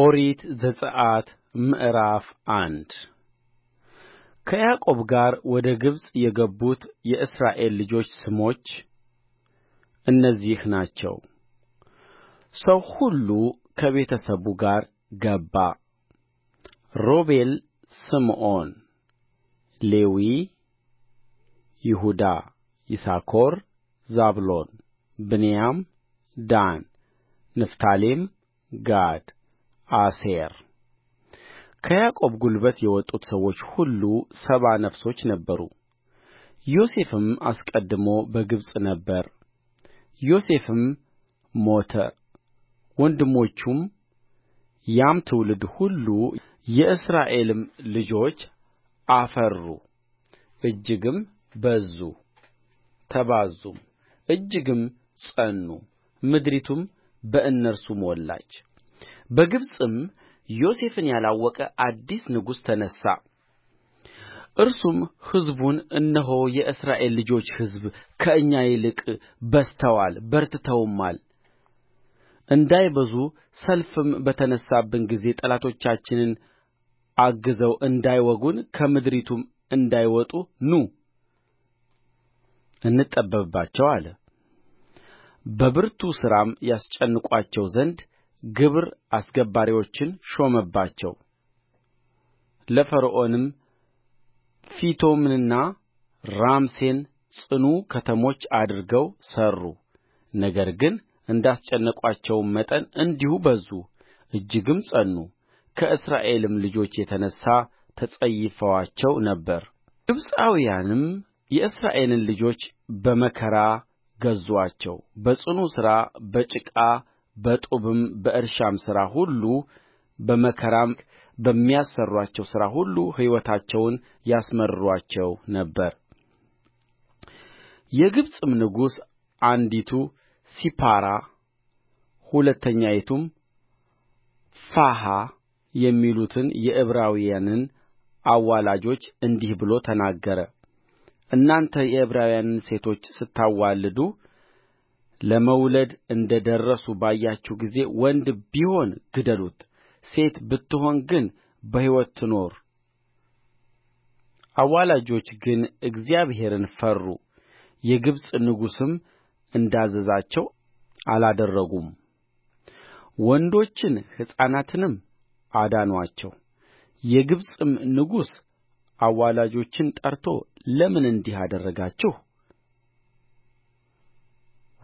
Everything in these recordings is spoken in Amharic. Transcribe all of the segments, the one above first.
ኦሪት ዘጽአት ምዕራፍ አንድ ከያዕቆብ ጋር ወደ ግብፅ የገቡት የእስራኤል ልጆች ስሞች እነዚህ ናቸው ሰው ሁሉ ከቤተሰቡ ጋር ገባ ሮቤል ስምዖን ሌዊ ይሁዳ ይሳኮር ዛብሎን ብንያም ዳን ንፍታሌም ጋድ አሴር ከያዕቆብ ጕልበት የወጡት ሰዎች ሁሉ ሰባ ነፍሶች ነበሩ ዮሴፍም አስቀድሞ በግብፅ ነበረ ዮሴፍም ሞተ ወንድሞቹም ያም ትውልድ ሁሉ የእስራኤልም ልጆች አፈሩ እጅግም በዙ ተባዙም እጅግም ጸኑ ምድሪቱም በእነርሱ ሞላች በግብፅም ዮሴፍን ያላወቀ አዲስ ንጉሥ ተነሣ እርሱም ሕዝቡን እነሆ የእስራኤል ልጆች ሕዝብ ከእኛ ይልቅ በዝተዋል በርትተውማል እንዳይበዙ ሰልፍም በተነሳብን ጊዜ ጠላቶቻችንን አግዘው እንዳይወጉን ከምድሪቱም እንዳይወጡ ኑ እንጠበብባቸው አለ በብርቱ ሥራም ያስጨንቁአቸው ዘንድ ግብር አስገባሪዎችን ሾመባቸው ለፈርዖንም ፊቶምንና ራምሴን ጽኑ ከተሞች አድርገው ሠሩ ነገር ግን እንዳስጨነቁአቸውም መጠን እንዲሁ በዙ እጅግም ጸኑ ከእስራኤልም ልጆች የተነሣ ተጸይፈዋቸው ነበር ግብፃውያንም የእስራኤልን ልጆች በመከራ ገዙአቸው በጽኑ ሥራ በጭቃ በጡብም በእርሻም ሥራ ሁሉ በመከራም በሚያሠሩአቸው ሥራ ሁሉ ሕይወታቸውን ያስመርሩአቸው ነበር የግብፅም ንጉሥ አንዲቱ ሲፓራ ሁለተኛይቱም ፉሐ የሚሉትን የዕብራውያንን አዋላጆች እንዲህ ብሎ ተናገረ እናንተ የዕብራውያንን ሴቶች ስታዋልዱ ለመውለድ እንደ ደረሱ ባያችሁ ጊዜ ወንድ ቢሆን ግደሉት ሴት ብትሆን ግን በሕይወት ትኑር አዋላጆች ግን እግዚአብሔርን ፈሩ የግብፅ ንጉሥም እንዳዘዛቸው አላደረጉም ወንዶችን ሕፃናትንም አዳኑአቸው የግብፅም ንጉሥ አዋላጆችን ጠርቶ ለምን እንዲህ አደረጋችሁ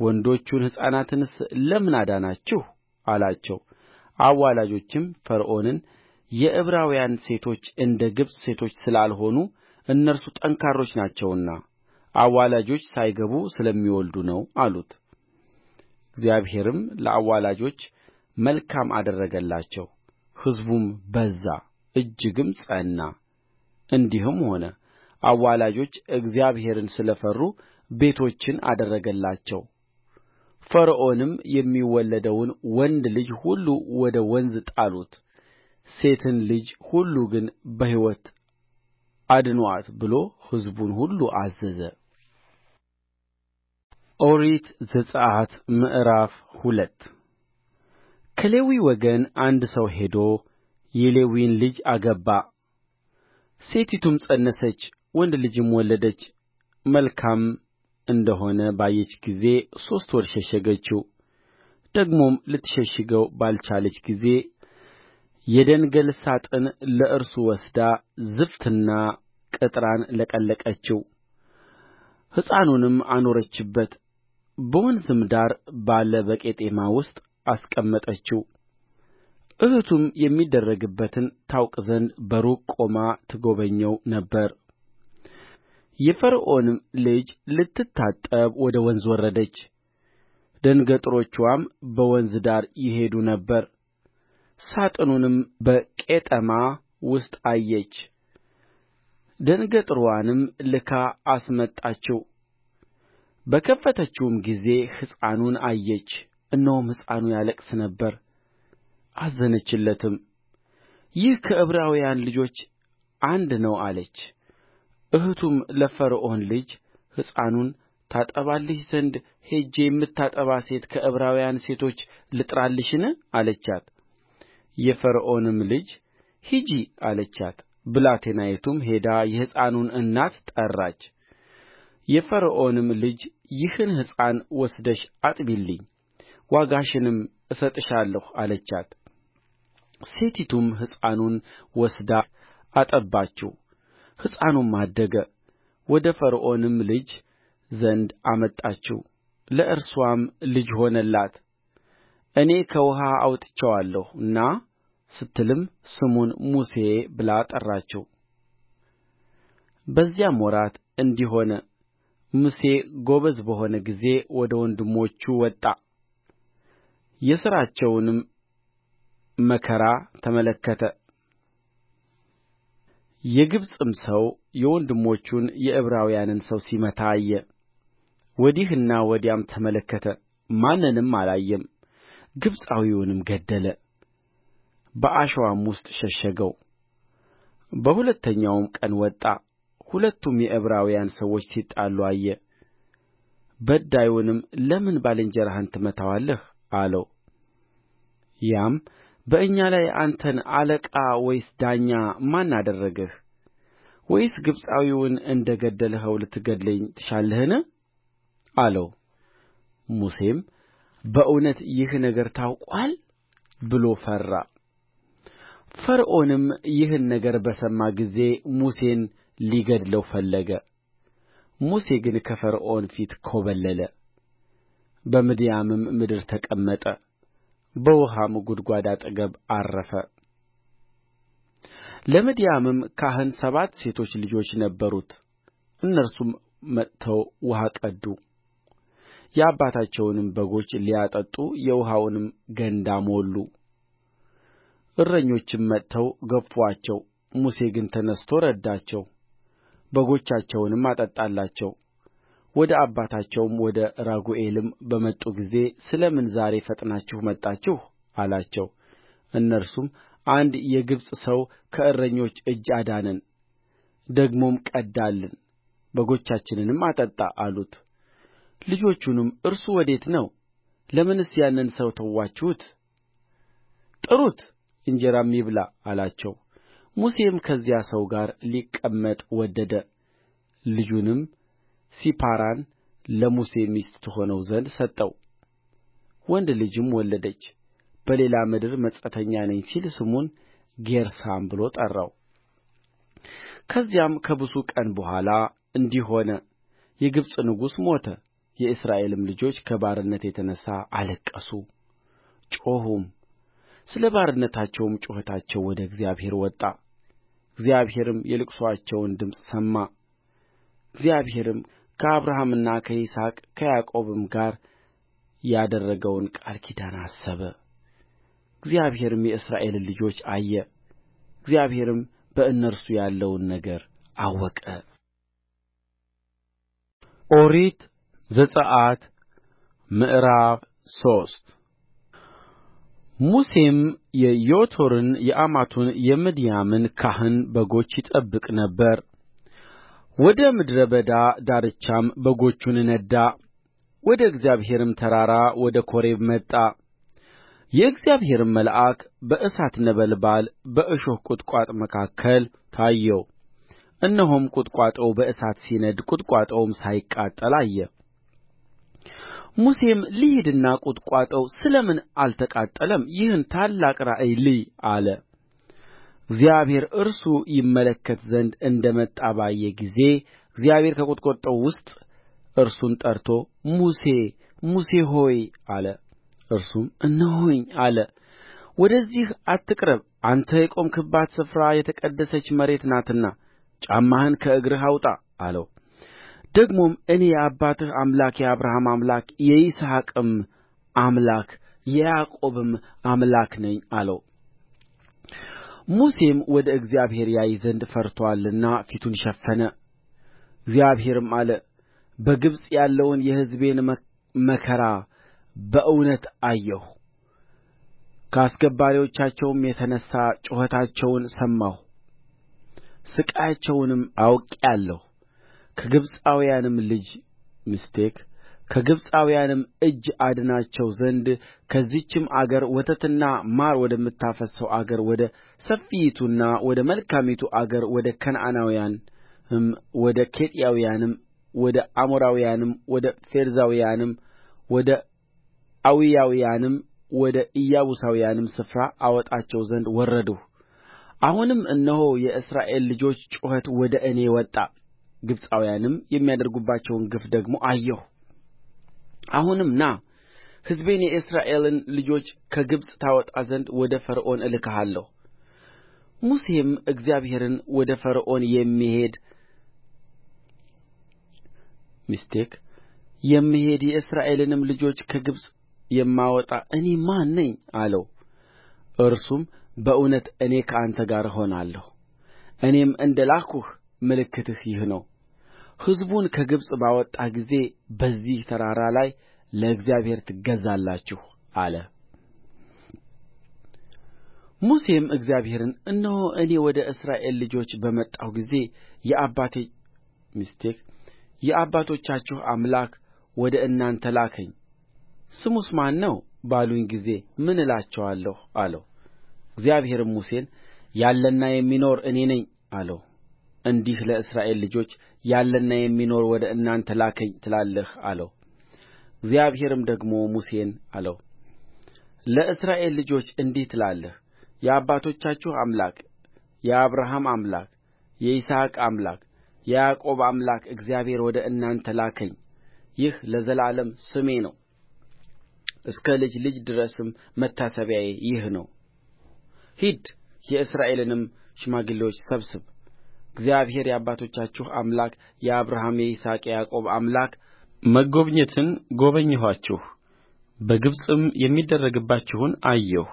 ወንዶቹን ሕፃናትንስ ለምን አዳናችሁ አላቸው አዋላጆችም ፈርዖንን የዕብራውያን ሴቶች እንደ ግብፅ ሴቶች ስላልሆኑ እነርሱ ጠንካሮች ናቸውና አዋላጆች ሳይገቡ ስለሚወልዱ ነው አሉት እግዚአብሔርም ለአዋላጆች መልካም አደረገላቸው ሕዝቡም በዛ እጅግም ጸና እንዲህም ሆነ አዋላጆች እግዚአብሔርን ስለ ፈሩ ቤቶችን አደረገላቸው ፈርዖንም የሚወለደውን ወንድ ልጅ ሁሉ ወደ ወንዝ ጣሉት ሴትን ልጅ ሁሉ ግን በሕይወት አድኑአት ብሎ ሕዝቡን ሁሉ አዘዘ ኦሪት ዘጽአት ምዕራፍ ሁለት ከሌዊ ወገን አንድ ሰው ሄዶ የሌዊን ልጅ አገባ ሴቲቱም ፀነሰች ወንድ ልጅም ወለደች መልካም እንደ ሆነ ባየች ጊዜ ሦስት ወር ሸሸገችው ደግሞም ልትሸሽገው ባልቻለች ጊዜ የደንገል ሣጥን ለእርሱ ወስዳ ዝፍትና ቅጥራን ለቀለቀችው ሕፃኑንም አኖረችበት በወንዝም ዳር ባለ በቄጠማ ውስጥ አስቀመጠችው እኅቱም የሚደረግበትን ታውቅ ዘንድ በሩቅ ቆማ ትጎበኘው ነበር የፈርዖንም ልጅ ልትታጠብ ወደ ወንዝ ወረደች ደንገጥሮችዋም በወንዝ ዳር ይሄዱ ነበር ሣጥኑንም በቄጠማ ውስጥ አየች ደንገጥርዋንም ልካ አስመጣችው በከፈተችውም ጊዜ ሕፃኑን አየች እነሆም ሕፃኑ ያለቅስ ነበር አዘነችለትም ይህ ከዕብራውያን ልጆች አንድ ነው አለች እኅቱም ለፈርዖን ልጅ ሕፃኑን ታጠባልሽ ዘንድ ሄጄ የምታጠባ ሴት ከዕብራውያን ሴቶች ልጥራልሽን አለቻት የፈርዖንም ልጅ ሂጂ አለቻት ብላቴናይቱም ሄዳ የሕፃኑን እናት ጠራች የፈርዖንም ልጅ ይህን ሕፃን ወስደሽ አጥቢልኝ ዋጋሽንም እሰጥሻለሁ አለቻት ሴቲቱም ሕፃኑን ወስዳ አጠባችው ሕፃኑም አደገ ወደ ፈርዖንም ልጅ ዘንድ አመጣችው ለእርስዋም ልጅ ሆነላት እኔ ከውኃ አውጥቼዋለሁና ስትልም ስሙን ሙሴ ብላ ጠራችው በዚያም ወራት እንዲህ ሆነ ሙሴ ጎበዝ በሆነ ጊዜ ወደ ወንድሞቹ ወጣ የሥራቸውንም መከራ ተመለከተ የግብፅም ሰው የወንድሞቹን የዕብራውያንን ሰው ሲመታ አየ ወዲህና ወዲያም ተመለከተ ማንንም አላየም ግብፃዊውንም ገደለ በአሸዋም ውስጥ ሸሸገው በሁለተኛውም ቀን ወጣ ሁለቱም የዕብራውያን ሰዎች ሲጣሉ አየ በዳዩንም ለምን ባልንጀራህን ትመታዋለህ አለው ያም በእኛ ላይ አንተን አለቃ ወይስ ዳኛ ማን አደረገህ ወይስ ግብፃዊውን እንደ ገደልኸው ልትገድለኝ ትሻለህን አለው ሙሴም በእውነት ይህ ነገር ታውቆአል ብሎ ፈራ ፈርዖንም ይህን ነገር በሰማ ጊዜ ሙሴን ሊገድለው ፈለገ ሙሴ ግን ከፈርዖን ፊት ኰበለለ በምድያምም ምድር ተቀመጠ በውኃም ጕድጓድ አጠገብ ዐረፈ ለምድያምም ካህን ሰባት ሴቶች ልጆች ነበሩት እነርሱም መጥተው ውኃ ቀዱ የአባታቸውንም በጎች ሊያጠጡ የውኃውን ገንዳ ሞሉ እረኞችም መጥተው ገፉአቸው ሙሴ ግን ተነሥቶ ረዳቸው በጎቻቸውንም አጠጣላቸው ወደ አባታቸውም ወደ ራጉኤልም በመጡ ጊዜ ስለ ምን ዛሬ ፈጥናችሁ መጣችሁ አላቸው እነርሱም አንድ የግብፅ ሰው ከእረኞች እጅ አዳነን ደግሞም ቀዳልን በጎቻችንንም አጠጣ አሉት ልጆቹንም እርሱ ወዴት ነው ለምንስ ያንን ሰው ተዋችሁት ጥሩት እንጀራም ይብላ አላቸው ሙሴም ከዚያ ሰው ጋር ሊቀመጥ ወደደ ልጁንም ሲፓራን ለሙሴ ሚስት ትሆነው ዘንድ ሰጠው ወንድ ልጅም ወለደች በሌላ ምድር መጻተኛ ነኝ ሲል ስሙን ጌርሳም ብሎ ጠራው ከዚያም ከብዙ ቀን በኋላ እንዲህ ሆነ የግብፅ ንጉሥ ሞተ የእስራኤልም ልጆች ከባርነት የተነሣ አለቀሱ ጮኹም ስለ ባርነታቸውም ጩኸታቸው ወደ እግዚአብሔር ወጣ እግዚአብሔርም የልቅሶአቸውን ድምፅ ሰማ እግዚአብሔርም ከአብርሃምና ከይስሐቅ ከያዕቆብም ጋር ያደረገውን ቃል ኪዳን አሰበ እግዚአብሔርም የእስራኤልን ልጆች አየ እግዚአብሔርም በእነርሱ ያለውን ነገር አወቀ ኦሪት ዘጽአት ምዕራፍ ሶስት ሙሴም የዮቶርን የአማቱን የምድያምን ካህን በጎች ይጠብቅ ነበር ወደ ምድረ በዳ ዳርቻም በጎቹን ነዳ ወደ እግዚአብሔርም ተራራ ወደ ኮሬብ መጣ የእግዚአብሔርም መልአክ በእሳት ነበልባል በእሾህ ቍጥቋጦ መካከል ታየው እነሆም ቍጥቋጦው በእሳት ሲነድ ቍጥቋጦውም ሳይቃጠል አየ ሙሴም ልሂድና ቍጥቋጦው ስለ ምን አልተቃጠለም ይህን ታላቅ ራእይ ልይ አለ እግዚአብሔር እርሱ ይመለከት ዘንድ እንደ መጣ ባየ ጊዜ እግዚአብሔር ከቍጥቋጦው ውስጥ እርሱን ጠርቶ ሙሴ ሙሴ ሆይ አለ እርሱም እነሆኝ አለ ወደዚህ አትቅረብ አንተ የቆምህባት ስፍራ የተቀደሰች መሬት ናትና ጫማህን ከእግርህ አውጣ አለው ደግሞም እኔ የአባትህ አምላክ የአብርሃም አምላክ የይስሐቅም አምላክ የያዕቆብም አምላክ ነኝ አለው ሙሴም ወደ እግዚአብሔር ያይ ዘንድ ፈርቶአልና ፊቱን ሸፈነ እግዚአብሔርም አለ በግብፅ ያለውን የሕዝቤን መከራ በእውነት አየሁ ከአስገባሪዎቻቸውም የተነሣ ጩኸታቸውን ሰማሁ ሥቃያቸውንም አውቄአለሁ ከግብፃውያንም ልጅ ሚስቴክ ከግብፃውያንም እጅ አድናቸው ዘንድ ከዚችም አገር ወተትና ማር ወደምታፈስሰው አገር ወደ ሰፊይቱና ወደ መልካሚቱ አገር ወደ ከነዓናውያንም ወደ ኬጢያውያንም ወደ አሞራውያንም ወደ ፌርዛውያንም ወደ ኤዊያውያንም ወደ ኢያቡሳውያንም ስፍራ አወጣቸው ዘንድ ወረድሁ አሁንም እነሆ የእስራኤል ልጆች ጩኸት ወደ እኔ ወጣ ግብፃውያንም የሚያደርጉባቸውን ግፍ ደግሞ አየሁ አሁንም ና ሕዝቤን የእስራኤልን ልጆች ከግብፅ ታወጣ ዘንድ ወደ ፈርዖን እልክሃለሁ ሙሴም እግዚአብሔርን ወደ ፈርዖን የሚሄድ የእስራኤልንም ልጆች ከግብፅ የማወጣ እኔ ማን ነኝ አለው እርሱም በእውነት እኔ ከአንተ ጋር እሆናለሁ እኔም እንደ ላክሁህ ምልክትህ ይህ ነው ሕዝቡን ከግብፅ ባወጣህ ጊዜ በዚህ ተራራ ላይ ለእግዚአብሔር ትገዛላችሁ አለ ሙሴም እግዚአብሔርን እነሆ እኔ ወደ እስራኤል ልጆች በመጣሁ ጊዜ የአባቶቻችሁ አምላክ ወደ እናንተ ላከኝ ስሙስ ማን ነው ባሉኝ ጊዜ ምን እላቸዋለሁ አለው እግዚአብሔርም ሙሴን ያለና የሚኖር እኔ ነኝ አለው እንዲህ ለእስራኤል ልጆች ያለና የሚኖር ወደ እናንተ ላከኝ ትላለህ አለው እግዚአብሔርም ደግሞ ሙሴን አለው ለእስራኤል ልጆች እንዲህ ትላለህ የአባቶቻችሁ አምላክ የአብርሃም አምላክ የይስሐቅ አምላክ የያዕቆብ አምላክ እግዚአብሔር ወደ እናንተ ላከኝ ይህ ለዘላለም ስሜ ነው እስከ ልጅ ልጅ ድረስም መታሰቢያዬ ይህ ነው ሂድ የእስራኤልንም ሽማግሌዎች ሰብስብ እግዚአብሔር የአባቶቻችሁ አምላክ የአብርሃም የይስሐቅ የያዕቆብ አምላክ መጐብኘትን ጐበኘኋችሁ በግብፅም የሚደረግባችሁን አየሁ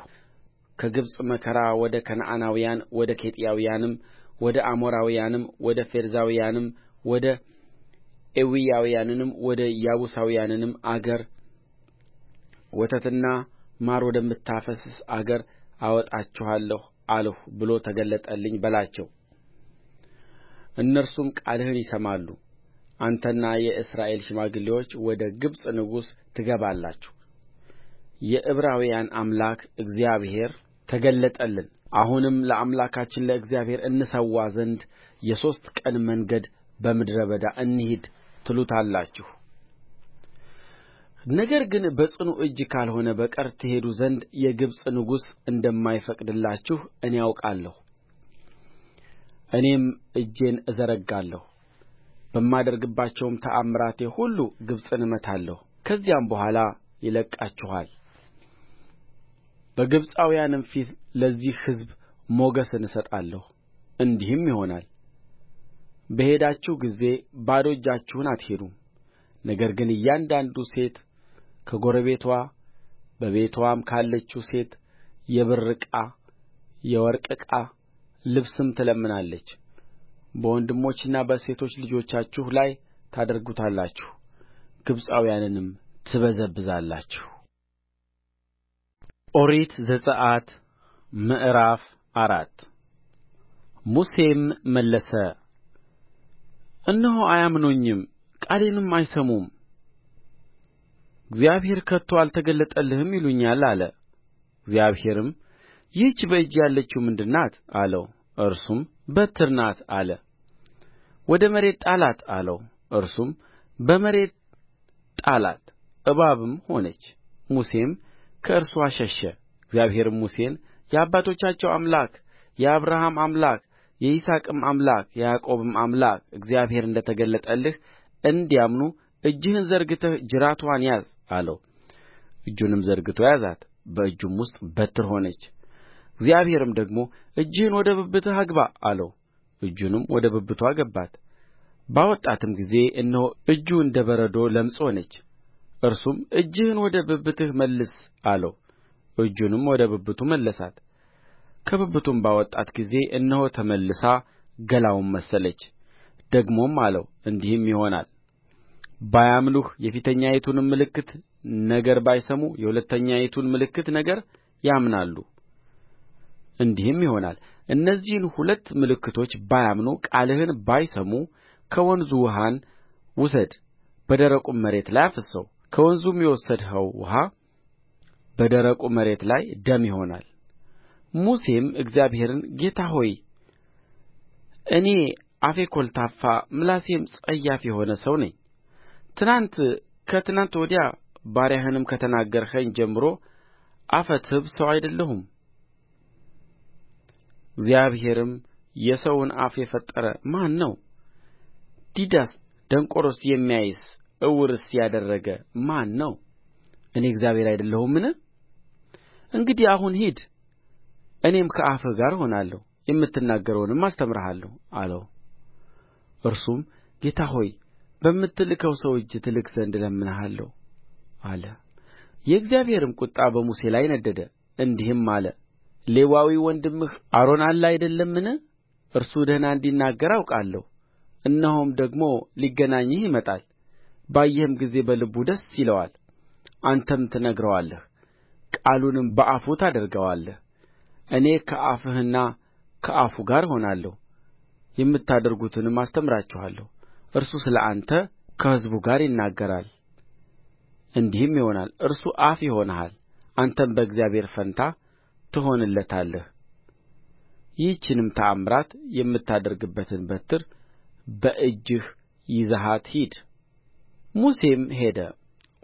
ከግብፅ መከራ ወደ ከነዓናውያን ወደ ኬጢያውያንም ወደ አሞራውያንም ወደ ፌርዛውያንም ወደ ኤዊያውያንም ወደ ያቡሳውያንም አገር ወተትና ማር ወደምታፈስስ አገር አወጣችኋለሁ አልሁ ብሎ ተገለጠልኝ በላቸው እነርሱም ቃልህን ይሰማሉ አንተና የእስራኤል ሽማግሌዎች ወደ ግብፅ ንጉሥ ትገባላችሁ የዕብራውያን አምላክ እግዚአብሔር ተገለጠልን አሁንም ለአምላካችን ለእግዚአብሔር እንሠዋ ዘንድ የሦስት ቀን መንገድ በምድረ በዳ እንሂድ ትሉታላችሁ ነገር ግን በጽኑ እጅ ካልሆነ በቀር ትሄዱ ዘንድ የግብፅ ንጉሥ እንደማይፈቅድላችሁ እኔ አውቃለሁ እኔም እጄን እዘረጋለሁ በማደርግባቸውም ተአምራቴ ሁሉ ግብፅን እመታለሁ ከዚያም በኋላ ይለቅቃችኋል በግብፃውያንም ፊት ለዚህ ሕዝብ ሞገስን እሰጣለሁ እንዲህም ይሆናል በሄዳችሁ ጊዜ ባዶ እጃችሁን አትሄዱም ነገር ግን እያንዳንዱ ሴት ከጎረቤትዋ በቤትዋም ካለችው ሴት የብር ዕቃ የወርቅ ዕቃ ልብስም ትለምናለች በወንድሞችና በሴቶች ልጆቻችሁ ላይ ታደርጉታላችሁ ግብፃውያንንም ትበዘብዛላችሁ ኦሪት ዘጽአት ምዕራፍ አራት ሙሴም መለሰ እነሆ አያምኑኝም ቃሌንም አይሰሙም እግዚአብሔር ከቶ አልተገለጠልህም ይሉኛል አለ እግዚአብሔርም ይህች በእጅ ያለችው ምንድር ናት አለው እርሱም በትር ናት አለ ወደ መሬት ጣላት አለው እርሱም በመሬት ጣላት እባብም ሆነች ሙሴም ከእርስዋ ሸሸ እግዚአብሔርም ሙሴን የአባቶቻቸው አምላክ የአብርሃም አምላክ የይስሐቅም አምላክ የያዕቆብም አምላክ እግዚአብሔር እንደ ተገለጠልህ እንዲያምኑ እጅህን ዘርግተህ ጅራትዋን ያዝ አለው እጁንም ዘርግቶ ያዛት በእጁም ውስጥ በትር ሆነች እግዚአብሔርም ደግሞ እጅህን ወደ ብብትህ አግባ አለው እጁንም ወደ ብብቱ አገባት ባወጣትም ጊዜ እነሆ እጁ እንደ በረዶ ለምጽ ሆነች እርሱም እጅህን ወደ ብብትህ መልስ አለው እጁንም ወደ ብብቱ መለሳት ከብብቱም ባወጣት ጊዜ እነሆ ተመልሳ ገላውን መሰለች ደግሞም አለው እንዲህም ይሆናል ባያምኑህ የፊተኛይቱንም ምልክት ነገር ባይሰሙ የሁለተኛይቱን ምልክት ነገር ያምናሉ እንዲህም ይሆናል እነዚህን ሁለት ምልክቶች ባያምኑ ቃልህን ባይሰሙ ከወንዙ ውኃን ውሰድ በደረቁም መሬት ላይ አፍስሰው ከወንዙም የወሰድኸው ውኃ በደረቁ መሬት ላይ ደም ይሆናል ሙሴም እግዚአብሔርን ጌታ ሆይ እኔ አፌ ኰልታፋ ምላሴም ጸያፍ የሆነ ሰው ነኝ ትናንት ከትናንት ወዲያ ባሪያህንም ከተናገርኸኝ ጀምሮ አፈ ትብ ሰው አይደለሁም እግዚአብሔርም የሰውን አፍ የፈጠረ ማን ነው ዲዳስ ደንቆሮስ የሚያይስ ዕውርስ ያደረገ ማን ነው እኔ እግዚአብሔር አይደለሁምን እንግዲህ አሁን ሂድ እኔም ከአፍህ ጋር እሆናለሁ የምትናገረውንም አስተምርሃለሁ አለው እርሱም ጌታ ሆይ በምትልከው ሰው እጅ ትልክ ዘንድ እለምንሃለሁ አለ የእግዚአብሔርም ቍጣ በሙሴ ላይ ነደደ እንዲህም አለ ሌዋዊ ወንድምህ አሮን አለ አይደለምን እርሱ ደህና እንዲናገር አውቃለሁ እነሆም ደግሞ ሊገናኝህ ይመጣል ባየህም ጊዜ በልቡ ደስ ይለዋል አንተም ትነግረዋለህ ቃሉንም በአፉ ታደርገዋለህ እኔ ከአፍህና ከአፉ ጋር እሆናለሁ የምታደርጉትንም አስተምራችኋለሁ እርሱ ስለ አንተ ከሕዝቡ ጋር ይናገራል እንዲህም ይሆናል እርሱ አፍ ይሆንልሃል አንተም በእግዚአብሔር ፋንታ ትሆንለታለህ ይህችንም ተአምራት የምታደርግበትን በትር በእጅህ ይዘሃት ሂድ ሙሴም ሄደ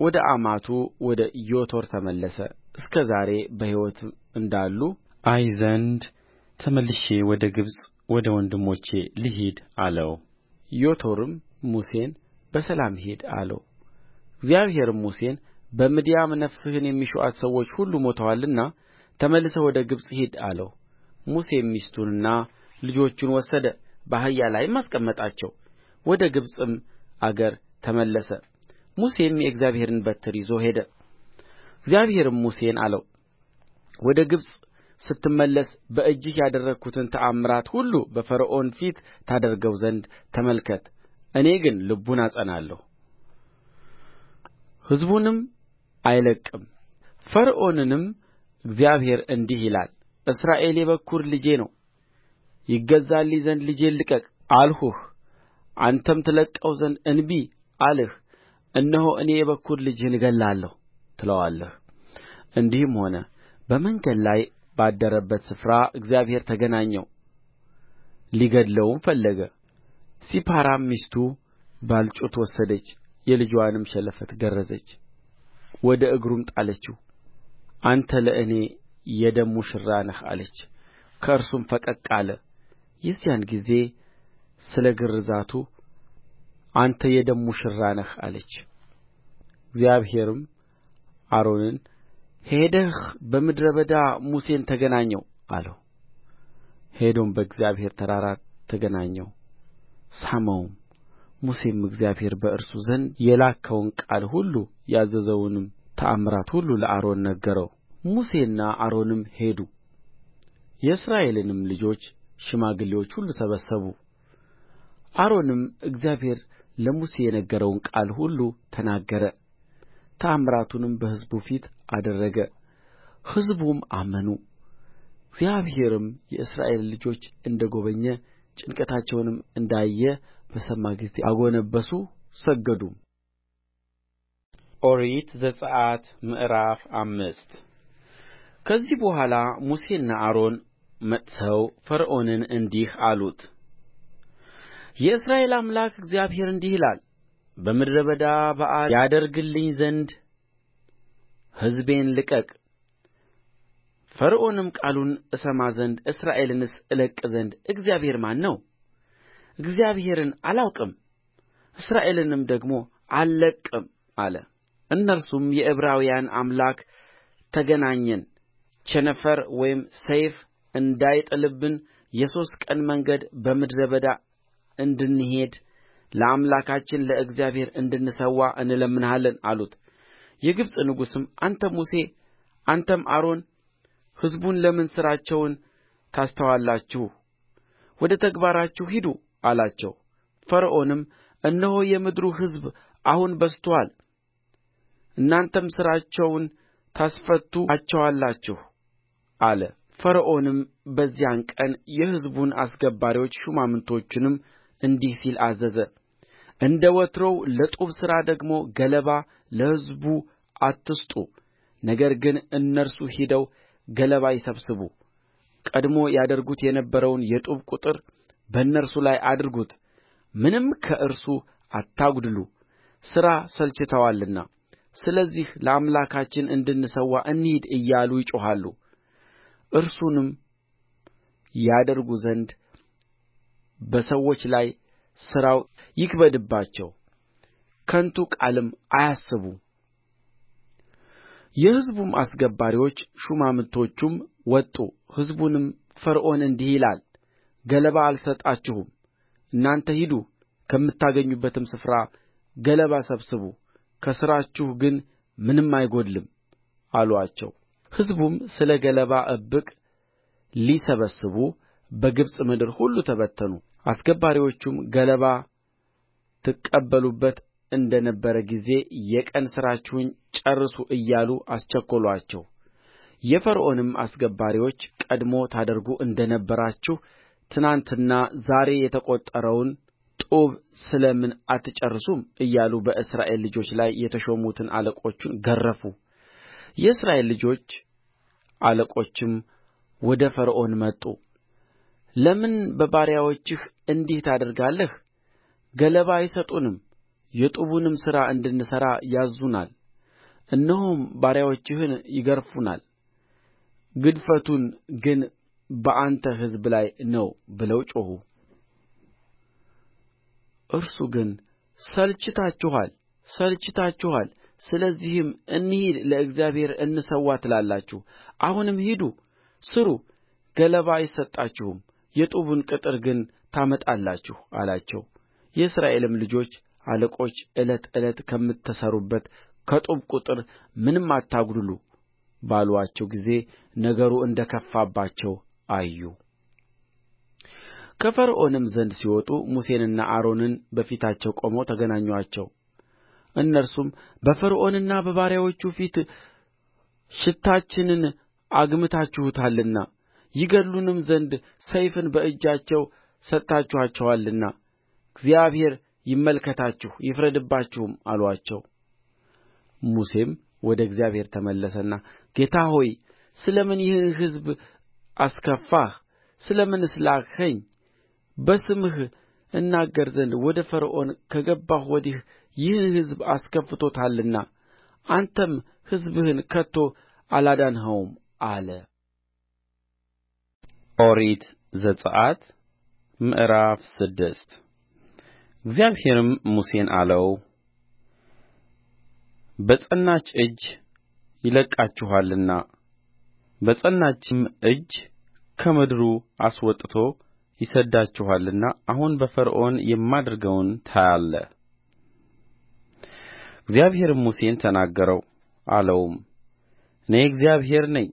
ወደ አማቱ ወደ ዮቶር ተመለሰ እስከ ዛሬ በሕይወት እንዳሉ አይ ዘንድ ተመልሼ ወደ ግብፅ ወደ ወንድሞቼ ልሂድ አለው ዮቶርም ሙሴን በሰላም ሂድ አለው እግዚአብሔርም ሙሴን በምድያም ነፍስህን የሚሹአት ሰዎች ሁሉ ሞተዋልና ተመልሰህ ወደ ግብፅ ሂድ አለው ሙሴም ሚስቱንና ልጆቹን ወሰደ በአህያ ላይም አስቀመጣቸው ወደ ግብፅም አገር ተመለሰ ሙሴም የእግዚአብሔርን በትር ይዞ ሄደ እግዚአብሔርም ሙሴን አለው ወደ ግብፅ ስትመለስ በእጅህ ያደረግሁትን ተአምራት ሁሉ በፈርዖን ፊት ታደርገው ዘንድ ተመልከት እኔ ግን ልቡን አጸናለሁ ሕዝቡንም አይለቅቅም ፈርዖንንም እግዚአብሔር እንዲህ ይላል እስራኤል የበኵር ልጄ ነው ይገዛልኝ ዘንድ ልጄን ልቀቅ አልሁህ አንተም ትለቅቀው ዘንድ እንቢ አልህ እነሆ እኔ የበኵር ልጅህን እገድላለሁ ትለዋለህ እንዲህም ሆነ በመንገድ ላይ ባደረበት ስፍራ እግዚአብሔር ተገናኘው ሊገድለውም ፈለገ ሲፓራም ሚስቱ ባልጩት ወሰደች የልጅዋንም ሸለፈት ገረዘች ወደ እግሩም ጣለችው አንተ ለእኔ የደም ሙሽራ ነህ አለች ከእርሱም ፈቀቅ አለ የዚያን ጊዜ ስለ ግርዛቱ አንተ የደም ሙሽራ ነህ አለች እግዚአብሔርም አሮንን ሄደህ በምድረ በዳ ሙሴን ተገናኘው አለው ሄዶም በእግዚአብሔር ተራራ ተገናኘው ሳመውም ሙሴም እግዚአብሔር በእርሱ ዘንድ የላከውን ቃል ሁሉ ያዘዘውንም ተአምራት ሁሉ ለአሮን ነገረው ሙሴና አሮንም ሄዱ የእስራኤልንም ልጆች ሽማግሌዎች ሁሉ ሰበሰቡ አሮንም እግዚአብሔር ለሙሴ የነገረውን ቃል ሁሉ ተናገረ ተአምራቱንም በሕዝቡ ፊት አደረገ ሕዝቡም አመኑ እግዚአብሔርም የእስራኤልን ልጆች እንደ ጐበኘ ጭንቀታቸውንም እንዳየ በሰማ ጊዜ አጎነበሱ ሰገዱም ኦሪት ዘጽአት ምዕራፍ አምስት ከዚህ በኋላ ሙሴና አሮን መጥተው ፈርዖንን እንዲህ አሉት የእስራኤል አምላክ እግዚአብሔር እንዲህ ይላል በምድረ በዳ በዓል ያደርግልኝ ዘንድ ሕዝቤን ልቀቅ ፈርዖንም ቃሉን እሰማ ዘንድ እስራኤልንስ እለቅቅ ዘንድ እግዚአብሔር ማን ነው እግዚአብሔርን አላውቅም እስራኤልንም ደግሞ አልለቅቅም አለ እነርሱም የዕብራውያን አምላክ ተገናኘን ቸነፈር ወይም ሰይፍ እንዳይጥልብን የሦስት ቀን መንገድ በምድረ በዳ እንድንሄድ ለአምላካችን ለእግዚአብሔር እንድንሠዋ እንለምንሃለን አሉት የግብፅ ንጉሥም አንተ ሙሴ አንተም አሮን ሕዝቡን ለምን ሥራቸውን ታስተዋላችሁ ወደ ተግባራችሁ ሂዱ አላቸው ፈርዖንም እነሆ የምድሩ ሕዝብ አሁን በዝቶአል እናንተም ሥራቸውን ታስፈቱአቸዋላችሁ አለ ፈርዖንም በዚያን ቀን የሕዝቡን አስገባሪዎች ሹማምቶቹንም እንዲህ ሲል አዘዘ እንደ ወትሮው ለጡብ ሥራ ደግሞ ገለባ ለሕዝቡ አትስጡ ነገር ግን እነርሱ ሄደው ገለባ ይሰብስቡ ቀድሞ ያደርጉት የነበረውን የጡብ ቍጥር በእነርሱ ላይ አድርጉት ምንም ከእርሱ አታጕድሉ ሥራ ሰልችተዋልና ስለዚህ ለአምላካችን እንድንሠዋ እንሂድ እያሉ ይጮኻሉ እርሱንም ያደርጉ ዘንድ በሰዎች ላይ ሥራው ይክበድባቸው ከንቱ ቃልም አያስቡ የሕዝቡም አስገባሪዎች ሹማምቶቹም ወጡ ሕዝቡንም ፈርዖን እንዲህ ይላል ገለባ አልሰጣችሁም እናንተ ሂዱ ከምታገኙበትም ስፍራ ገለባ ሰብስቡ ከሥራችሁ ግን ምንም አይጐድልም አሉአቸው ሕዝቡም ስለ ገለባ እብቅ ሊሰበስቡ በግብፅ ምድር ሁሉ ተበተኑ አስገባሪዎቹም ገለባ ትቀበሉበት እንደ ነበረ ጊዜ የቀን ሥራችሁን ጨርሱ እያሉ አስቸኰሉአቸው የፈርዖንም አስገባሪዎች ቀድሞ ታደርጉ እንደ ነበራችሁ ትናንትና ዛሬ የተቈጠረውን ጡብ ስለ ምን አትጨርሱም እያሉ በእስራኤል ልጆች ላይ የተሾሙትን አለቆቹን ገረፉ የእስራኤል ልጆች አለቆችም ወደ ፈርዖን መጡ ለምን በባሪያዎችህ እንዲህ ታደርጋለህ ገለባ አይሰጡንም የጡቡንም ሥራ እንድንሠራ ያዝዙናል እነሆም ባሪያዎችህን ይገርፉናል ግድፈቱን ግን በአንተ ሕዝብ ላይ ነው ብለው ጮኹ እርሱ ግን ሰልችታችኋል ሰልችታችኋል ስለዚህም እንሂድ ለእግዚአብሔር እንሠዋ ትላላችሁ አሁንም ሂዱ ሥሩ ገለባ አይሰጣችሁም የጡቡን ቅጥር ግን ታመጣላችሁ አላቸው የእስራኤልም ልጆች አለቆች ዕለት ዕለት ከምትሠሩበት ከጡቡ ቍጥር ምንም አታጕድሉ ባሉአቸው ጊዜ ነገሩ እንደ ከፋባቸው አዩ ከፈርዖንም ዘንድ ሲወጡ ሙሴንና አሮንን በፊታቸው ቆመው ተገናኙአቸው እነርሱም በፈርዖንና በባሪያዎቹ ፊት ሽታችንን አግምታችሁታልና ይገድሉንም ዘንድ ሰይፍን በእጃቸው ሰጥታችኋቸዋልና እግዚአብሔር ይመልከታችሁ ይፍረድባችሁም አሉአቸው ሙሴም ወደ እግዚአብሔር ተመለሰና ጌታ ሆይ ስለ ምን ይህን ሕዝብ አስከፋህ ስለ ምንስ ላክኸኝ በስምህ እናገር ዘንድ ወደ ፈርዖን ከገባሁ ወዲህ ይህን ሕዝብ አስከፍቶታልና አንተም ሕዝብህን ከቶ አላዳንኸውም አለ ኦሪት ዘጽአት ምዕራፍ ስድስት እግዚአብሔርም ሙሴን አለው በጸናች እጅ ይለቅቃችኋልና በጸናችም እጅ ከምድሩ አስወጥቶ ይሰድዳችኋልና አሁን በፈርዖን የማደርገውን ታያለህ እግዚአብሔርም ሙሴን ተናገረው አለውም እኔ እግዚአብሔር ነኝ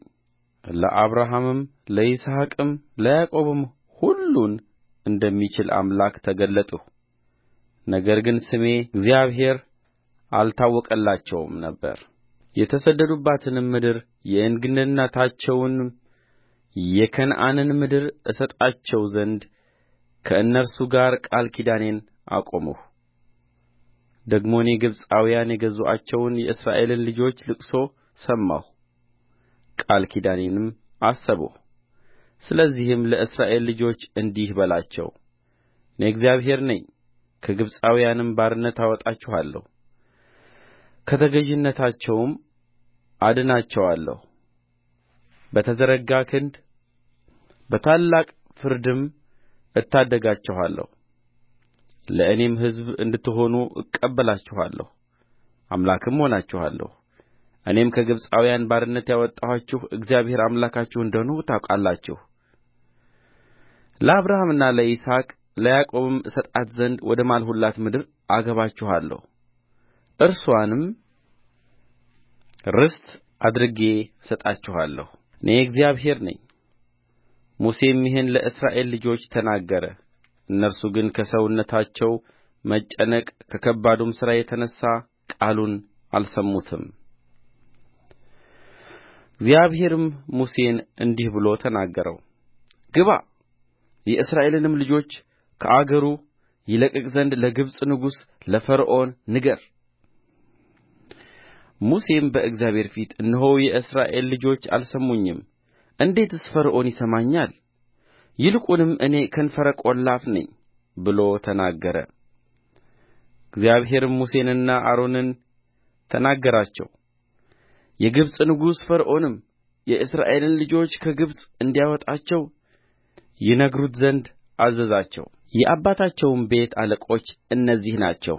ለአብርሃምም ለይስሐቅም ለያዕቆብም ሁሉን እንደሚችል አምላክ ተገለጥሁ ነገር ግን ስሜ እግዚአብሔር አልታወቀላቸውም ነበር የተሰደዱባትንም ምድር የእንግድነታቸውንም የከነዓንን ምድር እሰጣቸው ዘንድ ከእነርሱ ጋር ቃል ኪዳኔን አቆምሁ ደግሞ እኔ ግብፃውያን የገዙአቸውን የእስራኤልን ልጆች ልቅሶ ሰማሁ ቃል ኪዳኔንም አሰብሁ ስለዚህም ለእስራኤል ልጆች እንዲህ በላቸው እኔ እግዚአብሔር ነኝ ከግብፃውያንም ባርነት አወጣችኋለሁ ከተገዥነታቸውም አድናቸዋለሁ በተዘረጋ ክንድ በታላቅ ፍርድም እታደጋችኋለሁ ለእኔም ሕዝብ እንድትሆኑ እቀበላችኋለሁ አምላክም እሆናችኋለሁ እኔም ከግብፃውያን ባርነት ያወጣኋችሁ እግዚአብሔር አምላካችሁ እንደ ሆንሁ ታውቃላችሁ ለአብርሃምና ለይስሐቅ ለያዕቆብም እሰጣት ዘንድ ወደ ማልሁላት ምድር አገባችኋለሁ እርስዋንም ርስት አድርጌ እሰጣችኋለሁ እኔ እግዚአብሔር ነኝ ሙሴም ይህን ለእስራኤል ልጆች ተናገረ እነርሱ ግን ከሰውነታቸው መጨነቅ ከከባዱም ሥራ የተነሣ ቃሉን አልሰሙትም እግዚአብሔርም ሙሴን እንዲህ ብሎ ተናገረው ግባ የእስራኤልንም ልጆች ከአገሩ ይለቅቅ ዘንድ ለግብፅ ንጉሥ ለፈርዖን ንገር ሙሴም በእግዚአብሔር ፊት እነሆ የእስራኤል ልጆች አልሰሙኝም እንዴትስ ፈርዖን ይሰማኛል ይልቁንም እኔ ከንፈረ ቈላፍ ነኝ ብሎ ተናገረ እግዚአብሔርም ሙሴንና አሮንን ተናገራቸው የግብፅ ንጉሥ ፈርዖንም የእስራኤልን ልጆች ከግብፅ እንዲያወጣቸው ይነግሩት ዘንድ አዘዛቸው የአባታቸውም ቤት አለቆች እነዚህ ናቸው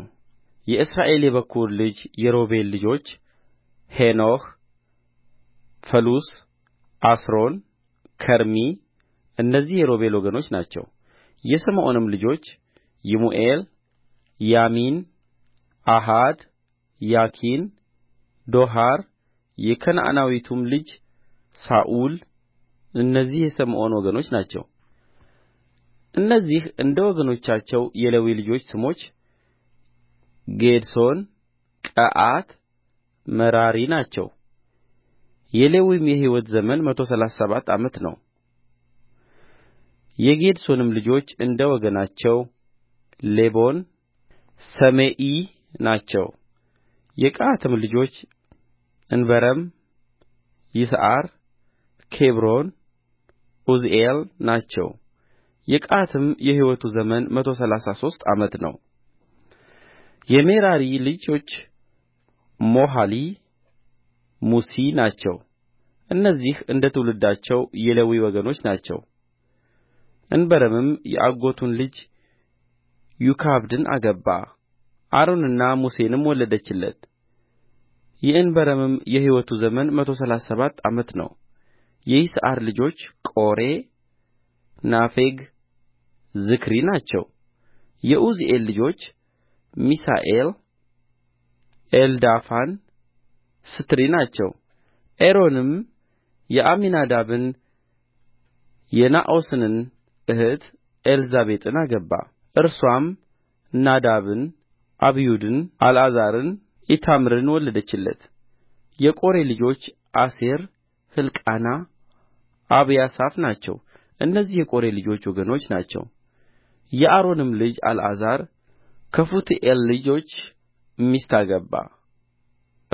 የእስራኤል የበኵር ልጅ የሮቤል ልጆች ሄኖኅ ፈሉስ አስሮን ከርሚ እነዚህ የሮቤል ወገኖች ናቸው የስምዖንም ልጆች ይሙኤል ያሚን ኦሃድ ያኪን ዶሐር የከነዓናዊቱም ልጅ ሳኡል እነዚህ የስምዖን ወገኖች ናቸው እነዚህ እንደ ወገኖቻቸው የሌዊ ልጆች ስሞች ጌድሶን ቀዓት ሜራሪ ናቸው የሌዊም የሕይወት ዘመን መቶ ሠላሳ ሰባት ዓመት ነው የጌድሶንም ልጆች እንደ ወገናቸው ሌቦን ሰሜኢ ናቸው የቀዓትም ልጆች እንበረም ይስዓር ኬብሮን ዑዝኤል ናቸው የቀዓትም የሕይወቱ ዘመን መቶ ሠላሳ ሦስት ዓመት ነው የሜራሪ ልጆች ሞሖሊ ሙሲ ናቸው እነዚህ እንደ ትውልዳቸው የሌዊ ወገኖች ናቸው እንበረምም የአጎቱን ልጅ ዮካብድን አገባ አሮንና ሙሴንም ወለደችለት የእንበረምም የሕይወቱ ዘመን መቶ ሠላሳ ሰባት ዓመት ነው የይስዓር ልጆች ቆሬ ናፌግ ዝክሪ ናቸው የዑዝኤል ልጆች ሚሳኤል ኤልዳፋን ስትሪ ናቸው። አሮንም የአሚናዳብን የነአሶንን እህት ኤልዛቤጥን አገባ። እርሷም ናዳብን፣ አብዩድን፣ አልዓዛርን፣ ኢታምርን ወለደችለት። የቆሬ ልጆች አሴር፣ ሕልቃና፣ አብያሳፍ ናቸው። እነዚህ የቆሬ ልጆች ወገኖች ናቸው። የአሮንም ልጅ አልዓዛር ከፉትኤል ልጆች ሚስት አገባ።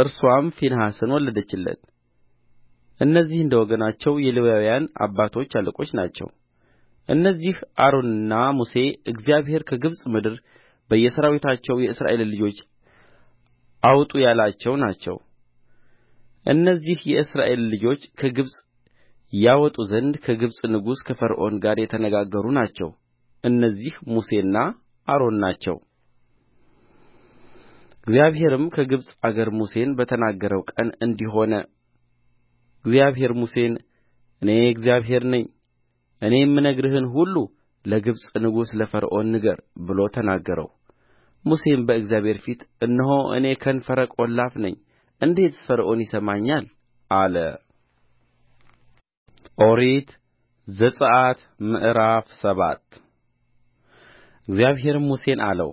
እርስዋም ፊንሐስን ወለደችለት እነዚህ እንደ ወገናቸው የሌዋውያን አባቶች አለቆች ናቸው እነዚህ አሮንና ሙሴ እግዚአብሔር ከግብፅ ምድር በየሠራዊታቸው የእስራኤልን ልጆች አውጡ ያላቸው ናቸው እነዚህ የእስራኤል ልጆች ከግብፅ ያወጡ ዘንድ ከግብፅ ንጉሥ ከፈርዖን ጋር የተነጋገሩ ናቸው እነዚህ ሙሴና አሮን ናቸው እግዚአብሔርም ከግብፅ አገር ሙሴን በተናገረው ቀን እንዲህ ሆነ እግዚአብሔር ሙሴን እኔ እግዚአብሔር ነኝ እኔ የምነግርህን ሁሉ ለግብፅ ንጉሥ ለፈርዖን ንገር ብሎ ተናገረው ሙሴም በእግዚአብሔር ፊት እነሆ እኔ ከንፈረ ቈላፍ ነኝ እንዴትስ ፈርዖን ይሰማኛል አለ ኦሪት ዘጽአት ምዕራፍ ሰባት እግዚአብሔርም ሙሴን አለው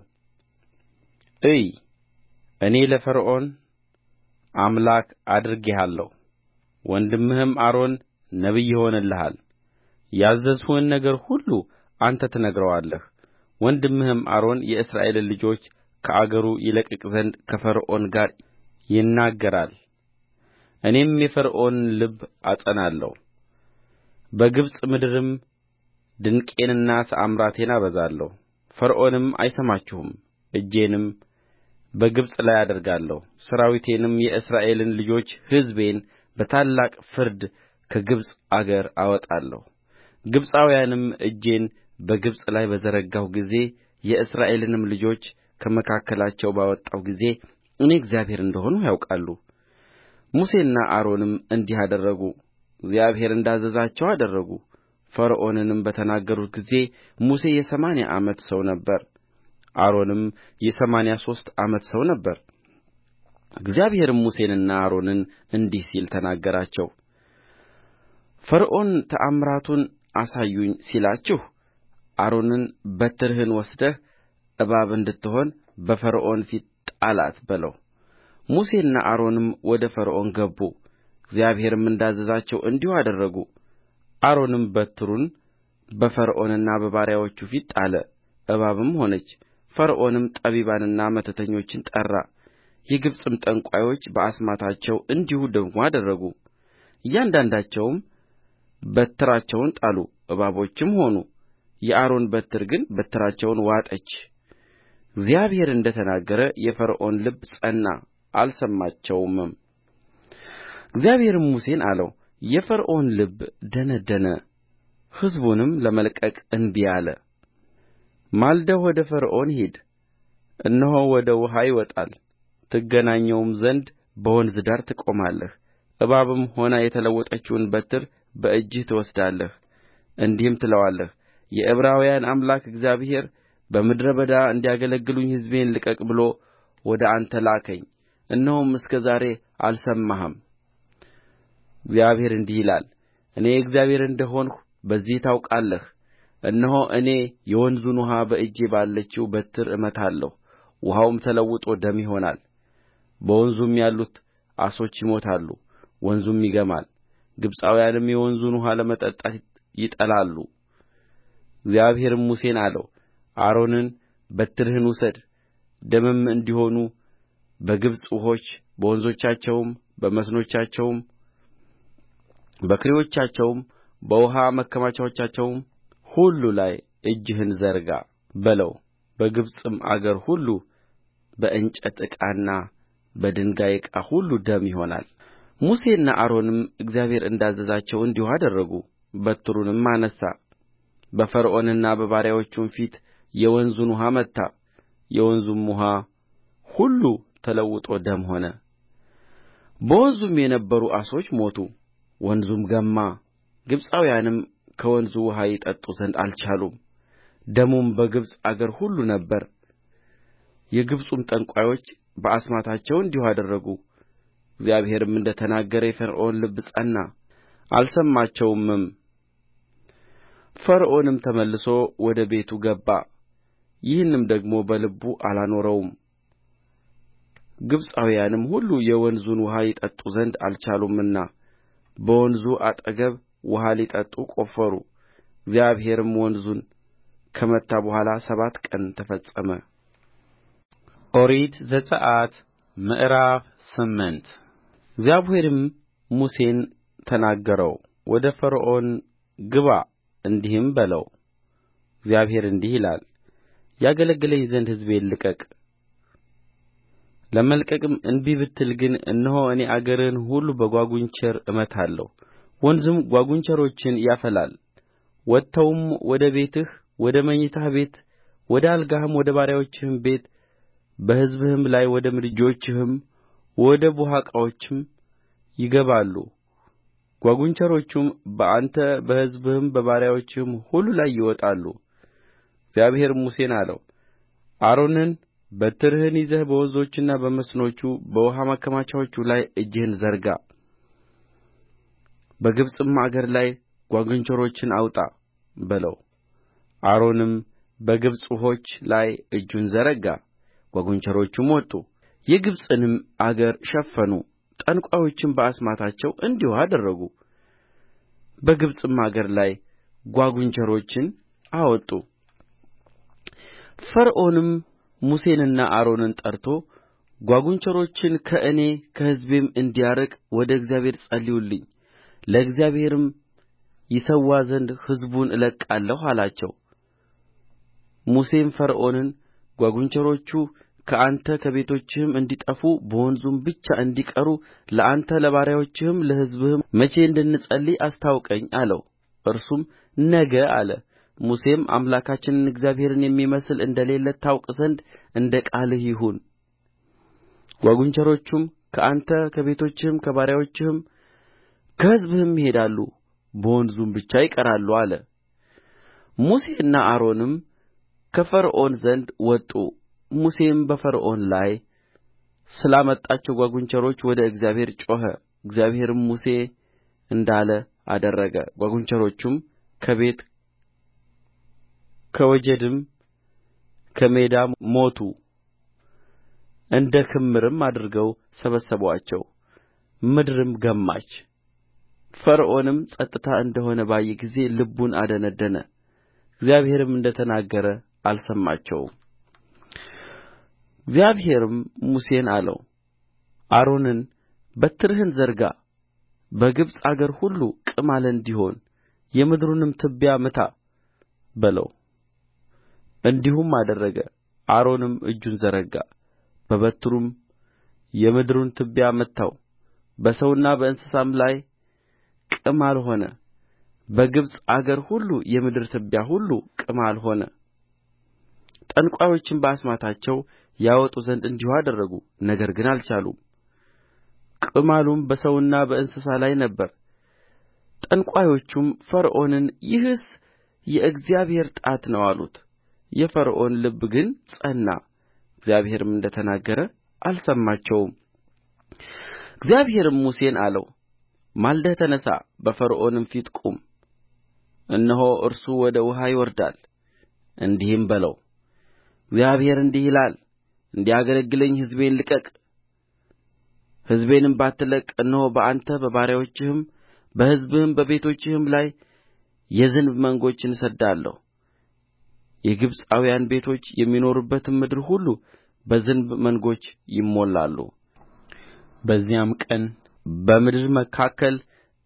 እይ እኔ ለፈርዖን አምላክ አድርጌሃለሁ ወንድምህም አሮን ነቢይ ይሆንልሃል ያዘዝሁህን ነገር ሁሉ አንተ ትነግረዋለህ ወንድምህም አሮን የእስራኤልን ልጆች ከአገሩ ይለቅቅ ዘንድ ከፈርዖን ጋር ይናገራል እኔም የፈርዖንን ልብ አጸናለሁ በግብፅ ምድርም ድንቄንና ተአምራቴን አበዛለሁ ፈርዖንም አይሰማችሁም እጄንም በግብፅ ላይ አደርጋለሁ ሠራዊቴንም የእስራኤልን ልጆች ሕዝቤን በታላቅ ፍርድ ከግብፅ አገር አወጣለሁ ግብፃውያንም እጄን በግብፅ ላይ በዘረጋሁ ጊዜ የእስራኤልንም ልጆች ከመካከላቸው ባወጣሁ ጊዜ እኔ እግዚአብሔር እንደ ሆንሁ ያውቃሉ ሙሴና አሮንም እንዲህ አደረጉ እግዚአብሔር እንዳዘዛቸው አደረጉ ፈርዖንንም በተናገሩት ጊዜ ሙሴ የሰማንያ ዓመት ሰው ነበረ አሮንም የሰማንያ ሦስት ዓመት ሰው ነበረ እግዚአብሔርም ሙሴንና አሮንን እንዲህ ሲል ተናገራቸው ፈርዖን ተአምራቱን አሳዩኝ ሲላችሁ አሮንን በትርህን ወስደህ እባብ እንድትሆን በፈርዖን ፊት ጣላት በለው ሙሴና አሮንም ወደ ፈርዖን ገቡ እግዚአብሔርም እንዳዘዛቸው እንዲሁ አደረጉ አሮንም በትሩን በፈርዖንና በባሪያዎቹ ፊት ጣለ እባብም ሆነች ፈርዖንም ጠቢባንና መተተኞችን ጠራ የግብፅም ጠንቋዮች በአስማታቸው እንዲሁ ደግሞ አደረጉ እያንዳንዳቸውም በትራቸውን ጣሉ እባቦችም ሆኑ የአሮን በትር ግን በትራቸውን ዋጠች እግዚአብሔር እንደ ተናገረ የፈርዖን ልብ ጸና አልሰማቸውምም እግዚአብሔርም ሙሴን አለው የፈርዖን ልብ ደነደነ ሕዝቡንም ለመልቀቅ እንቢ አለ ማልደህ ወደ ፈርዖን ሂድ እነሆ ወደ ውኃ ይወጣል ትገናኘውም ዘንድ በወንዝ ዳር ትቆማለህ እባብም ሆና የተለወጠችውን በትር በእጅህ ትወስዳለህ እንዲህም ትለዋለህ የዕብራውያን አምላክ እግዚአብሔር በምድረ በዳ እንዲያገለግሉኝ ሕዝቤን ልቀቅ ብሎ ወደ አንተ ላከኝ እነሆም እስከ ዛሬ አልሰማህም እግዚአብሔር እንዲህ ይላል እኔ እግዚአብሔር እንደ ሆንሁ በዚህ ታውቃለህ እነሆ እኔ የወንዙን ውኃ በእጄ ባለችው በትር እመታለሁ ውኃውም ተለውጦ ደም ይሆናል በወንዙም ያሉት ዓሦች ይሞታሉ ወንዙም ይገማል ግብፃውያንም የወንዙን ውኃ ለመጠጣት ይጠላሉ እግዚአብሔርም ሙሴን አለው አሮንን በትርህን ውሰድ ደምም እንዲሆኑ በግብፅ ውኆች በወንዞቻቸውም በመስኖቻቸውም በኩሬዎቻቸውም በውኃ ማከማቻዎቻቸውም ሁሉ ላይ እጅህን ዘርጋ በለው በግብፅም አገር ሁሉ በእንጨት ዕቃና በድንጋይ ዕቃ ሁሉ ደም ይሆናል ሙሴና አሮንም እግዚአብሔር እንዳዘዛቸው እንዲሁ አደረጉ በትሩንም አነሣ በፈርዖንና በባሪያዎቹም ፊት የወንዙን ውኃ መታ የወንዙም ውኃ ሁሉ ተለውጦ ደም ሆነ በወንዙም የነበሩ ዓሦች ሞቱ ወንዙም ገማ ግብፃውያንም ከወንዙ ውኃ ይጠጡ ዘንድ አልቻሉም ደሙም በግብፅ አገር ሁሉ ነበረ የግብፅም ጠንቋዮች በአስማታቸው እንዲሁ አደረጉ እግዚአብሔርም እንደ ተናገረ የፈርዖን ልብ ጸና አልሰማቸውምም ፈርዖንም ተመልሶ ወደ ቤቱ ገባ ይህንም ደግሞ በልቡ አላኖረውም ግብፃውያንም ሁሉ የወንዙን ውኃ ይጠጡ ዘንድ አልቻሉምና በወንዙ አጠገብ ውኃ ሊጠጡ ቆፈሩ እግዚአብሔርም ወንዙን ከመታ በኋላ ሰባት ቀን ተፈጸመ ኦሪት ዘጽአት ምዕራፍ ስምንት እግዚአብሔርም ሙሴን ተናገረው ወደ ፈርዖን ግባ እንዲህም በለው እግዚአብሔር እንዲህ ይላል ያገለግለኝ ዘንድ ሕዝቤን ልቀቅ ለመልቀቅም እንቢ ብትል ግን እነሆ እኔ አገርህን ሁሉ በጓጕንቸር እመታለሁ ወንዝም ጓጕንቸሮችን ያፈላል ወጥተውም ወደ ቤትህ ወደ መኝታህ ቤት ወደ አልጋህም ወደ ባሪያዎችህም ቤት በሕዝብህም ላይ ወደ ምድጆችህም ወደ ቡሃቃዎችም ይገባሉ ጓጕንቸሮቹም በአንተ በሕዝብህም በባሪያዎችህም ሁሉ ላይ ይወጣሉ እግዚአብሔርም ሙሴን አለው አሮንን በትርህን ይዘህ በወንዞቹና በመስኖቹ በውኃ ማከማቻዎቹ ላይ እጅህን ዘርጋ በግብፅም አገር ላይ ጓጕንቸሮችን አውጣ በለው አሮንም በግብፅ ውኆች ላይ እጁን ዘረጋ ጓጕንቸሮቹም ወጡ የግብፅንም አገር ሸፈኑ ጠንቋዮችም በአስማታቸው እንዲሁ አደረጉ በግብፅም አገር ላይ ጓጕንቸሮችን አወጡ ፈርዖንም ሙሴንና አሮንን ጠርቶ ጓጕንቸሮችን ከእኔ ከሕዝቤም እንዲያርቅ ወደ እግዚአብሔር ጸልዩልኝ ለእግዚአብሔርም ይሠዋ ዘንድ ሕዝቡን እለቅቃለሁ አላቸው ሙሴም ፈርዖንን ጓጕንቸሮቹ ከአንተ ከቤቶችህም እንዲጠፉ በወንዙም ብቻ እንዲቀሩ ለአንተ ለባሪያዎችህም ለሕዝብህም መቼ እንድንጸልይ አስታውቀኝ አለው እርሱም ነገ አለ ሙሴም አምላካችንን እግዚአብሔርን የሚመስል እንደሌለ ታውቅ ዘንድ እንደ ቃልህ ይሁን ጓጕንቸሮቹም ከአንተ ከቤቶችህም ከባሪያዎችህም ከሕዝብህም ይሄዳሉ በወንዙም ብቻ ይቀራሉ አለ ሙሴና አሮንም ከፈርዖን ዘንድ ወጡ ሙሴም በፈርዖን ላይ ስላመጣቸው ጓጕንቸሮች ወደ እግዚአብሔር ጮኸ እግዚአብሔርም ሙሴ እንዳለ አደረገ ጓጕንቸሮቹም ከቤት ከወጀድም ከሜዳም ሞቱ እንደ ክምርም አድርገው ሰበሰቡአቸው ምድርም ገማች ፈርዖንም ጸጥታ እንደ ሆነ ባየ ጊዜ ልቡን አደነደነ እግዚአብሔርም እንደ ተናገረ አልሰማቸውም እግዚአብሔርም ሙሴን አለው አሮንን በትርህን ዘርጋ በግብፅ አገር ሁሉ ቅማል እንዲሆን የምድሩንም ትቢያ ምታ በለው እንዲሁም አደረገ አሮንም እጁን ዘረጋ በበትሩም የምድሩን ትቢያ መታው በሰውና በእንስሳም ላይ ቅማል ሆነ በግብፅ አገር ሁሉ የምድር ትቢያ ሁሉ ቅማል ሆነ ጠንቋዮችም በአስማታቸው ያወጡ ዘንድ እንዲሁ አደረጉ ነገር ግን አልቻሉም ቅማሉም በሰውና በእንስሳ ላይ ነበረ ጠንቋዮቹም ፈርዖንን ይህስ የእግዚአብሔር ጣት ነው አሉት የፈርዖን ልብ ግን ጸና እግዚአብሔርም እንደ ተናገረ አልሰማቸውም እግዚአብሔርም ሙሴን አለው ማልደህ ተነሣ በፈርዖንም ፊት ቁም እነሆ እርሱ ወደ ውኃ ይወርዳል እንዲህም በለው እግዚአብሔር እንዲህ ይላል እንዲያገለግለኝ ሕዝቤን ልቀቅ ሕዝቤንም ባትለቅቅ እነሆ በአንተ በባሪያዎችህም በሕዝብህም በቤቶችህም ላይ የዝንብ መንጎችን እሰድዳለሁ የግብፃውያን ቤቶች የሚኖሩባትም ምድር ሁሉ በዝንብ መንጎች ይሞላሉ በዚያም ቀን በምድር መካከል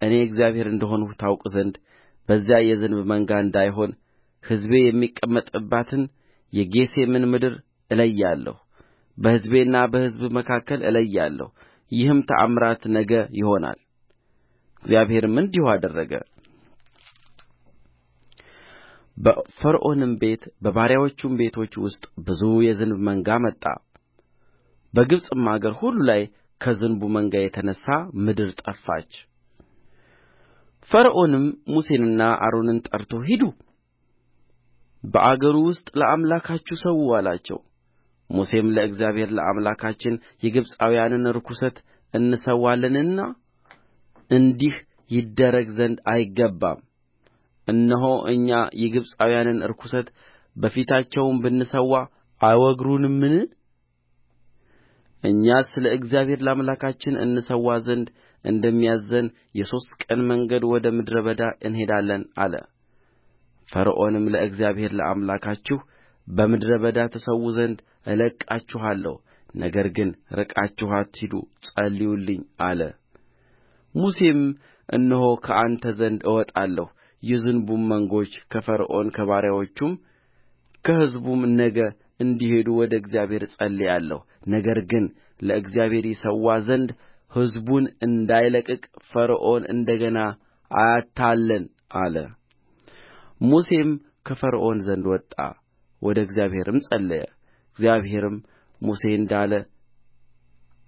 እኔ እግዚአብሔር እንደ ሆንሁ ታውቅ ዘንድ በዚያ የዝንብ መንጋ እንዳይሆን ሕዝቤ የሚቀመጥባትን የጌሤምን ምድር እለያለሁ በሕዝቤና በሕዝብህ መካከል እለያለሁ ይህም ተአምራት ነገ ይሆናል እግዚአብሔርም እንዲሁ አደረገ በፈርዖንም ቤት በባሪያዎቹም ቤቶች ውስጥ ብዙ የዝንብ መንጋ መጣ በግብፅም አገር ሁሉ ላይ ከዝንቡ መንጋ የተነሣ ምድር ጠፋች ፈርዖንም ሙሴንና አሮንን ጠርቶ ሂዱ በአገሩ ውስጥ ለአምላካችሁ ሠዉ አላቸው ሙሴም ለእግዚአብሔር ለአምላካችን የግብፃውያንን ርኵሰት እንሠዋለንና እንዲህ ይደረግ ዘንድ አይገባም እነሆ እኛ የግብፃውያንን ርኵሰት በፊታቸው ብንሠዋ አይወግሩንምን እኛስ ለእግዚአብሔር ለአምላካችን እንሠዋ ዘንድ እንደሚያዝዘን የሦስት ቀን መንገድ ወደ ምድረ በዳ እንሄዳለን አለ ፈርዖንም ለእግዚአብሔር ለአምላካችሁ በምድረ በዳ ትሠዉ ዘንድ እለቅቃችኋለሁ ነገር ግን ርቃችሁ አትሂዱ ጸልዩልኝ አለ ሙሴም እነሆ ከአንተ ዘንድ እወጣለሁ የዝንቡም መንጎች ከፈርዖን ከባሪያዎቹም ከሕዝቡም ነገ እንዲሄዱ ወደ እግዚአብሔር እጸልያለሁ ነገር ግን ለእግዚአብሔር ይሠዋ ዘንድ ሕዝቡን እንዳይለቅቅ ፈርዖን እንደ ገና አያታልለን አለ ሙሴም ከፈርዖን ዘንድ ወጣ ወደ እግዚአብሔርም ጸለየ እግዚአብሔርም ሙሴ እንዳለ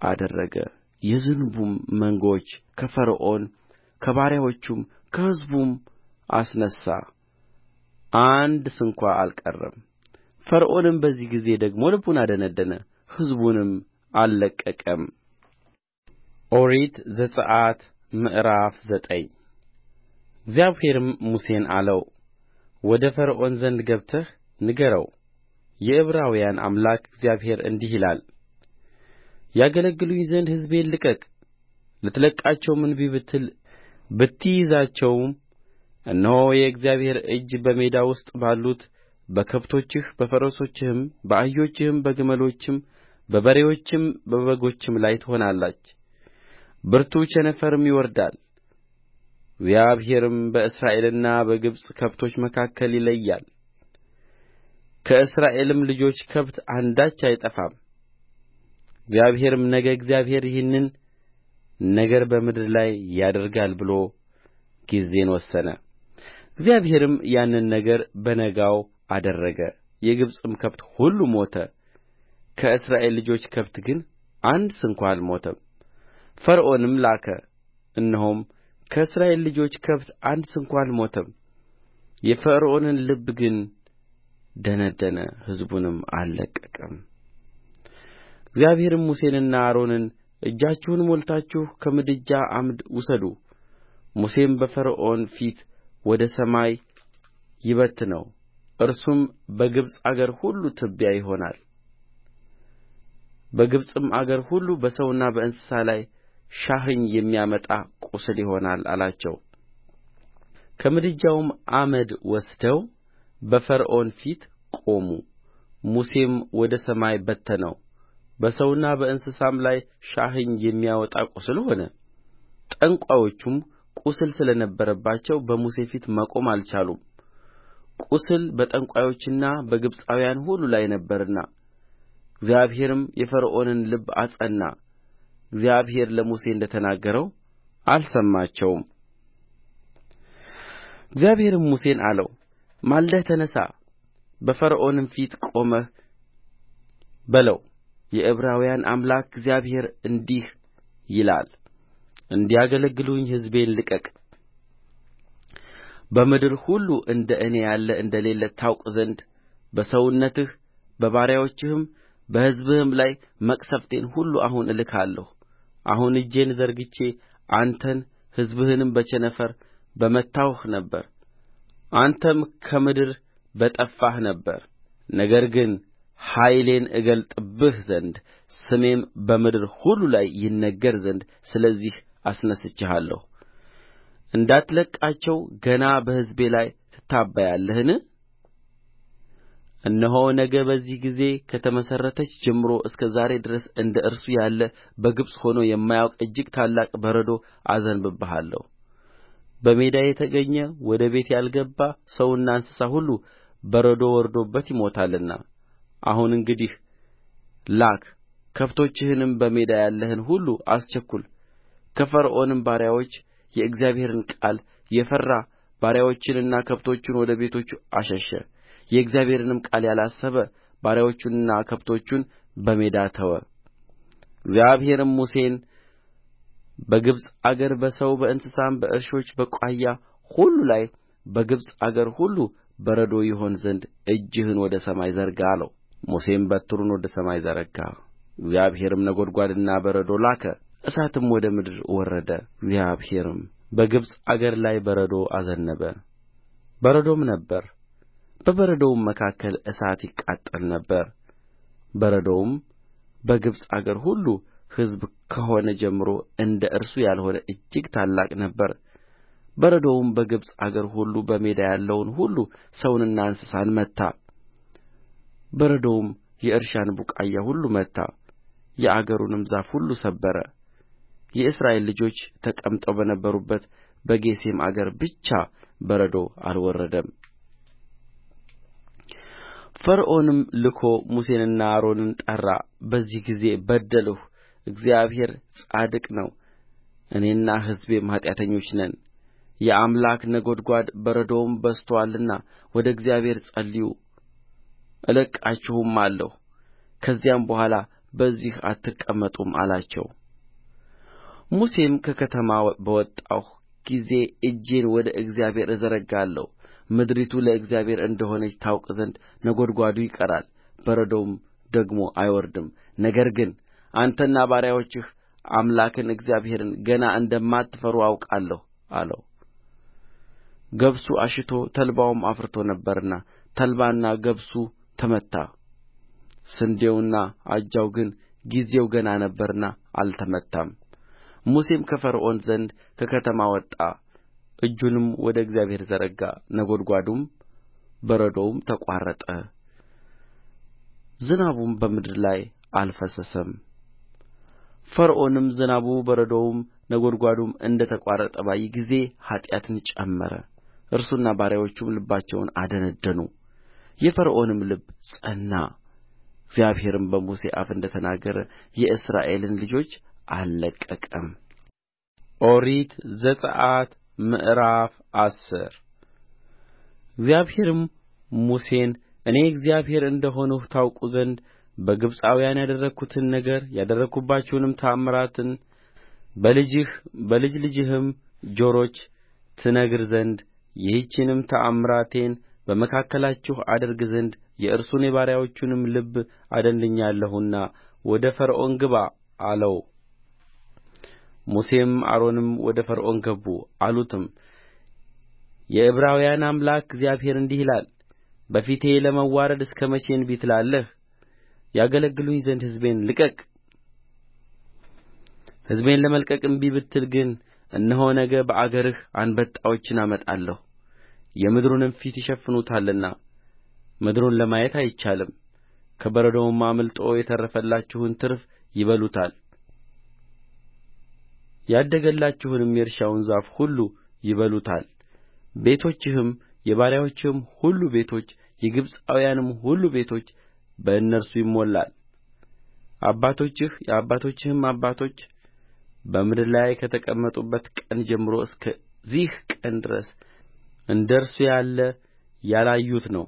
አደረገ የዝንቡም መንጎች ከፈርዖን ከባሪያዎቹም ከሕዝቡም አስነሣ አንድ ስንኳ አልቀረም ፈርዖንም በዚህ ጊዜ ደግሞ ልቡን አደነደነ ሕዝቡንም አልለቀቀም ኦሪት ዘጽአት ምዕራፍ ዘጠኝ እግዚአብሔርም ሙሴን አለው ወደ ፈርዖን ዘንድ ገብተህ ንገረው የዕብራውያን አምላክ እግዚአብሔር እንዲህ ይላል ያገለግሉኝ ዘንድ ሕዝቤን ልቀቅ ልትለቅቃቸውም እንቢ ብትል ብትይዛቸውም እነሆ የእግዚአብሔር እጅ በሜዳ ውስጥ ባሉት በከብቶችህ በፈረሶችህም በአህዮችህም በግመሎችም በበሬዎችም በበጎችም ላይ ትሆናለች ብርቱ ቸነፈርም ይወርዳል እግዚአብሔርም በእስራኤልና በግብፅ ከብቶች መካከል ይለያል ከእስራኤልም ልጆች ከብት አንዳች አይጠፋም እግዚአብሔርም ነገ እግዚአብሔር ይህንን ነገር በምድር ላይ ያደርጋል ብሎ ጊዜን ወሰነ እግዚአብሔርም ያንን ነገር በነጋው አደረገ የግብፅም ከብት ሁሉ ሞተ ከእስራኤል ልጆች ከብት ግን አንድ ስንኳ አልሞተም ፈርዖንም ላከ እነሆም ከእስራኤል ልጆች ከብት አንድ ስንኳ አልሞተም የፈርዖንን ልብ ግን ደነደነ ሕዝቡንም አልለቀቀም እግዚአብሔርም ሙሴንና አሮንን እጃችሁን ሞልታችሁ ከምድጃ ዓምድ ውሰዱ ሙሴም በፈርዖን ፊት ወደ ሰማይ ይበትነው እርሱም በግብፅ አገር ሁሉ ትቢያ ይሆናል በግብፅም አገር ሁሉ በሰውና በእንስሳ ላይ ሻህኝ የሚያመጣ ቍስል ይሆናል አላቸው ከምድጃውም አመድ ወስደው በፈርዖን ፊት ቆሙ ሙሴም ወደ ሰማይ በተነው በሰውና በእንስሳም ላይ ሻህኝ የሚያወጣ ቍስል ሆነ ጠንቋዮቹም ቍስል ስለ ነበረባቸው በሙሴ ፊት መቆም አልቻሉም ቍስል በጠንቋዮችና በግብፃውያን ሁሉ ላይ ነበረና እግዚአብሔርም የፈርዖንን ልብ አጸና እግዚአብሔር ለሙሴ እንደ ተናገረው አልሰማቸውም እግዚአብሔርም ሙሴን አለው ማልደህ ተነሣ በፈርዖንም ፊት ቆመህ በለው የዕብራውያን አምላክ እግዚአብሔር እንዲህ ይላል እንዲያገለግሉኝ ሕዝቤን ልቀቅ በምድር ሁሉ እንደ እኔ ያለ እንደሌለ ታውቅ ዘንድ በሰውነትህ በባሪያዎችህም በሕዝብህም ላይ መቅሠፍቴን ሁሉ አሁን እልካለሁ አሁን እጄን ዘርግቼ አንተን ሕዝብህንም በቸነፈር በመታሁህ ነበር አንተም ከምድር በጠፋህ ነበር ነገር ግን ኃይሌን እገልጥብህ ዘንድ ስሜም በምድር ሁሉ ላይ ይነገር ዘንድ ስለዚህ አስነሥቼሃለሁ እንዳትለቅቃቸው ገና በሕዝቤ ላይ ትታበያለህን እነሆ ነገ በዚህ ጊዜ ከተመሠረተች ጀምሮ እስከ ዛሬ ድረስ እንደ እርሱ ያለ በግብፅ ሆኖ የማያውቅ እጅግ ታላቅ በረዶ አዘንብብሃለሁ በሜዳ የተገኘ ወደ ቤት ያልገባ ሰውና እንስሳ ሁሉ በረዶ ወርዶበት ይሞታልና አሁን እንግዲህ ላክ ከብቶችህንም በሜዳ ያለህን ሁሉ አስቸኵል ከፈርዖንም ባሪያዎች የእግዚአብሔርን ቃል የፈራ ባሪያዎቹንና ከብቶቹን ወደ ቤቶቹ አሸሸ የእግዚአብሔርንም ቃል ያላሰበ ባሪያዎቹንና ከብቶቹን በሜዳ ተወ እግዚአብሔርም ሙሴን በግብፅ አገር በሰው በእንስሳም በእርሾች በቋያ ሁሉ ላይ በግብፅ አገር ሁሉ በረዶ ይሆን ዘንድ እጅህን ወደ ሰማይ ዘርጋ አለው ሙሴም በትሩን ወደ ሰማይ ዘረጋ እግዚአብሔርም ነጐድጓድና በረዶ ላከ እሳትም ወደ ምድር ወረደ እግዚአብሔርም በግብፅ አገር ላይ በረዶ አዘነበ በረዶም ነበረ በበረዶውም መካከል እሳት ይቃጠል ነበር በረዶውም በግብፅ አገር ሁሉ ሕዝብ ከሆነ ጀምሮ እንደ እርሱ ያልሆነ እጅግ ታላቅ ነበረ በረዶውም በግብፅ አገር ሁሉ በሜዳ ያለውን ሁሉ ሰውንና እንስሳን መታ በረዶውም የእርሻን ቡቃያ ሁሉ መታ የአገሩንም ዛፍ ሁሉ ሰበረ የእስራኤል ልጆች ተቀምጠው በነበሩበት በጌሤም አገር ብቻ በረዶ አልወረደም ፈርዖንም ልኮ ሙሴንና አሮንን ጠራ በዚህ ጊዜ በደልሁ እግዚአብሔር ጻድቅ ነው እኔና ሕዝቤም ኃጢአተኞች ነን የአምላክ ነጐድጓድ በረዶውም በዝቶአልና ወደ እግዚአብሔር ጸልዩ እለቅቃችሁማለሁ ከዚያም በኋላ በዚህ አትቀመጡም አላቸው ሙሴም ከከተማ በወጣሁ ጊዜ እጄን ወደ እግዚአብሔር እዘረጋለሁ ምድሪቱ ለእግዚአብሔር እንደ ሆነች ታውቅ ዘንድ ነጎድጓዱ ይቀራል በረዶውም ደግሞ አይወርድም ነገር ግን አንተና ባሪያዎችህ አምላክን እግዚአብሔርን ገና እንደማትፈሩ አውቃለሁ አለው ገብሱ አሽቶ ተልባውም አፍርቶ ነበርና ተልባና ገብሱ ተመታ ስንዴውና አጃው ግን ጊዜው ገና ነበርና አልተመታም ሙሴም ከፈርዖን ዘንድ ከከተማ ወጣ እጁንም ወደ እግዚአብሔር ዘረጋ ነጎድጓዱም በረዶውም ተቋረጠ ዝናቡም በምድር ላይ አልፈሰሰም ፈርዖንም ዝናቡ በረዶውም ነጎድጓዱም እንደ ተቋረጠ ባየ ጊዜ ኃጢአትን ጨመረ እርሱና ባሪያዎቹም ልባቸውን አደነደኑ የፈርዖንም ልብ ጸና እግዚአብሔርም በሙሴ አፍ እንደ ተናገረ የእስራኤልን ልጆች አልለቀቀም ኦሪት ዘጽአት ምዕራፍ አስር እግዚአብሔርም ሙሴን እኔ እግዚአብሔር እንደ ሆንሁ ታውቁ ዘንድ በግብፃውያን ያደረግሁትን ነገር ያደረግሁባቸውንም ታምራትን በልጅህ በልጅ ልጅህም ጆሮች ትነግር ዘንድ ይህችንም ተአምራቴን በመካከላችሁ አደርግ ዘንድ የእርሱን የባሪያዎቹንም ልብ አደንድኜአለሁና ወደ ፈርዖን ግባ አለው ሙሴም አሮንም ወደ ፈርዖን ገቡ አሉትም የዕብራውያን አምላክ እግዚአብሔር እንዲህ ይላል በፊቴ ለመዋረድ እስከ መቼ እንቢ ትላለህ ያገለግሉኝ ዘንድ ሕዝቤን ልቀቅ ሕዝቤን ለመልቀቅ እንቢ ብትል ግን እነሆ ነገ በአገርህ አንበጣዎችን አመጣለሁ የምድሩንም ፊት ይሸፍኑታልና ምድሩን ለማየት አይቻልም ከበረዶውም አምልጦ የተረፈላችሁን ትርፍ ይበሉታል ያደገላችሁንም የእርሻውን ዛፍ ሁሉ ይበሉታል ቤቶችህም የባሪያዎችህም ሁሉ ቤቶች የግብፃውያንም ሁሉ ቤቶች በእነርሱ ይሞላል አባቶችህ የአባቶችህም አባቶች በምድር ላይ ከተቀመጡበት ቀን ጀምሮ እስከዚህ ቀን ድረስ እንደ እርሱ ያለ ያላዩት ነው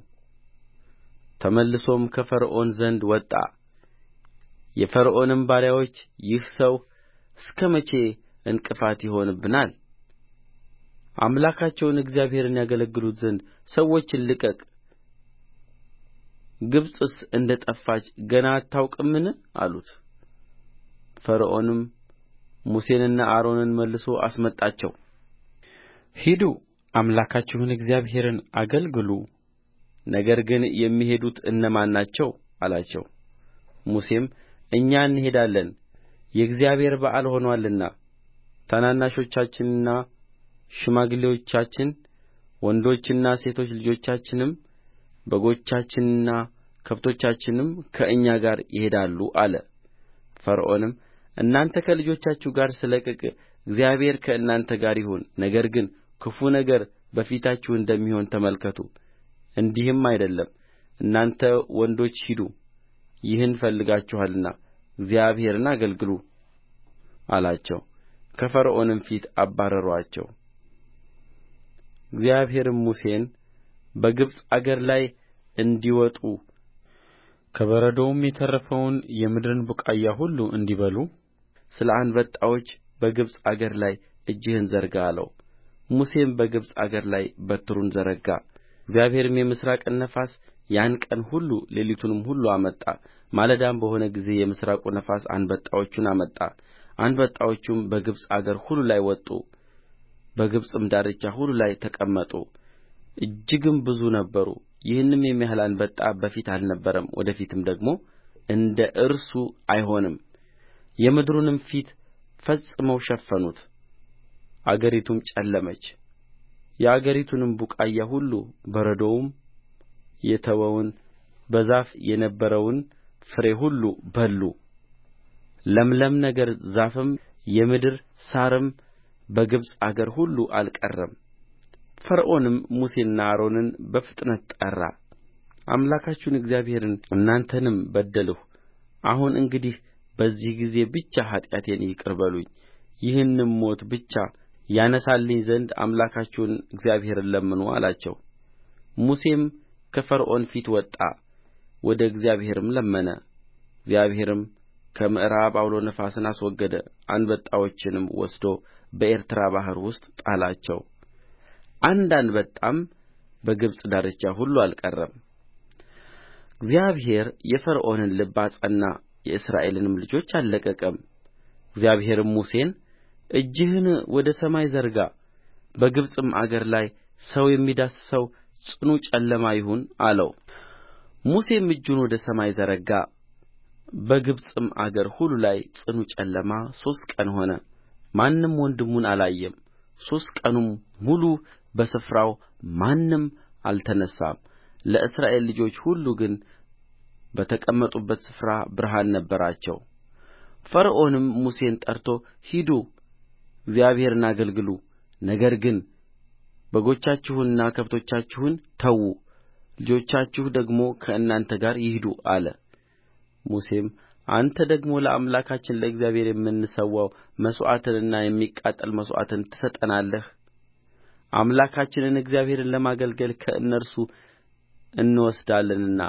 ተመልሶም ከፈርዖን ዘንድ ወጣ የፈርዖንም ባሪያዎች ይህ ሰው እስከ መቼ ዕንቅፋት ይሆንብናል አምላካቸውን እግዚአብሔርን ያገለግሉት ዘንድ ሰዎችን ልቀቅ ግብፅስ እንደ ጠፋች ገና አታውቅምን አሉት ፈርዖንም ሙሴንና አሮንን መልሶ አስመጣቸው ሂዱ አምላካችሁን እግዚአብሔርን አገልግሉ ነገር ግን የሚሄዱት እነማን ናቸው አላቸው ሙሴም እኛ እንሄዳለን የእግዚአብሔር በዓል ሆኖአልና ታናናሾቻችንና ሽማግሌዎቻችን ወንዶችና ሴቶች ልጆቻችንም በጎቻችንና ከብቶቻችንም ከእኛ ጋር ይሄዳሉ አለ ፈርዖንም እናንተ ከልጆቻችሁ ጋር ስለቅቅ እግዚአብሔር ከእናንተ ጋር ይሁን ነገር ግን ክፉ ነገር በፊታችሁ እንደሚሆን ተመልከቱ እንዲህም አይደለም እናንተ ወንዶች ሂዱ ይህን ፈልጋችኋልና እግዚአብሔርን አገልግሉ አላቸው ከፈርዖንም ፊት አባረሩአቸው እግዚአብሔርም ሙሴን በግብፅ አገር ላይ እንዲወጡ ከበረዶውም የተረፈውን የምድርን ቡቃያ ሁሉ እንዲበሉ ስለ አንበጣዎች በግብፅ አገር ላይ እጅህን ዘርጋ አለው ሙሴም በግብፅ አገር ላይ በትሩን ዘረጋ እግዚአብሔርም የምሥራቅን ነፋስ ያን ቀን ሁሉ ሌሊቱንም ሁሉ አመጣ ማለዳም በሆነ ጊዜ የምሥራቁ ነፋስ አንበጣዎቹን አመጣ አንበጣዎቹም በግብፅ አገር ሁሉ ላይ ወጡ በግብፅም ዳርቻ ሁሉ ላይ ተቀመጡ እጅግም ብዙ ነበሩ ይህንም የሚያህል አንበጣ በፊት አልነበረም ወደ ፊትም ደግሞ እንደ እርሱ አይሆንም የምድሩንም ፊት ፈጽመው ሸፈኑት አገሪቱም ጨለመች የአገሪቱንም ቡቃያ ሁሉ በረዶውም የተወውን በዛፍ የነበረውን ፍሬ ሁሉ በሉ ለምለም ነገር ዛፍም የምድር ሣርም በግብፅ አገር ሁሉ አልቀረም ፈርዖንም ሙሴንና አሮንን በፍጥነት ጠራ አምላካችሁን እግዚአብሔርን እናንተንም በደልሁ አሁን እንግዲህ በዚህ ጊዜ ብቻ ኃጢአቴን ይቅር በሉኝ ይህንም ሞት ብቻ ያነሣልኝ ዘንድ አምላካችሁን እግዚአብሔርን ለምኑ አላቸው ሙሴም ከፈርዖን ፊት ወጣ ወደ እግዚአብሔርም ለመነ እግዚአብሔርም ከምዕራብ ዐውሎ ነፋስን አስወገደ አንበጣዎችንም ወስዶ በኤርትራ ባሕር ውስጥ ጣላቸው አንድ አንበጣም በግብፅ ዳርቻ ሁሉ አልቀረም እግዚአብሔር የፈርዖንን ልብ አጸና የእስራኤልንም ልጆች አልለቀቀም እግዚአብሔርም ሙሴን እጅህን ወደ ሰማይ ዘርጋ በግብፅም አገር ላይ ሰው የሚዳስሰው ጽኑ ጨለማ ይሁን አለው ሙሴም እጁን ወደ ሰማይ ዘረጋ በግብፅም አገር ሁሉ ላይ ጽኑ ጨለማ ሦስት ቀን ሆነ ማንም ወንድሙን አላየም ሦስት ቀኑም ሙሉ በስፍራው ማንም አልተነሣም ለእስራኤል ልጆች ሁሉ ግን በተቀመጡበት ስፍራ ብርሃን ነበራቸው ፈርዖንም ሙሴን ጠርቶ ሂዱ እግዚአብሔርን አገልግሉ ነገር ግን በጎቻችሁንና ከብቶቻችሁን ተዉ ልጆቻችሁ ደግሞ ከእናንተ ጋር ይሂዱ አለ ሙሴም አንተ ደግሞ ለአምላካችን ለእግዚአብሔር የምንሠዋው መሥዋዕትንና የሚቃጠል መሥዋዕትን ትሰጠናለህ አምላካችንን እግዚአብሔርን ለማገልገል ከእነርሱ እንወስዳለንና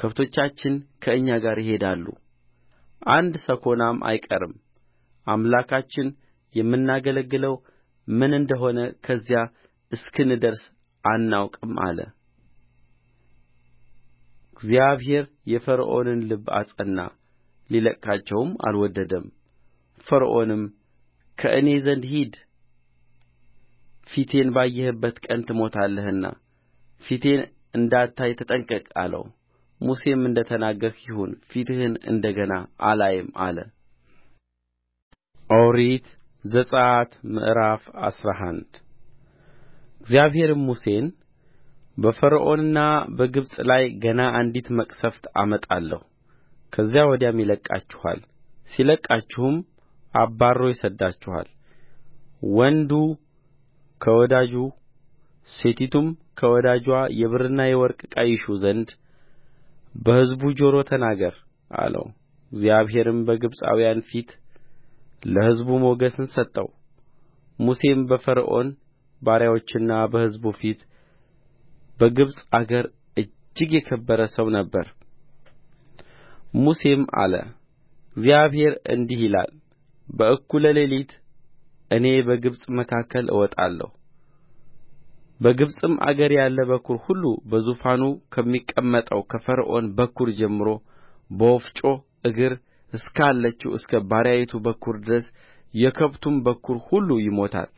ከብቶቻችን ከእኛ ጋር ይሄዳሉ አንድ ሰኮናም አይቀርም አምላካችን የምናገለግለው ምን እንደ ሆነ ከዚያ እስክንደርስ አናውቅም አለ እግዚአብሔር የፈርዖንን ልብ አጸና ሊለቅቃቸውም አልወደደም ፈርዖንም ከእኔ ዘንድ ሂድ ፊቴን ባየህበት ቀን ትሞታለህና ፊቴን እንዳታይ ተጠንቀቅ አለው ሙሴም እንደ ተናገርህ ይሁን ፊትህን እንደ ገና አላይም አለ ኦሪት ዘጽአት ምዕራፍ አስራ አንድ እግዚአብሔርም ሙሴን በፈርዖንና በግብፅ ላይ ገና አንዲት መቅሠፍት አመጣለሁ ከዚያ ወዲያም ይለቅቃችኋል ሲለቅቃችሁም አባርሮ ይሰድዳችኋል ወንዱ ከወዳጁ ሴቲቱም ከወዳጅዋ የብርና የወርቅ ዕቃ ይሹ ዘንድ በሕዝቡ ጆሮ ተናገር አለው እግዚአብሔርም በግብፃውያን ፊት ለሕዝቡ ሞገስን ሰጠው ሙሴም በፈርዖን ባሪያዎችና በሕዝቡ ፊት በግብፅ አገር እጅግ የከበረ ሰው ነበረ ሙሴም አለ እግዚአብሔር እንዲህ ይላል በእኩለ ሌሊት እኔ በግብፅ መካከል እወጣለሁ በግብፅም አገር ያለ በኵር ሁሉ በዙፋኑ ከሚቀመጠው ከፈርዖን በኵር ጀምሮ በወፍጮ እግር እስካለችው እስከ ባሪያይቱ በኵር ድረስ የከብቱም በኵር ሁሉ ይሞታል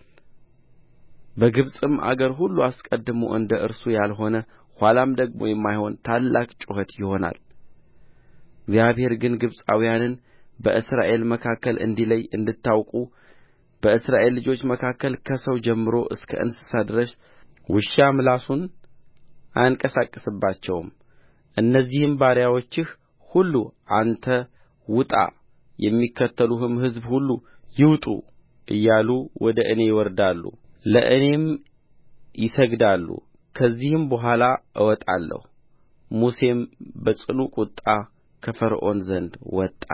በግብፅም አገር ሁሉ አስቀድሞ እንደ እርሱ ያልሆነ ኋላም ደግሞ የማይሆን ታላቅ ጩኸት ይሆናል እግዚአብሔር ግን ግብፃውያንን በእስራኤል መካከል እንዲለይ እንድታውቁ በእስራኤል ልጆች መካከል ከሰው ጀምሮ እስከ እንስሳ ድረስ ውሻ ምላሱን አያንቀሳቅስባቸውም እነዚህም ባሪያዎችህ ሁሉ አንተ ውጣ የሚከተሉህም ሕዝብ ሁሉ ይውጡ እያሉ ወደ እኔ ይወርዳሉ ለእኔም ይሰግዳሉ ከዚህም በኋላ እወጣለሁ ሙሴም በጽኑ ቍጣ ከፈርዖን ዘንድ ወጣ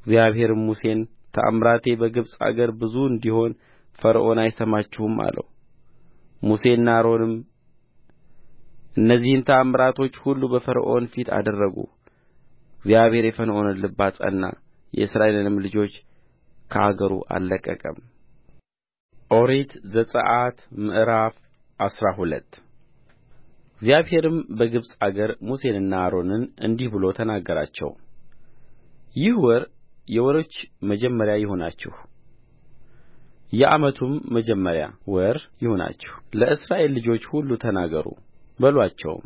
እግዚአብሔርም ሙሴን ተአምራቴ በግብፅ አገር ብዙ እንዲሆን ፈርዖን አይሰማችሁም አለው ሙሴና አሮንም እነዚህን ተአምራቶች ሁሉ በፈርዖን ፊት አደረጉ እግዚአብሔር የፈርዖንን ልብ አጸና የእስራኤልንም ልጆች ከአገሩ አልለቀቀም ኦሪት ዘጽአት ምዕራፍ አስራ ሁለት እግዚአብሔርም በግብፅ አገር ሙሴንና አሮንን እንዲህ ብሎ ተናገራቸው ይህ ወር የወሮች መጀመሪያ ይሁናችሁ የዓመቱም መጀመሪያ ወር ይሁናችሁ ለእስራኤል ልጆች ሁሉ ተናገሩ በሉአቸውም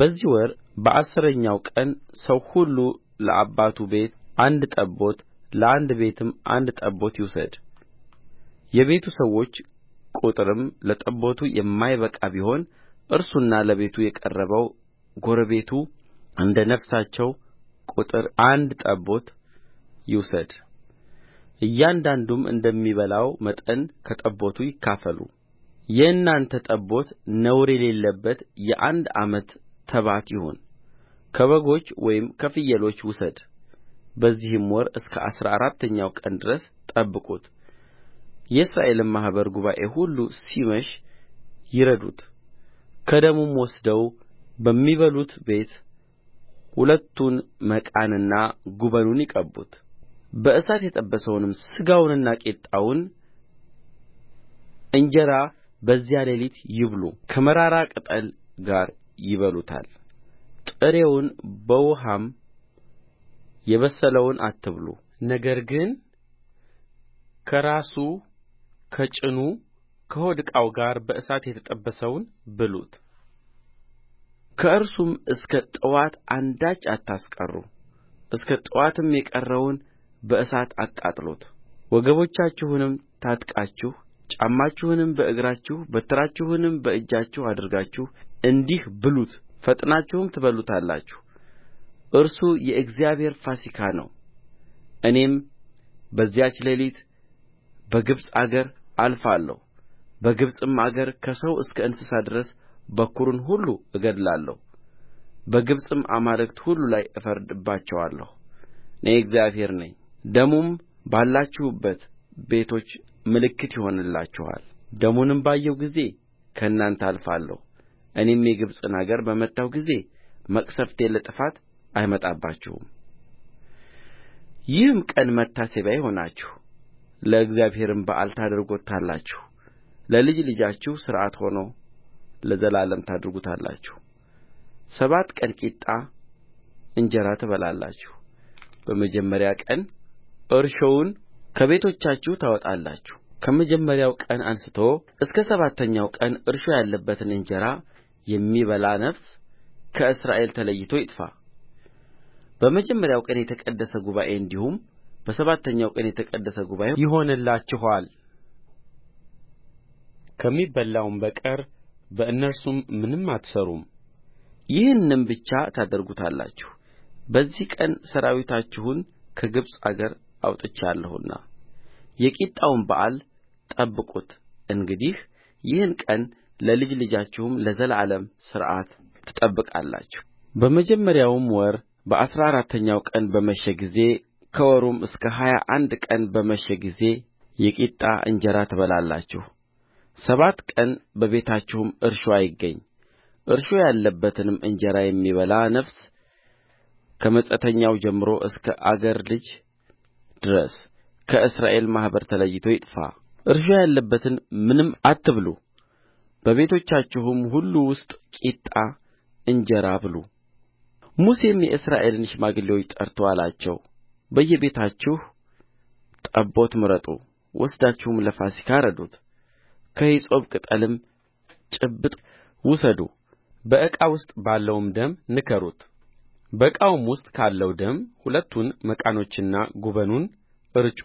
በዚህ ወር በአሥረኛው ቀን ሰው ሁሉ ለአባቱ ቤት አንድ ጠቦት ለአንድ ቤትም አንድ ጠቦት ይውሰድ የቤቱ ሰዎች ቍጥርም ለጠቦቱ የማይበቃ ቢሆን እርሱና ለቤቱ የቀረበው ጎረቤቱ እንደ ነፍሳቸው ቍጥር አንድ ጠቦት ይውሰድ እያንዳንዱም እንደሚበላው መጠን ከጠቦቱ ይካፈሉ የእናንተ ጠቦት ነውር የሌለበት የአንድ ዓመት ተባት ይሁን ከበጎች ወይም ከፍየሎች ውሰድ በዚህም ወር እስከ አሥራ አራተኛው ቀን ድረስ ጠብቁት የእስራኤልም ማኅበር ጉባኤ ሁሉ ሲመሽ ይረዱት ከደሙም ወስደው በሚበሉት ቤት ሁለቱን መቃንና ጉበኑን ይቅቡት በእሳት የተጠበሰውን ሥጋውንና ቂጣውን እንጀራ በዚያ ሌሊት ይብሉ ከመራራ ቅጠል ጋር ይበሉታል ጥሬውን በውኃም የበሰለውን አትብሉ ነገር ግን ከራሱ ከጭኑ ከሆድ ዕቃው ጋር በእሳት የተጠበሰውን ብሉት ከእርሱም እስከ ጥዋት አንዳች አታስቀሩ እስከ ጥዋትም የቀረውን በእሳት አቃጥሉት ወገቦቻችሁንም ታጥቃችሁ ጫማችሁንም በእግራችሁ በትራችሁንም በእጃችሁ አድርጋችሁ እንዲህ ብሉት ፈጥናችሁም ትበሉታላችሁ እርሱ የእግዚአብሔር ፋሲካ ነው እኔም በዚያች ሌሊት በግብፅ አገር አልፋለሁ በግብፅም አገር ከሰው እስከ እንስሳ ድረስ በኵርን ሁሉ እገድላለሁ በግብፅም አማልክት ሁሉ ላይ እፈርድባቸዋለሁ እኔ እግዚአብሔር ነኝ ደሙም ባላችሁበት ቤቶች ምልክት ይሆንላችኋል ደሙንም ባየሁ ጊዜ ከእናንተ አልፋለሁ እኔም የግብፅን አገር በመታሁ ጊዜ መቅሠፍቴ ለጥፋት አይመጣባችሁም ይህም ቀን መታሰቢያ ይሆናችሁ ለእግዚአብሔርም በዓል ታደርጉታላችሁ ለልጅ ልጃችሁ ሥርዓት ሆኖ ለዘላለም ታደርጉታላችሁ ሰባት ቀን ቂጣ እንጀራ ትበላላችሁ በመጀመሪያ ቀን እርሾውን ከቤቶቻችሁ ታወጣላችሁ ከመጀመሪያው ቀን አንሥቶ እስከ ሰባተኛው ቀን እርሾ ያለበትን እንጀራ የሚበላ ነፍስ ከእስራኤል ተለይቶ ይጥፋ በመጀመሪያው ቀን የተቀደሰ ጉባኤ እንዲሁም በሰባተኛው ቀን የተቀደሰ ጉባኤ ይሆንላችኋል ከሚበላውም በቀር በእነርሱም ምንም አትሠሩም ይህንም ብቻ ታደርጉታላችሁ በዚህ ቀን ሠራዊታችሁን ከግብፅ አገር አውጥቼአለሁና የቂጣውን በዓል ጠብቁት እንግዲህ ይህን ቀን ለልጅ ልጃችሁ ለዘላለም ሥርዓት ትጠብቃላችሁ በመጀመሪያውም ወር በአሥራ አራተኛው ቀን በመሸ ጊዜ ከወሩም እስከ ሀያ አንድ ቀን በመሸ ጊዜ የቂጣ እንጀራ ትበላላችሁ ሰባት ቀን በቤታችሁ እርሾ አይገኝ እርሾ ያለበትንም እንጀራ የሚበላ ነፍስ ከመጻተኛው ጀምሮ እስከ አገር ልጅ ድረስ ከእስራኤል ማኅበር ተለይቶ ይጥፋ እርሾ ያለበትን ምንም አትብሉ በቤቶቻችሁም ሁሉ ውስጥ ቂጣ እንጀራ ብሉ ሙሴም የእስራኤልን ሽማግሌዎች ጠርቶ አላቸው በየቤታችሁ ጠቦት ምረጡ ወስዳችሁም ለፋሲካ እረዱት ከሂሶጵ ቅጠልም ጭብጥ ውሰዱ በዕቃ ውስጥ ባለውም ደም ንከሩት በዕቃውም ውስጥ ካለው ደም ሁለቱን መቃኖችና ጉበኑን እርጩ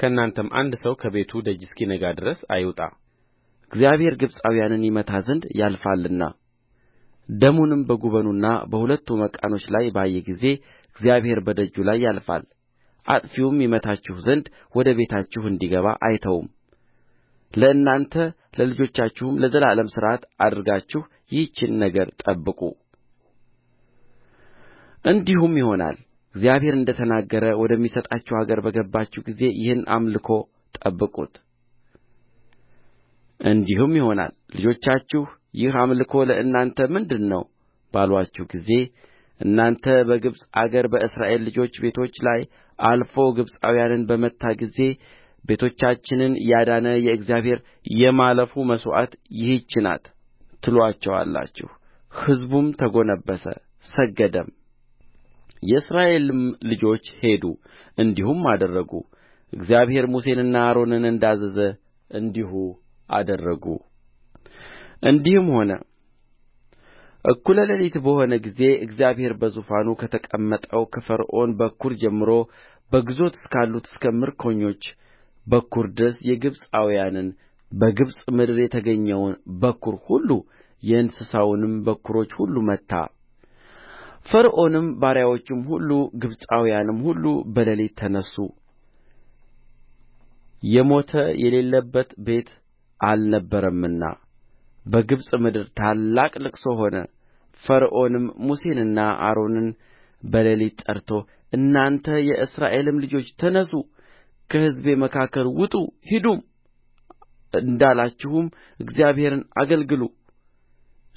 ከእናንተም አንድ ሰው ከቤቱ ደጅ እስኪነጋ ድረስ አይውጣ እግዚአብሔር ግብፃውያንን ይመታ ዘንድ ያልፋልና ደሙንም በጉበኑና በሁለቱ መቃኖች ላይ ባየ ጊዜ እግዚአብሔር በደጁ ላይ ያልፋል አጥፊውም ይመታችሁ ዘንድ ወደ ቤታችሁ እንዲገባ አይተውም ለእናንተ ለልጆቻችሁም ለዘላለም ሥርዓት አድርጋችሁ ይህችን ነገር ጠብቁ እንዲሁም ይሆናል እግዚአብሔር እንደ ተናገረ ወደሚሰጣችሁ አገር በገባችሁ ጊዜ ይህን አምልኮ ጠብቁት እንዲሁም ይሆናል ልጆቻችሁ ይህ አምልኮ ለእናንተ ምንድር ነው ባሉአችሁ ጊዜ እናንተ በግብፅ አገር በእስራኤል ልጆች ቤቶች ላይ አልፎ ግብፃውያንን በመታ ጊዜ ቤቶቻችንን ያዳነ የእግዚአብሔር የማለፉ መሥዋዕት ይህች ናት ትሉአቸዋላችሁ ሕዝቡም ተጎነበሰ ሰገደም የእስራኤልም ልጆች ሄዱ እንዲሁም አደረጉ እግዚአብሔር ሙሴንና አሮንን እንዳዘዘ እንዲሁ አደረጉ እንዲህም ሆነ እኩለ ሌሊት በሆነ ጊዜ እግዚአብሔር በዙፋኑ ከተቀመጠው ከፈርዖን በኵር ጀምሮ በግዞት እስካሉት እስከ ምርኮኞች በኵር ድረስ የግብፃውያንን በግብፅ ምድር የተገኘውን በኵር ሁሉ የእንስሳውንም በኵሮች ሁሉ መታ ፈርዖንም ባሪያዎቹም ሁሉ ግብፃውያንም ሁሉ በሌሊት ተነሡ የሞተ የሌለበት ቤት አልነበረምና በግብፅ ምድር ታላቅ ልቅሶ ሆነ ፈርዖንም ሙሴንና አሮንን በሌሊት ጠርቶ እናንተ የእስራኤልም ልጆች ተነሡ ከሕዝቤ መካከል ውጡ ሂዱም እንዳላችሁም እግዚአብሔርን አገልግሉ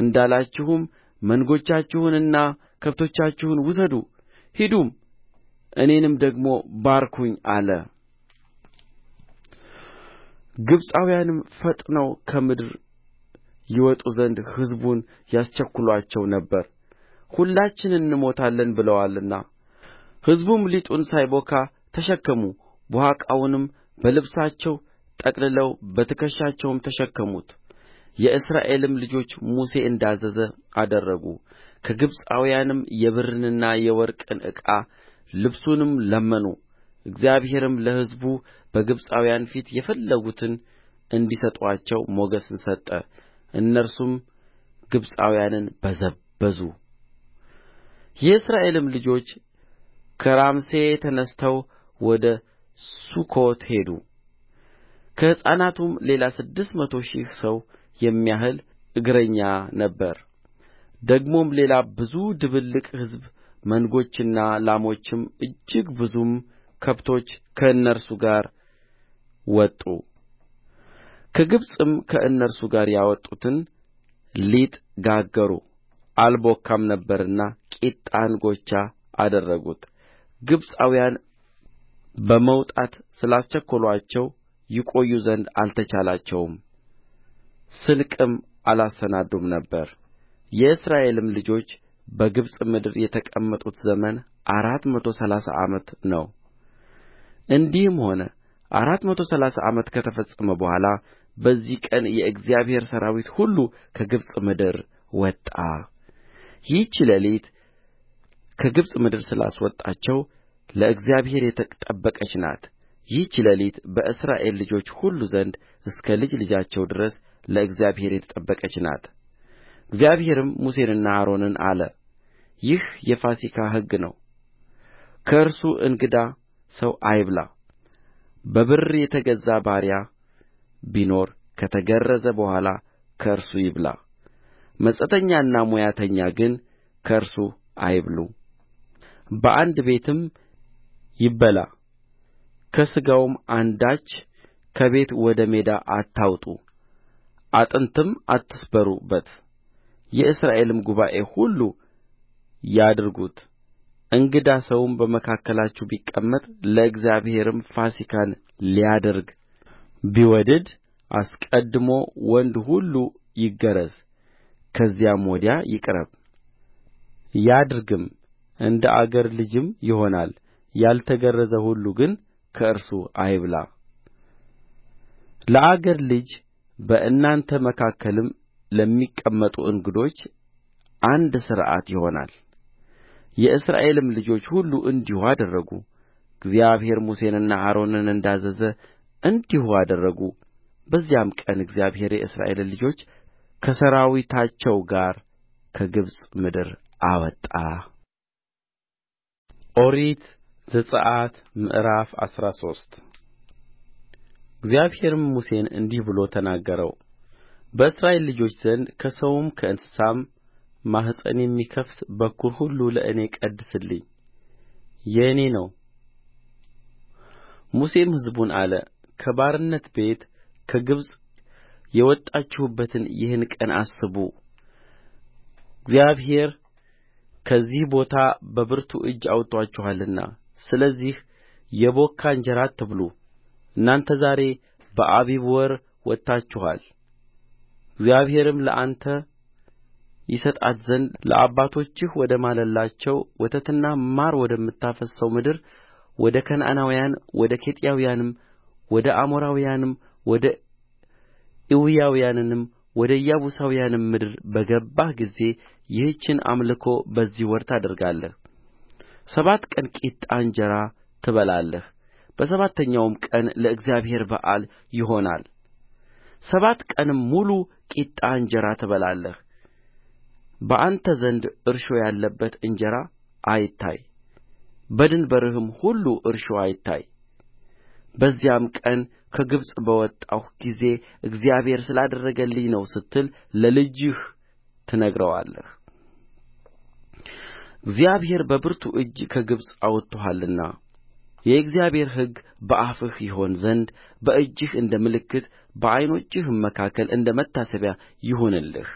እንዳላችሁም መንጎቻችሁንና ከብቶቻችሁን ውሰዱ ሂዱም እኔንም ደግሞ ባርኩኝ አለ ግብፃውያንም ፈጥነው ከምድር ይወጡ ዘንድ ሕዝቡን ያስቸኵሉአቸው ነበር ሁላችን እንሞታለን ብለዋልና ሕዝቡም ሊጡን ሳይቦካ ተሸከሙ ቡሃቃውንም በልብሳቸው ጠቅልለው በትከሻቸው ተሸከሙት የእስራኤልም ልጆች ሙሴ እንዳዘዘ አደረጉ ከግብፃውያንም የብርንና የወርቅን ዕቃ ልብሱንም ለመኑ እግዚአብሔርም ለሕዝቡ በግብፃውያን ፊት የፈለጉትን እንዲሰጡአቸው ሞገስን ሰጠ እነርሱም ግብፃውያንን በዘበዙ የእስራኤልም ልጆች ከራምሴ ተነሥተው ወደ ሱኮት ሄዱ ከሕፃናቱም ሌላ ስድስት መቶ ሺህ ሰው የሚያህል እግረኛ ነበረ ደግሞም ሌላ ብዙ ድብልቅ ሕዝብ መንጎችና ላሞችም እጅግ ብዙም ከብቶች ከእነርሱ ጋር ወጡ ከግብፅም ከእነርሱ ጋር ያወጡትን ሊጥ ጋገሩ አልቦካም ነበርና ቂጣ እንጎቻ አደረጉት ግብፃውያን በመውጣት ስላስቸኰሉአቸው ይቆዩ ዘንድ አልተቻላቸውም ስንቅም አላሰናዱም ነበር የእስራኤልም ልጆች በግብፅ ምድር የተቀመጡት ዘመን አራት መቶ ሠላሳ ዓመት ነው እንዲህም ሆነ አራት መቶ ሠላሳ ዓመት ከተፈጸመ በኋላ በዚህ ቀን የእግዚአብሔር ሠራዊት ሁሉ ከግብፅ ምድር ወጣ ይህች ሌሊት ከግብፅ ምድር ስላስወጣቸው ለእግዚአብሔር የተጠበቀች ናት ይህች ሌሊት በእስራኤል ልጆች ሁሉ ዘንድ እስከ ልጅ ልጃቸው ድረስ ለእግዚአብሔር የተጠበቀች ናት እግዚአብሔርም ሙሴንና አሮንን አለ ይህ የፋሲካ ሕግ ነው ከእርሱ እንግዳ ሰው አይብላ በብር የተገዛ ባሪያ ቢኖር ከተገረዘ በኋላ ከእርሱ ይብላ መጻተኛና ሞያተኛ ግን ከእርሱ አይብሉ በአንድ ቤትም ይበላ ከሥጋውም አንዳች ከቤት ወደ ሜዳ አታውጡ አጥንትም አትስበሩበት የእስራኤልም ጉባኤ ሁሉ ያድርጉት እንግዳ ሰውም በመካከላችሁ ቢቀመጥ ለእግዚአብሔርም ፋሲካን ሊያደርግ ቢወድድ አስቀድሞ ወንድ ሁሉ ይገረዝ ከዚያም ወዲያ ይቅረብ ያድርግም እንደ አገር ልጅም ይሆናል ያልተገረዘ ሁሉ ግን ከእርሱ አይብላ ለአገር ልጅ በእናንተ መካከልም ለሚቀመጡ እንግዶች አንድ ሥርዓት ይሆናል የእስራኤልም ልጆች ሁሉ እንዲሁ አደረጉ እግዚአብሔር ሙሴንና አሮንን እንዳዘዘ እንዲሁ አደረጉ በዚያም ቀን እግዚአብሔር የእስራኤልን ልጆች ከሠራዊታቸው ጋር ከግብፅ ምድር አወጣ ኦሪት ዘጽአት ምዕራፍ አስራ ሶስት እግዚአብሔርም ሙሴን እንዲህ ብሎ ተናገረው በእስራኤል ልጆች ዘንድ ከሰውም ከእንስሳም ማኅፀን የሚከፍት በኵር ሁሉ ለእኔ ቀድስልኝ የእኔ ነው ሙሴም ሕዝቡን አለ ከባርነት ቤት ከግብፅ የወጣችሁበትን ይህን ቀን አስቡ እግዚአብሔር ከዚህ ቦታ በብርቱ እጅ አውጥቶአችኋልና ስለዚህ የቦካ እንጀራ አትብሉ እናንተ ዛሬ በአቢብ ወር ወጥታችኋል እግዚአብሔርም ለአንተ ይሰጣት ዘንድ ለአባቶችህ ወደ ማለላቸው ወተትና ማር ወደምታፈስሰው ምድር ወደ ከነዓናውያን ወደ ኬጢያውያንም ወደ አሞራውያንም ወደ ኤዊያውያንም ወደ ኢያቡሳውያንም ምድር በገባህ ጊዜ ይህችን አምልኮ በዚህ ወር ታደርጋለህ ሰባት ቀን ቂጣ እንጀራ ትበላለህ በሰባተኛውም ቀን ለእግዚአብሔር በዓል ይሆናል ሰባት ቀንም ሙሉ ቂጣ እንጀራ ትበላለህ በአንተ ዘንድ እርሾ ያለበት እንጀራ አይታይ በድንበርህም ሁሉ እርሾ አይታይ በዚያም ቀን ከግብፅ በወጣሁ ጊዜ እግዚአብሔር ስላደረገልኝ ነው ስትል ለልጅህ ትነግረዋለህ እግዚአብሔር በብርቱ እጅ ከግብፅ አውጥቶሃልና የእግዚአብሔር ሕግ በአፍህ ይሆን ዘንድ በእጅህ እንደ ምልክት በዓይኖችህም መካከል እንደ መታሰቢያ ይሁንልህ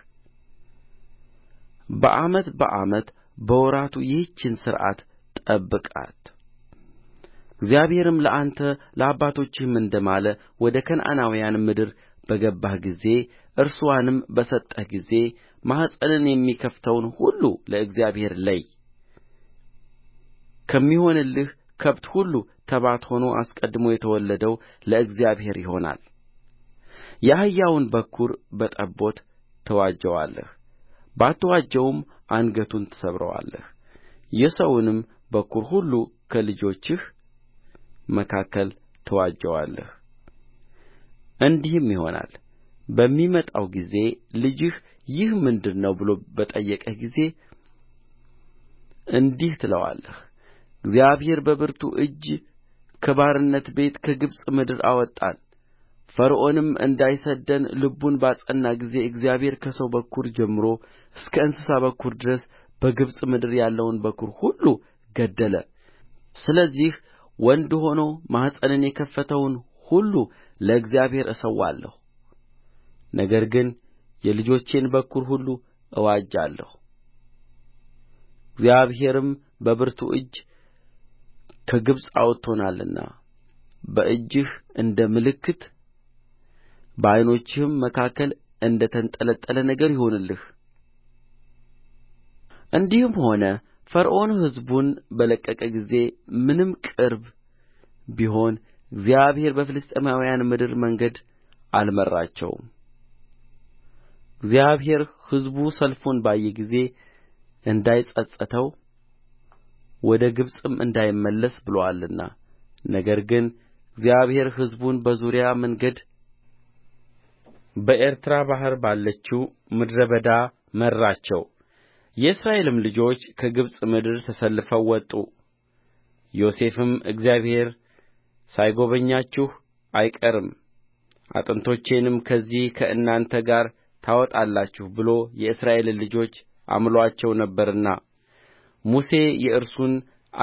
በዓመት በዓመት በወራቱ ይህችን ሥርዓት ጠብቃት እግዚአብሔርም ለአንተ ለአባቶችህም እንደ ማለ ወደ ከነዓናውያን ምድር በገባህ ጊዜ እርስዋንም በሰጠህ ጊዜ ማኅፀንን የሚከፍተውን ሁሉ ለእግዚአብሔር ለይ ከሚሆንልህ ከብት ሁሉ ተባት ሆኖ አስቀድሞ የተወለደው ለእግዚአብሔር ይሆናል የአህያውን በኵር በጠቦት ትዋጀዋለህ ባትዋጀውም አንገቱን ትሰብረዋለህ የሰውንም በኵር ሁሉ ከልጆችህ መካከል ትዋጀዋለህ እንዲህም ይሆናል በሚመጣው ጊዜ ልጅህ ይህ ምንድር ነው ብሎ በጠየቀህ ጊዜ እንዲህ ትለዋለህ እግዚአብሔር በብርቱ እጅ ከባርነት ቤት ከግብፅ ምድር አወጣን ፈርዖንም እንዳይሰደን ልቡን ባጸና ጊዜ እግዚአብሔር ከሰው በኵር ጀምሮ እስከ እንስሳ በኵር ድረስ በግብፅ ምድር ያለውን በኵር ሁሉ ገደለ ስለዚህ ወንድ ሆኖ ማኅፀንን የከፈተውን ሁሉ ለእግዚአብሔር እሠዋለሁ ነገር ግን የልጆቼን በኵር ሁሉ እዋጃለሁ እግዚአብሔርም በብርቱ እጅ ከግብፅ አውጥቶናልና በእጅህ እንደ ምልክት በዓይኖችህም መካከል እንደ ተንጠለጠለ ነገር ይሁንልህ እንዲህም ሆነ ፈርዖን ሕዝቡን በለቀቀ ጊዜ ምንም ቅርብ ቢሆን እግዚአብሔር በፍልስጥኤማውያን ምድር መንገድ አልመራቸውም እግዚአብሔር ሕዝቡ ሰልፉን ባየ ጊዜ እንዳይጸጽተው ወደ ግብፅም እንዳይመለስ ብሎአልና ነገር ግን እግዚአብሔር ሕዝቡን በዙሪያ መንገድ በኤርትራ ባሕር ባለችው ምድረ በዳ መራቸው የእስራኤልም ልጆች ከግብፅ ምድር ተሰልፈው ወጡ ዮሴፍም እግዚአብሔር ሳይጎበኛችሁ አይቀርም አጥንቶቼንም ከዚህ ከእናንተ ጋር ታወጣላችሁ ብሎ የእስራኤልን ልጆች አምሎአቸው ነበርና ሙሴ የእርሱን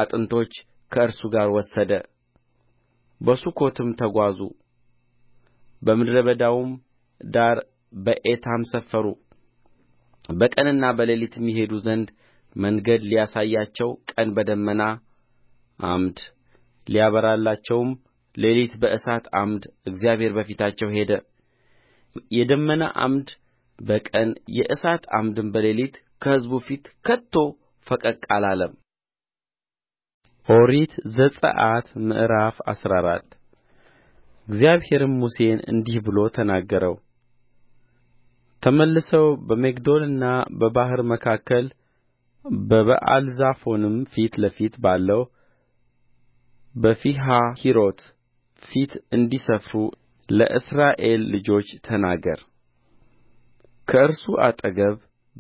አጥንቶች ከእርሱ ጋር ወሰደ በሱኮትም ተጓዙ በምድረ በዳውም ዳር በኤታም ሰፈሩ በቀንና በሌሊትም ይሄዱ ዘንድ መንገድ ሊያሳያቸው ቀን በደመና ዓምድ ሊያበራላቸውም ሌሊት በእሳት ዓምድ እግዚአብሔር በፊታቸው ሄደ የደመና ዓምድ በቀን የእሳት ዓምድም በሌሊት ከሕዝቡ ፊት ከቶ ፈቀቅ አላለም ኦሪት ዘጽአት ምዕራፍ አስራ አራት እግዚአብሔርም ሙሴን እንዲህ ብሎ ተናገረው ተመልሰው በሚግዶልና በባሕር መካከል በበኣልዛፎንም ፊት ለፊት ባለው በፊሀሒሮት ፊት እንዲሰፍሩ ለእስራኤል ልጆች ተናገር ከእርሱ አጠገብ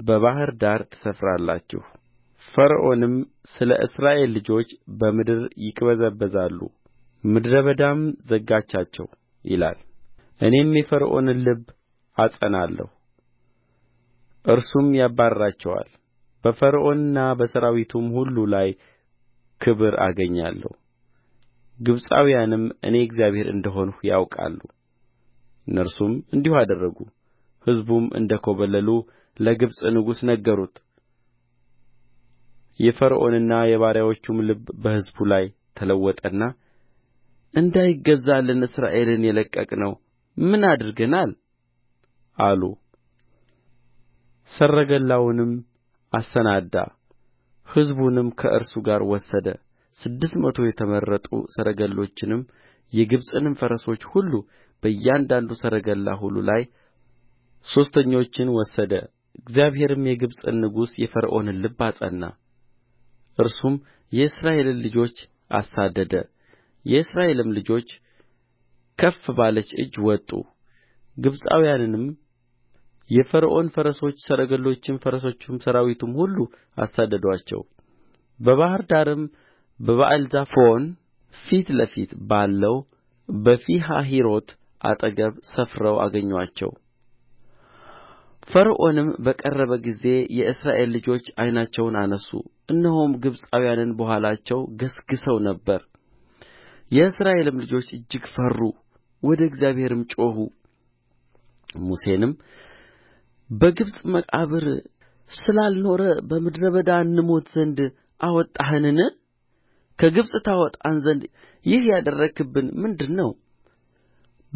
በባሕር ዳር ትሰፍራላችሁ ፈርዖንም ስለ እስራኤል ልጆች በምድር ይቅበዘበዛሉ ምድረ በዳም ዘጋቻቸው ይላል እኔም የፈርዖንን ልብ አጸናለሁ እርሱም ያባርራቸዋል በፈርዖንና በሠራዊቱም ሁሉ ላይ ክብር አገኛለሁ ግብፃውያንም እኔ እግዚአብሔር እንደ ሆንሁ ያውቃሉ እነርሱም እንዲሁ አደረጉ ሕዝቡም እንደ ኰበለሉ ለግብፅ ንጉሥ ነገሩት የፈርዖንና የባሪያዎቹም ልብ በሕዝቡ ላይ ተለወጠና እንዳይገዛልን እስራኤልን የለቀቅነው ምን አድርገናል አሉ ሰረገላውንም አሰናዳ ሕዝቡንም ከእርሱ ጋር ወሰደ ስድስት መቶ የተመረጡ ሰረገሎችንም የግብፅንም ፈረሶች ሁሉ በእያንዳንዱ ሰረገላ ሁሉ ላይ ሦስተኞችን ወሰደ እግዚአብሔርም የግብፅን ንጉሥ የፈርዖንን ልብ አጸና እርሱም የእስራኤልን ልጆች አሳደደ የእስራኤልም ልጆች ከፍ ባለች እጅ ወጡ ግብፃውያንንም የፈርዖን ፈረሶች ሰረገሎችም ፈረሶቹም ሠራዊቱም ሁሉ አሳደዱአቸው በባሕር ዳርም በበኣልዛፎን ፊት ለፊት ባለው በፊሀሒሮት አጠገብ ሰፍረው አገኙአቸው ፈርዖንም በቀረበ ጊዜ የእስራኤል ልጆች ዓይናቸውን አነሡ እነሆም ግብፃውያንን በኋላቸው ገስግሰው ነበር የእስራኤልም ልጆች እጅግ ፈሩ ወደ እግዚአብሔርም ጮኹ ሙሴንም በግብፅ መቃብር ስላልኖረ በምድረ በዳ እንሞት ዘንድ አወጣኸንን ከግብፅ ታወጣን ዘንድ ይህ ያደረግህብን ምንድር ነው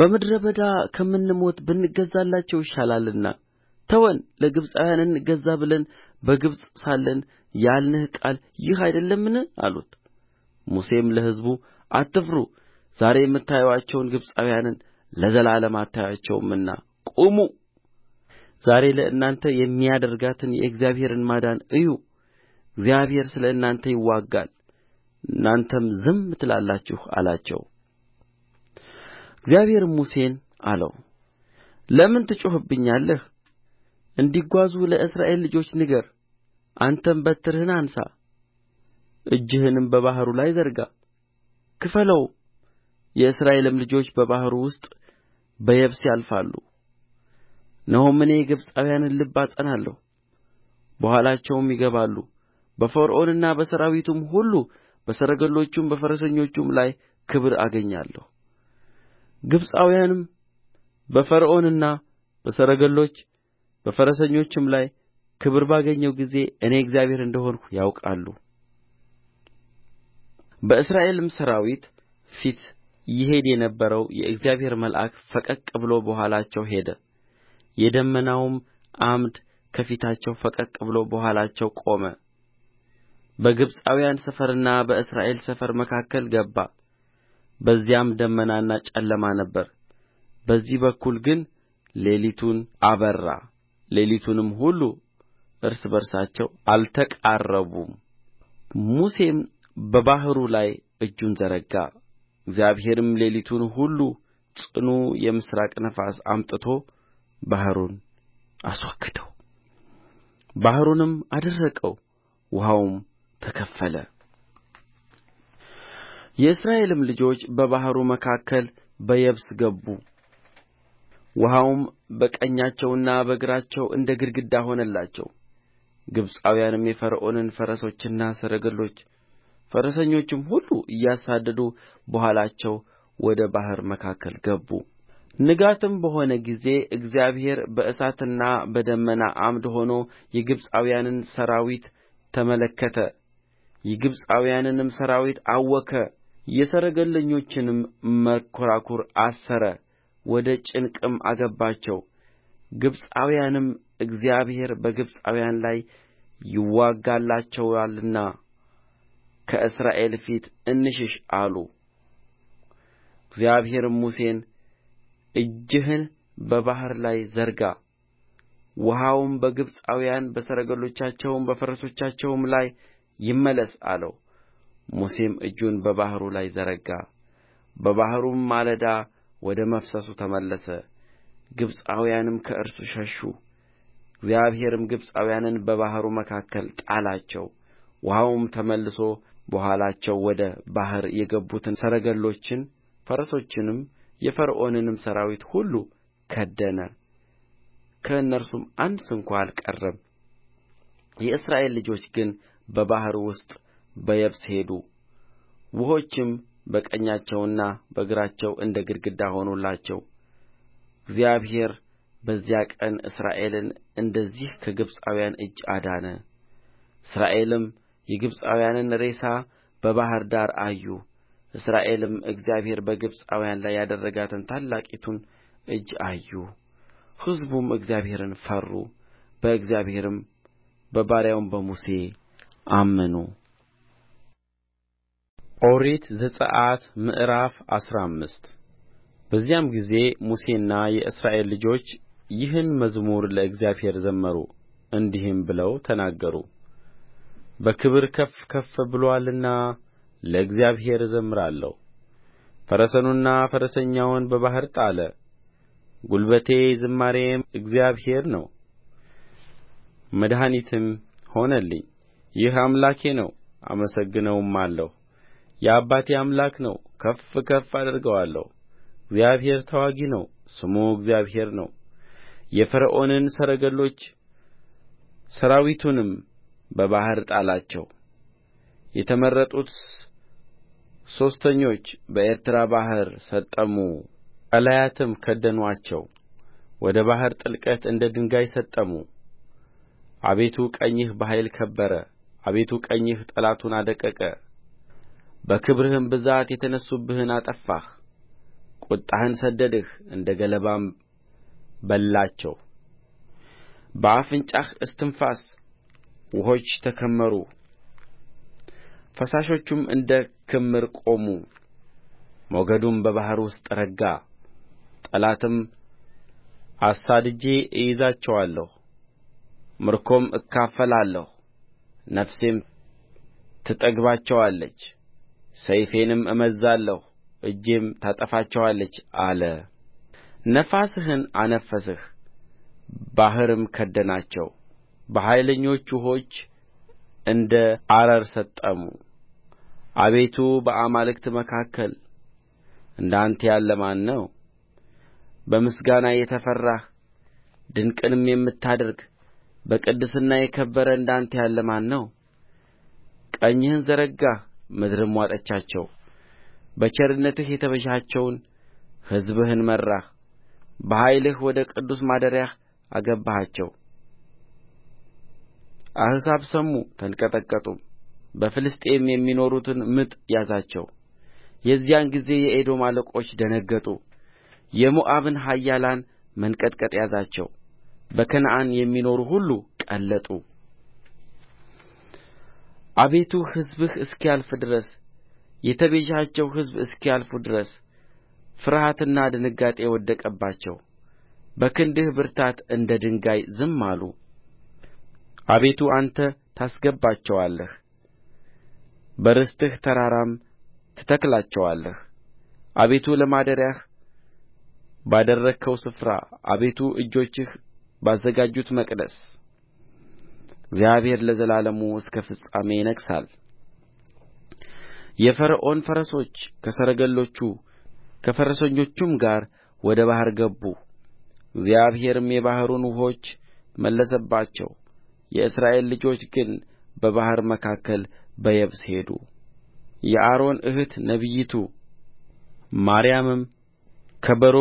በምድረ በዳ ከምንሞት ብንገዛላቸው ይሻላልና ተወን ለግብፃውያን እንገዛ ብለን በግብፅ ሳለን ያልንህ ቃል ይህ አይደለምን አሉት ሙሴም ለሕዝቡ አትፍሩ ዛሬ የምታዩአቸውን ግብፃውያንን ለዘላለም አታዩአቸውምና ቁሙ ዛሬ ለእናንተ የሚያደርጋትን የእግዚአብሔርን ማዳን እዩ እግዚአብሔር ስለ እናንተ ይዋጋል እናንተም ዝም ትላላችሁ አላቸው እግዚአብሔርም ሙሴን አለው ለምን ትጮኽብኛለህ እንዲጓዙ ለእስራኤል ልጆች ንገር አንተም በትርህን አንሣ እጅህንም በባሕሩ ላይ ዘርጋ ክፈለውም የእስራኤልም ልጆች በባሕሩ ውስጥ በየብስ ያልፋሉ እነሆም እኔ የግብፃውያንን ልብ አጸናለሁ በኋላቸውም ይገባሉ በፈርዖንና በሠራዊቱም ሁሉ በሰረገሎቹም በፈረሰኞቹም ላይ ክብር አገኛለሁ ግብፃውያንም በፈርዖንና በሰረገሎች በፈረሰኞችም ላይ ክብር ባገኘሁ ጊዜ እኔ እግዚአብሔር እንደ ሆንሁ ያውቃሉ በእስራኤልም ሠራዊት ፊት ይሄድ የነበረው የእግዚአብሔር መልአክ ፈቀቅ ብሎ በኋላቸው ሄደ የደመናውም ዓምድ ከፊታቸው ፈቀቅ ብሎ በኋላቸው ቆመ በግብፃውያን ሰፈርና በእስራኤል ሰፈር መካከል ገባ በዚያም ደመናና ጨለማ ነበረ በዚህ በኩል ግን ሌሊቱን አበራ ሌሊቱንም ሁሉ እርስ በርሳቸው አልተቃረቡም ሙሴም በባሕሩ ላይ እጁን ዘረጋ እግዚአብሔርም ሌሊቱን ሁሉ ጽኑ የምሥራቅ ነፋስ አምጥቶ ባሕሩን አስወገደው ባሕሩንም አደረቀው ውኃውም ተከፈለ የእስራኤልም ልጆች በባሕሩ መካከል በየብስ ገቡ ውኃውም በቀኛቸውና በግራቸው እንደ ግድግዳ ሆነላቸው ግብፃውያንም የፈርዖንን ፈረሶችና ሰረገሎች ፈረሰኞችም ሁሉ እያሳደዱ በኋላቸው ወደ ባሕር መካከል ገቡ ንጋትም በሆነ ጊዜ እግዚአብሔር በእሳትና በደመና ዓምድ ሆኖ የግብፃውያንን ሠራዊት ተመለከተ የግብፃውያንንም ሠራዊት አወከ የሰረገሎቹንም መንኰራኵር አሰረ ወደ ጭንቅም አገባቸው ግብፃውያንም እግዚአብሔር በግብፃውያን ላይ ይዋጋላቸዋልና ከእስራኤል ፊት እንሽሽ አሉ እግዚአብሔርም ሙሴን እጅህን በባሕር ላይ ዘርጋ ውኃውም በግብፃውያን በሰረገሎቻቸውም በፈረሶቻቸውም ላይ ይመለስ አለው ሙሴም እጁን በባሕሩ ላይ ዘረጋ በባሕሩም ማለዳ ወደ መፍሰሱ ተመለሰ ግብፃውያንም ከእርሱ ሸሹ እግዚአብሔርም ግብፃውያንን በባሕሩ መካከል ጣላቸው ውኃውም ተመልሶ በኋላቸው ወደ ባሕር የገቡትን ሰረገሎችን ፈረሶችንም የፈርዖንንም ሠራዊት ሁሉ ከደነ ከእነርሱም አንድ ስንኳ አልቀረም የእስራኤል ልጆች ግን በባሕር ውስጥ በየብስ ሄዱ ውኆችም በቀኛቸውና በግራቸው እንደ ግድግዳ ሆኑላቸው እግዚአብሔር በዚያ ቀን እስራኤልን እንደዚህ ከግብፃውያን እጅ አዳነ እስራኤልም የግብፃውያንን ሬሳ በባሕር ዳር አዩ እስራኤልም እግዚአብሔር በግብፃውያን ላይ ያደረጋትን ታላቂቱን እጅ አዩ ሕዝቡም እግዚአብሔርን ፈሩ በእግዚአብሔርም በባሪያውም በሙሴ አመኑ ኦሪት ዘጽአት ምዕራፍ አስራ አምስት በዚያም ጊዜ ሙሴና የእስራኤል ልጆች ይህን መዝሙር ለእግዚአብሔር ዘመሩ እንዲህም ብለው ተናገሩ በክብር ከፍ ከፍ ብሎአልና ለእግዚአብሔር እዘምራለሁ ፈረሱንና ፈረሰኛውን በባሕር ጣለ ጕልበቴ ዝማሬዬም እግዚአብሔር ነው መድኃኒትም ሆነልኝ ይህ አምላኬ ነው አመሰግነውማለሁ የአባቴ አምላክ ነው ከፍ ከፍ አደርገዋለሁ እግዚአብሔር ተዋጊ ነው ስሙ እግዚአብሔር ነው የፈርዖንን ሰረገሎች ሠራዊቱንም በባሕር ጣላቸው የተመረጡት ሦስተኞች በኤርትራ ባሕር ሰጠሙ ቀላያትም ከደኑአቸው ወደ ባሕር ጥልቀት እንደ ድንጋይ ሰጠሙ አቤቱ ቀኝህ በኃይል ከበረ አቤቱ ቀኝህ ጠላቱን አደቀቀ በክብርህም ብዛት የተነሡብህን አጠፋህ ቍጣህን ሰደድህ እንደ ገለባም በላቸው በአፍንጫህ እስትንፋስ ውኆች ተከመሩ ፈሳሾቹም እንደ ክምር ቆሙ ሞገዱም በባሕር ውስጥ ረጋ ጠላትም አሳድጄ እይዛቸዋለሁ ምርኮም እካፈላለሁ ነፍሴም ትጠግባቸዋለች ሰይፌንም እመዝዛለሁ እጄም ታጠፋቸዋለች አለ ነፋስህን አነፈስህ ባሕርም ከደናቸው በኃይለኞች ውኆች እንደ አረር ሰጠሙ አቤቱ በአማልክት መካከል እንደ አንተ ያለ ማን ነው በምስጋና የተፈራህ ድንቅንም የምታደርግ በቅድስና የከበረ እንደ አንተ ያለ ማን ነው ቀኝህን ዘረጋህ ምድርም ዋጠቻቸው በቸርነትህ የተቤዠሃቸውን ሕዝብህን መራህ በኃይልህ ወደ ቅዱስ ማደሪያህ አገባሃቸው አሕዛብ ሰሙ ተንቀጠቀጡም በፍልስጥኤም የሚኖሩትን ምጥ ያዛቸው የዚያን ጊዜ የኤዶም አለቆች ደነገጡ የሞዓብን ኃያላን መንቀጥቀጥ ያዛቸው በከነዓን የሚኖሩ ሁሉ ቀለጡ አቤቱ ሕዝብህ እስኪያልፍ ድረስ የተቤዠሃቸው ሕዝብ እስኪያልፉ ድረስ ፍርሃትና ድንጋጤ ወደቀባቸው በክንድህ ብርታት እንደ ድንጋይ ዝም አሉ አቤቱ አንተ ታስገባቸዋለህ በርስትህ ተራራም ትተክላቸዋለህ አቤቱ ለማደሪያህ ባደረግኸው ስፍራ አቤቱ እጆችህ ባዘጋጁት መቅደስ እግዚአብሔር ለዘላለሙ እስከ ፍጻሜ ይነግሣል የፈርዖን ፈረሶች ከሰረገሎቹ ከፈረሰኞቹም ጋር ወደ ባሕር ገቡ እግዚአብሔርም የባሕሩን ውኆች መለሰባቸው የእስራኤል ልጆች ግን በባሕር መካከል በየብስ ሄዱ የአሮን እኅት ነቢይቱ ማርያምም ከበሮ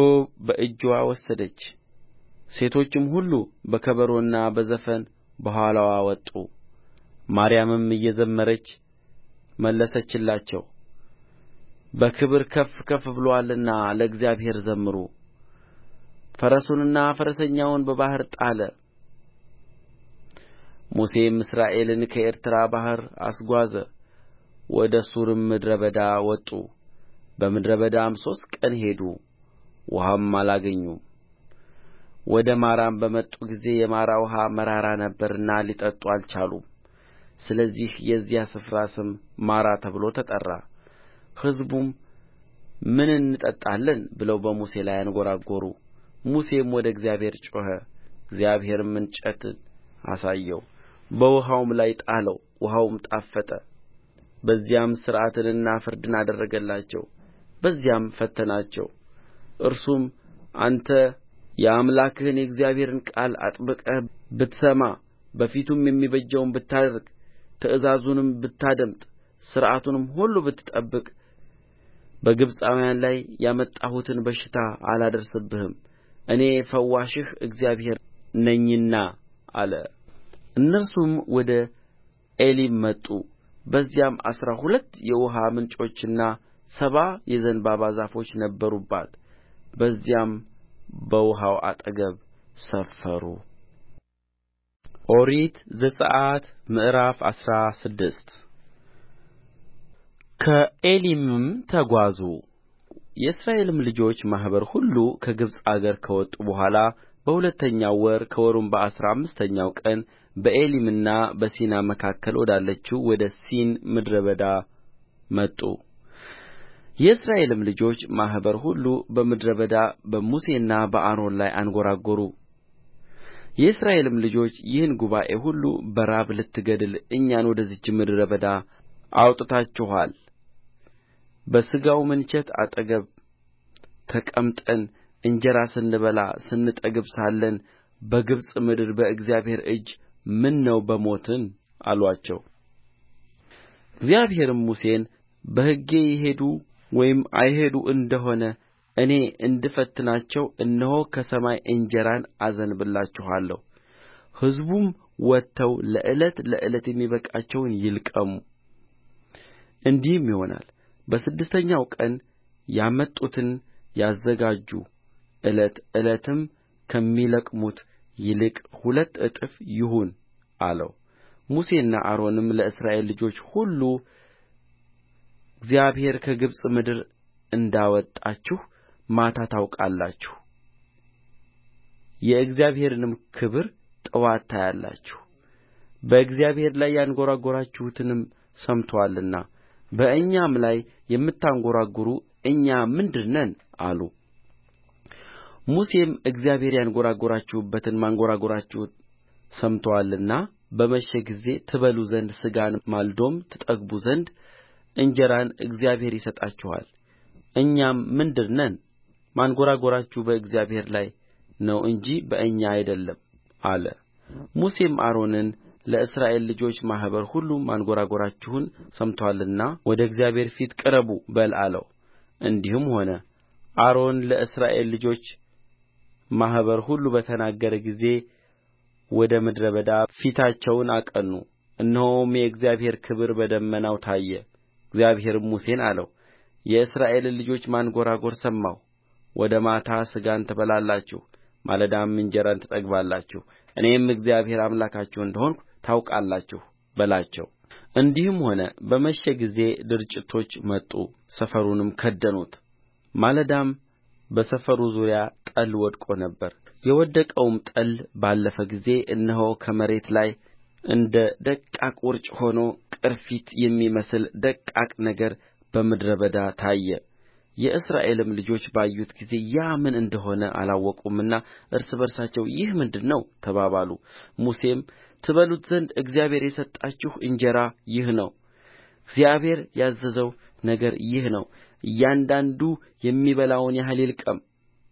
በእጅዋ ወሰደች ሴቶችም ሁሉ በከበሮና በዘፈን በኋላዋ ወጡ ማርያምም እየዘመረች መለሰችላቸው በክብር ከፍ ከፍ ብሎአልና ለእግዚአብሔር ዘምሩ ፈረሱንና ፈረሰኛውን በባሕር ጣለ ሙሴም እስራኤልን ከኤርትራ ባሕር አስጓዘ ወደ ሱርም ምድረ በዳ ወጡ በምድረ በዳም ሦስት ቀን ሄዱ ውኃም አላገኙም ወደ ማራም በመጡ ጊዜ የማራ ውኃ መራራ ነበርና ሊጠጡ አልቻሉም ስለዚህ የዚያ ስፍራ ስም ማራ ተብሎ ተጠራ ሕዝቡም ምን እንጠጣለን ብለው በሙሴ ላይ አንጐራጐሩ ሙሴም ወደ እግዚአብሔር ጮኸ እግዚአብሔርም እንጨትን አሳየው በውኃውም ላይ ጣለው ውኃውም ጣፈጠ በዚያም ሥርዓትንና ፍርድን አደረገላቸው በዚያም ፈተናቸው እርሱም አንተ የአምላክህን የእግዚአብሔርን ቃል አጥብቀህ ብትሰማ በፊቱም የሚበጀውን ብታደርግ ትእዛዙንም ብታደምጥ ሥርዓቱንም ሁሉ ብትጠብቅ በግብፃውያን ላይ ያመጣሁትን በሽታ አላደርስብህም እኔ ፈዋሽህ እግዚአብሔር ነኝና አለ እነርሱም ወደ ኤሊም መጡ በዚያም አሥራ ሁለት የውኃ ምንጮችና ሰባ የዘንባባ ዛፎች ነበሩባት በዚያም በውኃው አጠገብ ሰፈሩ ኦሪት ዘጽአት ምዕራፍ አስራ ስድስት ከኤሊምም ተጓዙ የእስራኤልም ልጆች ማኅበር ሁሉ ከግብፅ አገር ከወጡ በኋላ በሁለተኛው ወር ከወሩም በአሥራ አምስተኛው ቀን በኤሊምና በሲና መካከል ወዳለችው ወደ ሲን ምድረ በዳ መጡ የእስራኤልም ልጆች ማኅበር ሁሉ በምድረ በዳ በሙሴና በአሮን ላይ አንጐራጐሩ የእስራኤልም ልጆች ይህን ጉባኤ ሁሉ በራብ ልትገድል እኛን ወደዚች ምድረ በዳ አውጥታችኋል በሥጋው ምንቸት አጠገብ ተቀምጠን እንጀራ ስንበላ ስንጠግብ ሳለን በግብፅ ምድር በእግዚአብሔር እጅ ምነው በሞትን አሉአቸው እግዚአብሔርም ሙሴን በሕጌ ይሄዱ ወይም አይሄዱ እንደ ሆነ እኔ እንድፈትናቸው እነሆ ከሰማይ እንጀራን አዘንብላችኋለሁ ሕዝቡም ወጥተው ለዕለት ለዕለት የሚበቃቸውን ይልቀሙ እንዲህም ይሆናል በስድስተኛው ቀን ያመጡትን ያዘጋጁ ዕለት ዕለትም ከሚለቅሙት ይልቅ ሁለት እጥፍ ይሁን አለው ሙሴና አሮንም ለእስራኤል ልጆች ሁሉ እግዚአብሔር ከግብፅ ምድር እንዳወጣችሁ ማታ ታውቃላችሁ የእግዚአብሔርንም ክብር ጥዋት ታያላችሁ በእግዚአብሔር ላይ ያንጐራጐራችሁትንም ሰምቶአልና በእኛም ላይ የምታንጐራጕሩ እኛ ምንድር ነን አሉ ሙሴም እግዚአብሔር ያንጐራጐራችሁበትን ማንጐራጐራችሁን ሰምቶአልና በመሸ ጊዜ ትበሉ ዘንድ ሥጋን ማልዶም ትጠግቡ ዘንድ እንጀራን እግዚአብሔር ይሰጣችኋል እኛም ምንድር ነን ማንጐራጐራችሁ በእግዚአብሔር ላይ ነው እንጂ በእኛ አይደለም አለ ሙሴም አሮንን ለእስራኤል ልጆች ማኅበር ሁሉ ማንጐራጐራችሁን ሰምቶአልና ወደ እግዚአብሔር ፊት ቅረቡ በል አለው እንዲህም ሆነ አሮን ለእስራኤል ልጆች ማኅበር ሁሉ በተናገረ ጊዜ ወደ ምድረ በዳ ፊታቸውን አቀኑ እነሆም የእግዚአብሔር ክብር በደመናው ታየ እግዚአብሔርም ሙሴን አለው የእስራኤልን ልጆች ማንጐራጐር ሰማሁ ወደ ማታ ሥጋን ትበላላችሁ ማለዳም እንጀራን ትጠግባላችሁ እኔም እግዚአብሔር አምላካችሁ እንደ ሆንሁ ታውቃላችሁ በላቸው እንዲህም ሆነ በመሸ ጊዜ ድርጭቶች መጡ ሰፈሩንም ከደኑት ማለዳም በሰፈሩ ዙሪያ ጠል ወድቆ ነበር የወደቀውም ጠል ባለፈ ጊዜ እነሆ ከመሬት ላይ እንደ ደቃቅ ውርጭ ሆኖ ቅርፊት የሚመስል ደቃቅ ነገር በምድረ በዳ ታየ የእስራኤልም ልጆች ባዩት ጊዜ ያ ምን እንደ ሆነ አላወቁምና እርስ በርሳቸው ይህ ምንድር ነው ተባባሉ ሙሴም ትበሉት ዘንድ እግዚአብሔር የሰጣችሁ እንጀራ ይህ ነው እግዚአብሔር ያዘዘው ነገር ይህ ነው እያንዳንዱ የሚበላውን ያህል ይልቀም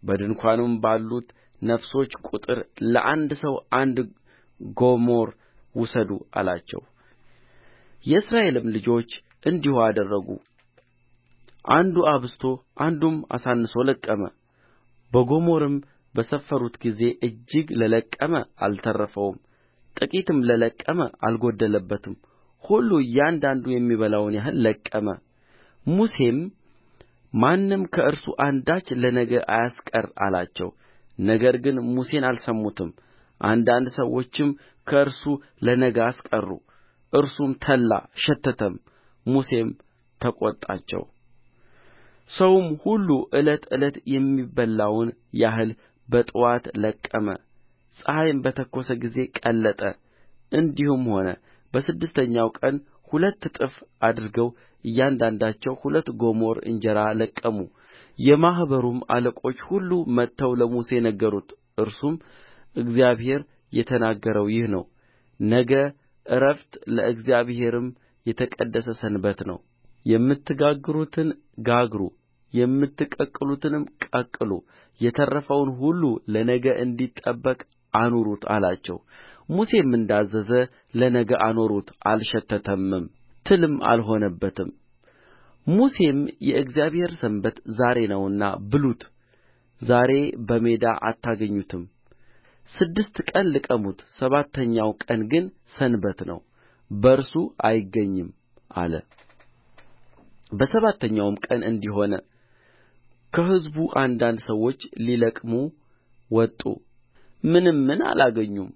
በድንኳኑም ባሉት ነፍሶች ቍጥር ለአንድ ሰው አንድ ጎሞር ውሰዱ አላቸው የእስራኤልም ልጆች እንዲሁ አደረጉ አንዱ አብዝቶ አንዱም አሳንሶ ለቀመ በጎሞርም በሰፈሩት ጊዜ እጅግ ለለቀመ አልተረፈውም ጥቂትም ለለቀመ አልጎደለበትም ሁሉ እያንዳንዱ የሚበላውን ያህል ለቀመ ሙሴም ማንም ከእርሱ አንዳች ለነገ አያስቀር አላቸው ነገር ግን ሙሴን አልሰሙትም አንዳንድ ሰዎችም ከእርሱ ለነገ አስቀሩ እርሱም ተላ ሸተተም ሙሴም ተቈጣቸው ሰውም ሁሉ ዕለት ዕለት የሚበላውን ያህል በጥዋት ለቀመ ፀሐይም በተኰሰ ጊዜ ቀለጠ እንዲሁም ሆነ በስድስተኛው ቀን ሁለት እጥፍ አድርገው እያንዳንዳቸው ሁለት ጎሞር እንጀራ ለቀሙ የማኅበሩም አለቆች ሁሉ መጥተው ለሙሴ ነገሩት እርሱም እግዚአብሔር የተናገረው ይህ ነው ነገ ዕረፍት ለእግዚአብሔርም የተቀደሰ ሰንበት ነው የምትጋግሩትን ጋግሩ የምትቀቅሉትንም ቀቅሉ የተረፈውን ሁሉ ለነገ እንዲጠበቅ አኑሩት አላቸው ሙሴም እንዳዘዘ ለነገ አኖሩት አልሸተተም ትልም አልሆነበትም ሙሴም የእግዚአብሔር ሰንበት ዛሬ ነውና ብሉት ዛሬ በሜዳ አታገኙትም ስድስት ቀን ልቀሙት ሰባተኛው ቀን ግን ሰንበት ነው በእርሱ አይገኝም አለ በሰባተኛውም ቀን እንዲህ ሆነ ከሕዝቡ አንዳንድ ሰዎች ሊለቅሙ ወጡ ምንምን አላገኙም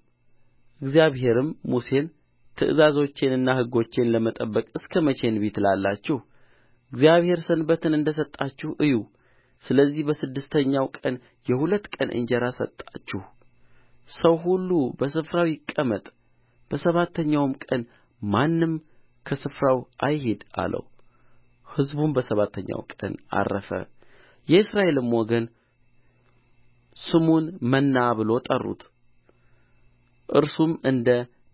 እግዚአብሔርም ሙሴን ትእዛዞቼንና ሕጎቼን ለመጠበቅ እስከ መቼ እንቢ ትላላችሁ እግዚአብሔር ሰንበትን እንደ ሰጣችሁ እዩ ስለዚህ በስድስተኛው ቀን የሁለት ቀን እንጀራ ሰጣችሁ ሰው ሁሉ በስፍራው ይቀመጥ በሰባተኛውም ቀን ማንም ከስፍራው አይሂድ አለው ሕዝቡም በሰባተኛው ቀን ዐረፈ የእስራኤልም ወገን ስሙን መና ብለው ጠሩት እርሱም እንደ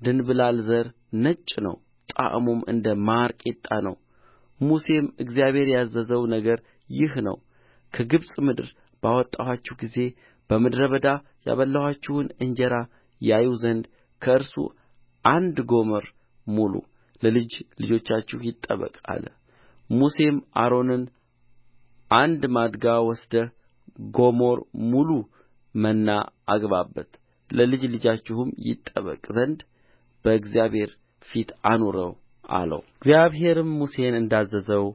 ድንብላል ዘር ነጭ ነው ጣዕሙም እንደ ማር ቂጣ ነው ሙሴም እግዚአብሔር ያዘዘው ነገር ይህ ነው ከግብፅ ምድር ባወጣኋችሁ ጊዜ በምድረ በዳ ያበላኋችሁን እንጀራ ያዩ ዘንድ ከእርሱ አንድ ጎሞር ሙሉ ለልጅ ልጆቻችሁ ይጠበቅ አለ ሙሴም አሮንን አንድ ማድጋ ወስደህ ጎሞር ሙሉ መና አግባበት ለልጅ ልጃችሁም ይጠበቅ ዘንድ በእግዚአብሔር ፊት አኑረው አለው እግዚአብሔርም ሙሴን እንዳዘዘው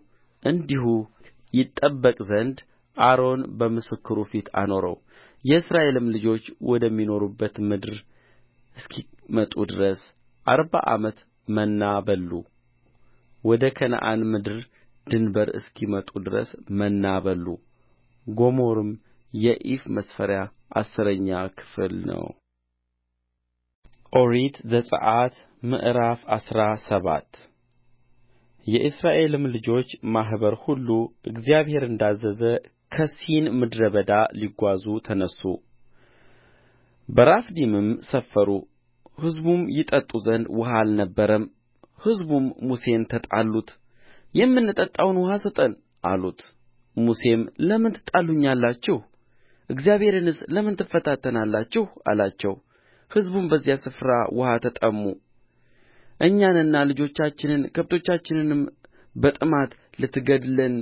እንዲሁ ይጠበቅ ዘንድ አሮን በምስክሩ ፊት አኖረው የእስራኤልም ልጆች ወደሚኖሩባት ምድር እስኪመጡ ድረስ አርባ ዓመት መና በሉ ወደ ከነዓን ምድር ድንበር እስኪመጡ ድረስ መና በሉ ጎሞርም የኢፍ መስፈሪያ አሥረኛ ክፍል ነው ኦሪት ዘጽአት ምዕራፍ አስራ ሰባት የእስራኤልም ልጆች ማኅበር ሁሉ እግዚአብሔር እንዳዘዘ ከሲን ምድረ በዳ ሊጓዙ ተነሡ በራፊዲምም ሰፈሩ ሕዝቡም ይጠጡ ዘንድ ውኃ አልነበረም ሕዝቡም ሙሴን ተጣሉት የምንጠጣውን ውኃ ስጠን አሉት ሙሴም ለምን ትጣሉኛላችሁ እግዚአብሔርንስ ለምን ትፈታተናላችሁ አላቸው ሕዝቡም በዚያ ስፍራ ውኃ ተጠሙ እኛንና ልጆቻችንን ከብቶቻችንንም በጥማት ልትገድለን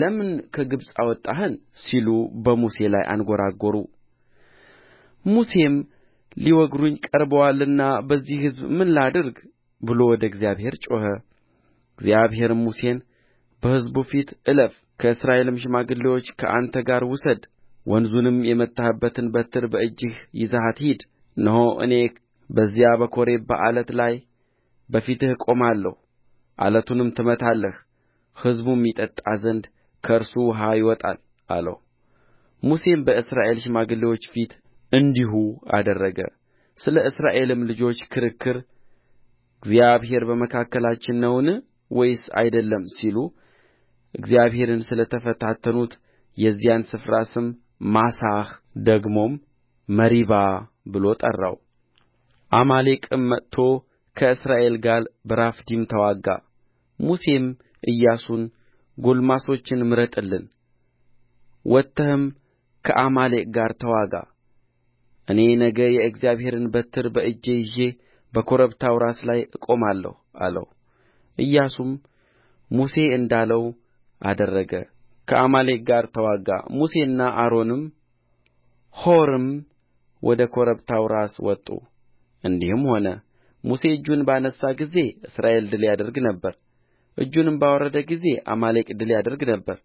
ለምን ከግብፅ አወጣኸን ሲሉ በሙሴ ላይ አንጐራጐሩ ሙሴም ሊወግሩኝ ቀርበዋልና በዚህ ሕዝብ ምን ላድርግ ብሎ ወደ እግዚአብሔር ጮኸ እግዚአብሔርም ሙሴን በሕዝቡ ፊት እለፍ ከእስራኤልም ሽማግሌዎች ከአንተ ጋር ውሰድ ወንዙንም የመታህበትን በትር በእጅህ ይዘሃት ሂድ እነሆ እኔ በዚያ በኮሬብ በዓለት ላይ በፊትህ እቆማለሁ ዓለቱንም ትመታለህ ሕዝቡም ይጠጣ ዘንድ ከእርሱ ውኃ ይወጣል አለው ሙሴም በእስራኤል ሽማግሌዎች ፊት እንዲሁ አደረገ ስለ እስራኤልም ልጆች ክርክር እግዚአብሔር በመካከላችን ነውን ወይስ አይደለም ሲሉ እግዚአብሔርን ስለ ተፈታተኑት የዚያን ስፍራ ስም ማሳህ ደግሞም መሪባ ብሎ ጠራው አማሌቅም መጥቶ ከእስራኤል ጋር በራፊዲም ተዋጋ ሙሴም ኢያሱን ጕልማሶችን ምረጥልን ወጥተህም ከአማሌቅ ጋር ተዋጋ እኔ ነገ የእግዚአብሔርን በትር በእጄ ይዤ በኮረብታው ራስ ላይ እቆማለሁ አለው ኢያሱም ሙሴ እንዳለው አደረገ ከአማሌቅ ጋር ተዋጋ ሙሴና አሮንም ሖርም ወደ ኮረብታው ራስ ወጡ እንዲህም ሆነ ሙሴ እጁን ባነሣ ጊዜ እስራኤል ድል ያደርግ ነበር እጁንም ባወረደ ጊዜ አማሌቅ ድል ያደርግ ነበር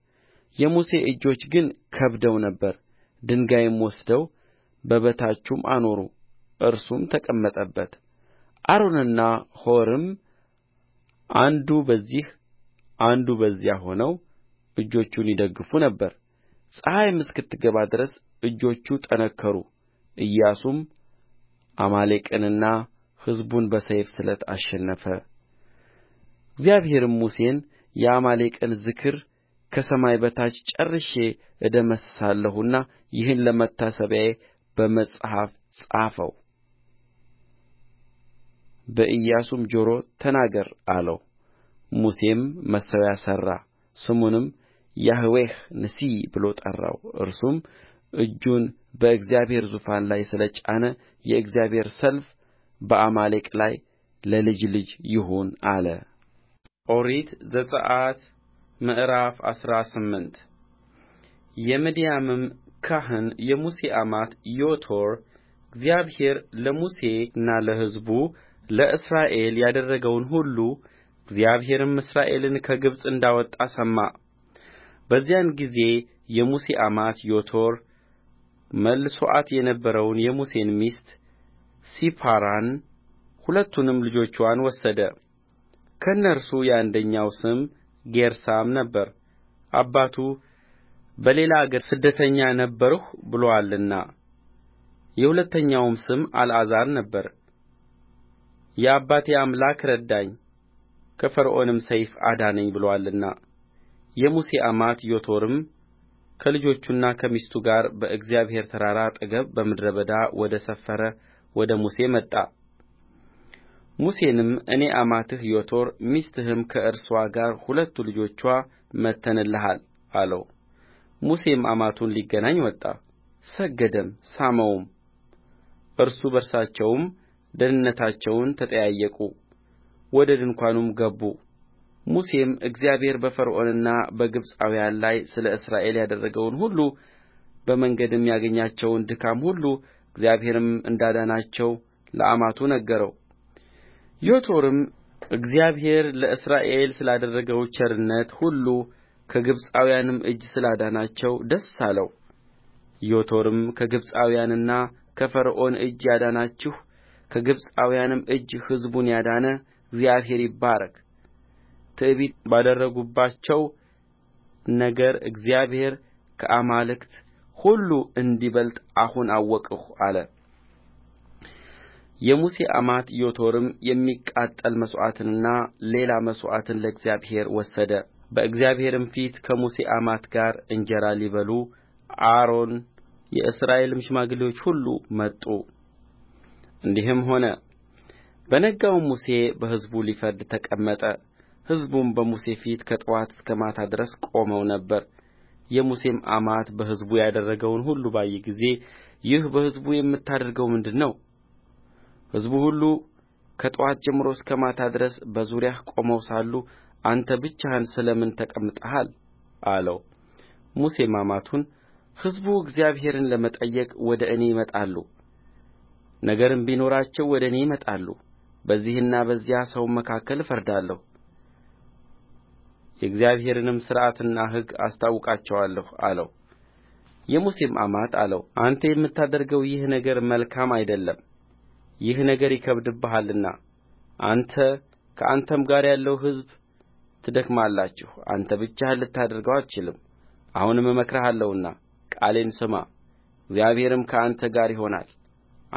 የሙሴ እጆች ግን ከብደው ነበር ድንጋይም ወስደው በበታቹም አኖሩ እርሱም ተቀመጠበት አሮንና ሖርም አንዱ በዚህ አንዱ በዚያ ሆነው እጆቹን ይደግፉ ነበር ፀሐይም እስክትገባ ድረስ እጆቹ ጠነከሩ ኢያሱም አማሌቅንና ሕዝቡን በሰይፍ ስለት አሸነፈ እግዚአብሔርም ሙሴን የአማሌቅን ዝክር ከሰማይ በታች ጨርሼ እደመስሳለሁና ይህን ለመታሰቢያዬ በመጽሐፍ ጻፈው በኢያሱም ጆሮ ተናገር አለው ሙሴም መሠዊያ ሠራ ስሙንም ያህዌህ ንሲ ብሎ ጠራው እርሱም እጁን በእግዚአብሔር ዙፋን ላይ ስለ ጫነ የእግዚአብሔር ሰልፍ በአማሌቅ ላይ ለልጅ ልጅ ይሁን አለ ኦሪት ዘጽአት ምዕራፍ አስራ ስምንት የምድያምም ካህን የሙሴ አማት ዮቶር እግዚአብሔር ለሙሴና ለሕዝቡ ለእስራኤል ያደረገውን ሁሉ እግዚአብሔርም እስራኤልን ከግብፅ እንዳወጣ ሰማ በዚያን ጊዜ የሙሴ አማት ዮቶር መልሶአት የነበረውን የሙሴን ሚስት ሲፓራን ሁለቱንም ልጆቿን ወሰደ ከእነርሱ የአንደኛው ስም ጌርሳም ነበረ አባቱ በሌላ አገር ስደተኛ ነበርሁ ብሎአልና የሁለተኛውም ስም አልዓዛር ነበረ የአባቴ አምላክ ረዳኝ ከፈርዖንም ሰይፍ አዳነኝ ብሎአልና የሙሴ አማት ዮቶርም ከልጆቹና ከሚስቱ ጋር በእግዚአብሔር ተራራ አጠገብ በምድረ በዳ ወደ ሰፈረ ወደ ሙሴ መጣ ሙሴንም እኔ አማትህ ዮቶር ሚስትህም ከእርስዋ ጋር ሁለቱ ልጆቿ መጥተንልሃል አለው ሙሴም አማቱን ሊገናኝ ወጣ ሰገደም ሳመውም እርሱ በርሳቸውም ደኅንነታቸውን ተጠያየቁ ወደ ድንኳኑም ገቡ ሙሴም እግዚአብሔር በፈርዖንና በግብፃውያን ላይ ስለ እስራኤል ያደረገውን ሁሉ በመንገድም ያገኛቸውን ድካም ሁሉ እግዚአብሔርም እንዳዳናቸው ለአማቱ ነገረው ዮቶርም እግዚአብሔር ለእስራኤል ስላደረገው ቸርነት ሁሉ ከግብፃውያንም እጅ ስላዳናቸው ደስ አለው ዮቶርም ከግብፃውያንና ከፈርዖን እጅ ያዳናችሁ ከግብፃውያንም እጅ ሕዝቡን ያዳነ እግዚአብሔር ይባረክ ትዕቢት ባደረጉባቸው ነገር እግዚአብሔር ከአማልክት ሁሉ እንዲበልጥ አሁን አወቅሁ አለ የሙሴ አማት ዮቶርም የሚቃጠል መሥዋዕትንና ሌላ መሥዋዕትን ለእግዚአብሔር ወሰደ በእግዚአብሔርም ፊት ከሙሴ አማት ጋር እንጀራ ሊበሉ አሮን የእስራኤልም ሽማግሌዎች ሁሉ መጡ እንዲህም ሆነ በነጋው ሙሴ በሕዝቡ ሊፈርድ ተቀመጠ ሕዝቡም በሙሴ ፊት ከጥዋት እስከ ማታ ድረስ ቆመው ነበር የሙሴም አማት በሕዝቡ ያደረገውን ሁሉ ባየ ጊዜ ይህ በሕዝቡ የምታደርገው ምንድር ነው ሕዝቡ ሁሉ ከጥዋት ጀምሮ እስከ ማታ ድረስ በዙሪያህ ቆመው ሳሉ አንተ ብቻህን ስለ ምን ተቀምጠሃል አለው ሙሴም አማቱን ሕዝቡ እግዚአብሔርን ለመጠየቅ ወደ እኔ ይመጣሉ ነገርም ቢኖራቸው ወደ እኔ ይመጣሉ በዚህና በዚያ ሰውም መካከል እፈርዳለሁ የእግዚአብሔርንም ሥርዓትና ሕግ አስታውቃቸዋለሁ አለው የሙሴም አማት አለው አንተ የምታደርገው ይህ ነገር መልካም አይደለም ይህ ነገር ይከብድብሃልና አንተ ከአንተም ጋር ያለው ሕዝብ ትደክማላችሁ አንተ ብቻህን ልታደርገው አትችልም አሁንም እመክርሃለሁና ቃሌን ስማ እግዚአብሔርም ከአንተ ጋር ይሆናል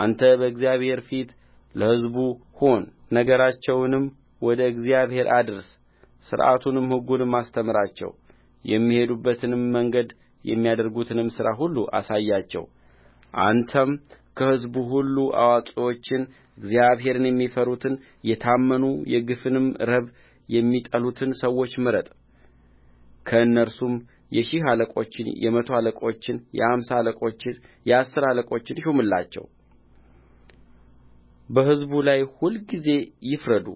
አንተ በእግዚአብሔር ፊት ለሕዝቡ ሁን ነገራቸውንም ወደ እግዚአብሔር አድርስ ሥርዓቱንም ሕጉንም አስተምራቸው የሚሄዱበትንም መንገድ የሚያደርጉትንም ሥራ ሁሉ አሳያቸው አንተም ከሕዝቡ ሁሉ አዋቂዎችን እግዚአብሔርን የሚፈሩትን የታመኑ የግፍንም ረብ የሚጠሉትን ሰዎች ምረጥ ከእነርሱም የሺህ አለቆችን የመቶ አለቆችን የአምሳ አለቆችን የአሥር አለቆችን ሹምላቸው በሕዝቡ ላይ ሁልጊዜ ይፍረዱ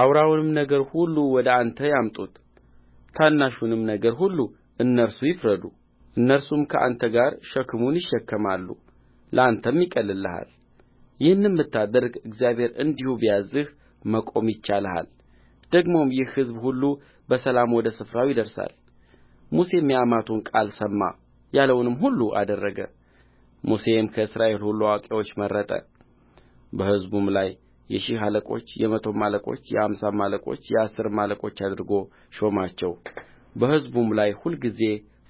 አውራውንም ነገር ሁሉ ወደ አንተ ያምጡት ታናሹንም ነገር ሁሉ እነርሱ ይፍረዱ እነርሱም ከአንተ ጋር ሸክሙን ይሸከማሉ ለአንተም ይቀልልልሃል ይህንም ብታደርግ እግዚአብሔር እንዲሁ ቢያዝዝህ መቆም ይቻልሃል ደግሞም ይህ ሕዝብ ሁሉ በሰላም ወደ ስፍራው ይደርሳል ሙሴም የአማቱን ቃል ሰማ ያለውንም ሁሉ አደረገ ሙሴም ከእስራኤል ሁሉ አዋቂዎችን መረጠ በሕዝቡም ላይ የሺህ አለቆች የመቶም አለቆች የአምሳም አለቆች የአሥርም አለቆች አድርጎ ሾማቸው በሕዝቡም ላይ ሁልጊዜ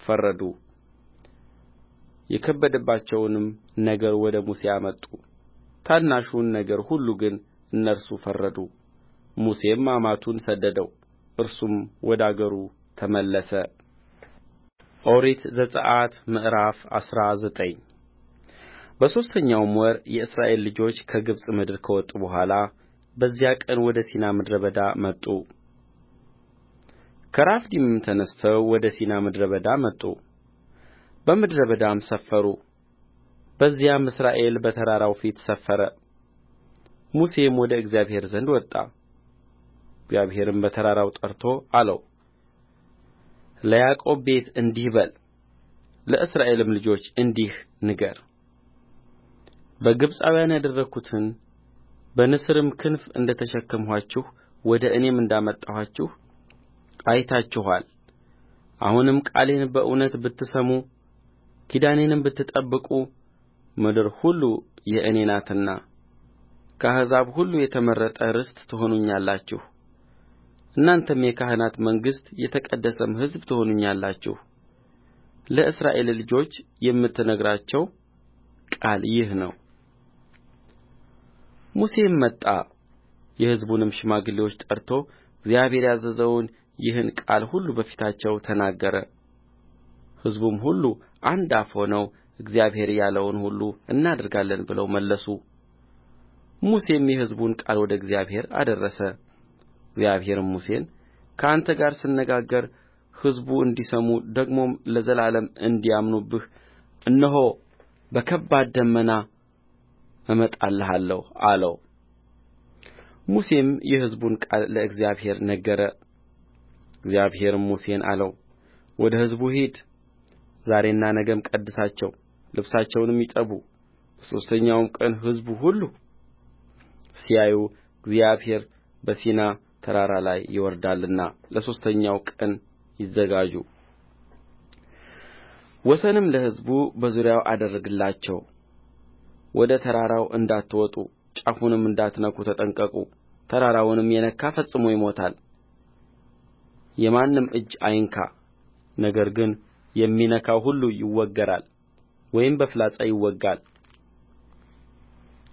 ፈረዱ የከበደባቸውንም ነገር ወደ ሙሴ አመጡ ታናሹን ነገር ሁሉ ግን እነርሱ ፈረዱ ሙሴም አማቱን ሰደደው እርሱም ወደ አገሩ ተመለሰ ኦሪት ዘጽአት ምዕራፍ አስራ ዘጠኝ በሦስተኛውም ወር የእስራኤል ልጆች ከግብፅ ምድር ከወጡ በኋላ በዚያ ቀን ወደ ሲና ምድረ በዳ መጡ ከራፊድም ተነሥተው ወደ ሲና ምድረ በዳ መጡ በምድረ በዳም ሰፈሩ በዚያም እስራኤል በተራራው ፊት ሰፈረ ሙሴም ወደ እግዚአብሔር ዘንድ ወጣ እግዚአብሔርም በተራራው ጠርቶ አለው ለያዕቆብ ቤት እንዲህ በል ለእስራኤልም ልጆች እንዲህ ንገር በግብፃውያን ያደረግሁትን በንስርም ክንፍ እንደ ተሸከምኋችሁ ወደ እኔም እንዳመጣኋችሁ አይታችኋል አሁንም ቃሌን በእውነት ብትሰሙ ኪዳኔንም ብትጠብቁ ምድር ሁሉ የእኔ ናትና ከአሕዛብ ሁሉ የተመረጠ ርስት ትሆኑኛላችሁ እናንተም የካህናት መንግሥት የተቀደሰም ሕዝብ ትሆኑኛላችሁ ለእስራኤል ልጆች የምትነግራቸው ቃል ይህ ነው ሙሴም መጣ የሕዝቡንም ሽማግሌዎች ጠርቶ እግዚአብሔር ያዘዘውን ይህን ቃል ሁሉ በፊታቸው ተናገረ ሕዝቡም ሁሉ አንድ አፍ ሆነው እግዚአብሔር ያለውን ሁሉ እናደርጋለን ብለው መለሱ ሙሴም የሕዝቡን ቃል ወደ እግዚአብሔር አደረሰ እግዚአብሔርም ሙሴን ከአንተ ጋር ስነጋገር ሕዝቡ እንዲሰሙ ደግሞም ለዘላለም እንዲያምኑብህ እነሆ በከባድ ደመና እመጣልሃለሁ አለው ሙሴም የሕዝቡን ቃል ለእግዚአብሔር ነገረ እግዚአብሔርም ሙሴን አለው ወደ ሕዝቡ ሂድ ዛሬና ነገም ቀድሳቸው ልብሳቸውንም ይጠቡ በሦስተኛውም ቀን ሕዝቡ ሁሉ ሲያዩ እግዚአብሔር በሲና ተራራ ላይ ይወርዳልና ለሦስተኛው ቀን ይዘጋጁ ወሰንም ለሕዝቡ በዙሪያው አደረግላቸው ወደ ተራራው እንዳትወጡ ጫፉንም እንዳትነኩ ተጠንቀቁ ተራራውንም የነካ ፈጽሞ ይሞታል የማንም እጅ አይንካ ነገር ግን የሚነካው ሁሉ ይወገራል ወይም በፍላጻ ይወጋል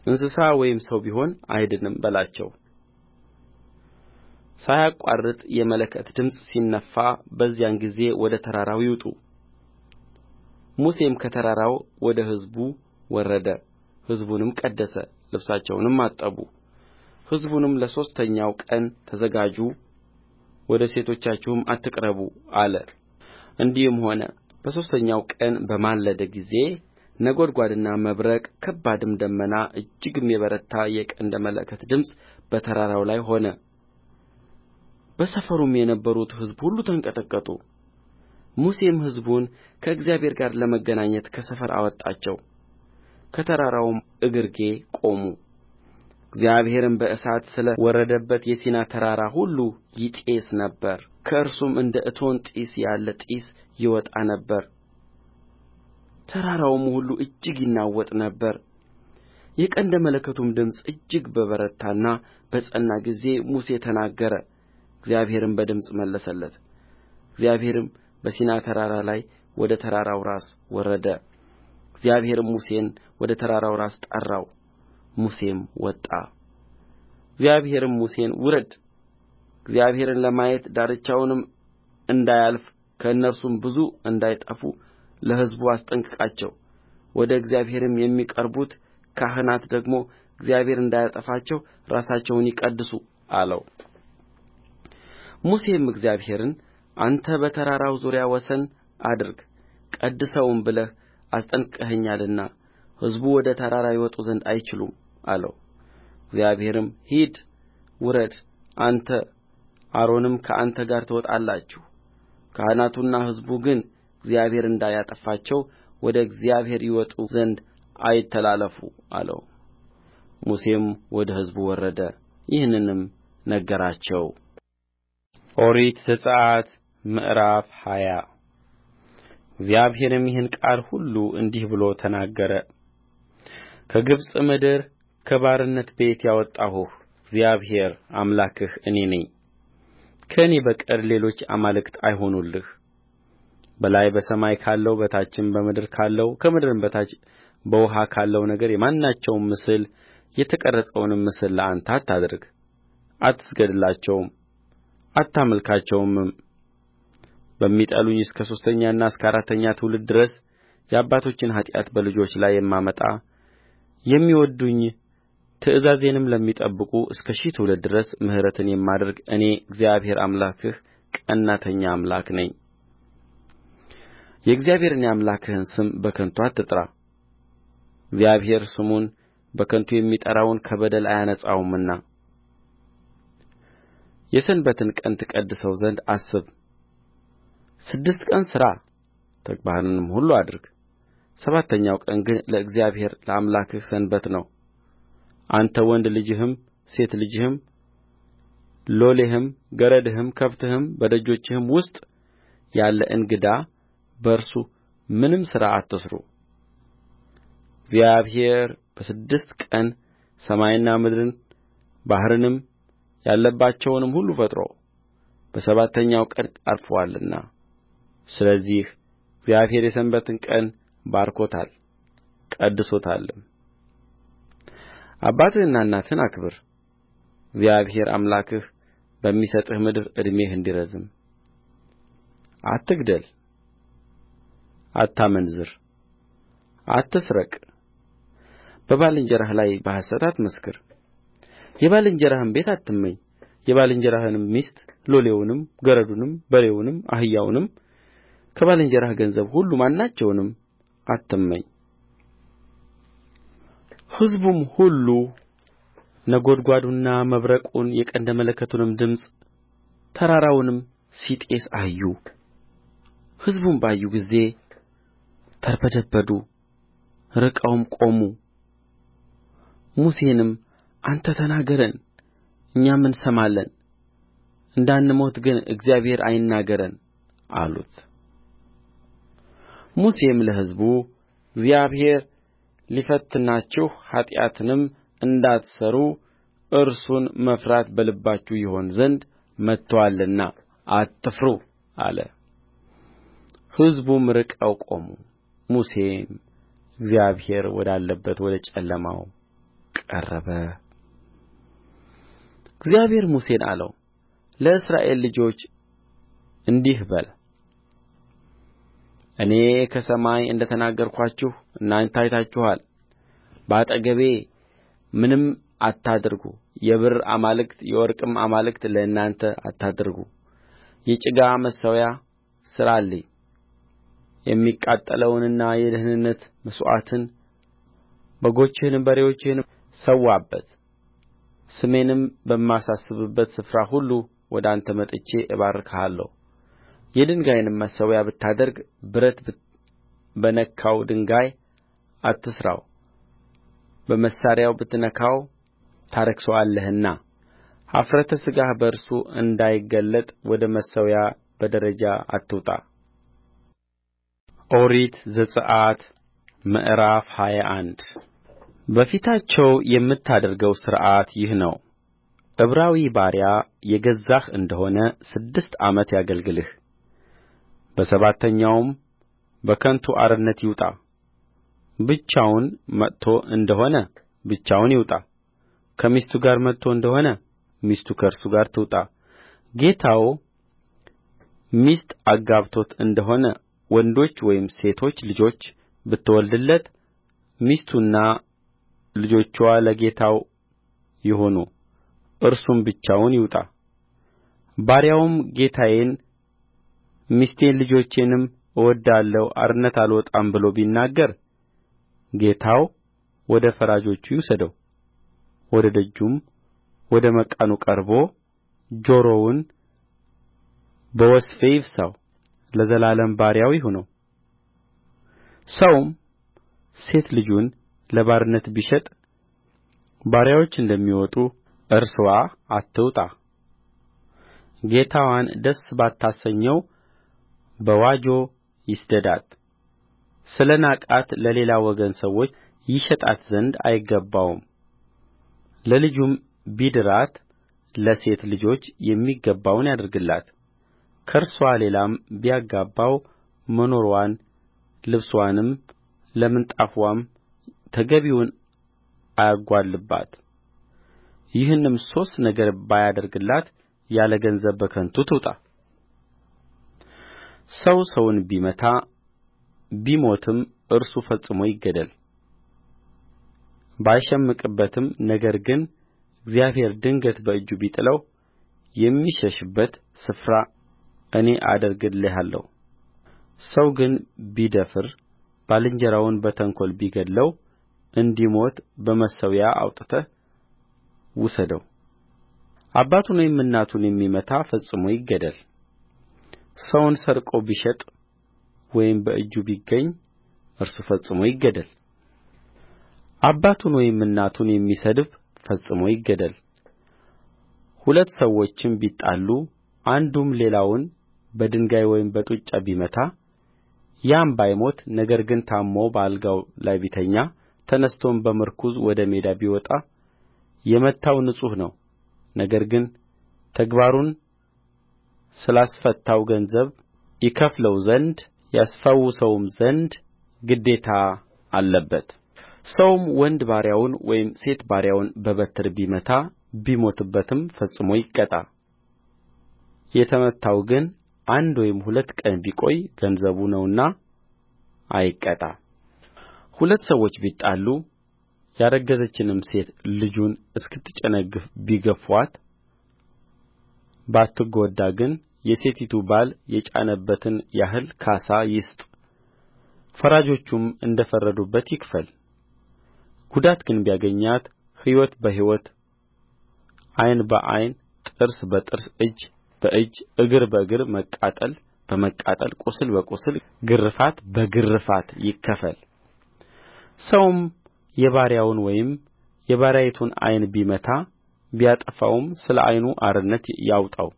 እንስሳ ወይም ሰው ቢሆን አይድንም በላቸው ሳያቋርጥ የመለከት ድምፅ ሲነፋ በዚያን ጊዜ ወደ ተራራው ይውጡ ሙሴም ከተራራው ወደ ሕዝቡ ወረደ ሕዝቡንም ቀደሰ ልብሳቸውንም አጠቡ ሕዝቡንም ለሦስተኛው ቀን ተዘጋጁ ወደ ሴቶቻችሁም አትቅረቡ አለ እንዲህም ሆነ በሦስተኛው ቀን በማለደ ጊዜ ነጐድጓድና መብረቅ ከባድም ደመና እጅግም የበረታ የቀንደ መለከት ድምፅ በተራራው ላይ ሆነ በሰፈሩም የነበሩት ሕዝብ ሁሉ ተንቀጠቀጡ ሙሴም ሕዝቡን ከእግዚአብሔር ጋር ለመገናኘት ከሰፈር አወጣቸው ከተራራውም እግርጌ ቆሙ እግዚአብሔርም በእሳት ስለ ወረደበት የሲና ተራራ ሁሉ ይጤስ ነበር ከእርሱም እንደ እቶን ጢስ ያለ ጢስ ይወጣ ነበር ተራራውም ሁሉ እጅግ ይናወጥ ነበር የቀንደ መለከቱም ድምፅ እጅግ በበረታና በጸና ጊዜ ሙሴ ተናገረ እግዚአብሔርም በድምፅ መለሰለት እግዚአብሔርም በሲና ተራራ ላይ ወደ ተራራው ራስ ወረደ እግዚአብሔርም ሙሴን ወደ ተራራው ራስ ጠራው ሙሴም ወጣ እግዚአብሔርም ሙሴን ውረድ እግዚአብሔርን ለማየት ዳርቻውንም እንዳያልፍ ከእነርሱም ብዙ እንዳይጠፉ ለሕዝቡ አስጠንቅቃቸው ወደ እግዚአብሔርም የሚቀርቡት ካህናት ደግሞ እግዚአብሔር እንዳያጠፋቸው ራሳቸውን ይቀድሱ አለው ሙሴም እግዚአብሔርን አንተ በተራራው ዙሪያ ወሰን አድርግ ቀድሰውም ብለህ አስጠንቅቀኸኛልና ሕዝቡ ወደ ተራራ ይወጡ ዘንድ አይችሉም አለው እግዚአብሔርም ሂድ ውረድ አንተ አሮንም ከአንተ ጋር ትወጣላችሁ ካህናቱና ሕዝቡ ግን እግዚአብሔር እንዳያጠፋቸው ወደ እግዚአብሔር ይወጡ ዘንድ አይተላለፉ አለው ሙሴም ወደ ሕዝቡ ወረደ ይህንንም ነገራቸው ኦሪት ዘጽአት ምዕራፍ ሃያ እግዚአብሔርም ይህን ቃል ሁሉ እንዲህ ብሎ ተናገረ ከግብፅ ምድር ከባርነት ቤት ያወጣሁህ እግዚአብሔር አምላክህ እኔ ነኝ ከእኔ በቀር ሌሎች አማልክት አይሁኑልህ በላይ በሰማይ ካለው በታችም በምድር ካለው ከምድርም በታች በውኃ ካለው ነገር የማናቸውን ምስል የተቀረጸውንም ምስል ለአንተ አታድርግ አትስገድላቸውም አታምልካቸውምም በሚጠሉኝ እስከ ሦስተኛና እስከ አራተኛ ትውልድ ድረስ የአባቶችን ኃጢአት በልጆች ላይ የማመጣ የሚወድዱኝ ትእዛዜንም ለሚጠብቁ እስከ ሺህ ትውልድ ድረስ ምሕረትን የማደርግ እኔ እግዚአብሔር አምላክህ ቀናተኛ አምላክ ነኝ የእግዚአብሔርን የአምላክህን ስም በከንቱ አትጥራ እግዚአብሔር ስሙን በከንቱ የሚጠራውን ከበደል አያነጻውምና የሰንበትን ቀን ትቀድሰው ዘንድ አስብ ስድስት ቀን ሥራ ተግባርህንም ሁሉ አድርግ ሰባተኛው ቀን ግን ለእግዚአብሔር ለአምላክህ ሰንበት ነው አንተ ወንድ ልጅህም ሴት ልጅህም ሎሌህም ገረድህም ከብትህም በደጆችህም ውስጥ ያለ እንግዳ በእርሱ ምንም ሥራ አትሥሩ እግዚአብሔር በስድስት ቀን ሰማይንና ምድርን ባሕርንም ያለባቸውንም ሁሉ ፈጥሮ በሰባተኛው ቀን ዐርፎአልና ስለዚህ እግዚአብሔር የሰንበትን ቀን ባርኮታል ቀድሶታልም አባትህንና እናትህን አክብር እግዚአብሔር አምላክህ በሚሰጥህ ምድር ዕድሜህ እንዲረዝም አትግደል አታመንዝር አትስረቅ በባልንጀራህ ላይ በሐሰት አትመስክር የባልንጀራህን ቤት አትመኝ የባልንጀራህንም ሚስት ሎሌውንም ገረዱንም በሬውንም አህያውንም ከባልንጀራህ ገንዘብ ሁሉ ማናቸውንም አትመኝ ሕዝቡም ሁሉ ነጐድጓዱንና መብረቁን የቀንደ መለከቱንም ድምፅ ተራራውንም ሲጤስ አዩ ሕዝቡም ባዩ ጊዜ ተርበደበዱ ርቀውም ቆሙ ሙሴንም አንተ ተናገረን እኛም እንሰማለን እንዳንሞት ግን እግዚአብሔር አይናገረን አሉት ሙሴም ለሕዝቡ እግዚአብሔር ሊፈትናችሁ ኃጢአትንም እንዳትሠሩ እርሱን መፍራት በልባችሁ ይሆን ዘንድ መጥቶአልና አትፍሩ አለ ሕዝቡም ርቀው ቆሙ ሙሴም እግዚአብሔር ወዳለበት ወደ ጨለማው ቀረበ እግዚአብሔር ሙሴን አለው ለእስራኤል ልጆች እንዲህ በል እኔ ከሰማይ እንደ ተናገርኋችሁ እናንተ አይታችኋል በአጠገቤ ምንም አታድርጉ የብር አማልክት የወርቅም አማልክት ለእናንተ አታድርጉ የጭቃ መሠዊያ ሥራልኝ የሚቃጠለውንና የደኅንነት መሥዋዕትን በጎችህንም በሬዎችህንም ሠዋበት ስሜንም በማሳስብበት ስፍራ ሁሉ ወደ አንተ መጥቼ እባርክሃለሁ የድንጋይንም መሠዊያ ብታደርግ ብረት በነካው ድንጋይ አትሥራው በመሣሪያው ብትነካው ታረክሰዋለህና ኀፍረተ ሥጋህ በእርሱ እንዳይገለጥ ወደ መሠዊያው በደረጃ አትውጣ ኦሪት ዘጽአት ምዕራፍ ሃያ አንድ በፊታቸው የምታደርገው ሥርዓት ይህ ነው ዕብራዊ ባሪያ የገዛህ እንደሆነ ስድስት ዓመት ያገልግልህ በሰባተኛውም በከንቱ አርነት ይውጣ ብቻውን መጥቶ እንደ ሆነ ብቻውን ይውጣ ከሚስቱ ጋር መጥቶ እንደ ሆነ ሚስቱ ከእርሱ ጋር ትውጣ ጌታው ሚስት አጋብቶት እንደ ሆነ ወንዶች ወይም ሴቶች ልጆች ብትወልድለት ሚስቱና ልጆችዋ ለጌታው ይሁኑ እርሱም ብቻውን ይውጣ ባሪያውም ጌታዬን ሚስቴን ልጆቼንም እወድዳለሁ አርነት አልወጣም ብሎ ቢናገር ጌታው ወደ ፈራጆቹ ይውሰደው ወደ ደጁም ወደ መቃኑ ቀርቦ ጆሮውን በወስፌ ይብሳው ለዘላለም ባሪያው ይሁነው ሰውም ሴት ልጁን ለባርነት ቢሸጥ ባሪያዎች እንደሚወጡ እርስዋ አትውጣ ጌታዋን ደስ ባታሰኘው በዋጆ ይስደዳት ስለ ናቃት ለሌላ ወገን ሰዎች ይሸጣት ዘንድ አይገባውም ለልጁም ቢድራት ለሴት ልጆች የሚገባውን ያድርግላት ከእርስዋ ሌላም ቢያጋባው መኖዋን ልብስዋንም ለምንጣፍዋም ተገቢውን አያጓልባት ይህንም ሦስት ነገር ባያደርግላት ያለ ገንዘብ በከንቱ ትውጣ ሰው ሰውን ቢመታ ቢሞትም እርሱ ፈጽሞ ይገደል ባይሸምቅበትም ነገር ግን እግዚአብሔር ድንገት በእጁ ቢጥለው የሚሸሽበት ስፍራ እኔ አደርግልሃለሁ ሰው ግን ቢደፍር ባልንጀራውን በተንኰል ቢገድለው እንዲሞት በመሠዊያ አውጥተህ ውሰደው አባቱን ወይም እናቱን የሚመታ ፈጽሞ ይገደል ሰውን ሰርቆ ቢሸጥ ወይም በእጁ ቢገኝ እርሱ ፈጽሞ ይገደል አባቱን ወይም እናቱን የሚሰድብ ፈጽሞ ይገደል ሁለት ሰዎችም ቢጣሉ አንዱም ሌላውን በድንጋይ ወይም በጡጫ ቢመታ ያም ባይሞት ነገር ግን ታምሞ በአልጋው ላይ ቢተኛ ተነሥቶም በምርኩዝ ወደ ሜዳ ቢወጣ የመታው ንጹሕ ነው ነገር ግን ተግባሩን ስላስፈታው ገንዘብ ይከፍለው ዘንድ ያስፈውሰውም ዘንድ ግዴታ አለበት ሰውም ወንድ ባሪያውን ወይም ሴት ባሪያውን በበትር ቢመታ ቢሞትበትም ፈጽሞ ይቀጣ የተመታው ግን አንድ ወይም ሁለት ቀን ቢቆይ ገንዘቡ ነውና አይቀጣ ሁለት ሰዎች ቢጣሉ ያረገዘችንም ሴት ልጁን እስክትጨነግፍ ቢገፉአት ባትጐዳ ግን የሴቲቱ ባል የጫነበትን ያህል ካሳ ይስጥ ፈራጆቹም እንደ ፈረዱበት ይክፈል ጉዳት ግን ቢያገኛት ሕይወት በሕይወት ዓይን በዓይን ጥርስ በጥርስ እጅ በእጅ እግር በእግር መቃጠል በመቃጠል ቍስል በቍስል ግርፋት በግርፋት ይከፈል ሰውም የባሪያውን ወይም የባሪያይቱን ዓይን ቢመታ ቢያጠፋውም ስለ ዓይኑ አርነት ያውጣው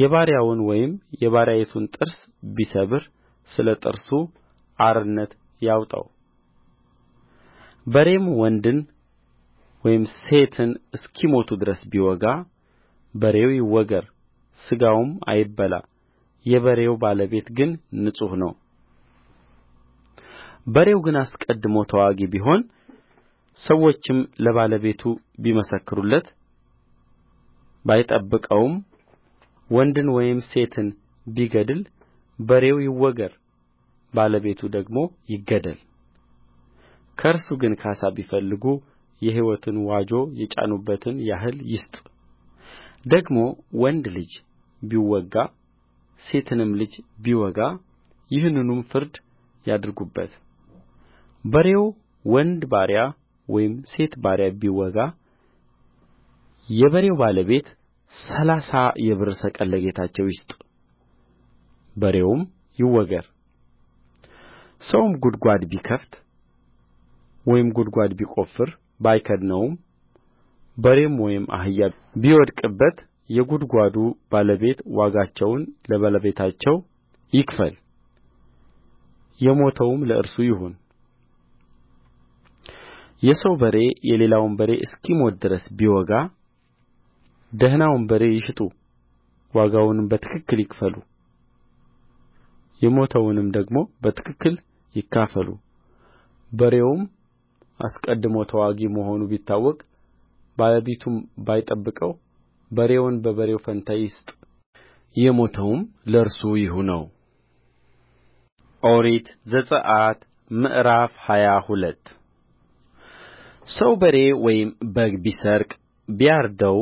የባሪያውን ወይም የባሪያይቱን ጥርስ ቢሰብር ስለ ጥርሱ አርነት ያውጣው በሬም ወንድን ወይም ሴትን እስኪሞቱ ድረስ ቢወጋ በሬው ይወገር ሥጋውም አይበላ የበሬው ባለቤት ግን ንጹሕ ነው በሬው ግን አስቀድሞ ተዋጊ ቢሆን ሰዎችም ለባለቤቱ ቢመሰክሩለት ባይጠብቀውም ወንድን ወይም ሴትን ቢገድል በሬው ይወገር ባለቤቱ ደግሞ ይገደል ከእርሱ ግን ካሳ ቢፈልጉ የሕይወትን ዎጆ የጫኑበትን ያህል ይስጥ ደግሞ ወንድ ልጅ ቢወጋ ሴትንም ልጅ ቢወጋ ይህንኑም ፍርድ ያድርጉበት በሬው ወንድ ባሪያ ወይም ሴት ባሪያ ቢወጋ የበሬው ባለቤት ሠላሳ የብር ሰቅል ለጌታቸው ይስጥ በሬውም ይወገር ሰውም ጕድጓድ ቢከፍት ወይም ጕድጓድ ቢቈፍር ባይከድነውም በሬም ወይም አህያ ቢወድቅበት የጕድጓዱ ባለቤት ዋጋቸውን ለባለቤታቸው ይክፈል የሞተውም ለእርሱ ይሁን የሰው በሬ የሌላውን በሬ እስኪሞት ድረስ ቢወጋ ደኅናውን በሬ ይሽጡ ዋጋውንም በትክክል ይክፈሉ የሞተውንም ደግሞ በትክክል ይካፈሉ በሬውም አስቀድሞ ተዋጊ መሆኑ ቢታወቅ ባለቤቱም ባይጠብቀው በሬውን በበሬው ፈንታ ይስጥ የሞተውም ለእርሱ ይሁነው። ኦሪት ዘጽአት ምዕራፍ ሃያ ሁለት ሰው በሬ ወይም በግ ቢሰርቅ ቢያርደው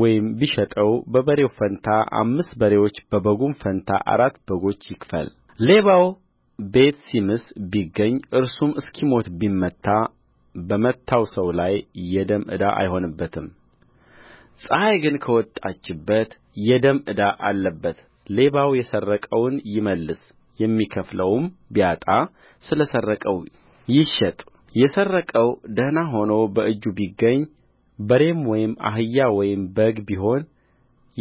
ወይም ቢሸጠው በበሬው ፋንታ አምስት በሬዎች በበጉም ፋንታ አራት በጎች ይክፈል ሌባው ቤት ሲምስ ቢገኝ እርሱም እስኪሞት ቢመታ በመታው ሰው ላይ የደም ዕዳ አይሆንበትም ፀሐይ ግን ከወጣችበት የደም ዕዳ አለበት ሌባው የሰረቀውን ይመልስ የሚከፍለውም ቢያጣ ስለ ሰረቀው ይሸጥ የሰረቀው ደህና ሆኖ በእጁ ቢገኝ በሬም ወይም አህያ ወይም በግ ቢሆን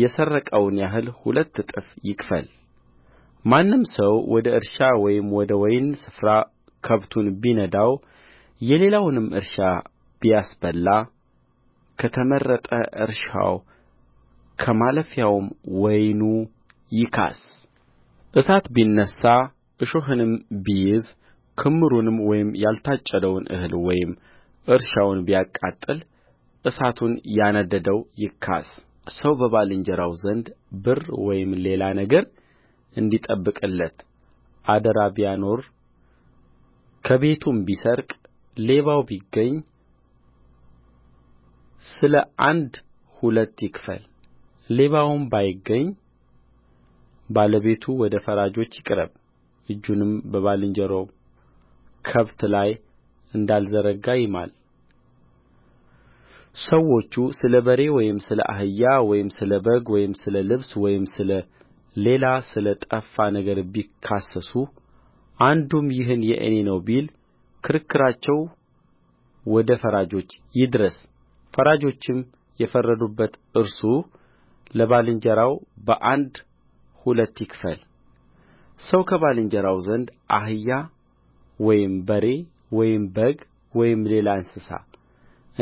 የሰረቀውን ያህል ሁለት እጥፍ ይክፈል ማንም ሰው ወደ እርሻ ወይም ወደ ወይን ስፍራ ከብቱን ቢነዳው የሌላውንም እርሻ ቢያስበላ ከተመረጠ እርሻው ከማለፊያውም ወይኑ ይካስ እሳት ቢነሣ እሾህንም ቢይዝ ክምሩንም ወይም ያልታጨደውን እህል ወይም እርሻውን ቢያቃጥል እሳቱን ያነደደው ይካስ ሰው በባልንጀራው ዘንድ ብር ወይም ሌላ ነገር እንዲጠብቅለት አደራ ቢያኖር ከቤቱም ቢሰርቅ ሌባው ቢገኝ ስለ አንድ ሁለት ይክፈል ሌባውም ባይገኝ ባለቤቱ ወደ ፈራጆች ይቅረብ እጁንም በባልንጀራው ከብት ላይ እንዳልዘረጋ ይማል ሰዎቹ ስለ በሬ ወይም ስለ አህያ ወይም ስለ በግ ወይም ስለ ልብስ ወይም ስለ ሌላ ስለ ጠፋ ነገር ቢካሰሱ አንዱም ይህን የእኔ ነው ቢል ክርክራቸው ወደ ፈራጆች ይድረስ ፈራጆችም የፈረዱበት እርሱ ለባልንጀራው በአንድ ሁለት ይክፈል ሰው ከባልንጀራው ዘንድ አህያ ወይም በሬ ወይም በግ ወይም ሌላ እንስሳ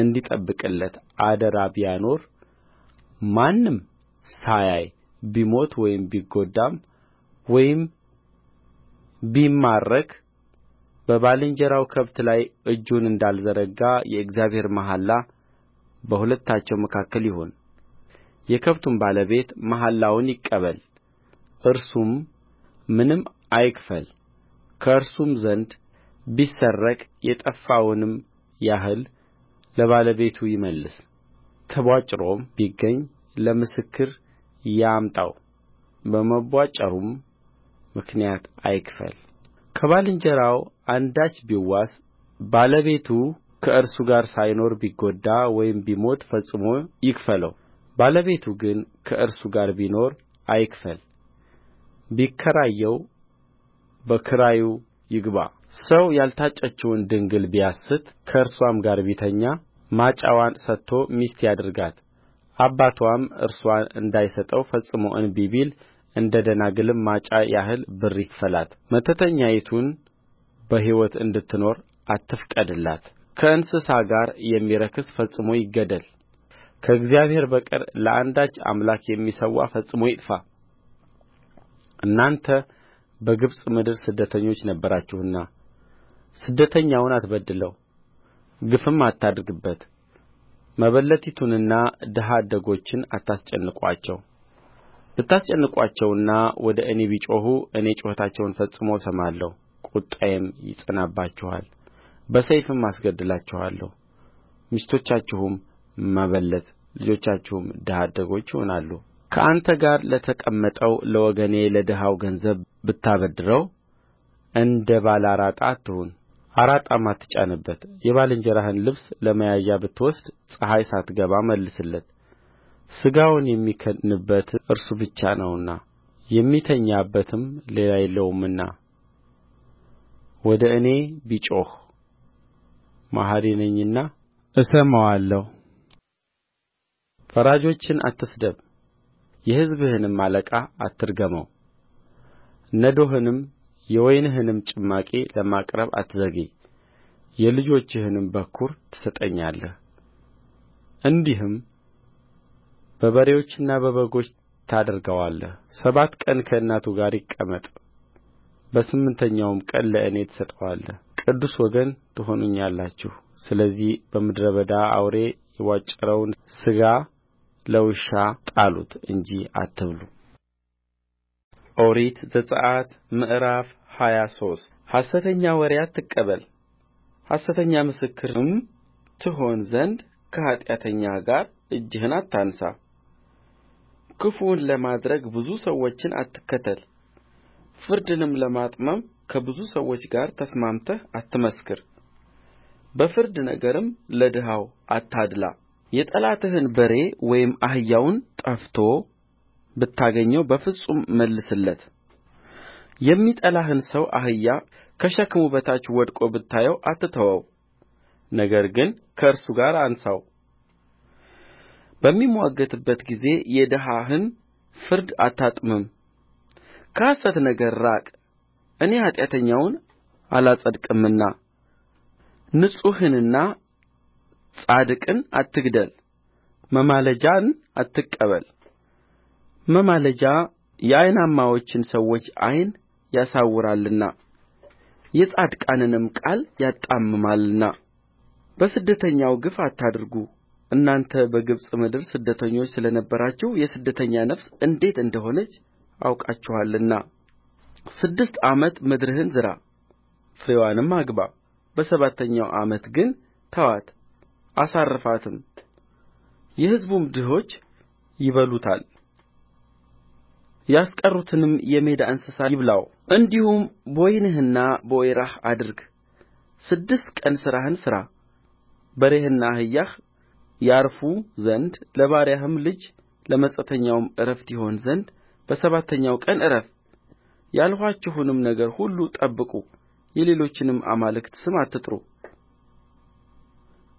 እንዲጠብቅለት አደራ ቢያኖር ማንም ሳያይ ቢሞት ወይም ቢጎዳም ወይም ቢማረክ በባልንጀራው ከብት ላይ እጁን እንዳልዘረጋ የእግዚአብሔር መሐላ በሁለታቸው መካከል ይሁን የከብቱም ባለቤት መሐላውን ይቀበል እርሱም ምንም አይክፈል ከእርሱም ዘንድ ቢሰረቅ የጠፋውንም ያህል ለባለቤቱ ይመልስ ተቧጭሮም ቢገኝ ለምስክር ያምጣው በመቧጨሩም ምክንያት አይክፈል ከባልንጀራው አንዳች ቢዋስ ባለቤቱ ከእርሱ ጋር ሳይኖር ቢጎዳ ወይም ቢሞት ፈጽሞ ይክፈለው ባለቤቱ ግን ከእርሱ ጋር ቢኖር አይክፈል ቢከራየው በክራዩ ይግባ ሰው ያልታጨችውን ድንግል ቢያስት ከእርስዋም ጋር ቢተኛ ማጫዋን ሰጥቶ ሚስት ያድርጋት አባትዋም እርስዋን እንዳይሰጠው ፈጽሞ እንቢ ቢል እንደ ደናግልም ማጫ ያህል ብር ይክፈላት መተተኛይቱን በሕይወት እንድትኖር አትፍቀድላት ከእንስሳ ጋር የሚረክስ ፈጽሞ ይገደል ከእግዚአብሔር በቀር ለአንዳች አምላክ የሚሠዋ ፈጽሞ ይጥፋ እናንተ በግብፅ ምድር ስደተኞች ነበራችሁና ስደተኛውን አትበድለው ግፍም አታድርግበት መበለቲቱንና ድሀ አደጎችን አታስጨንቁአቸው ብታስጨንቁአቸውና ወደ እኔ ቢጮኹ እኔ ጩኸታቸውን ፈጽሞ እሰማለሁ ቍጣዬም ይጸናባችኋል በሰይፍም አስገድላችኋለሁ ሚስቶቻችሁም መበለት ልጆቻችሁም ድሀ አደጎች ይሆናሉ ከአንተ ጋር ለተቀመጠው ለወገኔ ለድሀው ገንዘብ ብታበድረው እንደ ባለ አራጣ አትሁን አራጣም አትጫንበት የባልንጀራህን ልብስ ለመያዣ ብትወስድ ፀሐይ ሳትገባ መልስለት ሥጋውን የሚከድንበት እርሱ ብቻ ነውና የሚተኛበትም ሌላ የለውምና ወደ እኔ ቢጮኽ መሐሪ ነኝና እሰማዋለሁ ፈራጆችን አትስደብ የሕዝብህንም አለቃ አትርገመው ነዶህንም የወይንህንም ጭማቂ ለማቅረብ አትዘግይ የልጆችህንም በኵር ትሰጠኛለህ እንዲህም በበሬዎችና በበጎች ታደርገዋለህ ሰባት ቀን ከእናቱ ጋር ይቀመጥ በስምንተኛውም ቀን ለእኔ ትሰጠዋለህ ቅዱስ ወገን ትሆኑልኛላችሁ ስለዚህ በምድረ በዳ አውሬ የቧጨረውን ሥጋ ለውሻ ጣሉት እንጂ አትብሉ ኦሪት ዘጽአት ምዕራፍ ሃያ ሶስት ሐሰተኛ ወሬ አትቀበል ሐሰተኛ ምስክርም ትሆን ዘንድ ከኃጢአተኛ ጋር እጅህን አታንሣ ክፉውን ለማድረግ ብዙ ሰዎችን አትከተል ፍርድንም ለማጥመም ከብዙ ሰዎች ጋር ተስማምተህ አትመስክር በፍርድ ነገርም ለድሀው አታድላ የጠላትህን በሬ ወይም አህያውን ጠፍቶ ብታገኘው በፍጹም መልስለት የሚጠላህን ሰው አህያ ከሸክሙ በታች ወድቆ ብታየው አትተወው ነገር ግን ከእርሱ ጋር አንሣው በሚምዋገትበት ጊዜ የድሀህን ፍርድ አታጥምም ከሐሰት ነገር ራቅ እኔ ኃጢአተኛውን አላጸድቅምና ንጹሕንና ጻድቅን አትግደል መማለጃን አትቀበል መማለጃ የዓይናማዎችን ሰዎች ዓይን ያሳውራልና የጻድቃንንም ቃል ያጣምማልና በስደተኛው ግፍ አታድርጉ እናንተ በግብፅ ምድር ስደተኞች ስለ ነበራችሁ የስደተኛ ነፍስ እንዴት እንደ ሆነች አውቃችኋልና ስድስት ዓመት ምድርህን ዝራ ፍሬዋንም አግባ በሰባተኛው ዓመት ግን ተዋት አሳርፋትም የሕዝቡም ድሆች ይበሉታል ያስቀሩትንም የሜዳ እንስሳ ይብላው እንዲሁም በወይንህና በወይራህ አድርግ ስድስት ቀን ሥራህን ሥራ በሬህና አህያህ ያርፉ ዘንድ ለባሪያህም ልጅ ለመጻተኛው ዕረፍት ይሆን ዘንድ በሰባተኛው ቀን ዕረፍ ያልኋችሁንም ነገር ሁሉ ጠብቁ የሌሎችንም አማልክት ስም አትጥሩ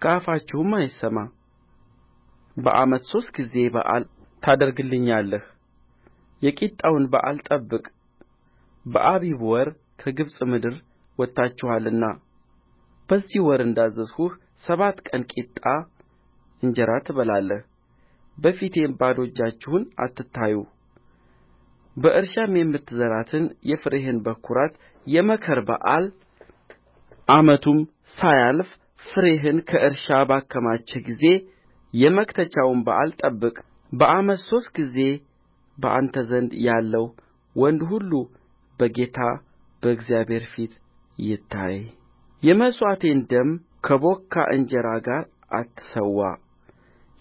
ከአፋችሁም አይሰማ በዓመት ሦስት ጊዜ በዓል ታደርግልኛለህ የቂጣውን በዓል ጠብቅ በአቢብ ወር ከግብፅ ምድር ወጥታችኋልና በዚህ ወር እንዳዘዝሁህ ሰባት ቀን ቂጣ እንጀራ ትበላለህ በፊቴም ባዶ እጃችሁን አትታዩ በእርሻም የምትዘራትን የፍሬህን በኵራት የመከር በዓል ዓመቱም ሳያልፍ ፍሬህን ከእርሻ ባከማቸህ ጊዜ የመክተቻውን በዓል ጠብቅ በዓመት ሦስት ጊዜ በአንተ ዘንድ ያለው ወንድ ሁሉ በጌታ በእግዚአብሔር ፊት ይታይ የመሥዋዕቴን ደም ከቦካ እንጀራ ጋር አትሠዋ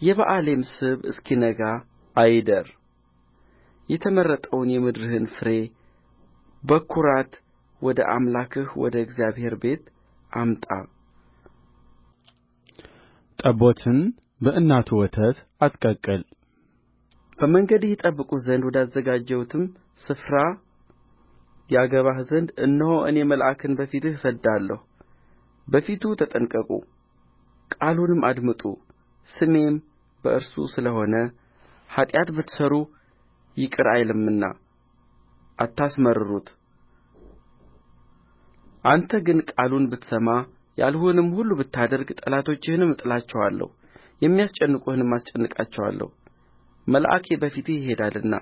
የበዓሌም ስብ እስኪነጋ አይደር የተመረጠውን የምድርህን ፍሬ በኵራት ወደ አምላክህ ወደ እግዚአብሔር ቤት አምጣ ጠቦትን በእናቱ ወተት አትቀቅል በመንገድ ይጠብቁህ ዘንድ ወዳዘጋጀሁትም ስፍራ ያገባህ ዘንድ እነሆ እኔ መልአክን በፊትህ እሰድዳለሁ በፊቱ ተጠንቀቁ ቃሉንም አድምጡ ስሜም በእርሱ ስለ ሆነ ኃጢአት ብትሠሩ ይቅር አይልምና አታስመርሩት አንተ ግን ቃሉን ብትሰማ ያልሁህንም ሁሉ ብታደርግ ጠላቶችህን እጥላቸዋለሁ የሚያስጨንቁህንም አስጨንቃቸዋለሁ መልአኬ በፊትህ ይሄዳልና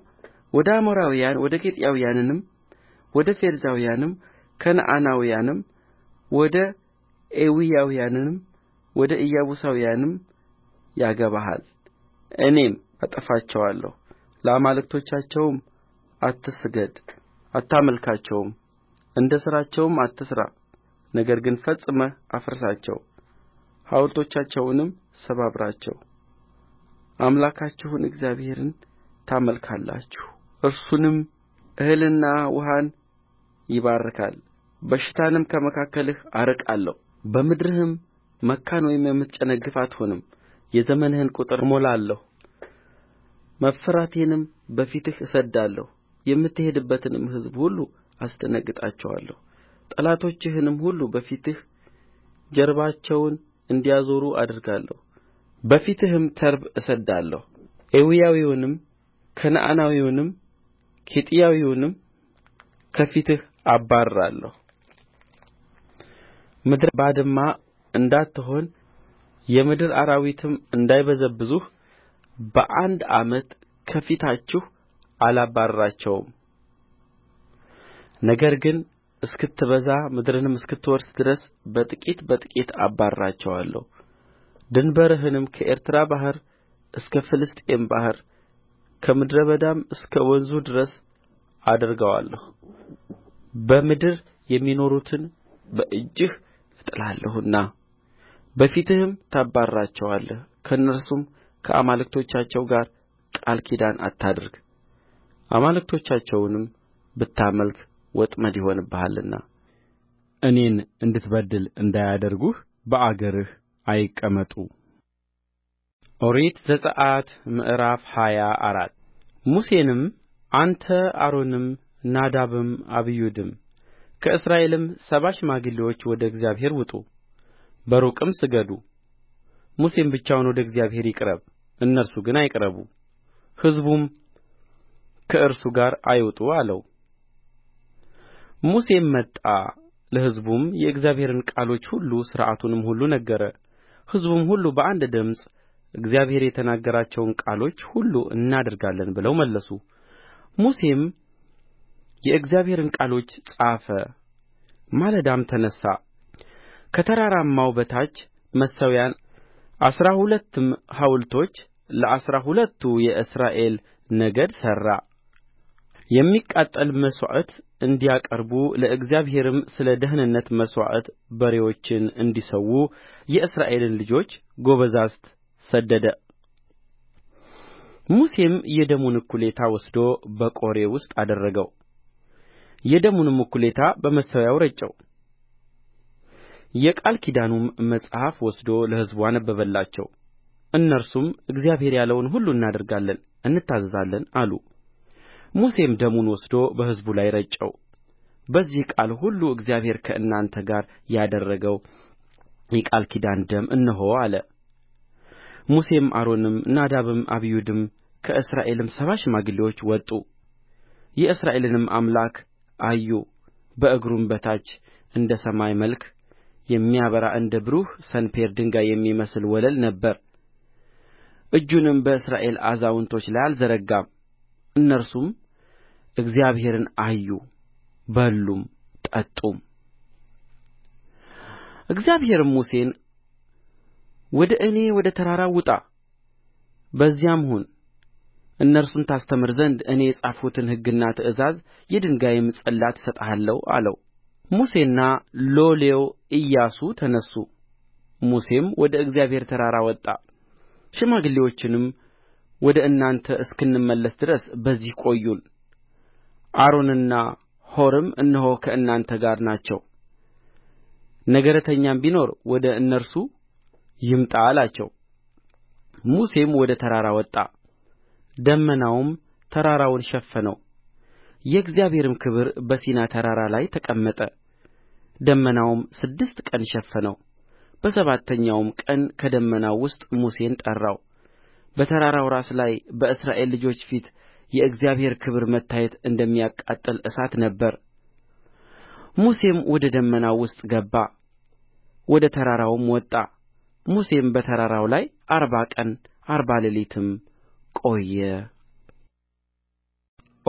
ወደ አሞራውያን ወደ ኬጢያውያንም ወደ ፌርዛውያንም ከነዓናውያንም ወደ ኤዊያውያንም ወደ ኢያቡሳውያንም ያገባሃል እኔም አጠፋቸዋለሁ ለአማልክቶቻቸውም አትስገድ አታመልካቸውም እንደ ሥራቸውም አትሥራ ነገር ግን ፈጽመህ አፍርሳቸው ሐውልቶቻቸውንም ሰባብራቸው አምላካችሁን እግዚአብሔርን ታመልካላችሁ እርሱንም እህልና ውኃን ይባርካል በሽታንም ከመካከልህ አርቃለሁ በምድርህም መካን ወይም የምትጨነግፍ አትሆንም የዘመንህን ቍጥር እሞላለሁ መፈራቴንም በፊትህ እሰድዳለሁ የምትሄድበትንም ሕዝብ ሁሉ አስደነግጣቸዋለሁ ጠላቶችህንም ሁሉ በፊትህ ጀርባቸውን እንዲያዞሩ አደርጋለሁ በፊትህም ተርብ እሰድዳለሁ ኤዊያዊውንም ከነዓናዊውንም ኬጢያዊውንም ከፊትህ አባርራለሁ ምድር ባድማ እንዳትሆን የምድር አራዊትም እንዳይበዘብዙህ በአንድ ዓመት ከፊታችሁ አላባርራቸውም። ነገር ግን እስክትበዛ ምድርንም እስክትወርስ ድረስ በጥቂት በጥቂት አባርራቸዋለሁ ድንበርህንም ከኤርትራ ባሕር እስከ ፍልስጥኤም ባሕር ከምድረ በዳም እስከ ወንዙ ድረስ አደርገዋለሁ በምድር የሚኖሩትን በእጅህ እጥላለሁና በፊትህም ታባርራቸዋለህ ከእነርሱም ከአማልክቶቻቸው ጋር ቃል ኪዳን አታድርግ አማልክቶቻቸውንም ብታመልክ ወጥመድ ይሆንብሃልና እኔን እንድትበድል እንዳያደርጉህ በአገርህ አይቀመጡ ኦሪት ዘጽአት ምዕራፍ ሃያ አራት ሙሴንም አንተ አሮንም ናዳብም አብዩድም ከእስራኤልም ሰባ ሽማግሌዎች ወደ እግዚአብሔር ውጡ በሩቅም ስገዱ ሙሴም ብቻውን ወደ እግዚአብሔር ይቅረብ እነርሱ ግን አይቅረቡ ሕዝቡም ከእርሱ ጋር አይውጡ አለው ሙሴም መጣ ለሕዝቡም የእግዚአብሔርን ቃሎች ሁሉ ሥርዓቱንም ሁሉ ነገረ ሕዝቡም ሁሉ በአንድ ድምፅ እግዚአብሔር የተናገራቸውን ቃሎች ሁሉ እናደርጋለን ብለው መለሱ ሙሴም የእግዚአብሔርን ቃሎች ጻፈ ማለዳም ተነሣ ከተራራማው በታች መሠዊያን አሥራ ሁለትም ሐውልቶች ለአሥራ ሁለቱ የእስራኤል ነገድ ሠራ የሚቃጠል መሥዋዕት እንዲያቀርቡ ለእግዚአብሔርም ስለ ደኅንነት መሥዋዕት በሬዎችን እንዲሠዉ የእስራኤልን ልጆች ጐበዛዝት ሰደደ ሙሴም የደሙን እኵሌታ ወስዶ በቆሬ ውስጥ አደረገው የደሙንም እኵሌታ በመሠዊያው ረጨው የቃል ኪዳኑንም መጽሐፍ ወስዶ ለሕዝቡ አነበበላቸው እነርሱም እግዚአብሔር ያለውን ሁሉ እናደርጋለን እንታዘዛለን አሉ ሙሴም ደሙን ወስዶ በሕዝቡ ላይ ረጨው በዚህ ቃል ሁሉ እግዚአብሔር ከእናንተ ጋር ያደረገው የቃል ኪዳን ደም እነሆ አለ ሙሴም አሮንም ናዳብም አብዩድም ከእስራኤልም ሰባ ሽማግሌዎች ወጡ የእስራኤልንም አምላክ አዩ በእግሩም በታች እንደ ሰማይ መልክ የሚያበራ እንደ ብሩህ ሰንፔር ድንጋይ የሚመስል ወለል ነበረ እጁንም በእስራኤል አዛውንቶች ላይ አልዘረጋም እነርሱም እግዚአብሔርን አዩ በሉም ጠጡም እግዚአብሔርም ሙሴን ወደ እኔ ወደ ተራራው ውጣ በዚያም ሁን እነርሱን ታስተምር ዘንድ እኔ የጻፍሁትን ሕግና ትእዛዝ የድንጋይም ጽላት እሰጥሃለሁ አለው ሙሴና ሎሌው ኢያሱ ተነሡ ሙሴም ወደ እግዚአብሔር ተራራ ወጣ ሽማግሌዎችንም ወደ እናንተ እስክንመለስ ድረስ በዚህ ቆዩን አሮንና ሖርም እነሆ ከእናንተ ጋር ናቸው ነገረተኛም ቢኖር ወደ እነርሱ ይምጣ አላቸው ሙሴም ወደ ተራራ ወጣ ደመናውም ተራራውን ሸፈነው የእግዚአብሔርም ክብር በሲና ተራራ ላይ ተቀመጠ ደመናውም ስድስት ቀን ሸፈነው በሰባተኛውም ቀን ከደመናው ውስጥ ሙሴን ጠራው በተራራው ራስ ላይ በእስራኤል ልጆች ፊት የእግዚአብሔር ክብር መታየት እንደሚያቃጥል እሳት ነበረ ሙሴም ወደ ደመናው ውስጥ ገባ ወደ ተራራውም ወጣ ሙሴም በተራራው ላይ አርባ ቀን አርባ ሌሊትም ቆየ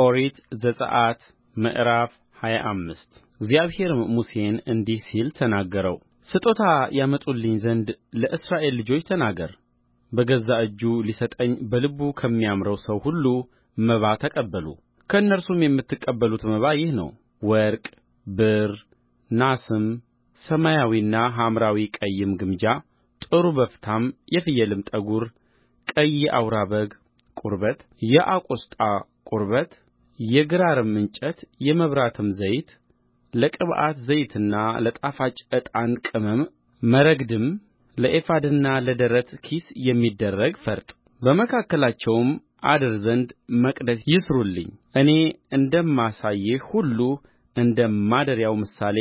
ኦሪት ዘጽአት ምዕራፍ ሃያ አምስት እግዚአብሔርም ሙሴን እንዲህ ሲል ተናገረው ስጦታ ያመጡልኝ ዘንድ ለእስራኤል ልጆች ተናገር በገዛ እጁ ሊሰጠኝ በልቡ ከሚያምረው ሰው ሁሉ መባ ተቀበሉ ከእነርሱም የምትቀበሉት መባ ይህ ነው ወርቅ ብር ናስም ሰማያዊና ሐምራዊ ቀይም ግምጃ ጥሩ በፍታም የፍየልም ጠጕር ቀይ የአውራ በግ ቁርበት የአቆስጣ ቁርበት የግራርም እንጨት የመብራትም ዘይት ለቅብዓት ዘይትና ለጣፋጭ ዕጣን ቅመም መረግድም ለኤፉድና ለደረት ኪስ የሚደረግ ፈርጥ በመካከላቸውም አድር ዘንድ መቅደስ ይሥሩልኝ እኔ እንደማሳይህ ሁሉ እንደ ማደሪያው ምሳሌ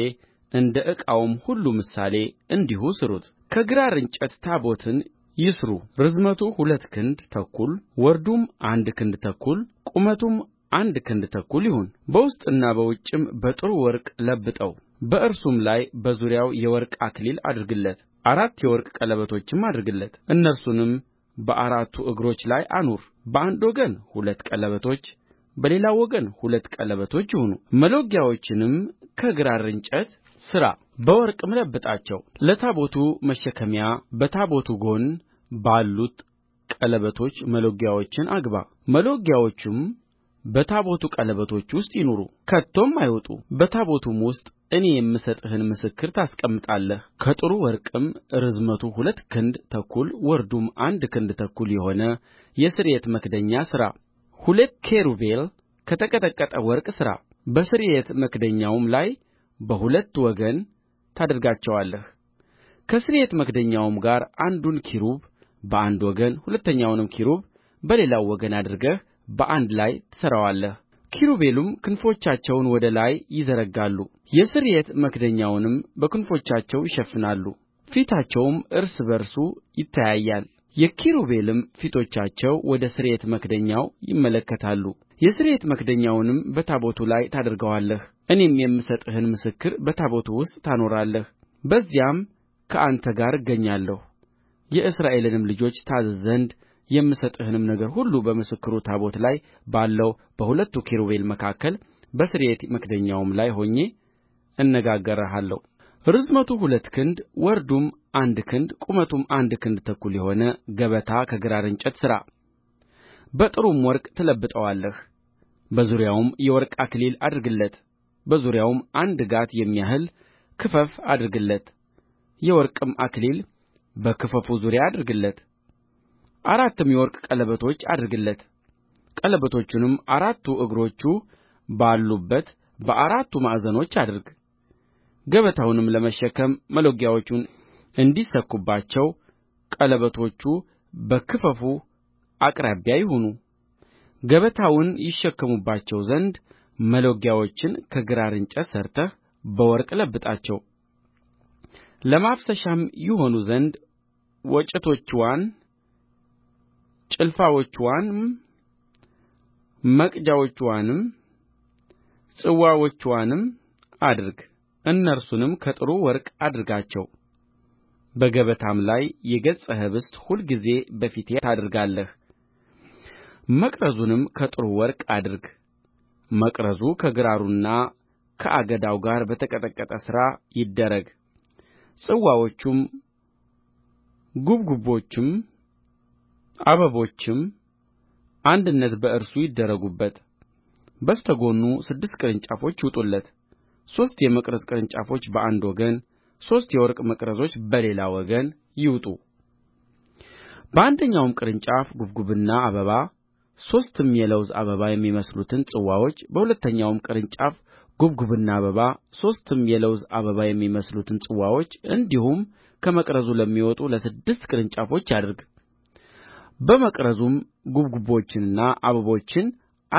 እንደ ዕቃውም ሁሉ ምሳሌ እንዲሁ ሥሩት ከግራር እንጨት ታቦትን ይሥሩ ርዝመቱ ሁለት ክንድ ተኩል ወርዱም አንድ ክንድ ተኩል ቁመቱም አንድ ክንድ ተኩል ይሁን በውስጥና በውጭም በጥሩ ወርቅ ለብጠው በእርሱም ላይ በዙሪያው የወርቅ አክሊል አድርግለት አራት የወርቅ ቀለበቶችም አድርግለት እነርሱንም በአራቱ እግሮቹ ላይ አኑር በአንድ ወገን ሁለት ቀለበቶች በሌላው ወገን ሁለት ቀለበቶች ይሁኑ መሎጊያዎቹንም ከግራር እንጨት ሥራ በወርቅም ለብጣቸው ለታቦቱ መሸከሚያ በታቦቱ ጎን ባሉት ቀለበቶች መሎጊያዎቹን አግባ መሎጊያዎቹም በታቦቱ ቀለበቶች ውስጥ ይኑሩ ከቶም አይውጡ በታቦቱም ውስጥ እኔ የምሰጥህን ምስክር ታስቀምጣለህ ከጥሩ ወርቅም ርዝመቱ ሁለት ክንድ ተኩል ወርዱም አንድ ክንድ ተኩል የሆነ የስርየት መክደኛ ሥራ ሁለት ኪሩቤል ከተቀጠቀጠ ወርቅ ሥራ በስርየት መክደኛውም ላይ በሁለት ወገን ታደርጋቸዋለህ ከስርየት መክደኛውም ጋር አንዱን ኪሩብ በአንድ ወገን ሁለተኛውንም ኪሩብ በሌላው ወገን አድርገህ በአንድ ላይ ትሠራዋለህ ኪሩቤልም ክንፎቻቸውን ወደ ላይ ይዘረጋሉ የስርየት መክደኛውንም በክንፎቻቸው ይሸፍናሉ ፊታቸውም እርስ በርሱ ይተያያል የኪሩቤልም ፊቶቻቸው ወደ ስርየት መክደኛው ይመለከታሉ የስርየት መክደኛውንም በታቦቱ ላይ ታደርገዋለህ እኔም የምሰጥህን ምስክር በታቦቱ ውስጥ ታኖራለህ በዚያም ከአንተ ጋር እገናኛለሁ የእስራኤልንም ልጆች ታዝዝ ዘንድ የምሰጥህንም ነገር ሁሉ በምስክሩ ታቦት ላይ ባለው በሁለቱ ኪሩቤል መካከል በስርየት መክደኛውም ላይ ሆኜ እነጋገርሃለሁ ርዝመቱ ሁለት ክንድ ወርዱም አንድ ክንድ ቁመቱም አንድ ክንድ ተኩል የሆነ ገበታ ከግራር እንጨት ሥራ በጥሩም ወርቅ ትለብጠዋለህ በዙሪያውም የወርቅ አክሊል አድርግለት በዙሪያውም አንድ ጋት የሚያህል ክፈፍ አድርግለት የወርቅም አክሊል በክፈፉ ዙሪያ አድርግለት አራትም የወርቅ ቀለበቶች አድርግለት ቀለበቶቹንም አራቱ እግሮቹ ባሉበት በአራቱ ማዕዘኖች አድርግ ገበታውንም ለመሸከም መሎጊያዎቹ እንዲሰኩባቸው ቀለበቶቹ በክፈፉ አቅራቢያ ይሁኑ ገበታውን ይሸከሙባቸው ዘንድ መሎጊያዎቹን ከግራር እንጨት ሠርተህ በወርቅ ለብጣቸው ለማፍሰሻም ይሆኑ ዘንድ ወጭቶችዋን ጭልፋዎችዋንም መቅጃዎችዋንም ጽዋዎችዋንም አድርግ እነርሱንም ከጥሩ ወርቅ አድርጋቸው በገበታም ላይ የገጸ ኅብስት ሁልጊዜ በፊቴ ታደርጋለህ መቅረዙንም ከጥሩ ወርቅ አድርግ መቅረዙ ከግራሩና ከአገዳው ጋር በተቀጠቀጠ ሥራ ይደረግ ጽዋዎቹም ጉብጉቦቹም አበቦችም አንድነት በእርሱ ይደረጉበት በስተ ጎኑ ስድስት ቅርንጫፎች ይውጡለት ሦስት የመቅረዝ ቅርንጫፎች በአንድ ወገን ሦስት የወርቅ መቅረዞች በሌላ ወገን ይውጡ በአንደኛውም ቅርንጫፍ ጕብጕብና አበባ ሦስትም የለውዝ አበባ የሚመስሉትን ጽዋዎች በሁለተኛውም ቅርንጫፍ ጕብጕብና አበባ ሦስትም የለውዝ አበባ የሚመስሉትን ጽዋዎች እንዲሁም ከመቅረዙ ለሚወጡ ለስድስት ቅርንጫፎች አድርግ በመቅረዙም ጉብጉቦቹንና አበቦቹን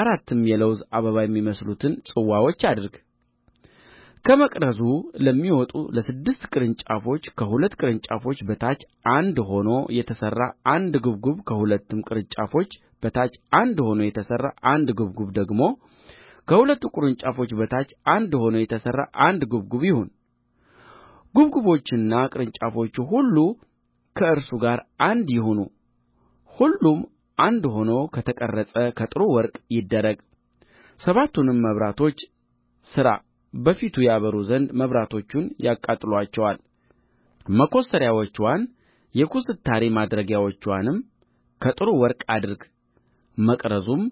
አራትም የለውዝ አበባ የሚመስሉትን ጽዋዎች አድርግ ከመቅረዙ ለሚወጡ ለስድስቱ ቅርንጫፎች ከሁለት ቅርንጫፎች በታች አንድ ሆኖ የተሠራ አንድ ጕብጕብ ከሁለትም ቅርንጫፎች በታች አንድ ሆኖ የተሠራ አንድ ጕብጕብ ደግሞ ከሁለቱ ቅርንጫፎች በታች አንድ ሆኖ የተሠራ አንድ ጕብጕብ ይሁን ጕብጕቦቹና ቅርንጫፎቹ ሁሉ ከእርሱ ጋር አንድ ይሁኑ ሁሉም አንድ ሆኖ ከተቀረጸ ከጥሩ ወርቅ ይደረግ ሰባቱንም መብራቶች ሥራ በፊቱ ያበሩ ዘንድ መብራቶቹን ያቃጥሉአቸዋል መኰስተሪያዎችዋን የኩስታሪ ማድረጊያዎችዋንም ከጥሩ ወርቅ አድርግ መቅረዙም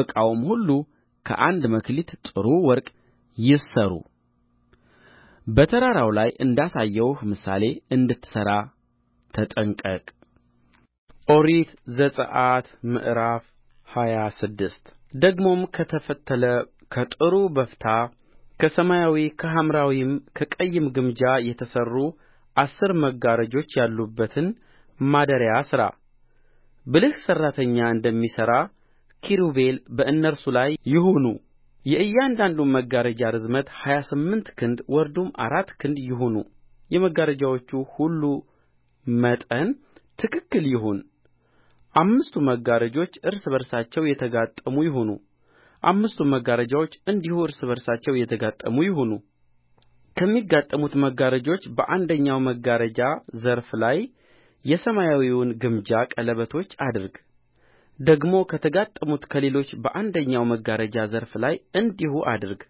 ዕቃውም ሁሉ ከአንድ መክሊት ጥሩ ወርቅ ይሠሩ በተራራው ላይ እንዳሳየሁህ ምሳሌ እንድትሠራ ተጠንቀቅ ኦሪት ዘጽአት ምዕራፍ ሃያ ስድስት ደግሞም ከተፈተለ ከጥሩ በፍታ ከሰማያዊ ከሐምራዊም ከቀይም ግምጃ የተሠሩ አሥር መጋረጆች ያሉበትን ማደሪያ ሥራ ብልህ ሠራተኛ እንደሚሠራ ኪሩቤል በእነርሱ ላይ ይሁኑ የእያንዳንዱም መጋረጃ ርዝመት ሀያ ስምንት ክንድ ወርዱም አራት ክንድ ይሁን የመጋረጆቹ ሁሉ መጠን ትክክል ይሁን አምስቱ መጋረጆች እርስ በርሳቸው የተጋጠሙ ይሁኑ አምስቱም መጋረጆች እንዲሁ እርስ በርሳቸው የተጋጠሙ ይሁኑ ከሚጋጠሙት መጋረጆች በአንደኛው መጋረጃ ዘርፍ ላይ የሰማያዊውን ግምጃ ቀለበቶች አድርግ ደግሞ ከተጋጠሙት ከሌሎች በአንደኛው መጋረጃ ዘርፍ ላይ እንዲሁ አድርግ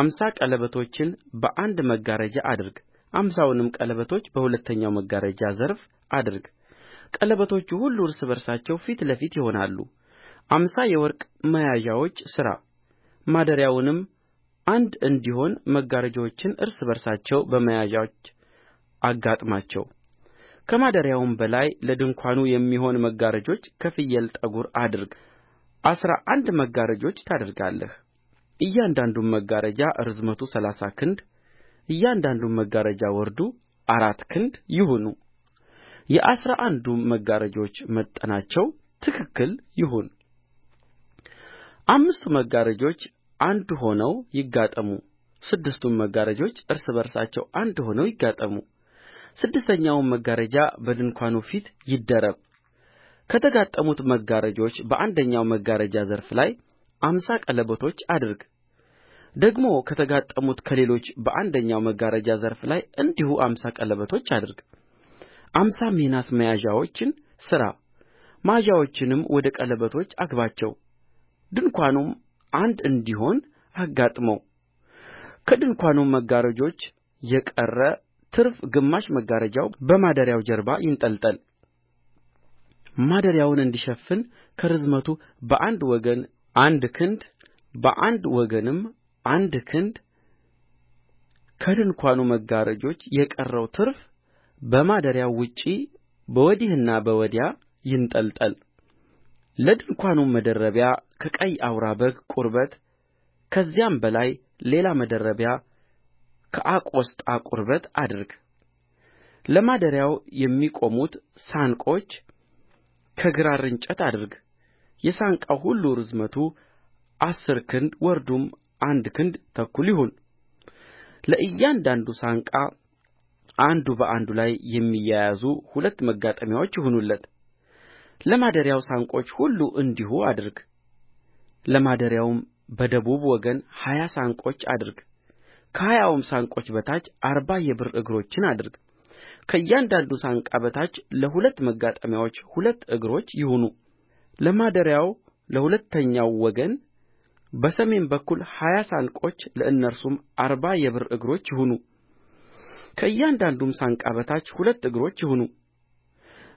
አምሳ ቀለበቶችን በአንድ መጋረጃ አድርግ አምሳውንም ቀለበቶች በሁለተኛው መጋረጃ ዘርፍ አድርግ ቀለበቶቹ ሁሉ እርስ በርሳቸው ፊት ለፊት ይሆናሉ አምሳ የወርቅ መያዣዎች ሥራ ማደሪያውንም አንድ እንዲሆን መጋረጆችን እርስ በርሳቸው በመያዣዎች አጋጥማቸው ከማደሪያውም በላይ ለድንኳኑ የሚሆኑ መጋረጆች ከፍየል ጠጕር አድርግ አሥራ አንድ መጋረጆች ታደርጋለህ እያንዳንዱም መጋረጃ ርዝመቱ ሠላሳ ክንድ እያንዳንዱም መጋረጃ ወርዱ አራት ክንድ ይሁኑ የአሥራ አንዱም መጋረጆች መጠናቸው ትክክል ይሁን አምስቱ መጋረጆች አንድ ሆነው ይጋጠሙ ስድስቱም መጋረጆች እርስ በርሳቸው አንድ ሆነው ይጋጠሙ ስድስተኛውም መጋረጃ በድንኳኑ ፊት ይደረብ ከተጋጠሙት መጋረጆች በአንደኛው መጋረጃ ዘርፍ ላይ አምሳ ቀለበቶች አድርግ ደግሞ ከተጋጠሙት ከሌሎች በአንደኛው መጋረጃ ዘርፍ ላይ እንዲሁ አምሳ ቀለበቶች አድርግ አምሳም የናስ መያዣዎችን ሥራ መያዣዎቹንም ወደ ቀለበቶች አግባቸው ድንኳኑም አንድ እንዲሆን አጋጥመው ከድንኳኑም መጋረጆች የቀረ ትርፍ ግማሽ መጋረጃው በማደሪያው ጀርባ ይንጠልጠል ማደሪያውን እንዲሸፍን ከርዝመቱ በአንድ ወገን አንድ ክንድ በአንድ ወገንም አንድ ክንድ ከድንኳኑ መጋረጆች የቀረው ትርፍ በማደሪያው ውጭ በወዲህና በወዲያ ይንጠልጠል ለድንኳኑም መደረቢያ ከቀይ አውራ በግ ቁርበት ከዚያም በላይ ሌላ መደረቢያ ከአቆስጣ ቁርበት አድርግ ለማደሪያው የሚቆሙት ሳንቆች ከግራር እንጨት አድርግ የሳንቃው ሁሉ ርዝመቱ አሥር ክንድ ወርዱም አንድ ክንድ ተኩል ይሁን ለእያንዳንዱ ሳንቃ አንዱ በአንዱ ላይ የሚያያዙ ሁለት ማጋጠሚያዎች ይሁኑለት ለማደሪያው ሳንቆች ሁሉ እንዲሁ አድርግ ለማደሪያውም በደቡብ ወገን ሀያ ሳንቆች አድርግ ከሀያውም ሳንቆች በታች አርባ የብር እግሮችን አድርግ ከእያንዳንዱ ሳንቃ በታች ለሁለት ማጋጠሚያዎች ሁለት እግሮች ይሁኑ ለማደሪያው ለሁለተኛው ወገን በሰሜን በኩል ሀያ ሳንቆች ለእነርሱም አርባ የብር እግሮች ይሁኑ ከእያንዳንዱም ሳንቃ በታች ሁለት እግሮች ይሁኑ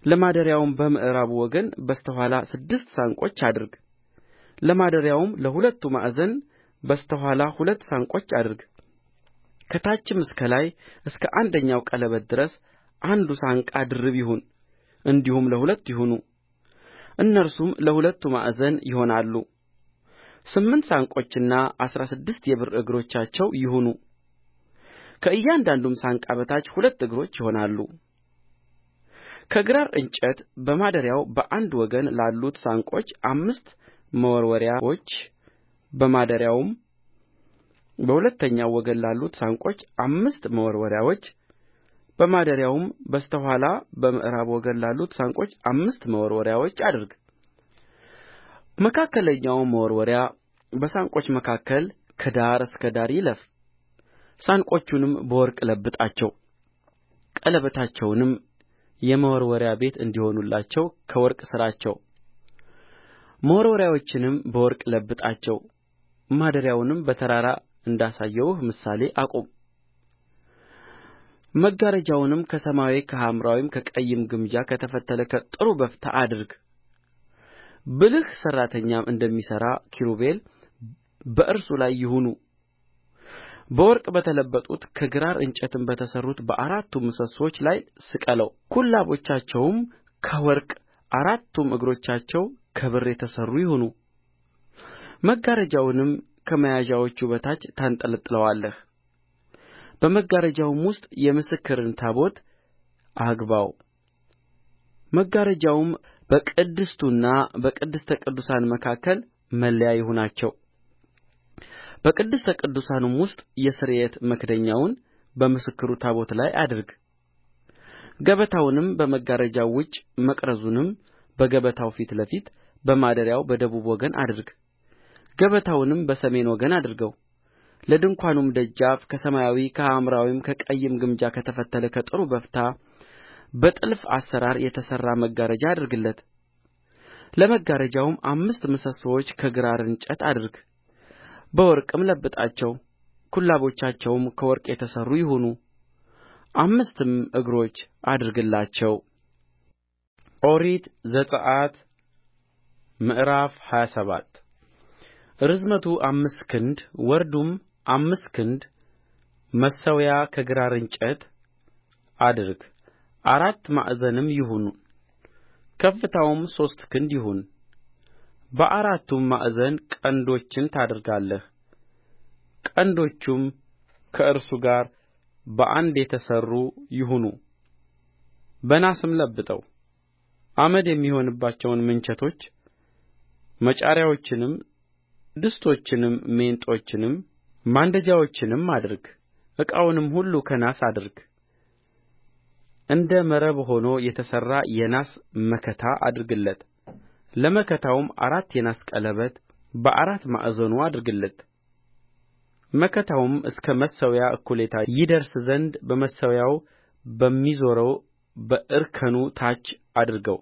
ለማደሪያውም በምዕራቡ ወገን በስተ ኋላ ስድስት ሳንቆች አድርግ ለማደሪያውም ለሁለቱ ማዕዘን በስተ ኋላ ሁለት ሳንቆች አድርግ ከታችም እስከ ላይ እስከ አንደኛው ቀለበት ድረስ አንዱ ሳንቃ ድርብ ይሁን እንዲሁም ለሁለቱ ይሁኑ እነርሱም ለሁለቱ ማዕዘን ይሆናሉ ስምንት ሳንቆችና አሥራ ስድስት የብር እግሮቻቸው ይሁኑ ከእያንዳንዱም ሳንቃ በታች ሁለት እግሮች ይሆናሉ ከግራር እንጨት በማደሪያው በአንድ ወገን ላሉት ሳንቆች አምስት መወርወሪያዎች በማደሪያውም በሁለተኛው ወገን ላሉት ሳንቆች አምስት መወርወሪያዎች በማደሪያውም በስተ ኋላ በምዕራብ ወገን ላሉት ሳንቆች አምስት መወርወሪያዎች አድርግ መካከለኛው መወርወሪያ በሳንቆች መካከል ከዳር እስከ ዳር ይለፍ ሳንቆቹንም በወርቅ ለብጣቸው ቀለበታቸውንም የመወርወሪያ ቤት እንዲሆኑላቸው ከወርቅ ሥራቸው መወርወሪያዎቹንም በወርቅ ለብጣቸው ማደሪያውንም በተራራ እንዳሳየሁህ ምሳሌ አቁም መጋረጃውንም ከሰማያዊ ከሐምራዊም ከቀይም ግምጃ ከተፈተለ ከጥሩ በፍታ አድርግ ብልህ ሠራተኛም እንደሚሠራ ኪሩቤል በእርሱ ላይ ይሁኑ በወርቅ በተለበጡት ከግራር እንጨትም በተሠሩት በአራቱ ምሰሶች ላይ ስቀለው ኩላቦቻቸውም ከወርቅ አራቱም እግሮቻቸው ከብር የተሠሩ ይሁኑ መጋረጃውንም ከመያዣዎቹ በታች ታንጠለጥለዋለህ በመጋረጃውም ውስጥ የምስክርን ታቦት አግባው መጋረጃውም በቅድስቱና በቅድስተ ቅዱሳን መካከል መለያ ይሁናቸው በቅድስተ ቅዱሳኑም ውስጥ የስርየት መክደኛውን በምስክሩ ታቦት ላይ አድርግ ገበታውንም በመጋረጃው ውጭ መቅረዙንም በገበታው ፊት ለፊት በማደሪያው በደቡብ ወገን አድርግ ገበታውንም በሰሜን ወገን አድርገው ለድንኳኑም ደጃፍ ከሰማያዊ ከሐምራዊም ከቀይም ግምጃ ከተፈተለ ከጥሩ በፍታ በጥልፍ አሠራር የተሠራ መጋረጃ አድርግለት ለመጋረጃውም አምስት ምሰሶች ከግራር እንጨት አድርግ በወርቅም ለብጣቸው ኩላቦቻቸውም ከወርቅ የተሠሩ ይሁኑ አምስትም እግሮች አድርግላቸው ኦሪት ዘጽአት ምዕራፍ ሃያ ሰባት ርዝመቱ አምስት ክንድ ወርዱም አምስት ክንድ መሠዊያ ከግራር እንጨት አድርግ አራት ማዕዘንም ይሁን ከፍታውም ሦስት ክንድ ይሁን በአራቱም ማዕዘን ቀንዶችን ታደርጋለህ ቀንዶቹም ከእርሱ ጋር በአንድ የተሠሩ ይሁኑ በናስም ለብጠው አመድ የሚሆንባቸውን ምንቸቶች መጫሪያዎችንም ድስቶችንም ሜንጦችንም ማንደጃዎችንም አድርግ ዕቃውንም ሁሉ ከናስ አድርግ እንደ መረብ ሆኖ የተሠራ የናስ መከታ አድርግለት ለመከታውም አራት የናስ ቀለበት በአራት ማዕዘኑ አድርግለት መከታውም እስከ መሠዊያው እኵሌታ ይደርስ ዘንድ በመሠዊያው በሚዞረው በእርከኑ ታች አድርገው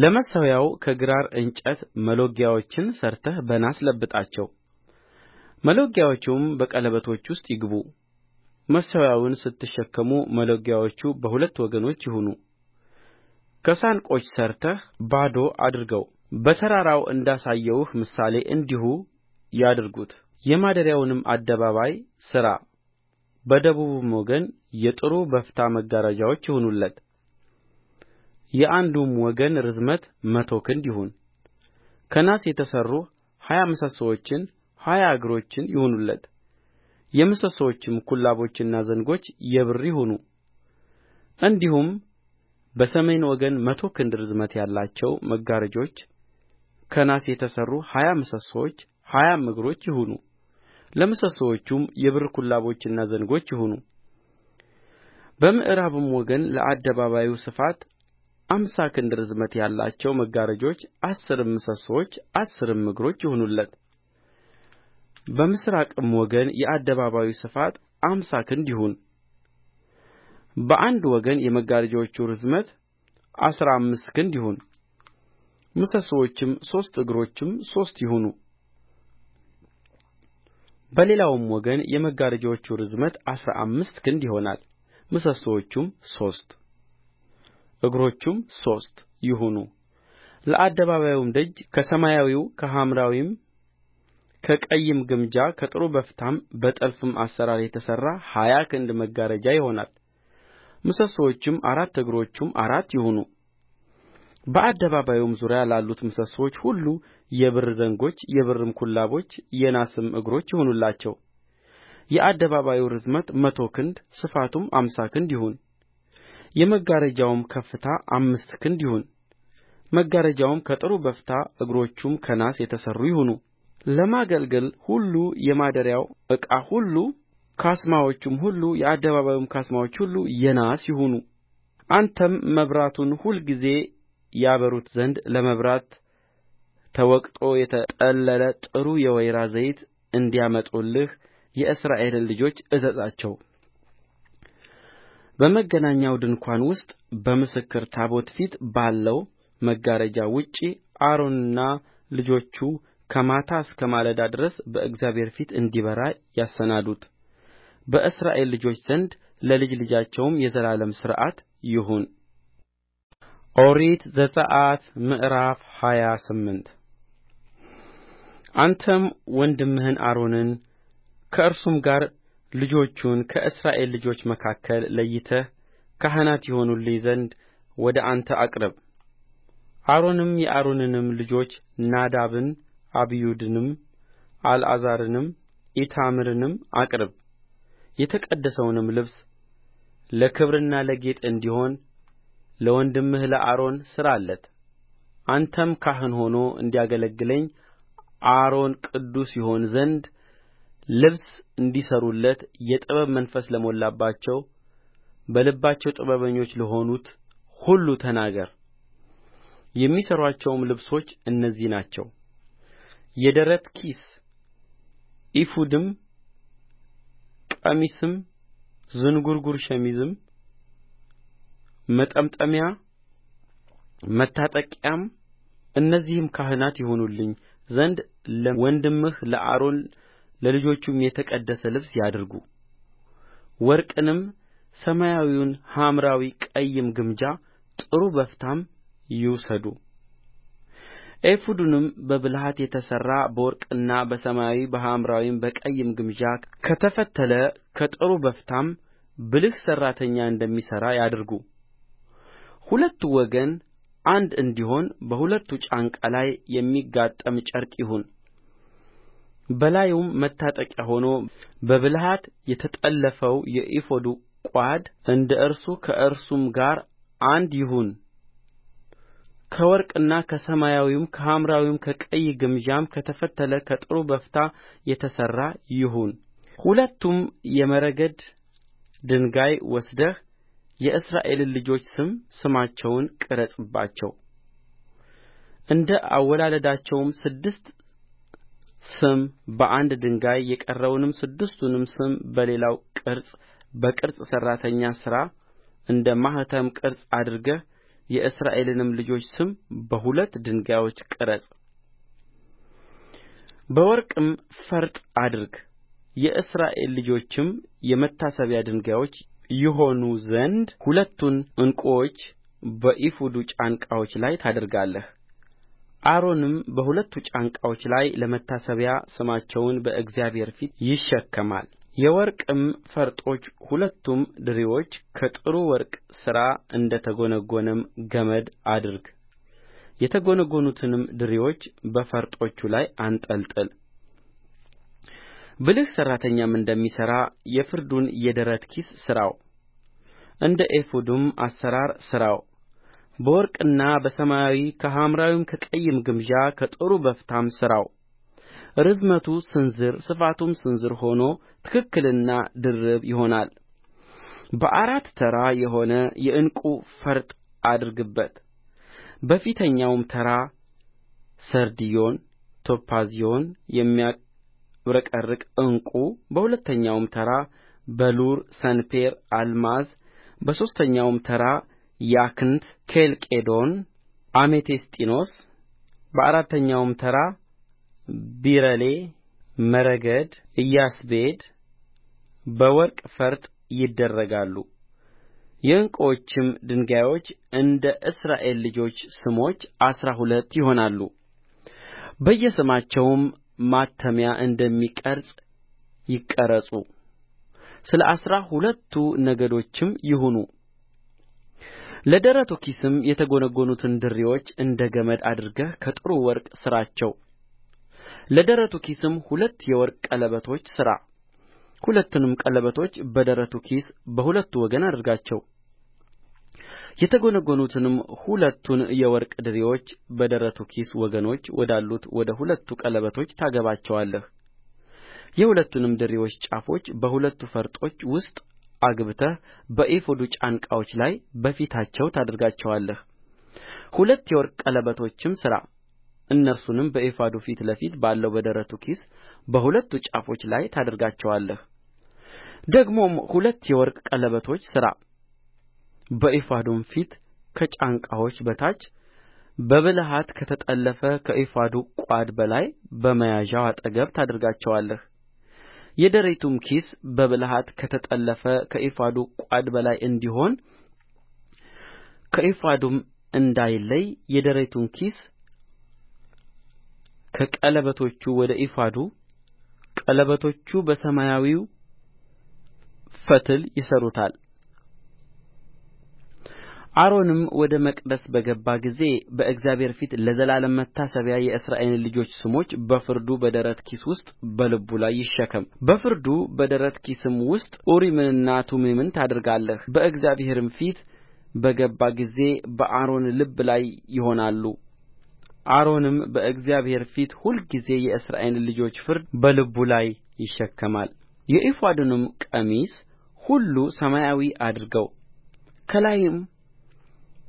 ለመሠዊያው ከግራር እንጨት መሎጊያዎችን ሠርተህ በናስ ለብጣቸው መሎጊያዎቹም በቀለበቶች ውስጥ ይግቡ መሠዊያውን ስትሸከሙ መሎጊያዎቹ በሁለት ወገኖች ይሁኑ ከሳንቆች ሠርተህ ባዶ አድርገው በተራራው እንዳሳየሁህ ምሳሌ እንዲሁ ያድርጉት የማደሪያውንም አደባባይ ሥራ በደቡብም ወገን የጥሩ በፍታ መጋረጆች ይሁኑለት የአንዱም ወገን ርዝመት መቶ ክንድ ይሁን ከናስ የተሠሩ ሀያ ምሰሶዎችን ሀያ እግሮችን ይሁኑለት የምሰሶቹም ኩላቦችና ዘንጎች የብር ይሁኑ እንዲሁም በሰሜን ወገን መቶ ክንድ ርዝመት ያላቸው መጋረጆች ከናስ የተሠሩ ሀያ ምሰሶች ሀያም እግሮች ይሁኑ ለምሰሶቹም የብር ኩላቦችና ዘንጎች ይሁኑ በምዕራብም ወገን ለአደባባዩ ስፋት አምሳ ክንድ ርዝመት ያላቸው መጋረጆች አሥርም ምሰሶች አሥርም እግሮች ይሁኑለት በምሥራቅም ወገን የአደባባዩ ስፋት አምሳ ክንድ ይሁን በአንድ ወገን የመጋረጆቹ ርዝመት አሥራ አምስት ክንድ ይሁን ምሰሶቹም ሦስት እግሮቹም ሦስት ይሁኑ በሌላውም ወገን የመጋረጆቹ ርዝመት አሥራ አምስት ክንድ ይሆናል ምሰሶቹም ሦስት እግሮቹም ሦስት ይሁኑ ለአደባባዩም ደጅ ከሰማያዊው ከሐምራዊም ከቀይም ግምጃ ከጥሩ በፍታም በጥልፍም አሠራር የተሠራ ሀያ ክንድ መጋረጃ ይሆናል ምሰሶቹም አራት እግሮቹም አራት ይሁኑ በአደባባዩም ዙሪያ ላሉት ምሰሶች ሁሉ የብር ዘንጎች የብርም ኩላቦች የናስም እግሮች ይሁኑላቸው የአደባባዩ ርዝመት መቶ ክንድ ስፋቱም አምሳ ክንድ ይሁን የመጋረጃውም ከፍታ አምስት ክንድ ይሁን መጋረጃውም ከጥሩ በፍታ እግሮቹም ከናስ የተሠሩ ይሁኑ ለማገልገል ሁሉ የማደሪያው ዕቃ ሁሉ ካስማዎቹም ሁሉ የአደባባዩም ካስማዎች ሁሉ የናስ ይሁኑ አንተም መብራቱን ሁልጊዜ ያበሩት ዘንድ ለመብራት ተወቅጦ የተጠለለ ጥሩ የወይራ ዘይት እንዲያመጡልህ የእስራኤልን ልጆች እዘዛቸው በመገናኛው ድንኳን ውስጥ በምስክር ታቦት ፊት ባለው መጋረጃ ውጭ አሮንና ልጆቹ ከማታ እስከ ማለዳ ድረስ በእግዚአብሔር ፊት እንዲበራ ያሰናዱት በእስራኤል ልጆች ዘንድ ለልጅ ልጃቸው የዘላለም ሥርዓት ይሁን ኦሪት ዘጽአት ምዕራፍ ሃያ ስምንት አንተም ወንድምህን አሮንን ከእርሱም ጋር ልጆቹን ከእስራኤል ልጆች መካከል ለይተህ ካህናት ይሆኑልኝ ዘንድ ወደ አንተ አቅርብ አሮንም የአሮንንም ልጆች ናዳብን አብዩድንም አልዓዛርንም ኢታምርንም አቅርብ የተቀደሰውንም ልብስ ለክብርና ለጌጥ እንዲሆን ለወንድምህ ለአሮን ሥራለት አንተም ካህን ሆኖ እንዲያገለግለኝ አሮን ቅዱስ ይሆን ዘንድ ልብስ እንዲሠሩለት የጥበብ መንፈስ ለሞላባቸው በልባቸው ጥበበኞች ለሆኑት ሁሉ ተናገር የሚሠሩአቸውም ልብሶች እነዚህ ናቸው የደረት ኪስ ኤፉድም ቀሚስም ዝንጕርጕር ሸሚዝም መጠምጠሚያ መታጠቂያም እነዚህም ካህናት ይሆኑልኝ ዘንድ ለወንድምህ ለአሮን ለልጆቹም የተቀደሰ ልብስ ያድርጉ ወርቅንም ሰማያዊና ሐምራዊ ቀይም ግምጃ ጥሩ በፍታም ይውሰዱ ኤፉዱንም በብልሃት የተሠራ በወርቅና በሰማያዊ በሐምራዊም በቀይም ግምጃ ከተፈተለ ከጥሩ በፍታም ብልህ ሠራተኛ እንደሚሠራ ያድርጉ ሁለቱ ወገን አንድ እንዲሆን በሁለቱ ጫንቃ ላይ የሚጋጠም ጨርቅ ይሁን በላዩም መታጠቂያ ሆኖ በብልሃት የተጠለፈው የኤፉዱ ቋድ እንደ እርሱ ከእርሱም ጋር አንድ ይሁን ከወርቅና ከሰማያዊ ከሐምራዊ ከቀይ ግምጃም ከተፈተለ ከጥሩ በፍታ የተሠራ ይሁን ሁለቱም የመረግድ ድንጋይ ወስደህ የእስራኤልን ልጆች ስም ስማቸውን ቅረጽባቸው እንደ አወላለዳቸው ስድስት ስም በአንድ ድንጋይ የቀረውንም ስድስቱንም ስም በሌላው ቅርጽ በቅርጽ ሠራተኛ ሥራ እንደ ማኅተም ቅርጽ አድርገህ የእስራኤልንም ልጆች ስም በሁለት ድንጋዮች ቅረጽ በወርቅም ፈርጥ አድርግ የእስራኤል ልጆችም የመታሰቢያ ድንጋዮች ይሆኑ ዘንድ ሁለቱን ዕንቍዎች በኤፉዱ ጫንቃዎች ላይ ታደርጋለህ አሮንም በሁለቱ ጫንቃዎች ላይ ለመታሰቢያ ስማቸውን በእግዚአብሔር ፊት ይሸከማል የወርቅም ፈርጦች ሁለቱም ድሪዎች ከጥሩ ወርቅ ሥራ እንደ ተጐነጐነም ገመድ አድርግ የተጐነጐኑትንም ድሪዎች በፈርጦቹ ላይ አንጠልጥል ብልህ ሠራተኛም እንደሚሠራ የፍርዱን የደረት ኪስ ሥራው እንደ ኤፉዱም አሠራር ሥራው በወርቅና በሰማያዊ ከሐምራዊም ከቀይም ግምጃ ከጥሩ በፍታም ሥራው ርዝመቱ ስንዝር ስፋቱም ስንዝር ሆኖ ትክክልና ድርብ ይሆናል በአራት ተራ የሆነ የዕንቍ ፈርጥ አድርግበት በፊተኛውም ተራ ሰርድዮን ቶጳዝዮን የሚያብረቀርቅ ዕንቍ በሁለተኛውም ተራ በሉር ሰንፔር አልማዝ በሦስተኛውም ተራ ያክንት ኬልቄዶን አሜቴስጢኖስ በአራተኛውም ተራ ቢረሌ መረግድ ኢያስጲድ በወርቅ ፈርጥ ይደረጋሉ የዕንቈቹም ድንጋዮች እንደ እስራኤል ልጆች ስሞች አሥራ ሁለት ይሆናሉ በየስማቸውም ማተሚያ እንደሚቀረጽ ይቀረጹ ስለ አሥራ ሁለቱ ነገዶችም ይሁኑ ለደረቱ ኪስም የተጐነጐኑትን ድሪዎች እንደ ገመድ አድርገህ ከጥሩ ወርቅ ሥራቸው ለደረቱ ኪስም ሁለት የወርቅ ቀለበቶች ሥራ ሁለቱንም ቀለበቶች በደረቱ ኪስ በሁለቱ ወገን አድርጋቸው የተጐነጐኑትንም ሁለቱን የወርቅ ድሪዎች በደረቱ ኪስ ወገኖች ወዳሉት ወደ ሁለቱ ቀለበቶች ታገባቸዋለህ የሁለቱንም ድሪዎች ጫፎች በሁለቱ ፈርጦች ውስጥ አግብተህ በኤፉዱ ጫንቃዎች ላይ በፊታቸው ታደርጋቸዋለህ ሁለት የወርቅ ቀለበቶችም ሥራ እነርሱንም በኤፉዱ ፊት ለፊት ባለው በደረቱ ኪስ በሁለቱ ጫፎች ላይ ታደርጋቸዋለህ ደግሞም ሁለት የወርቅ ቀለበቶች ሥራ በኤፉዱም ፊት ከጫንቃዎች በታች በብልሃት ከተጠለፈ ከኤፉዱ ቋድ በላይ በመያዣው አጠገብ ታደርጋቸዋለህ የደረቱም ኪስ በብልሃት ከተጠለፈ ከኤፉዱ ቋድ በላይ እንዲሆን ከኤፉዱም እንዳይለይ የደረቱን ኪስ ከቀለበቶቹ ወደ ኤፉዱ ቀለበቶቹ በሰማያዊ ፈትል ይሠሩታል አሮንም ወደ መቅደስ በገባ ጊዜ በእግዚአብሔር ፊት ለዘላለም መታሰቢያ የእስራኤልን ልጆች ስሞች በፍርዱ በደረት ኪስ ውስጥ በልቡ ላይ ይሸከም በፍርዱ በደረት ኪስም ውስጥ ኡሪምንና ቱሚምን ታደርጋለህ በእግዚአብሔርም ፊት በገባ ጊዜ በአሮን ልብ ላይ ይሆናሉ አሮንም በእግዚአብሔር ፊት ሁልጊዜ የእስራኤልን ልጆች ፍርድ በልቡ ላይ ይሸከማል የኤፉዱንም ቀሚስ ሁሉ ሰማያዊ አድርገው ከላይም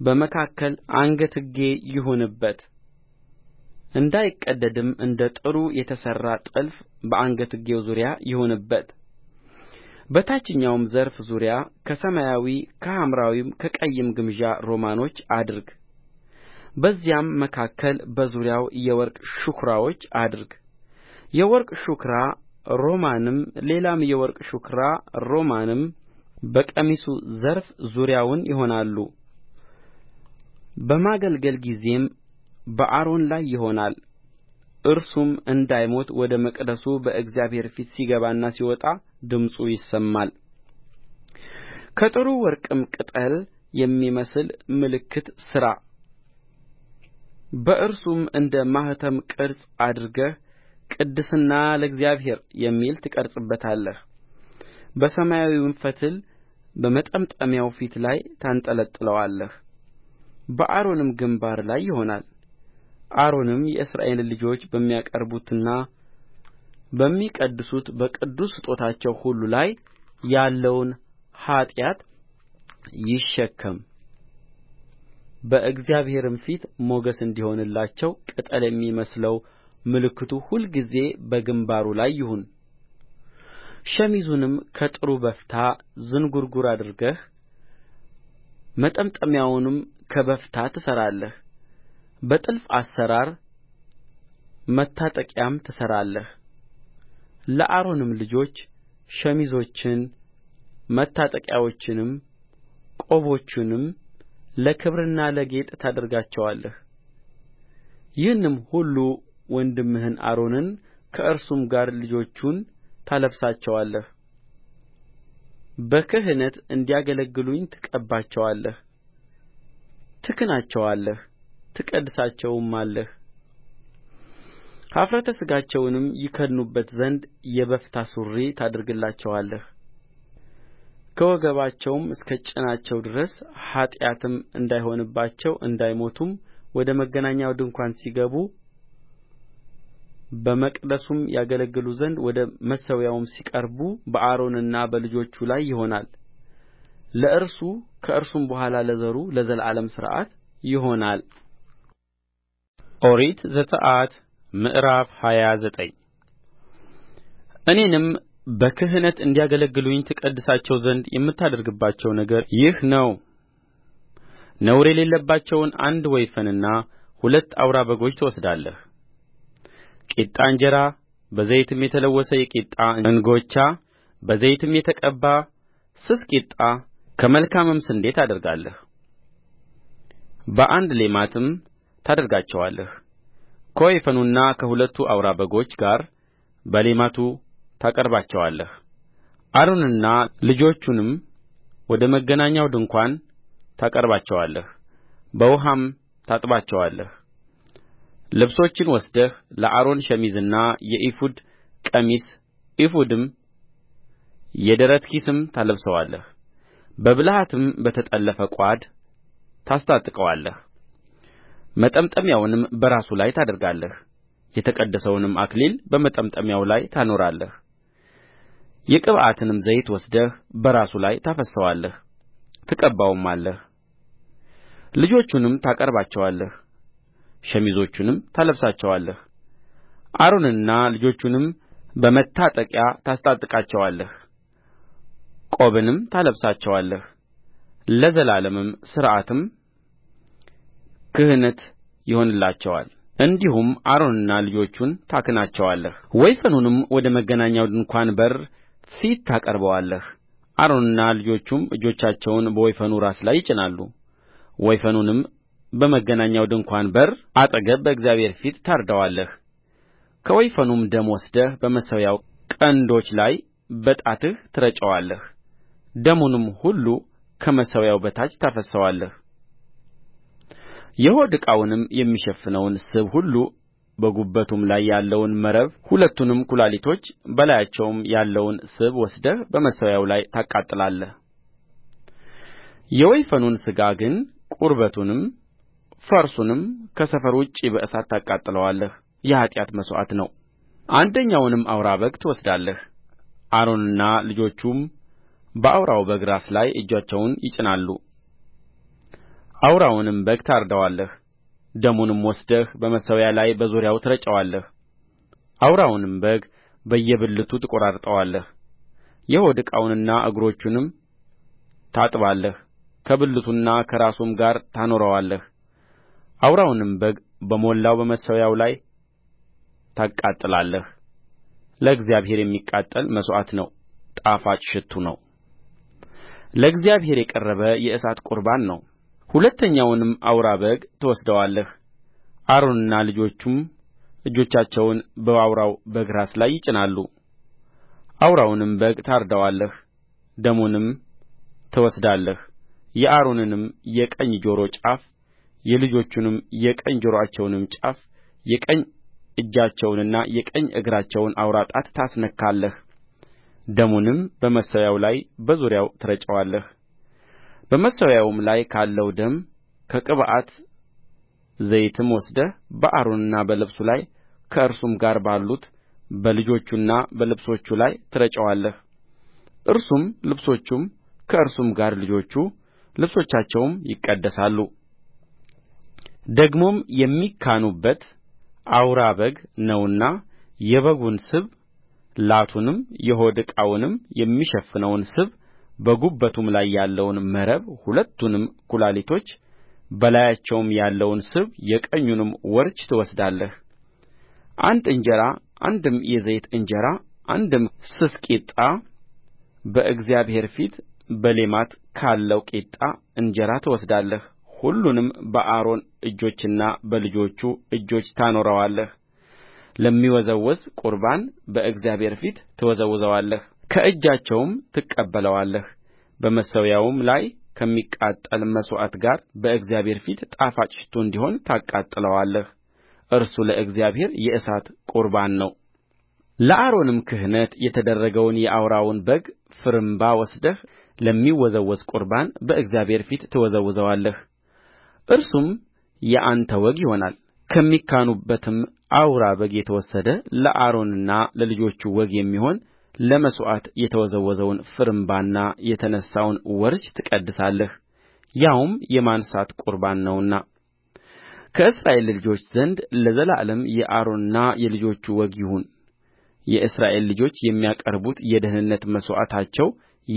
በመካከል አንገትጌ ይሁንበት እንዳይቀደድም እንደ ጥሩ የተሠራ ጥልፍ በአንገትጌው ዙሪያ ይሁንበት በታችኛውም ዘርፍ ዙሪያ ከሰማያዊ ከሐምራዊም ከቀይም ግምጃ ሮማኖች አድርግ በዚያም መካከል በዙሪያው የወርቅ ሻኵራዎች አድርግ የወርቅ ሻኵራ ሮማንም ሌላም የወርቅ ሻኵራ ሮማንም በቀሚሱ ዘርፍ ዙሪያውን ይሆናሉ በማገልገል ጊዜም በአሮን ላይ ይሆናል እርሱም እንዳይሞት ወደ መቅደሱ በእግዚአብሔር ፊት ሲገባና ሲወጣ ድምፁ ይሰማል ከጥሩ ወርቅም ቅጠል የሚመስል ምልክት ሥራ በእርሱም እንደ ማኅተም ቅርጽ አድርገህ ቅድስና ለእግዚአብሔር የሚል ትቀርጽበታለህ በሰማያዊም ፈትል በመጠምጠሚያው ፊት ላይ ታንጠለጥለዋለህ በአሮንም ግምባር ላይ ይሆናል አሮንም የእስራኤልን ልጆች በሚያቀርቡትና በሚቀድሱት በቅዱስ ስጦታቸው ሁሉ ላይ ያለውን ኃጢአት ይሸከም በእግዚአብሔርም ፊት ሞገስ እንዲሆንላቸው ቅጠል የሚመስለው ምልክቱ ሁልጊዜ በግምባሩ ላይ ይሁን ሸሚዙንም ከጥሩ በፍታ ዝንጕርጕር አድርገህ መጠምጠሚያውንም ከበፍታ ትሠራለህ በጥልፍ አሠራር መታጠቂያም ትሠራለህ ለአሮንም ልጆች ሸሚዞችን መታጠቂያዎቹንም ቆቦቹንም ለክብርና ለጌጥ ታደርጋቸዋለህ ይህንም ሁሉ ወንድምህን አሮንን ከእርሱም ጋር ልጆቹን ታለብሳቸዋለህ በክህነት እንዲያገለግሉኝ ትቀባቸዋለህ ትክናቸዋለህ ትቀድሳቸውማለህ ኀፍረተ ሥጋቸውንም ይከድኑበት ዘንድ የበፍታ ሱሪ ታደርግላቸዋለህ ከወገባቸውም እስከ ጭናቸው ድረስ ኃጢአትም እንዳይሆንባቸው እንዳይሞቱም ወደ መገናኛው ድንኳን ሲገቡ በመቅደሱም ያገለግሉ ዘንድ ወደ መሠዊያው ሲቀርቡ በአሮንና በልጆቹ ላይ ይሆናል ለእርሱ ከእርሱም በኋላ ለዘሩ ለዘላለም ሥርዓት ይሆናል። ኦሪት ዘጽአት ምዕራፍ ሃያ ዘጠኝ እኔንም በክህነት እንዲያገለግሉኝ ትቀድሳቸው ዘንድ የምታደርግባቸው ነገር ይህ ነው ነውር የሌለባቸውን አንድ ወይፈንና ሁለት አውራ በጎች ትወስዳለህ ቂጣ እንጀራ በዘይትም የተለወሰ የቂጣ እንጐቻ በዘይትም የተቀባ ስስ ቂጣ ከመልካምም ስንዴ ታደርጋለህ በአንድ ሌማትም ታደርጋቸዋለህ ከወይፈኑና ከሁለቱ አውራ በጎች ጋር በሌማቱ ታቀርባቸዋለህ አሮንንና ልጆቹንም ወደ መገናኛው ድንኳን ታቀርባቸዋለህ በውኃም ታጥባቸዋለህ ልብሶችን ወስደህ ለአሮን ሸሚዝና የኤፉድ ቀሚስ ኤፉድም የደረት ኪስም ታለብሰዋለህ በብልሃትም በተጠለፈ ቋድ ታስታጥቀዋለህ መጠምጠሚያውንም በራሱ ላይ ታደርጋለህ የተቀደሰውንም አክሊል በመጠምጠሚያው ላይ ታኖራለህ የቅብዓትንም ዘይት ወስደህ በራሱ ላይ ታፈስሰዋለህ ትቀባውማለህ ልጆቹንም ታቀርባቸዋለህ ሸሚዞቹንም ታለብሳቸዋለህ አሮንንና ልጆቹንም በመታጠቂያ ታስታጥቃቸዋለህ ቆብንም ታለብሳቸዋለህ ለዘላለምም ሥርዓትም ክህነት ይሆንላቸዋል እንዲሁም አሮንንና ልጆቹን ታክናቸዋለህ ወይፈኑንም ወደ መገናኛው ድንኳን በር ፊት ታቀርበዋለህ አሮንና ልጆቹም እጆቻቸውን በወይፈኑ ራስ ላይ ይጭናሉ ወይፈኑንም በመገናኛው ድንኳን በር አጠገብ በእግዚአብሔር ፊት ታርደዋለህ ከወይፈኑም ደም ወስደህ በመሠዊያው ቀንዶች ላይ በጣትህ ትረጨዋለህ ደሙንም ሁሉ ከመሠዊያው በታች ታፈስሰዋለህ የሆድ ዕቃውንም የሚሸፍነውን ስብ ሁሉ በጉበቱም ላይ ያለውን መረብ ሁለቱንም ኵላሊቶች በላያቸውም ያለውን ስብ ወስደህ በመሠዊያው ላይ ታቃጥላለህ የወይፈኑን ሥጋ ግን ቁርበቱንም ፈርሱንም ከሰፈር ውጭ በእሳት ታቃጥለዋለህ የኃጢአት መሥዋዕት ነው አንደኛውንም አውራ በግ ትወስዳለህ አሮንና ልጆቹም በአውራው በግ ራስ ላይ እጆቻቸውን ይጭናሉ አውራውንም በግ ታርደዋለህ ደሙንም ወስደህ በመሠዊያው ላይ በዙሪያው ትረጨዋለህ አውራውንም በግ በየብልቱ ትቈራርጠዋለህ። የሆድ ዕቃውንና እግሮቹንም ታጥባለህ ከብልቱና ከራሱም ጋር ታኖረዋለህ አውራውንም በግ በሞላው በመሠዊያው ላይ ታቃጥላለህ ለእግዚአብሔር የሚቃጠል መሥዋዕት ነው፣ ጣፋጭ ሽቱ ነው፣ ለእግዚአብሔር የቀረበ የእሳት ቁርባን ነው። ሁለተኛውንም አውራ በግ ትወስደዋለህ አሮንና ልጆቹም እጆቻቸውን በአውራው በግ ራስ ላይ ይጭናሉ አውራውንም በግ ታርደዋለህ ደሙንም ትወስዳለህ የአሮንንም የቀኝ ጆሮ ጫፍ የልጆቹንም የቀኝ ጆሮአቸውን ጫፍ የቀኝ እጃቸውንና የቀኝ እግራቸውን አውራ ጣት ታስነካለህ ደሙንም በመሠዊያው ላይ በዙሪያው ትረጨዋለህ በመሠዊያውም ላይ ካለው ደም ከቅብዓት ዘይትም ወስደህ በአሮንና በልብሱ ላይ ከእርሱም ጋር ባሉት በልጆቹና በልብሶቹ ላይ ትረጨዋለህ እርሱም ልብሶቹም ከእርሱም ጋር ልጆቹ ልብሶቻቸውም ይቀደሳሉ። ደግሞም የሚካኑበት አውራ በግ ነውና የበጉን ስብ ላቱንም የሆድ ዕቃውንም የሚሸፍነውን ስብ በጉበቱም ላይ ያለውን መረብ ሁለቱንም ኵላሊቶች በላያቸውም ያለውን ስብ የቀኙንም ወርች ትወስዳለህ አንድ እንጀራ አንድም የዘይት እንጀራ አንድም ስስ ቂጣ በእግዚአብሔር ፊት በሌማት ካለው ቂጣ እንጀራ ትወስዳለህ ሁሉንም በአሮን እጆችና በልጆቹ እጆች ታኖረዋለህ ለሚወዘወዝ ቍርባን በእግዚአብሔር ፊት ትወዘውዘዋለህ ከእጃቸውም ትቀበለዋለህ በመሠዊያውም ላይ ከሚቃጠል መሥዋዕት ጋር በእግዚአብሔር ፊት ጣፋጭ ሽቱ እንዲሆን ታቃጥለዋለህ እርሱ ለእግዚአብሔር የእሳት ቍርባን ነው ለአሮንም ክህነት የተደረገውን የአውራውን በግ ፍርምባ ወስደህ ለሚወዘወዝ ቍርባን በእግዚአብሔር ፊት ትወዘውዘዋለህ እርሱም የአንተ ወግ ይሆናል ከሚካኑበትም አውራ በግ የተወሰደ ለአሮንና ለልጆቹ ወግ የሚሆን ለመሥዋዕት የተወዘወዘውን ፍርምባና የተነሣውን ወርች ትቀድሳለህ ያውም የማንሣት ቍርባን ነውና ከእስራኤል ልጆች ዘንድ ለዘላለም የአሮንና የልጆቹ ወግ ይሁን የእስራኤል ልጆች የሚያቀርቡት የደኅንነት መሥዋዕታቸው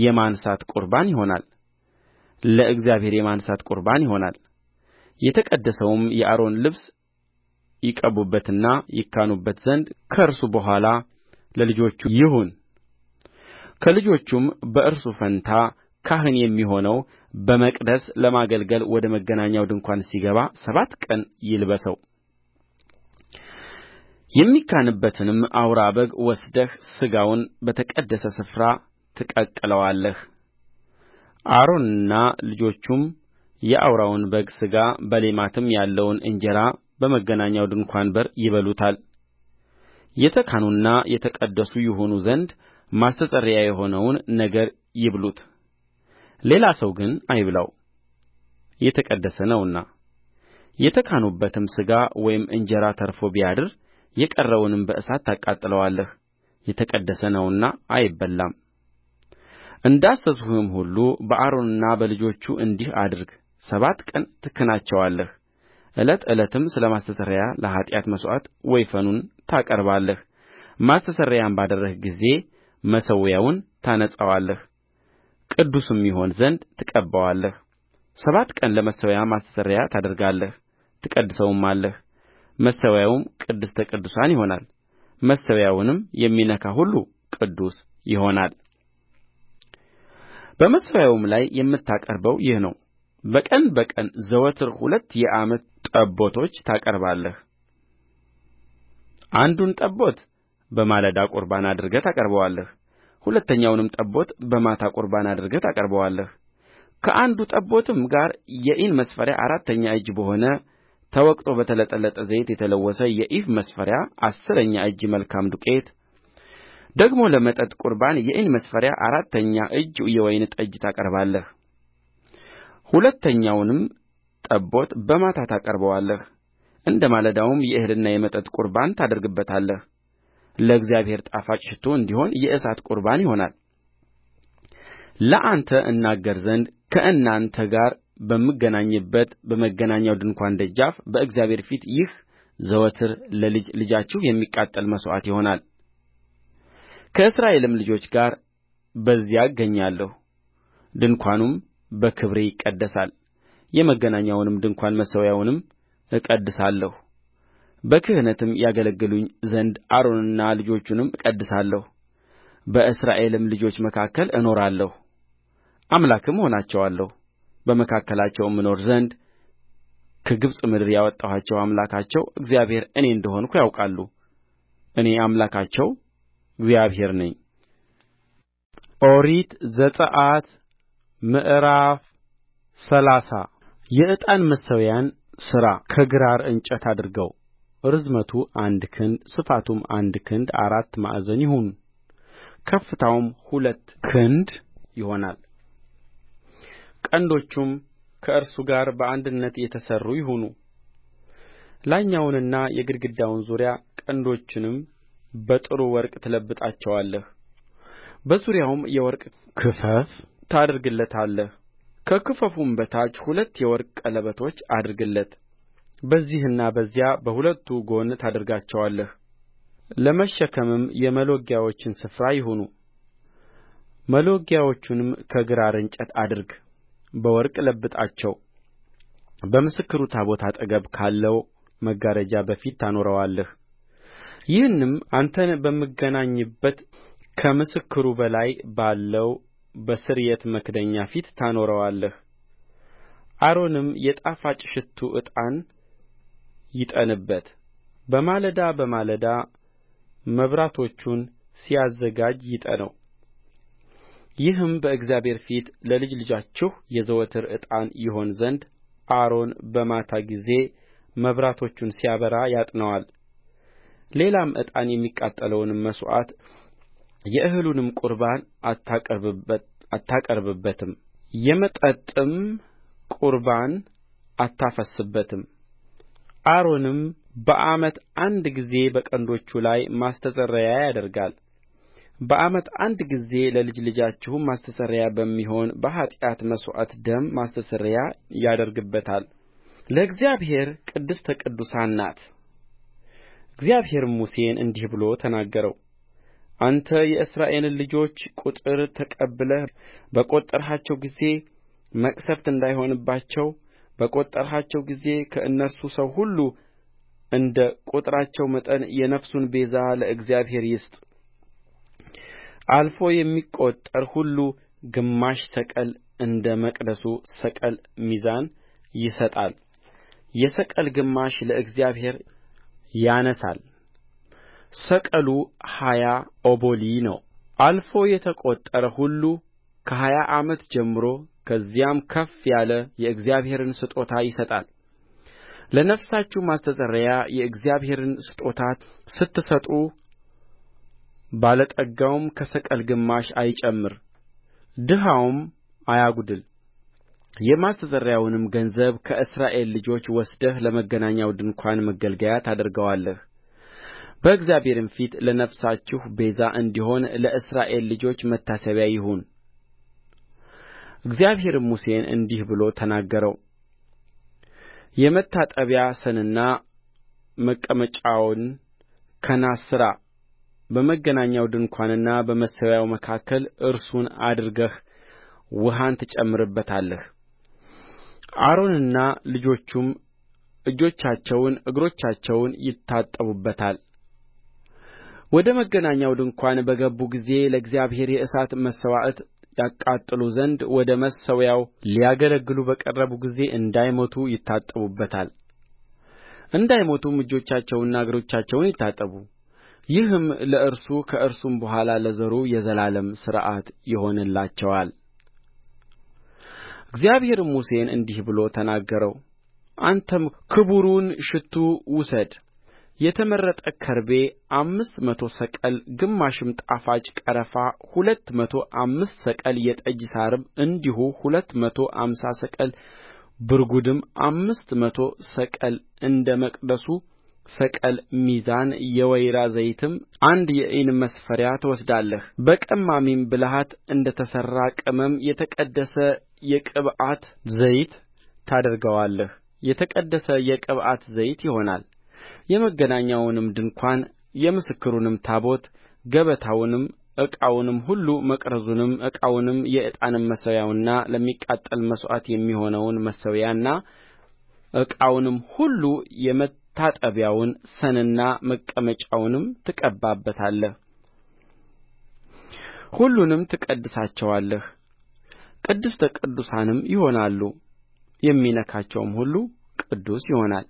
የማንሣት ቍርባን ይሆናል ለእግዚአብሔር የማንሣት ቍርባን ይሆናል የተቀደሰውም የአሮን ልብስ ይቀቡበትና ይካኑበት ዘንድ ከእርሱ በኋላ ለልጆቹ ይሁን ከልጆቹም በእርሱ ፋንታ ካህን የሚሆነው በመቅደስ ለማገልገል ወደ መገናኛው ድንኳን ሲገባ ሰባት ቀን ይልበሰው የሚካንበትንም አውራ በግ ወስደህ ሥጋውን በተቀደሰ ስፍራ ትቀቅለዋለህ አሮንና ልጆቹም የአውራውን በግ ሥጋ በሌማትም ያለውን እንጀራ በመገናኛው ድንኳን በር ይበሉታል የተካኑና የተቀደሱ ይሆኑ ዘንድ ማስተስረያ የሆነውን ነገር ይብሉት ሌላ ሰው ግን አይብላው የተቀደሰ ነውና የተካኑበትም ሥጋ ወይም እንጀራ ተርፎ ቢያድር የቀረውንም በእሳት ታቃጥለዋለህ የተቀደሰ ነውና አይበላም እንዳዘዝሁህም ሁሉ በአሮንና በልጆቹ እንዲህ አድርግ ሰባት ቀን ትክናቸዋለህ ዕለት ዕለትም ስለ ማስተስረያ ለኃጢአት መሥዋዕት ወይፈኑን ታቀርባለህ ማስተስረያም ባደረግህ ጊዜ መሠዊያውን ታነጻዋለህ ቅዱስም ይሆን ዘንድ ትቀባዋለህ ሰባት ቀን ለመሠዊያው ማስተስረያ ታደርጋለህ ትቀድሰውማለህ መሠዊያውም ቅድስተ ቅዱሳን ይሆናል መሠዊያውንም የሚነካ ሁሉ ቅዱስ ይሆናል በመሠዊያውም ላይ የምታቀርበው ይህ ነው በቀን በቀን ዘወትር ሁለት የዓመት ጠቦቶች ታቀርባለህ አንዱን ጠቦት በማለዳ ቍርባን አድርገህ ታቀርበዋለህ ሁለተኛውንም ጠቦት በማታ ቍርባን አድርገህ ታቀርበዋለህ ከአንዱ ጠቦትም ጋር የኢን መስፈሪያ አራተኛ እጅ በሆነ ተወቅጦ በተጠለለ ዘይት የተለወሰ የኢፍ መስፈሪያ አሥረኛ እጅ መልካም ዱቄት ደግሞ ለመጠጥ ቍርባን የኢን መስፈሪያ አራተኛ እጅ የወይን ጠጅ ታቀርባለህ ሁለተኛውንም ጠቦት በማታ ታቀርበዋለህ እንደ ማለዳውም የእህልና የመጠጥ ቍርባን ታደርግበታለህ ለእግዚአብሔር ጣፋጭ ሽቱ እንዲሆን የእሳት ቍርባን ይሆናልለአንተ እናገር ዘንድ ከእናንተ ጋር በምገናኝበት በመገናኛው ድንኳን ደጃፍ በእግዚአብሔር ፊት ይህ ዘወትር ለልጅ ልጃችሁ የሚቃጠል መሥዋዕት ይሆናል ከእስራኤልም ልጆች ጋር በዚያ እገናኛለሁ ድንኳኑም በክብሬ ይቀደሳል የመገናኛውንም ድንኳን መሠዊያውንም እቀድሳለሁ በክህነትም ያገለግሉኝ ዘንድ አሮንንና ልጆቹንም እቀድሳለሁ በእስራኤልም ልጆች መካከል እኖራለሁ አምላክም እሆናቸዋለሁ በመካከላቸውም እኖር ዘንድ ከግብፅ ምድር ያወጣኋቸው አምላካቸው እግዚአብሔር እኔ እንደ ሆንሁ ያውቃሉ እኔ አምላካቸው እግዚአብሔር ነኝ ኦሪት ዘጽአት ምዕራፍ ሰላሳ የዕጣን መሠዊያን ሥራ ከግራር እንጨት አድርገው ርዝመቱ አንድ ክንድ ስፋቱም አንድ ክንድ አራት ማዕዘን ይሁን ከፍታውም ሁለት ክንድ ይሆናል ቀንዶቹም ከእርሱ ጋር በአንድነት የተሠሩ ይሁኑ ላይኛውንና የግድግዳውን ዙሪያ ቀንዶቹንም በጥሩ ወርቅ ትለብጣቸዋለህ በዙሪያውም የወርቅ ክፈፍ ታደርግለታለህ ከክፈፉም በታች ሁለት የወርቅ ቀለበቶች አድርግለት በዚህና በዚያ በሁለቱ ጎን ታደርጋቸዋለህ ለመሸከምም የመሎጊያዎችን ስፍራ ይሁኑ መሎጊያዎቹንም ከግራር እንጨት አድርግ በወርቅ ለብጣቸው በምስክሩ ታቦት አጠገብ ካለው መጋረጃ በፊት ታኖረዋለህ ይህንም አንተን በምገናኝበት ከምስክሩ በላይ ባለው በስርየት መክደኛ ፊት ታኖረዋለህ አሮንም የጣፋጭ ሽቱ ዕጣን ይጠንበት በማለዳ በማለዳ መብራቶቹን ሲያዘጋጅ ይጠነው ይህም በእግዚአብሔር ፊት ለልጅ ልጃችሁ የዘወትር ዕጣን ይሆን ዘንድ አሮን በማታ ጊዜ መብራቶቹን ሲያበራ ያጥነዋል ሌላም ዕጣን የሚቃጠለውንም መሥዋዕት የእህሉንም ቍርባን አታቀርብበትም የመጠጥም ቍርባን አታፈስስበትም አሮንም በዓመት አንድ ጊዜ በቀንዶቹ ላይ ማስተስረያ ያደርጋል በዓመት አንድ ጊዜ ለልጅ ልጃችሁ ማስተስረያ በሚሆን በኃጢአት መሥዋዕት ደም ማስተስረያ ያደርግበታል ለእግዚአብሔር ቅድስተ ቅዱሳን ናት እግዚአብሔርም ሙሴን እንዲህ ብሎ ተናገረው አንተ የእስራኤልን ልጆች ቍጥር ተቀብለህ በቈጠርሃቸው ጊዜ መቅሠፍት እንዳይሆንባቸው በቈጠርሃቸው ጊዜ ከእነርሱ ሰው ሁሉ እንደ ቍጥራቸው መጠን የነፍሱን ቤዛ ለእግዚአብሔር ይስጥ አልፎ የሚቈጠር ሁሉ ግማሽ ሰቅል እንደ መቅደሱ ሰቅል ሚዛን ይሰጣል የሰቅል ግማሽ ለእግዚአብሔር ያነሣል ሰቅሉ ሀያ ኦቦሊ ነው አልፎ የተቈጠረ ሁሉ ከሀያ ዓመት ጀምሮ ከዚያም ከፍ ያለ የእግዚአብሔርን ስጦታ ይሰጣል ለነፍሳችሁ ማስተስረያ የእግዚአብሔርን ስጦታ ስትሰጡ ባለጠጋውም ከሰቅል ግማሽ አይጨምር ድሀውም አያጕድል የማስተስረያውንም ገንዘብ ከእስራኤል ልጆች ወስደህ ለመገናኛው ድንኳን ማገልገያ ታደርገዋለህ በእግዚአብሔርም ፊት ለነፍሳችሁ ቤዛ እንዲሆን ለእስራኤል ልጆች መታሰቢያ ይሁን እግዚአብሔርም ሙሴን እንዲህ ብሎ ተናገረው የመታጠቢያ ሰንና መቀመጫውን ከናስ ሥራ በመገናኛው ድንኳንና በመሠዊያው መካከል እርሱን አድርገህ ውኃን ትጨምርበታለህ አሮንና ልጆቹም እጆቻቸውን እግሮቻቸውን ይታጠቡበታል ወደ መገናኛው ድንኳን በገቡ ጊዜ ለእግዚአብሔር የእሳት መሥዋዕት ያቃጥሉ ዘንድ ወደ መሠዊያው ሊያገለግሉ በቀረቡ ጊዜ እንዳይሞቱ ይታጠቡበታል እንዳይሞቱም እጆቻቸውንና እግሮቻቸውን ይታጠቡ ይህም ለእርሱ ከእርሱም በኋላ ለዘሩ የዘላለም ሥርዓት ይሆንላቸዋል እግዚአብሔርም ሙሴን እንዲህ ብሎ ተናገረው አንተም ክቡሩን ሽቱ ውሰድ የተመረጠ ከርቤ አምስት መቶ ሰቅል ግማሽም ጣፋጭ ቀረፋ ሁለት መቶ አምሳ ሰቅል የጠጅ ሣርም እንዲሁ ሁለት መቶ አምሳ ሰቅል ብርጕድም አምስት መቶ ሰቅል እንደ መቅደሱ ሰቅል ሚዛን የወይራ ዘይትም አንድ የኢን መስፈሪያ ትወስዳለህ በቀማሚም ብልሃት እንደ ተሠራ ቅመም የተቀደሰ የቅብዓት ዘይት ታደርገዋለህ የተቀደሰ የቅብዓት ዘይት ይሆናል የመገናኛውንም ድንኳን የምስክሩንም ታቦት ገበታውንም ዕቃውንም ሁሉ መቅረዙንም ዕቃውንም የዕጣንም መሠዊያውንና ለሚቃጠል መሥዋዕት የሚሆነውን መሠዊያና ዕቃውንም ሁሉ የመታጠቢያውን ሰንና መቀመጫውንም ትቀባበታለህ ሁሉንም ትቀድሳቸዋለህ ቅድስተ ቅዱሳንም ይሆናሉ የሚነካቸውም ሁሉ ቅዱስ ይሆናል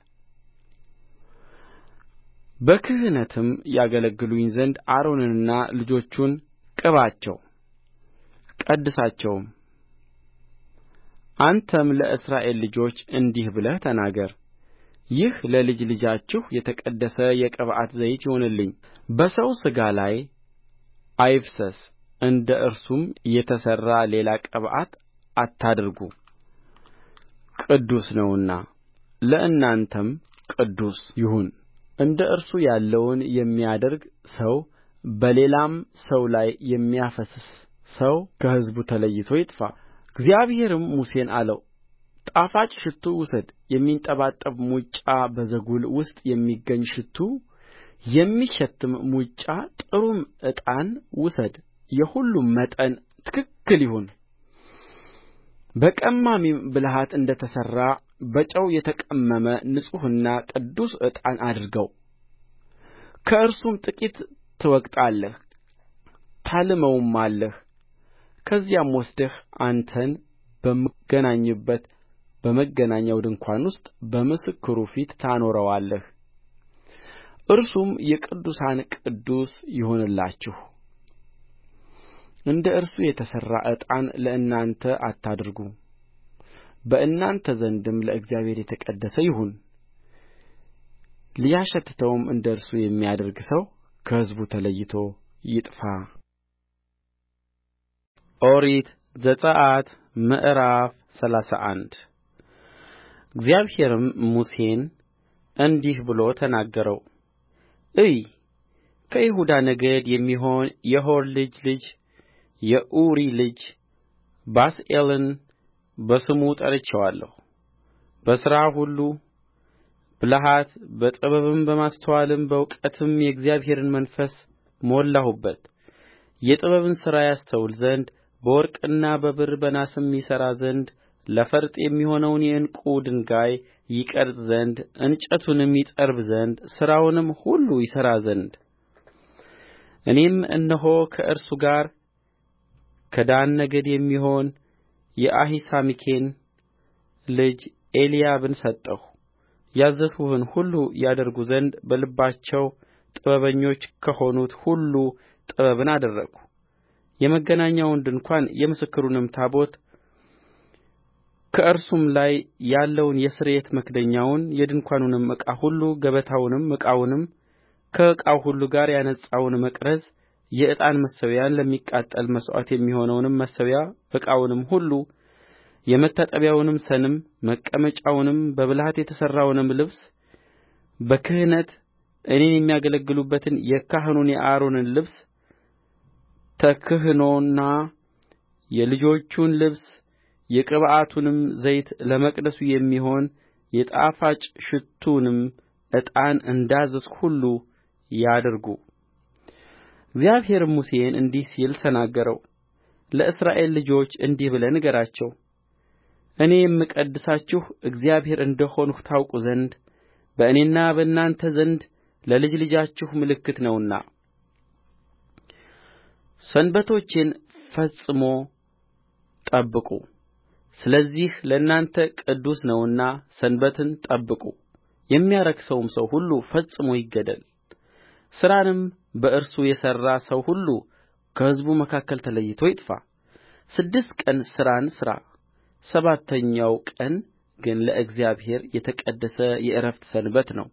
በክህነትም ያገለግሉኝ ዘንድ አሮንንና ልጆቹን ቅባቸው ቀድሳቸውም አንተም ለእስራኤል ልጆች እንዲህ ብለህ ተናገር ይህ ለልጅ ልጃችሁ የተቀደሰ የቅብዓት ዘይት ይሁንልኝ በሰው ሥጋ ላይ አይፍሰስ እንደ እርሱም የተሠራ ሌላ ቅብዓት አታድርጉ ቅዱስ ነውና ለእናንተም ቅዱስ ይሁን እንደ እርሱ ያለውን የሚያደርግ ሰው በሌላም ሰው ላይ የሚያፈስስ ሰው ከሕዝቡ ተለይቶ ይጥፋ እግዚአብሔርም ሙሴን አለው ጣፋጭ ሽቱ ውሰድ የሚንጠባጠብ ሙጫ በዛጎል ውስጥ የሚገኝ ሽቱ የሚሸትትም ሙጫ ጥሩም ዕጣን ውሰድ የሁሉም መጠን ትክክል ይሁን በቀማሚም ብልሃት እንደ ተሠራ በጨው የተቀመመ ንጹሕና ቅዱስ ዕጣን አድርገው ከእርሱም ጥቂት ትወቅጣለህ ታልመውማለህ ከዚያም ወስደህ አንተን በምገናኝበት በመገናኛው ድንኳን ውስጥ በምስክሩ ፊት ታኖረዋለህ እርሱም የቅዱሳን ቅዱስ ይሁንላችሁ እንደ እርሱ የተሠራ ዕጣን ለእናንተ አታድርጉ በእናንተ ዘንድም ለእግዚአብሔር የተቀደሰ ይሁን ሊያሸትተውም እንደ እርሱ የሚያደርግ ሰው ከሕዝቡ ተለይቶ ይጥፋ ኦሪት ዘጽአት ምዕራፍ ሰላሳ አንድ እግዚአብሔርም ሙሴን እንዲህ ብሎ ተናገረው እይ ከይሁዳ ነገድ የሚሆን የሆር ልጅ ልጅ የኡሪ ልጅ ባስልኤልን በስሙ ጠርቼዋለሁ በሥራ ሁሉ ብልሃት በጥበብም በማስተዋልም በእውቀትም የእግዚአብሔርን መንፈስ ሞላሁበት የጥበብን ሥራ ያስተውል ዘንድ በወርቅና በብር በናስም ይሠራ ዘንድ ለፈርጥ የሚሆነውን የዕንቍ ድንጋይ ይቀርጽ ዘንድ እንጨቱንም ይጠርብ ዘንድ ሥራውንም ሁሉ ይሠራ ዘንድ እኔም እነሆ ከእርሱ ጋር ከዳን ነገድ የሚሆን የአሂሳሚክን ልጅ ኤልያብን ሰጠሁ ያዘዝሁህን ሁሉ ያደርጉ ዘንድ በልባቸው ጥበበኞች ከሆኑት ሁሉ ጥበብን አደረግሁ የመገናኛውን ድንኳን የምስክሩንም ታቦት ከእርሱም ላይ ያለውን የስርየት መክደኛውን የድንኳኑንም ዕቃ ሁሉ ገበታውንም ዕቃውንም ከዕቃው ሁሉ ጋር ያነጻውን መቅረዝ የዕጣን መሠዊያውን ለሚቃጠል መሥዋዕት የሚሆነውንም መሠዊያ ዕቃውንም ሁሉ የመታጠቢያውን ሰንም መቀመጫውንም በብልሃት የተሠራውንም ልብስ በክህነት እኔን የሚያገለግሉበትን የካህኑን የአሮንን ልብስ ተክህኖና የልጆቹን ልብስ የቅብዓቱንም ዘይት ለመቅደሱ የሚሆን የጣፋጭ ሽቱንም ዕጣን እንዳዘዝሁህ ሁሉ ያድርጉ እግዚአብሔርም ሙሴን እንዲህ ሲል ተናገረው ለእስራኤል ልጆች እንዲህ ብለህ ንገራቸው እኔ የምቀድሳችሁ እግዚአብሔር እንደ ሆንሁ ታውቁ ዘንድ በእኔና በእናንተ ዘንድ ለልጅ ልጃችሁ ምልክት ነውና ሰንበቶቼን ፈጽሞ ጠብቁ ስለዚህ ለእናንተ ቅዱስ ነውና ሰንበትን ጠብቁ የሚያረክሰውም ሰው ሁሉ ፈጽሞ ይገደል ሥራንም በእርሱ የሠራ ሰው ሁሉ ከሕዝቡ መካከል ተለይቶ ይጥፋ ስድስት ቀን ሥራን ሥራ ሰባተኛው ቀን ግን ለእግዚአብሔር የተቀደሰ የዕረፍት ሰንበት ነው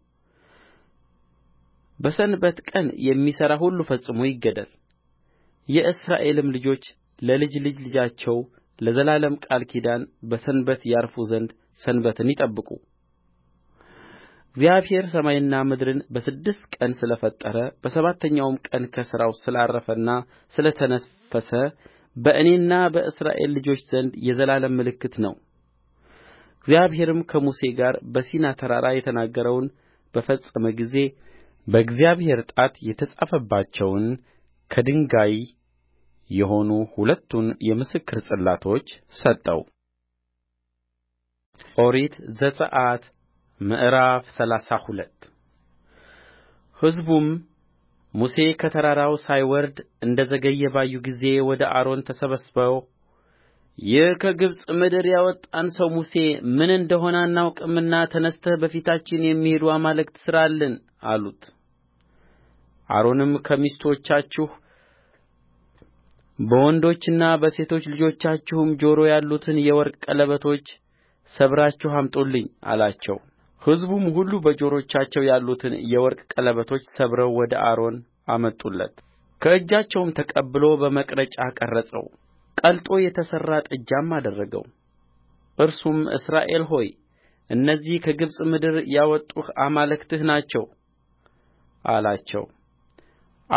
በሰንበት ቀን የሚሠራ ሁሉ ፈጽሞ ይገደል የእስራኤልም ልጆች ለልጅ ልጅ ልጃቸው ለዘላለም ቃል ኪዳን በሰንበት ያርፉ ዘንድ ሰንበትን ይጠብቁ እግዚአብሔር ሰማይንና ምድርን በስድስት ቀን ስለ ፈጠረ በሰባተኛውም ቀን ከሥራው ስላረፈና ስለ ተነፈሰ በእኔና በእስራኤል ልጆች ዘንድ የዘላለም ምልክት ነው እግዚአብሔርም ከሙሴ ጋር በሲና ተራራ የተናገረውን በፈጸመ ጊዜ በእግዚአብሔር ጣት የተጻፈባቸውን ከድንጋይ የሆኑ ሁለቱን የምስክር ጽላቶች ሰጠው ኦሪት ዘጽአት ምዕራፍ ሰላሳ ሁለት ሕዝቡም ሙሴ ከተራራው ሳይወርድ እንደ ዘገየ ባዩ ጊዜ ወደ አሮን ተሰብስበው ይህ ከግብፅ ምድር ያወጣን ሰው ሙሴ ምን እንደሆነ አናውቅምና ተነሥተህ በፊታችን የሚሄዱ አማልክት ሥራልን አሉት። አሮንም ከሚስቶቻችሁ በወንዶችና በሴቶች ልጆቻችሁም ጆሮ ያሉትን የወርቅ ቀለበቶች ሰብራችሁ አምጡልኝ አላቸው። ሕዝቡም ሁሉ በጆሮቻቸው ያሉትን የወርቅ ቀለበቶች ሰብረው ወደ አሮን አመጡለት ከእጃቸውም ተቀብሎ በመቅረጫ ቀረጸው ቀልጦ የተሠራ ጥጃም አደረገው እርሱም እስራኤል ሆይ እነዚህ ከግብፅ ምድር ያወጡህ አማልክትህ ናቸው አላቸው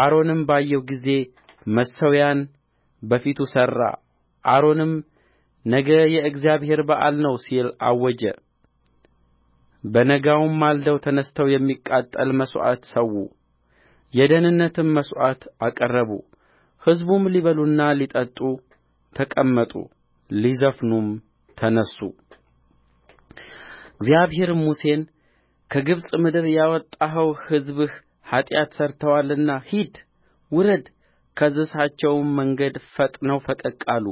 አሮንም ባየው ጊዜ መሠዊያን በፊቱ ሠራ አሮንም ነገ የእግዚአብሔር በዓል ነው ሲል አወጀ በነጋውም ማልደው ተነሥተው የሚቃጠል መሥዋዕት ሠዉ የደኅንነትም መሥዋዕት አቀረቡ ሕዝቡም ሊበሉና ሊጠጡ ተቀመጡ ሊዘፍኑም ተነሡ እግዚአብሔርም ሙሴን ከግብፅ ምድር ያወጣኸው ሕዝብህ ኃጢአት ሠርተዋልና ሂድ ውረድ ካዘዝኋቸውም መንገድ ፈጥነው ፈቀቅ አሉ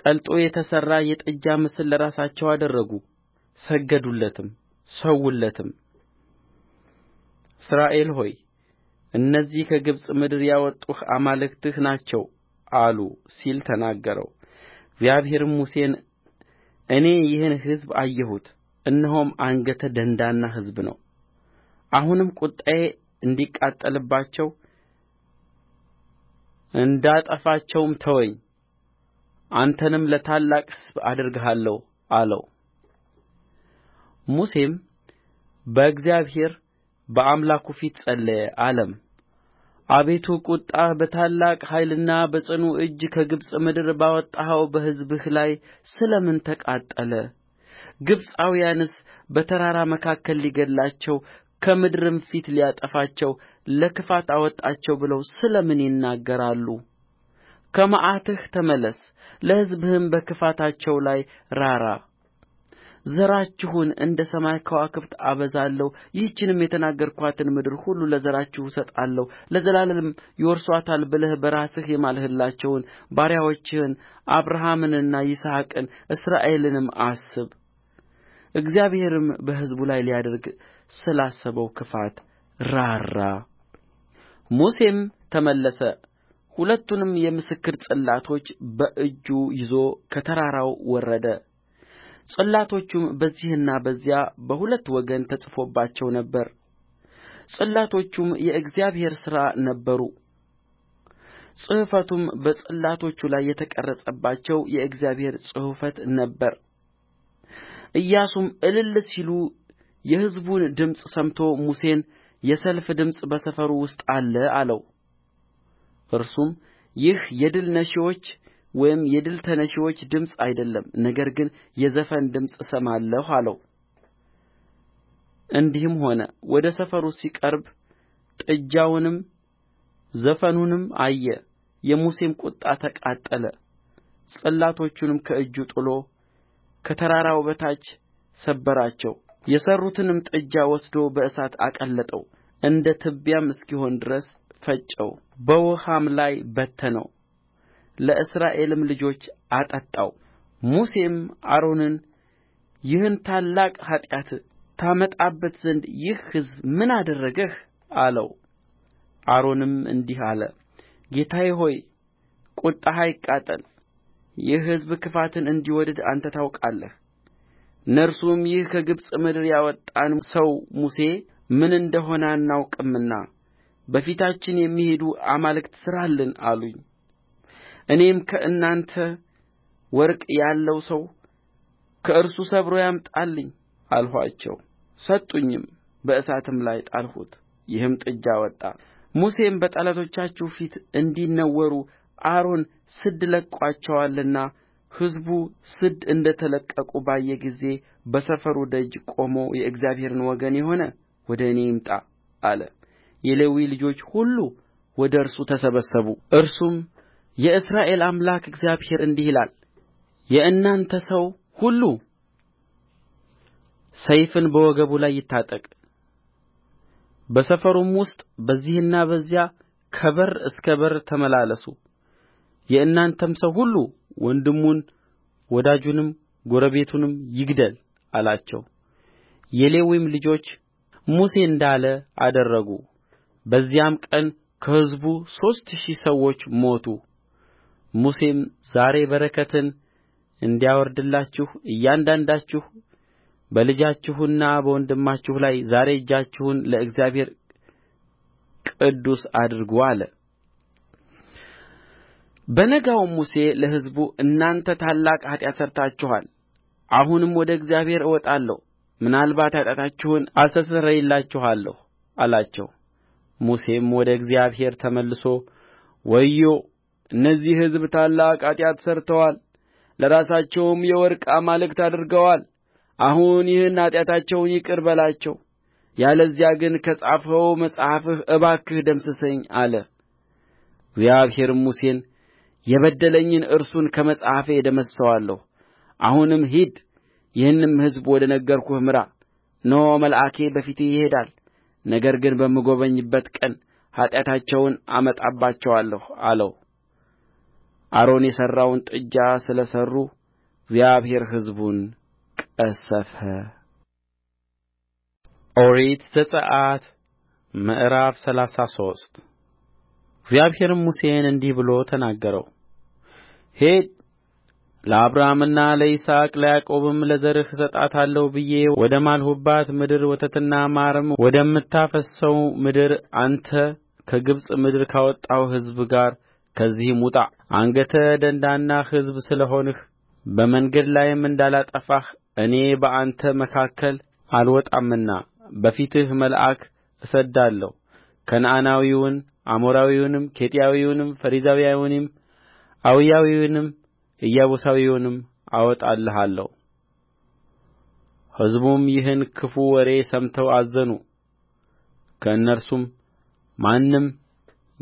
ቀልጦ የተሠራ የጥጃ ምስል ለራሳቸው አደረጉ ሰገዱለትም ሠዉለትም እስራኤል ሆይ እነዚህ ከግብፅ ምድር ያወጡህ አማልክትህ ናቸው አሉ ሲል ተናገረው እግዚአብሔርም ሙሴን እኔ ይህን ሕዝብ አየሁት እነሆም አንገተ ደንዳና ሕዝብ ነው አሁንም ቍጣዬ እንዲቃጠልባቸው እንዳጠፋቸውም ተወኝ አንተንም ለታላቅ ሕዝብ አደርግሃለሁ አለው ሙሴም በእግዚአብሔር በአምላኩ ፊት ጸለየ አለም አቤቱ ቍጣህ በታላቅ ኃይልና በጽኑ እጅ ከግብፅ ምድር ባወጣኸው በሕዝብህ ላይ ስለ ምን ተቃጠለ ግብፃውያንስ በተራራ መካከል ሊገድላቸው ከምድርም ፊት ሊያጠፋቸው ለክፋት አወጣቸው ብለው ስለ ምን ይናገራሉ ከመዓትህ ተመለስ ለሕዝብህም በክፋታቸው ላይ ራራ ዘራችሁን እንደ ሰማይ ከዋክብት አበዛለሁ ይህችንም የተናገርኋትን ምድር ሁሉ ለዘራችሁ እሰጣለሁ ለዘላለምም ይወርሱአታል ብለህ በራስህ የማልህላቸውን ባሪያዎችህን አብርሃምንና ይስሐቅን እስራኤልንም አስብ እግዚአብሔርም በሕዝቡ ላይ ሊያደርግ ስላሰበው ክፋት ራራ ሙሴም ተመለሰ ሁለቱንም የምስክር ጽላቶች በእጁ ይዞ ከተራራው ወረደ ጽላቶቹም በዚህና በዚያ በሁለት ወገን ተጽፎባቸው ነበር ጽላቶቹም የእግዚአብሔር ሥራ ነበሩ ጽሕፈቱም በጽላቶቹ ላይ የተቀረጸባቸው የእግዚአብሔር ጽሕፈት ነበረ ኢያሱም እልል ሲሉ የሕዝቡን ድምፅ ሰምቶ ሙሴን የሰልፍ ድምፅ በሰፈሩ ውስጥ አለ አለው እርሱም ይህ የድል ነሺዎች ወይም የድል ተነሺዎች ድምፅ አይደለም ነገር ግን የዘፈን ድምፅ እሰማለሁ አለው እንዲህም ሆነ ወደ ሰፈሩ ሲቀርብ ጥጃውንም ዘፈኑንም አየ የሙሴም ቍጣ ተቃጠለ ጽላቶቹንም ከእጁ ጥሎ ከተራራው በታች ሰበራቸው የሠሩትንም ጥጃ ወስዶ በእሳት አቀለጠው እንደ ትቢያም እስኪሆን ድረስ ፈጨው በውሃም ላይ በተነው ለእስራኤልም ልጆች አጠጣው ሙሴም አሮንን ይህን ታላቅ ኃጢአት ታመጣበት ዘንድ ይህ ሕዝብ ምን አደረገህ አለው አሮንም እንዲህ አለ ጌታዬ ሆይ ቍጣህ አይቃጠል ይህ ሕዝብ ክፋትን እንዲወድድ አንተ ታውቃለህ ነርሱም ይህ ከግብፅ ምድር ያወጣን ሰው ሙሴ ምን እንደ ሆነ አናውቅምና በፊታችን የሚሄዱ አማልክት ሥራልን አሉኝ እኔም ከእናንተ ወርቅ ያለው ሰው ከእርሱ ሰብሮ ያምጣልኝ አልኋቸው ሰጡኝም በእሳትም ላይ ጣልሁት ይህም ጥጃ ወጣ ሙሴም በጠላቶቻችሁ ፊት እንዲነወሩ አሮን ስድ ለቅቋቸዋልና ሕዝቡ ስድ እንደ ተለቀቁ ባየ ጊዜ በሰፈሩ ደጅ ቆሞ የእግዚአብሔርን ወገን የሆነ ወደ እኔ ይምጣ አለ የሌዊ ልጆች ሁሉ ወደ እርሱ ተሰበሰቡ እርሱም የእስራኤል አምላክ እግዚአብሔር እንዲህ ይላል የእናንተ ሰው ሁሉ ሰይፍን በወገቡ ላይ ይታጠቅ በሰፈሩም ውስጥ በዚህና በዚያ ከበር እስከ በር ተመላለሱ። የእናንተም ሰው ሁሉ ወንድሙን ወዳጁንም ጎረቤቱንም ይግደል አላቸው። የሌዊም ልጆች ሙሴ እንዳለ አደረጉ። በዚያም ቀን ከሕዝቡ ሦስት ሺህ ሰዎች ሞቱ። ሙሴም ዛሬ በረከትን እንዲያወርድላችሁ እያንዳንዳችሁ በልጃችሁና በወንድማችሁ ላይ ዛሬ እጃችሁን ለእግዚአብሔር ቅዱስ አድርጉ አለ በነጋውም ሙሴ ለሕዝቡ እናንተ ታላቅ ኃጢአት ሠርታችኋል አሁንም ወደ እግዚአብሔር እወጣለሁ ምናልባት ኃጢአታችሁን አስተሰርይላችኋለሁ አላቸው ሙሴም ወደ እግዚአብሔር ተመልሶ ወዮ እነዚህ ሕዝብ ታላቅ ኃጢአት ሠርተዋል ለራሳቸውም የወርቅ አማልክት አድርገዋል አሁን ይህን ኃጢአታቸውን ይቅር በላቸው ያለዚያ ግን ከጻፍኸው መጽሐፍህ እባክህ ደምስሰኝ አለ እግዚአብሔርም ሙሴን የበደለኝን እርሱን ከመጽሐፌ እደመስሰዋለሁ አሁንም ሂድ ይህንም ሕዝብ ወደ ነገርሁህ ምራ እነሆ መልአኬ በፊትህ ይሄዳል ነገር ግን በምጐበኝበት ቀን ኃጢአታቸውን አመጣባቸዋለሁ አለው አሮን የሠራውን ጥጃ ስለ ሠሩ እግዚአብሔር ሕዝቡን ቀሠፈ ኦሪት ዘጽአት ምዕራፍ ሰላሳ ሶስት እግዚአብሔርም ሙሴን እንዲህ ብሎ ተናገረው ሂድ ለአብርሃምና ለይስሐቅ ለያዕቆብም ለዘርህ እሰጣታለሁ ብዬ ወደ ማልሁባት ምድር ወተትና ማርም ወደምታፈስሰው ምድር አንተ ከግብፅ ምድር ካወጣኸው ሕዝብ ጋር ከዚህም ውጣ አንገተ ደንዳና ሕዝብ ስለ ሆንህ በመንገድ ላይም እንዳላጠፋህ እኔ በአንተ መካከል አልወጣምና በፊትህ መልአክ እሰድዳለሁ ከነዓናዊውን አሞራዊውንም ኬጢያዊውንም ፌርዛዊውንም ኤዊያዊውንም ኢያቡሳዊውንም አወጣልሃለሁ ሕዝቡም ይህን ክፉ ወሬ ሰምተው አዘኑ ከእነርሱም ማንም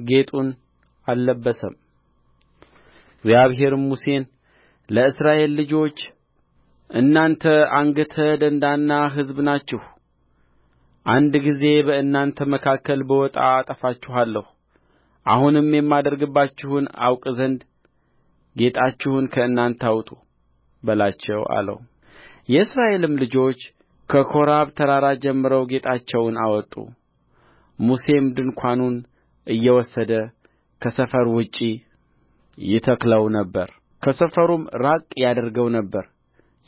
ጌጡን አልለበሰም እግዚአብሔርም ሙሴን ለእስራኤል ልጆች እናንተ አንገተ ደንዳና ሕዝብ ናችሁ አንድ ጊዜ በእናንተ መካከል ብወጣ አጠፋችኋለሁ አሁንም የማደርግባችሁን አውቅ ዘንድ ጌጣችሁን ከእናንተ አውጡ በላቸው አለው የእስራኤልም ልጆች ከኮራብ ተራራ ጀምረው ጌጣቸውን አወጡ ሙሴም ድንኳኑን እየወሰደ ከሰፈር ውጭ ይተክለው ነበር ከሰፈሩም ራቅ ያደርገው ነበር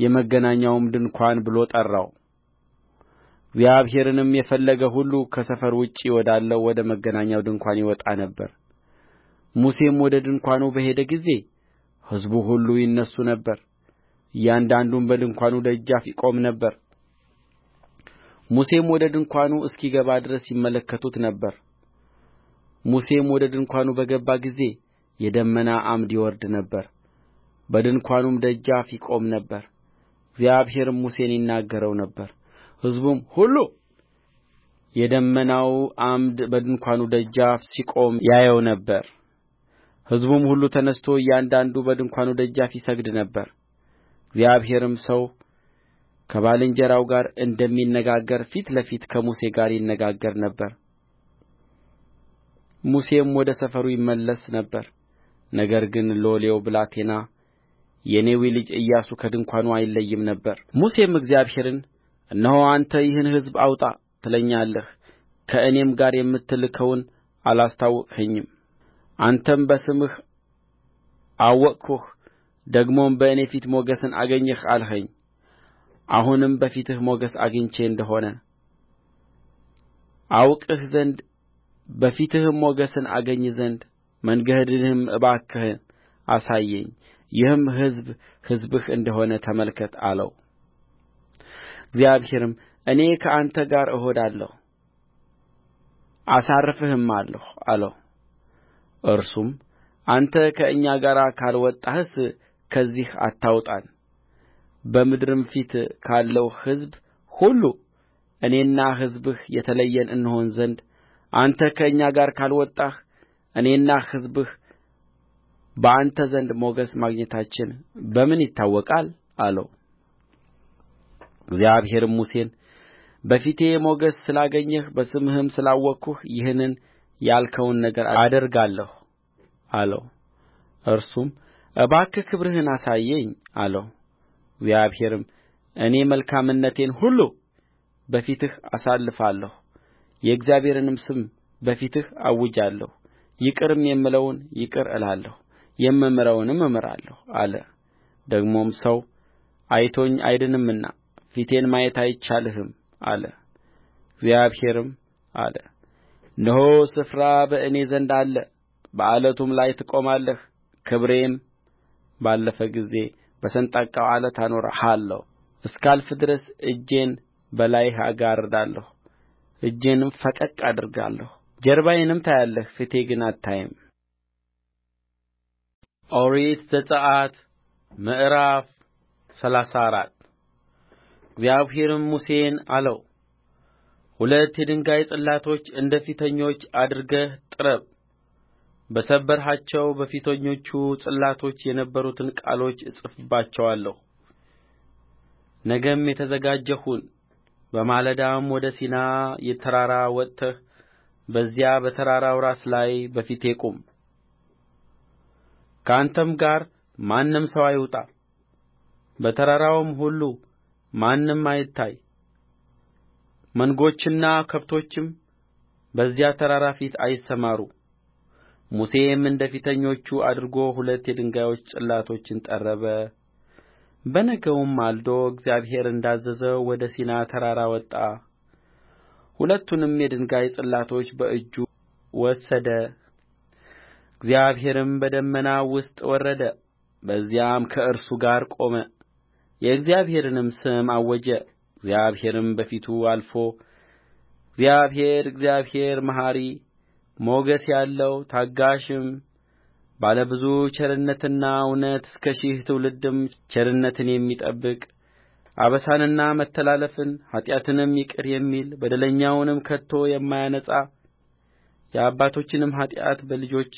የመገናኛውም ድንኳን ብሎ ጠራው። እግዚአብሔርንም የፈለገ ሁሉ ከሰፈር ውጭ ወዳለው ወደ መገናኛው ድንኳን ይወጣ ነበር። ሙሴም ወደ ድንኳኑ በሄደ ጊዜ ሕዝቡ ሁሉ ይነሡ ነበር፣ እያንዳንዱም በድንኳኑ ደጃፍ ይቆም ነበር። ሙሴም ወደ ድንኳኑ እስኪገባ ድረስ ይመለከቱት ነበር። ሙሴም ወደ ድንኳኑ በገባ ጊዜ የደመና ዓምድ ይወርድ ነበር በድንኳኑም ደጃፍ ይቆም ነበር እግዚአብሔርም ሙሴን ይናገረው ነበር ሕዝቡም ሁሉ የደመናው ዓምድ በድንኳኑ ደጃፍ ሲቆም ያየው ነበር ሕዝቡም ሁሉ ተነሥቶ እያንዳንዱ በድንኳኑ ደጃፍ ይሰግድ ነበር እግዚአብሔርም ሰው ከባልንጀራው ጋር እንደሚነጋገር ፊት ለፊት ከሙሴ ጋር ይነጋገር ነበር ሙሴም ወደ ሰፈሩ ይመለስ ነበር ነገር ግን ሎሌው ብላቴና የነዌ ልጅ ኢያሱ ከድንኳኑ አይለይም ነበር ሙሴም እግዚአብሔርን እነሆ አንተ ይህን ሕዝብ አውጣ ትለኛለህ ከእኔም ጋር የምትልከውን አላስታወቅኸኝም አንተም በስምህ አወቅሁህ ደግሞም በእኔ ፊት ሞገስን አገኘህ አልኸኝ አሁንም በፊትህ ሞገስ አግኝቼ እንደ ሆነ አውቅህ ዘንድ በፊትህም ሞገስን አገኝ ዘንድ መንገድህንም እባክህ አሳየኝ ይህም ሕዝብ ሕዝብህ እንደ ሆነ ተመልከት አለው እግዚአብሔርም እኔ ከአንተ ጋር እሄዳለሁ አሳርፍህማለሁ አለው እርሱም አንተ ከእኛ ጋር ካልወጣህስ ከዚህ አታውጣን በምድርም ፊት ካለው ሕዝብ ሁሉ እኔና ሕዝብህ የተለየን እንሆን ዘንድ አንተ ከእኛ ጋር ካልወጣህ እኔና ሕዝብህ በአንተ ዘንድ ሞገስ ማግኘታችን በምን ይታወቃል አለው እግዚአብሔርም ሙሴን በፊቴ ሞገስ ስላገኘህ በስምህም ስላወቅሁህ ይህንን ያልኸውን ነገር አደርጋለሁ አለው እርሱም እባክህ ክብርህን አሳየኝ አለው እግዚአብሔርም እኔ መልካምነቴን ሁሉ በፊትህ አሳልፋለሁ የእግዚአብሔርንም ስም በፊትህ አውጃለሁ ይቅርም የምለውን ይቅር እላለሁ የምምረውንም እምራለሁ አለ ደግሞም ሰው አይቶኝ አይድንምና ፊቴን ማየት አይቻልህም አለ እግዚአብሔርም አለ እነሆ ስፍራ በእኔ ዘንድ አለ በዓለቱም ላይ ትቆማለህ ክብሬም ባለፈ ጊዜ በሰንጣቃው ዓለት አኖርሃለሁ እስካልፍ ድረስ እጄን በላይህ አጋርዳለሁ። እጄንም ፈቀቅ አደርጋለሁ ጀርባዬንም ታያለህ ፊቴ ግን አታይም ኦሪት ዘጽአት ምዕራፍ ሰላሳ አራት እግዚአብሔርም ሙሴን አለው ሁለት የድንጋይ ጽላቶች እንደ ፊተኞች አድርገህ ጥረብ በሰበርሃቸው በፊተኞቹ ጽላቶች የነበሩትን ቃሎች እጽፍባቸዋለሁ ነገም የተዘጋጀ ሁን በማለዳም ወደ ሲና ተራራ ወጥተህ በዚያ በተራራው ራስ ላይ በፊቴ ቁም ከአንተም ጋር ማንም ሰው አይውጣ በተራራውም ሁሉ ማንም አይታይ መንጎችና ከብቶችም በዚያ ተራራ ፊት አይሰማሩ ሙሴም እንደ ፊተኞቹ አድርጎ ሁለት የድንጋይ ጽላቶችን ጠረበ በነጋውም ማልዶ እግዚአብሔር እንዳዘዘው ወደ ሲና ተራራ ወጣ ሁለቱንም የድንጋይ ጽላቶች በእጁ ወሰደ እግዚአብሔርም በደመናው ውስጥ ወረደ በዚያም ከእርሱ ጋር ቆመ የእግዚአብሔርንም ስም አወጀ እግዚአብሔርም በፊቱ አልፎ እግዚአብሔር እግዚአብሔር መሐሪ ሞገስ ያለው ታጋሽም ባለ ብዙ ቸርነትና እውነት እስከ ሺህ ትውልድም ቸርነትን የሚጠብቅ አበሳንና መተላለፍን ኃጢአትንም ይቅር የሚል በደለኛውንም ከቶ የማያነጻ የአባቶችንም ኃጢአት በልጆች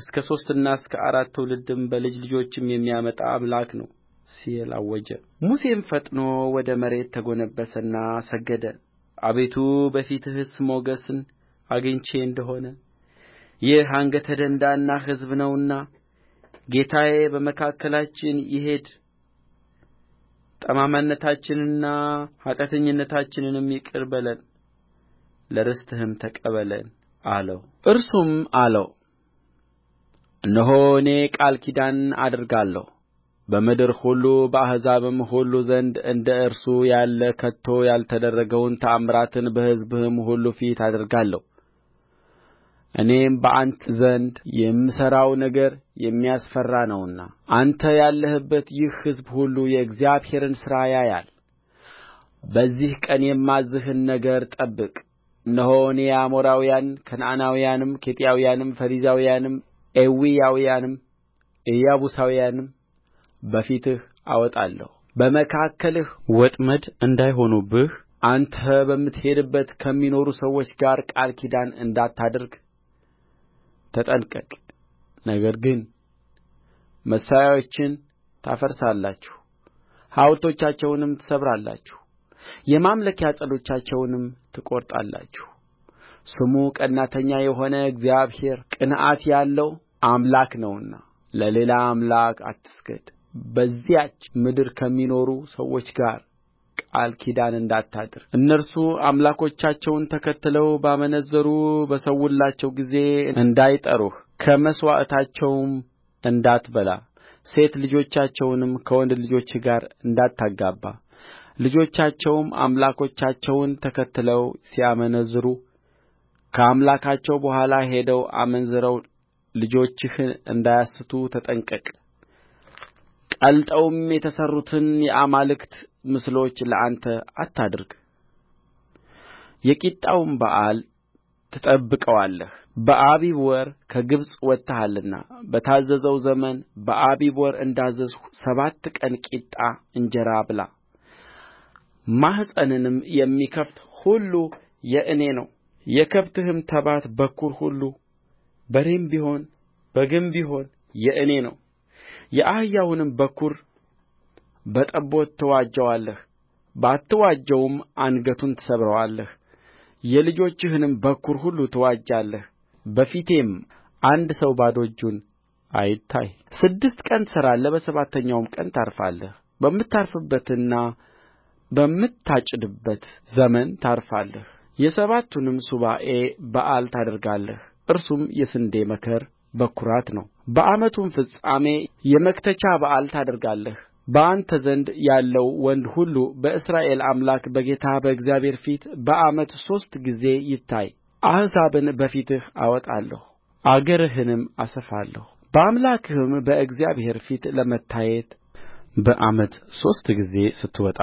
እስከ ሦስትና እስከ አራት ትውልድም በልጅ ልጆችም የሚያመጣ አምላክ ነው ሲል አወጀ ሙሴም ፈጥኖ ወደ መሬት ተጐነበሰና ሰገደ አቤቱ በፊትህስ ሞገስን አግኝቼ እንደ ሆነ ይህ አንገተ ደንዳና ሕዝብ ነውና ጌታዬ በመካከላችን ይሂድ ጠማምነታችንንና ኃጢአተኝነታችንንም ይቅር በለን ለርስትህም ተቀበለን አለው እርሱም አለው እነሆ እኔ ቃል ኪዳን አደርጋለሁ በምድር ሁሉ በአሕዛብም ሁሉ ዘንድ እንደ እርሱ ያለ ከቶ ያልተደረገውን ተአምራትን በሕዝብህም ሁሉ ፊት አደርጋለሁ እኔም በአንተ ዘንድ የምሠራው ነገር የሚያስፈራ ነውና አንተ ያለህበት ይህ ሕዝብ ሁሉ የእግዚአብሔርን ሥራ ያያል በዚህ ቀን የማዝዝህን ነገር ጠብቅ እነሆ እኔ አሞራውያን ከነዓናውያንም ኬጢያውያንም ፌርዛውያንም ኤዊያውያንም ኢያቡሳውያንም በፊትህ አወጣለሁ በመካከልህ ወጥመድ እንዳይሆኑብህ አንተ በምትሄድበት ከሚኖሩ ሰዎች ጋር ቃል ኪዳን እንዳታደርግ ተጠንቀቅ ነገር ግን መሠዊያዎችን ታፈርሳላችሁ ሐውልቶቻቸውንም ትሰብራላችሁ የማምለኪያ ዐፀዶቻቸውንም ትቈርጣላችሁ ስሙ ቀናተኛ የሆነ እግዚአብሔር ቅንዓት ያለው አምላክ ነውና ለሌላ አምላክ አትስገድ በዚያች ምድር ከሚኖሩ ሰዎች ጋር ቃል ኪዳን እንዳታድር እነርሱ አምላኮቻቸውን ተከትለው ባመነዘሩ በሠዉላቸው ጊዜ እንዳይጠሩህ ከመሥዋዕታቸውም እንዳትበላ ሴት ልጆቻቸውንም ከወንድ ልጆችህ ጋር እንዳታጋባ ልጆቻቸውም አምላኮቻቸውን ተከትለው ሲያመነዝሩ ከአምላካቸው በኋላ ሄደው አመንዝረው ልጆችህን እንዳያስቱ ተጠንቀቅ ቀልጠውም የተሠሩትን የአማልክት ምስሎች ለአንተ አታድርግ የቂጣውን በዓል ትጠብቀዋለህ በአቢብ ወር ከግብፅ ወጥተሃልና በታዘዘው ዘመን በአቢብ ወር እንዳዘዝሁህ ሰባት ቀን ቂጣ እንጀራ ብላ ማኅፀንንም የሚከፍት ሁሉ የእኔ ነው የከብትህም ተባት በኵር ሁሉ በሬም ቢሆን በግም ቢሆን የእኔ ነው የአህያውንም በኵር በጠቦት ትዋጀዋለህ ባትዋጀውም አንገቱን ትሰብረዋለህ የልጆችህንም በኵር ሁሉ ትዋጃለህ በፊቴም አንድ ሰው ባዶ እጁን አይታይ ስድስት ቀን ትሠራለህ በሰባተኛውም ቀን ታርፋለህ በምታርስበትና በምታጭድበት ዘመን ታርፋለህ የሰባቱንም ሱባዔ በዓል ታደርጋለህ እርሱም የስንዴ መከር በኵራት ነው በዓመቱም ፍጻሜ የመክተቻ በዓል ታደርጋለህ በአንተ ዘንድ ያለው ወንድ ሁሉ በእስራኤል አምላክ በጌታ በእግዚአብሔር ፊት በዓመት ሦስት ጊዜ ይታይ አሕዛብን በፊትህ አወጣለሁ አገርህንም አሰፋለሁ በአምላክህም በእግዚአብሔር ፊት ለመታየት በዓመት ሦስት ጊዜ ስትወጣ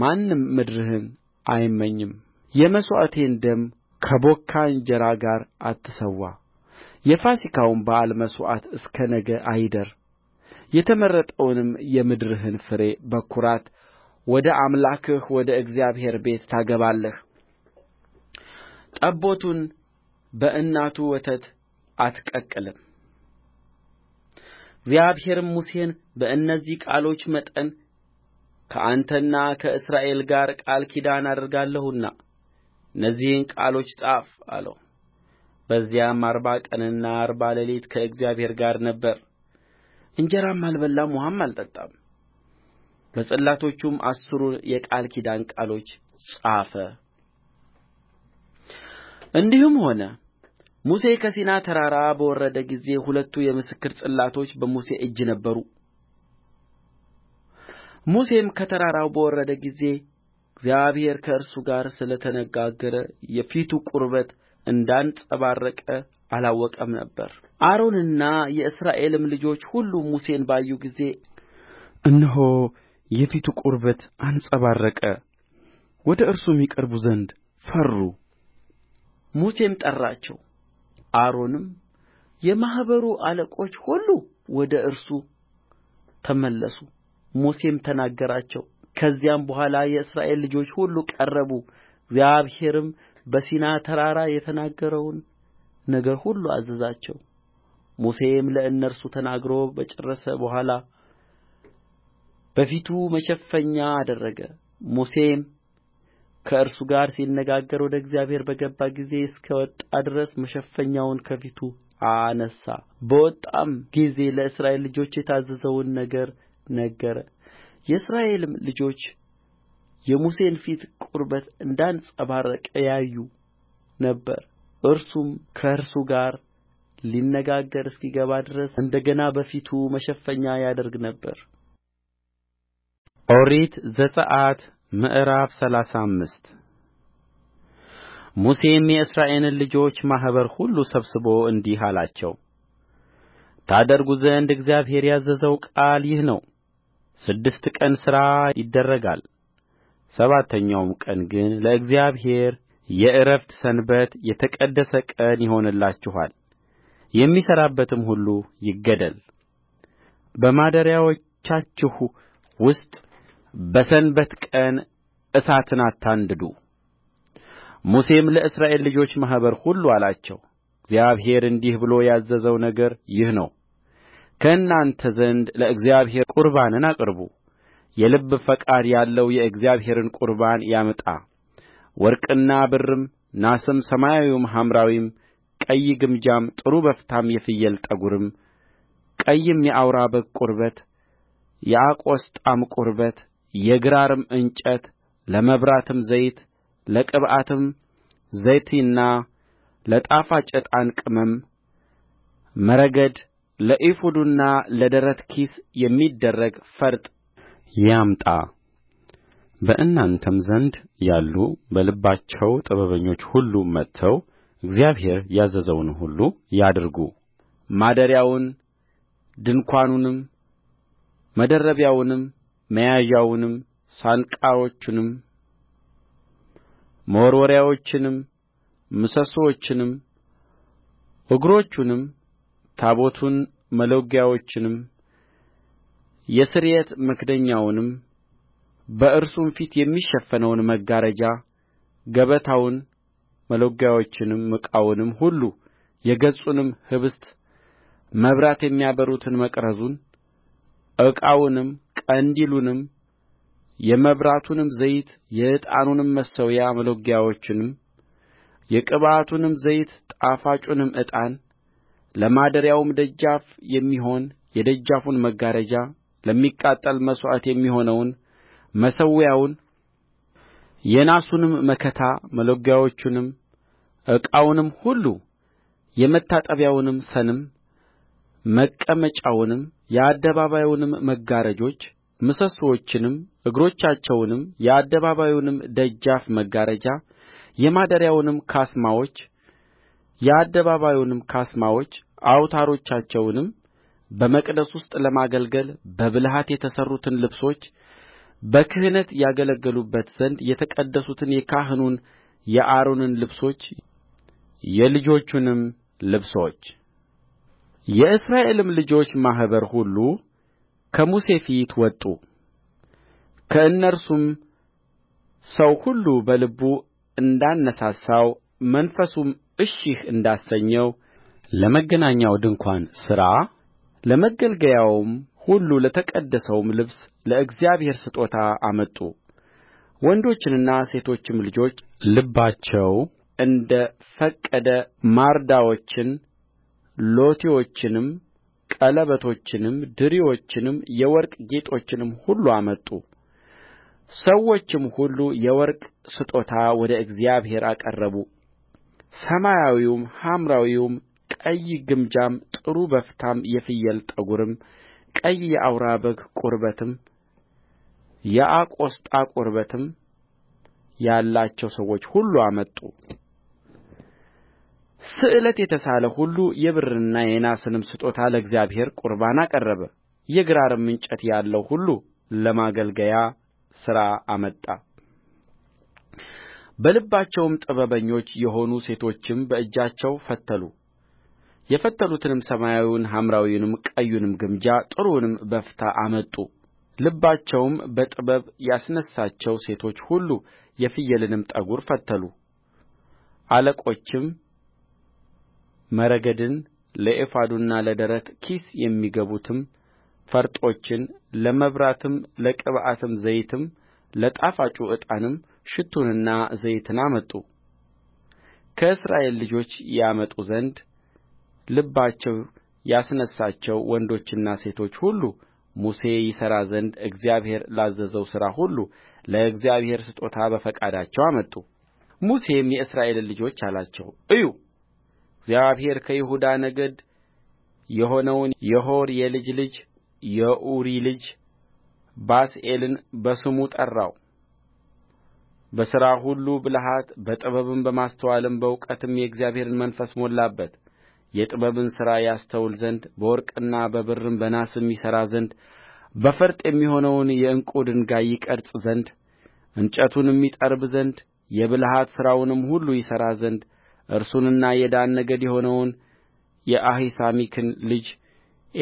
ማንም ምድርህን አይመኝም የመሥዋዕቴን ደም ከቦካ እንጀራ ጋር አትሠዋ የፋሲካውም በዓል መሥዋዕት እስከ ነገ አይደር የተመረጠውንም የምድርህን ፍሬ በኵራት ወደ አምላክህ ወደ እግዚአብሔር ቤት ታገባለህ ጠቦቱን በእናቱ ወተት አትቀቅልም እግዚአብሔርም ሙሴን በእነዚህ ቃሎች መጠን ከአንተና ከእስራኤል ጋር ቃል ኪዳን አድርጋለሁና እነዚህን ቃሎች ጻፍ አለው በዚያም አርባ ቀንና አርባ ሌሊት ከእግዚአብሔር ጋር ነበረ እንጀራም አልበላም ውኃም አልጠጣም በጽላቶቹም አሥሩን የቃል ኪዳን ቃሎች ጻፈ እንዲህም ሆነ ሙሴ ከሲና ተራራ በወረደ ጊዜ ሁለቱ የምስክር ጽላቶች በሙሴ እጅ ነበሩ ሙሴም ከተራራው በወረደ ጊዜ እግዚአብሔር ከእርሱ ጋር ስለ ተነጋገረ የፊቱ ቁርበት እንዳንጸባረቀ አላወቀም ነበር አሮንና የእስራኤልም ልጆች ሁሉ ሙሴን ባዩ ጊዜ እነሆ የፊቱ ቁርበት አንጸባረቀ ወደ እርሱም ይቀርቡ ዘንድ ፈሩ ሙሴም ጠራቸው አሮንም የማኅበሩ አለቆች ሁሉ ወደ እርሱ ተመለሱ ሙሴም ተናገራቸው ከዚያም በኋላ የእስራኤል ልጆች ሁሉ ቀረቡ እግዚአብሔርም በሲና ተራራ የተናገረውን ነገር ሁሉ አዘዛቸው ሙሴም ለእነርሱ ተናግሮ ከጨረሰ በኋላ በፊቱ መሸፈኛ አደረገ ሙሴም ከእርሱ ጋር ሲነጋገር ወደ እግዚአብሔር በገባ ጊዜ እስከ ወጣ ድረስ መሸፈኛውን ከፊቱ አነሣ በወጣም ጊዜ ለእስራኤል ልጆች የታዘዘውን ነገር ነገረ የእስራኤልም ልጆች የሙሴን ፊት ቁርበት እንዳንጸባረቀ ያዩ ነበር እርሱም ከእርሱ ጋር ሊነጋገር እስኪገባ ድረስ እንደ ገና በፊቱ መሸፈኛ ያደርግ ነበር ኦሪት ዘጽአት ምዕራፍ ሰላሳ አምስት ሙሴም የእስራኤልን ልጆች ማኅበር ሁሉ ሰብስቦ እንዲህ አላቸው ታደርጉ ዘንድ እግዚአብሔር ያዘዘው ቃል ይህ ነው ስድስት ቀን ሥራ ይደረጋል ሰባተኛውም ቀን ግን ለእግዚአብሔር የዕረፍት ሰንበት የተቀደሰ ቀን ይሆንላችኋል የሚሠራበትም ሁሉ ይገደል በማደሪያዎቻችሁ ውስጥ በሰንበት ቀን እሳትን አታንድዱ ሙሴም ለእስራኤል ልጆች ማኅበር ሁሉ አላቸው እግዚአብሔር እንዲህ ብሎ ያዘዘው ነገር ይህ ነው ከእናንተ ዘንድ ለእግዚአብሔር ቁርባንን አቅርቡ የልብ ፈቃድ ያለው የእግዚአብሔርን ቁርባን ያምጣ ወርቅና ብርም ናስም ሰማያዊም ሐምራዊም ቀይ ግምጃም ጥሩ በፍታም የፍየል ጠጕርም ቀይም የአውራ በግ ቁርበት የአቆስጣም ቁርበት የግራርም እንጨት ለመብራትም ዘይት ለቅብዓትም ዘይትና ለጣፋጭ ዕጣን ቅመም መረግድ ለኤፉዱና ለደረት ኪስ የሚደረግ ፈርጥ ያምጣ። በእናንተም ዘንድ ያሉ በልባቸው ጥበበኞች ሁሉ መጥተው እግዚአብሔር ያዘዘውን ሁሉ ያድርጉ ማደሪያውን ድንኳኑንም መደረቢያውንም መያዣውንም ሳንቃዎቹንም መወርወሪያዎቹንም ምሰሶቹንም እግሮቹንም ታቦቱን መሎጊያዎቹንም የስርየት መክደኛውንም በእርሱም ፊት የሚሸፈነውን መጋረጃ ገበታውን መሎጊያዎቹንም ዕቃውንም ሁሉ የገጹንም ኅብስት መብራት የሚያበሩትን መቅረዙን ዕቃውንም ቀንዲሉንም የመብራቱንም ዘይት የዕጣኑንም መሠዊያ መሎጊያዎቹንም የቅብዓቱንም ዘይት ጣፋጩንም ዕጣን ለማደሪያውም ደጃፍ የሚሆን የደጃፉን መጋረጃ ለሚቃጠል መሥዋዕት የሚሆነውን መሠዊያውን የናሱንም መከታ መሎጊያዎቹንም ዕቃውንም ሁሉ የመታጠቢያውንም ሰንም መቀመጫውንም የአደባባዩንም መጋረጆች ምሰሶቹንም እግሮቻቸውንም የአደባባዩንም ደጃፍ መጋረጃ የማደሪያውንም ካስማዎች የአደባባዩንም ካስማዎች አውታሮቻቸውንም በመቅደስ ውስጥ ለማገልገል በብልሃት የተሠሩትን ልብሶች በክህነት ያገለግሉበት ዘንድ የተቀደሱትን የካህኑን የአሮንን ልብሶች የልጆቹንም ልብሶች የእስራኤልም ልጆች ማኅበር ሁሉ ከሙሴ ፊት ወጡ ከእነርሱም ሰው ሁሉ በልቡ እንዳነሣሣው መንፈሱም እሺህ እንዳሰኘው ለመገናኛው ድንኳን ሥራ ለማገልገያውም ሁሉ ለተቀደሰውም ልብስ ለእግዚአብሔር ስጦታ አመጡ ወንዶችና ሴቶችም ልጆች ልባቸው እንደ ፈቀደ ማርዳዎችን ሎቲዎችንም ቀለበቶችንም ድሪዎችንም የወርቅ ጌጦችንም ሁሉ አመጡ ሰዎችም ሁሉ የወርቅ ስጦታ ወደ እግዚአብሔር አቀረቡ ሰማያዊም ሐምራዊም ቀይ ግምጃም ጥሩ በፍታም የፍየል ጠጕርም ቀይ የአውራ በግ ቁርበትም የአቆስጣ ቁርበትም ያላቸው ሰዎች ሁሉ አመጡ ስእለት የተሳለ ሁሉ የብርንና የናስንም ስጦታ ለእግዚአብሔር ቍርባን አቀረበ የግራርም እንጨት ያለው ሁሉ ለማገልገያ ሥራ አመጣ በልባቸውም ጥበበኞች የሆኑ ሴቶችም በእጃቸው ፈተሉ የፈተሉትንም ሰማያዊውን ሐምራዊውንም ቀዩንም ግምጃ ጥሩውንም በፍታ አመጡ ልባቸውም በጥበብ ያስነሣቸው ሴቶች ሁሉ የፍየልንም ጠጕር ፈተሉ አለቆችም መረግድን ለኤፉዱና ለደረት ኪስ የሚገቡትም ፈርጦችን ለመብራትም ለቅብዓት ዘይትም ለጣፋጭ ዕጣንም ሽቱንና ዘይትን አመጡ ከእስራኤል ልጆች ያመጡ ዘንድ ልባቸው ያስነሣቸው ወንዶችና ሴቶች ሁሉ ሙሴ ይሠራ ዘንድ እግዚአብሔር ላዘዘው ሥራ ሁሉ ለእግዚአብሔር ስጦታ በፈቃዳቸው አመጡ ሙሴም የእስራኤልን ልጆች አላቸው እዩ እግዚአብሔር ከይሁዳ ነገድ የሆነውን የሆር የልጅ ልጅ የኡሪ ልጅ ባስልኤልን በስሙ ጠራው በሥራ ሁሉ ብልሃት በጥበብም በማስተዋልም በእውቀትም የእግዚአብሔርን መንፈስ ሞላበት የጥበብን ሥራ ያስተውል ዘንድ በወርቅና በብርም በናስም ይሠራ ዘንድ በፈርጥ የሚሆነውን የዕንቍ ድንጋይ ይቀርጽ ዘንድ እንጨቱንም ይጠርብ ዘንድ የብልሃት ሥራውንም ሁሉ ይሠራ ዘንድ እርሱንና የዳን ነገድ የሆነውን የአሂሳሚክን ልጅ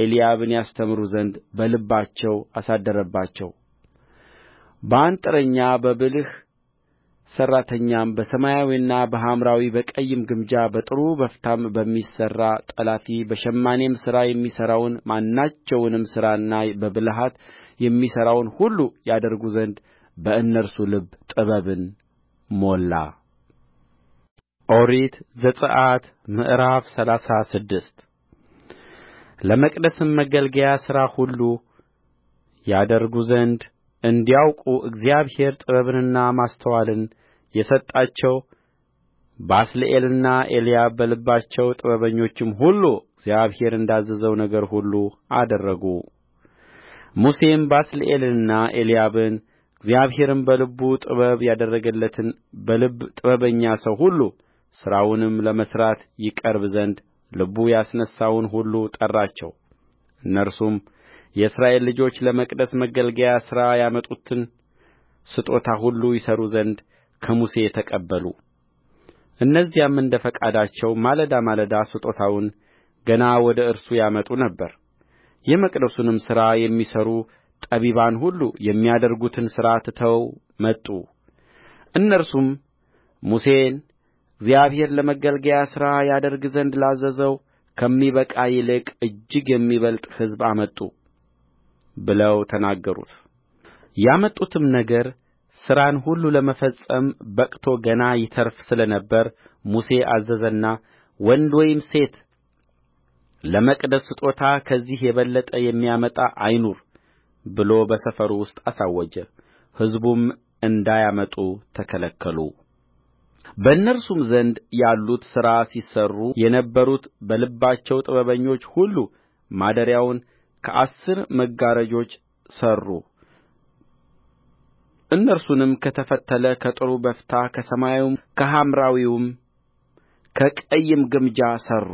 ኤልያብን ያስተምሩ ዘንድ በልባቸው አሳደረባቸው በአንጥረኛ በብልህ ሠራተኛም በሰማያዊና በሐምራዊ በቀይም ግምጃ በጥሩ በፍታም በሚሠራ ጠላፊ በሸማኔም ሥራ የሚሠራውን ማናቸውንም ሥራና በብልሃት የሚሠራውን ሁሉ ያደርጉ ዘንድ በእነርሱ ልብ ጥበብን ሞላ ኦሪት ዘጽአት ምዕራፍ ሰላሳ ስድስት ለመቅደስም መገልገያ ሥራ ሁሉ ያደርጉ ዘንድ እንዲያውቁ እግዚአብሔር ጥበብንና ማስተዋልን የሰጣቸው ባስልኤልና ኤልያብ በልባቸው ጥበበኞችም ሁሉ እግዚአብሔር እንዳዘዘው ነገር ሁሉ አደረጉ። ሙሴም ባስልኤልንና ኤልያብን እግዚአብሔርም በልቡ ጥበብ ያደረገለትን በልብ ጥበበኛ ሰው ሁሉ ሥራውንም ለመሥራት ይቀርብ ዘንድ ልቡ ያስነሣውን ሁሉ ጠራቸው እነርሱም የእስራኤል ልጆች ለመቅደስ ማገልገያ ሥራ ያመጡትን ስጦታ ሁሉ ይሠሩ ዘንድ ከሙሴ ተቀበሉ እነዚያም እንደ ፈቃዳቸው ማለዳ ማለዳ ስጦታውን ገና ወደ እርሱ ያመጡ ነበር የመቅደሱንም ሥራ የሚሠሩ ጠቢባን ሁሉ የሚያደርጉትን ሥራ ትተው መጡ እነርሱም ሙሴን እግዚአብሔር ለማገልገያ ሥራ ያደርግ ዘንድ ላዘዘው ከሚበቃ ይልቅ እጅግ የሚበልጥ ሕዝብ አመጡ ብለው ተናገሩት ያመጡትም ነገር ሥራን ሁሉ ለመፈጸም በቅቶ ገና ይተርፍ ስለ ነበር ሙሴ አዘዘና ወንድ ወይም ሴት ለመቅደስ ስጦታ ከዚህ የበለጠ የሚያመጣ አይኑር ብሎ በሰፈሩ ውስጥ አሳወጀ ሕዝቡም እንዳያመጡ ተከለከሉ በእነርሱም ዘንድ ያሉት ሥራ ሲሠሩ የነበሩት በልባቸው ጥበበኞች ሁሉ ማደሪያውን ከአሥር መጋረጆች ሠሩ እነርሱንም ከተፈተለ ከጥሩ በፍታ ከሰማያዊም ከሐምራዊም ከቀይም ግምጃ ሠሩ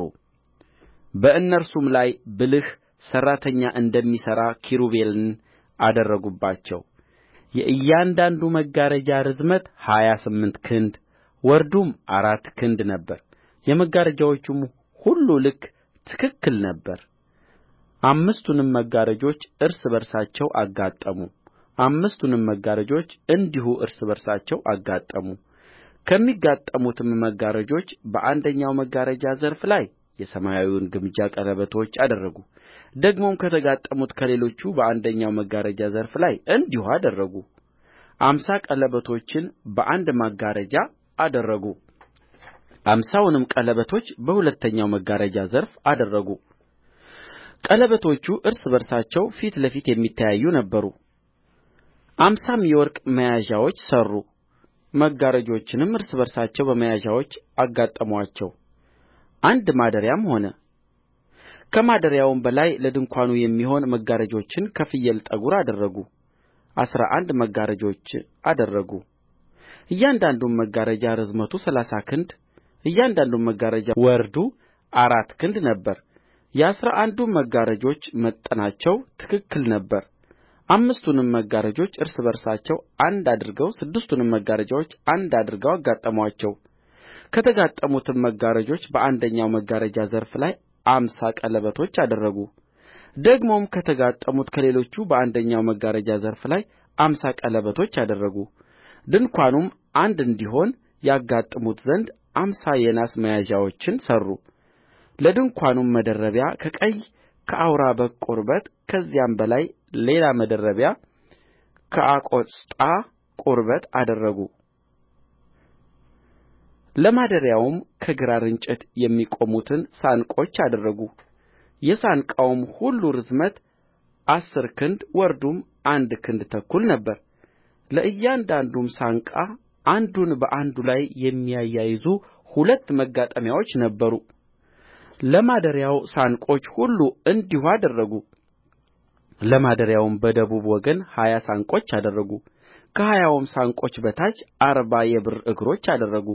በእነርሱም ላይ ብልህ ሠራተኛ እንደሚሠራ ኪሩቤልን አደረጉባቸው የእያንዳንዱ መጋረጃ ርዝመት ሀያ ስምንት ክንድ ወርዱም አራት ክንድ ነበረ የመጋረጆቹም ሁሉ ልክ ትክክል ነበረ አምስቱንም መጋረጆች እርስ በርሳቸው አጋጠሙ አምስቱንም መጋረጆች እንዲሁ እርስ በርሳቸው አጋጠሙ ከሚጋጠሙትም መጋረጆች በአንደኛው መጋረጃ ዘርፍ ላይ የሰማያዊውን ግምጃ ቀለበቶች አደረጉ ደግሞም ከተጋጠሙት ከሌሎቹ በአንደኛው መጋረጃ ዘርፍ ላይ እንዲሁ አደረጉ አምሳ ቀለበቶችን በአንድ መጋረጃ አደረጉ አምሳውንም ቀለበቶች በሁለተኛው መጋረጃ ዘርፍ አደረጉ ቀለበቶቹ እርስ በርሳቸው ፊት ለፊት የሚተያዩ ነበሩ አምሳም የወርቅ መያዣዎች ሠሩ መጋረጆችንም እርስ በርሳቸው በመያዣዎች አጋጠሙአቸው አንድ ማደሪያም ሆነ ከማደሪያውም በላይ ለድንኳኑ የሚሆን መጋረጆችን ከፍየል ጠጕር አደረጉ አሥራ አንድ መጋረጆች አደረጉ እያንዳንዱም መጋረጃ ርዝመቱ ሠላሳ ክንድ እያንዳንዱም መጋረጃ ወርዱ አራት ክንድ ነበረ የአሥራ አንዱም መጋረጆች መጠናቸው ትክክል ነበረ አምስቱንም መጋረጆች እርስ በርሳቸው አንድ አድርገው ስድስቱንም መጋረጆች አንድ አድርገው አጋጠሙአቸው ከተጋጠሙትም መጋረጆች በአንደኛው መጋረጃ ዘርፍ ላይ አምሳ ቀለበቶች አደረጉ ደግሞም ከተጋጠሙት ከሌሎቹ በአንደኛው መጋረጃ ዘርፍ ላይ አምሳ ቀለበቶች አደረጉ ድንኳኑም አንድ እንዲሆን ያጋጥሙት ዘንድ አምሳ የናስ መያዣዎችን ሠሩ ለድንኳኑም መደረቢያ ከቀይ ከአውራ በግ ቁርበት ከዚያም በላይ ሌላ መደረቢያ ከአቆስጣ ቁርበት አደረጉ ለማደሪያውም ከግራር እንጨት የሚቆሙትን ሳንቆች አደረጉ የሳንቃውም ሁሉ ርዝመት አሥር ክንድ ወርዱም አንድ ክንድ ተኩል ነበረ ለእያንዳንዱም ሳንቃ አንዱን በአንዱ ላይ የሚያያይዙ ሁለት ማጋጠሚያዎች ነበሩ ለማደሪያው ሳንቆች ሁሉ እንዲሁ አደረጉ ለማደሪያውም በደቡብ ወገን ሀያ ሳንቆች አደረጉ ከሀያውም ሳንቆች በታች አርባ የብር እግሮች አደረጉ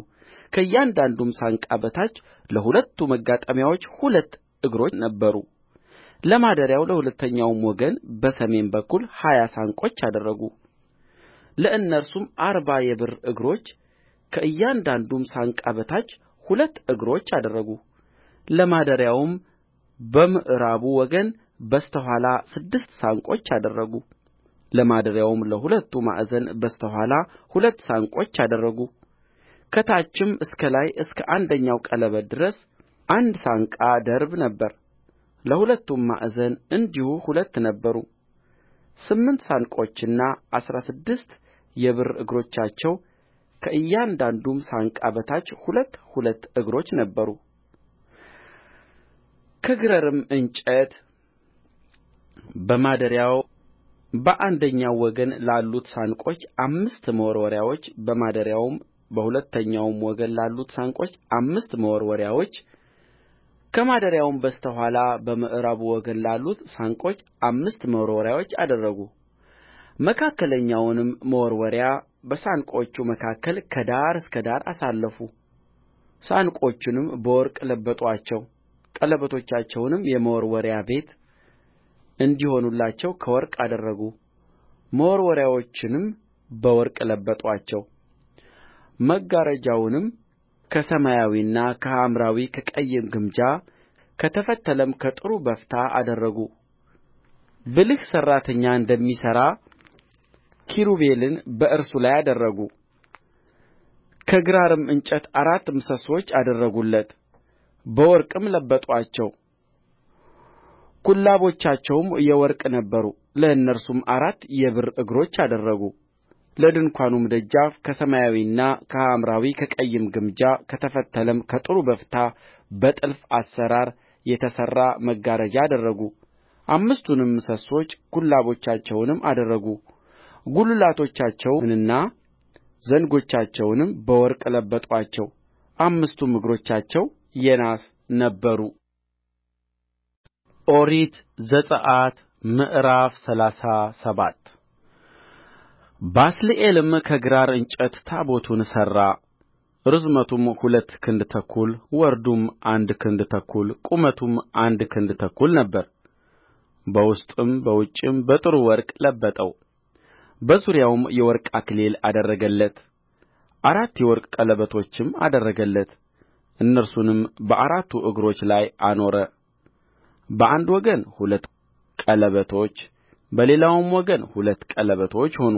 ከእያንዳንዱም ሳንቃ በታች ለሁለቱ ማጋጠሚያዎች ሁለት እግሮች ነበሩ ለማደሪያው ለሁለተኛውም ወገን በሰሜን በኩል ሀያ ሳንቆች አደረጉ ለእነርሱም አርባ የብር እግሮች ከእያንዳንዱም ሳንቃ በታች ሁለት እግሮች አደረጉ ለማደሪያውም በምዕራቡ ወገን በስተ ኋላ ስድስት ሳንቆች አደረጉ ለማደሪያውም ለሁለቱ ማዕዘን በስተ ኋላ ሁለት ሳንቆች አደረጉ ከታችም እስከ ላይ እስከ አንደኛው ቀለበት ድረስ አንድ ሳንቃ ድርብ ነበረ ለሁለቱም ማዕዘን እንዲሁ ሁለት ነበሩ ስምንት ሳንቆችና አሥራ ስድስት የብር እግሮቻቸው ከእያንዳንዱም ሳንቃ በታች ሁለት ሁለት እግሮች ነበሩ ከግራርም እንጨት በማደሪያው በአንደኛው ወገን ላሉት ሳንቆች አምስት መወርወሪያዎች በማደሪያውም በሁለተኛው ወገን ላሉት ሳንቆች አምስት መወርወሪያዎች ከማደሪያውም በስተ ኋላ በምዕራቡ ወገን ላሉት ሳንቆች አምስት መወርወሪያዎች አደረጉ መካከለኛውንም መወርወሪያ በሳንቆቹ መካከል ከዳር እስከ ዳር አሳለፉ ሳንቆቹንም በወርቅ ለበጡአቸው ቀለበቶቻቸውንም የመወርወሪያ ቤት እንዲሆኑላቸው ከወርቅ አደረጉ መወርወሪያዎቹንም በወርቅ ለበጡአቸው መጋረጃውንም ከሰማያዊና ከሐምራዊ ከቀይም ግምጃ ከተፈተለም ከጥሩ በፍታ አደረጉ ብልህ ሠራተኛ እንደሚሠራ ኪሩቤልን በእርሱ ላይ አደረጉ ከግራርም እንጨት አራት ምሰሶች አደረጉለት በወርቅም ለበጡአቸው ኩላቦቻቸውም የወርቅ ነበሩ ለእነርሱም አራት የብር እግሮች አደረጉ ለድንኳኑም ደጃፍ ከሰማያዊና ከሐምራዊ ከቀይም ግምጃ ከተፈተለም ከጥሩ በፍታ በጥልፍ አሠራር የተሠራ መጋረጃ አደረጉ አምስቱንም ምሰሶች ኩላቦቻቸውንም አደረጉ ጕልላቶቻቸውንና ዘንጎቻቸውንም በወርቅ ለበጡአቸው አምስቱም እግሮቻቸው የናስ ነበሩ ኦሪት ዘጽአት ምዕራፍ ሰላሳ ሰባት ባስልኤልም ከግራር እንጨት ታቦቱን ሠራ ርዝመቱም ሁለት ክንድ ተኩል ወርዱም አንድ ክንድ ተኩል ቁመቱም አንድ ክንድ ተኩል ነበረ በውስጥም በውጭም በጥሩ ወርቅ ለበጠው በዙሪያውም የወርቅ አክሊል አደረገለት አራት የወርቅ ቀለበቶችም አደረገለት እነርሱንም በአራቱ እግሮቹ ላይ አኖረ በአንድ ወገን ሁለት ቀለበቶች በሌላውም ወገን ሁለት ቀለበቶች ሆኑ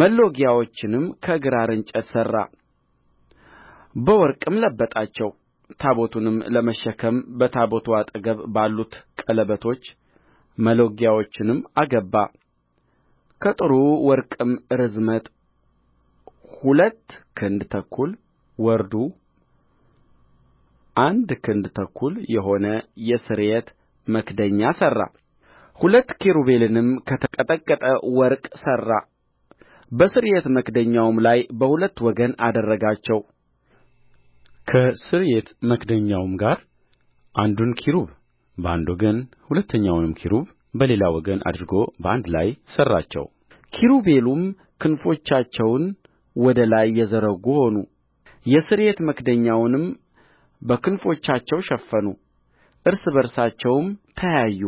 መሎጊያዎቹንም ከግራር እንጨት ሠራ በወርቅም ለበጣቸው ታቦቱንም ለመሸከም በታቦቱ አጠገብ ባሉት ቀለበቶች መሎጊያዎቹንም አገባ ከጥሩ ወርቅም ርዝመት ሁለት ክንድ ተኩል ወርዱ አንድ ክንድ ተኩል የሆነ የስርየት መክደኛ ሠራ ሁለት ኪሩቤልንም ከተቀጠቀጠ ወርቅ ሠራ በስርየት መክደኛውም ላይ በሁለት ወገን አደረጋቸው ከስርየት መክደኛውም ጋር አንዱን ኪሩብ በአንድ ወገን ሁለተኛውንም ኪሩብ በሌላ ወገን አድርጎ በአንድ ላይ ሠራቸው ኪሩቤልም ክንፎቻቸውን ወደ ላይ የዘረጉ ሆኑ የስርየት መክደኛውንም በክንፎቻቸው ሸፈኑ እርስ በርሳቸውም ተያዩ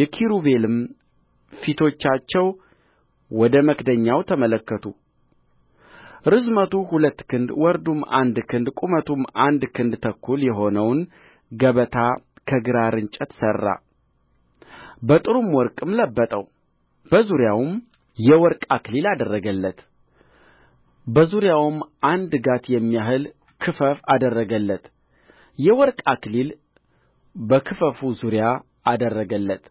የኪሩቤልም ፊቶቻቸው ወደ መክደኛው ተመለከቱ ርዝመቱ ሁለት ክንድ ወርዱም አንድ ክንድ ቁመቱም አንድ ክንድ ተኩል የሆነውን ገበታ ከግራር እንጨት ሠራ በጥሩም ወርቅም ለበጠው በዙሪያውም የወርቅ አክሊል አደረገለት በዙሪያውም አንድ ጋት የሚያህል ክፈፍ አደረገለት የወርቅ አክሊል በክፈፉ ዙሪያ አደረገለት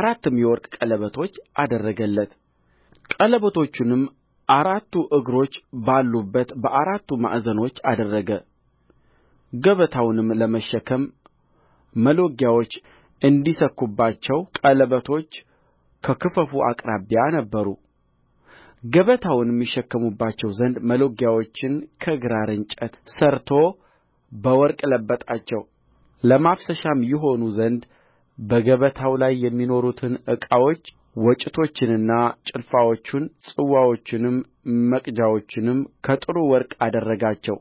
አራትም የወርቅ ቀለበቶች አደረገለት ቀለበቶቹንም አራቱ እግሮች ባሉበት በአራቱ ማዕዘኖች አደረገ ገበታውንም ለመሸከም መሎጊያዎች እንዲሰኩባቸው ቀለበቶች ከክፈፉ አቅራቢያ ነበሩ ገበታውንም ይሸከሙባቸው ዘንድ መሎጊያዎቹን ከግራር እንጨት ሠርቶ በወርቅ ለበጣቸው ለማፍሰሻም ይሆኑ ዘንድ በገበታው ላይ የሚኖሩትን ዕቃዎች ወጭቶቹንና ጭልፋዎቹን ጽዋዎቹንም መቅጃዎቹንም ከጥሩ ወርቅ አደረጋቸው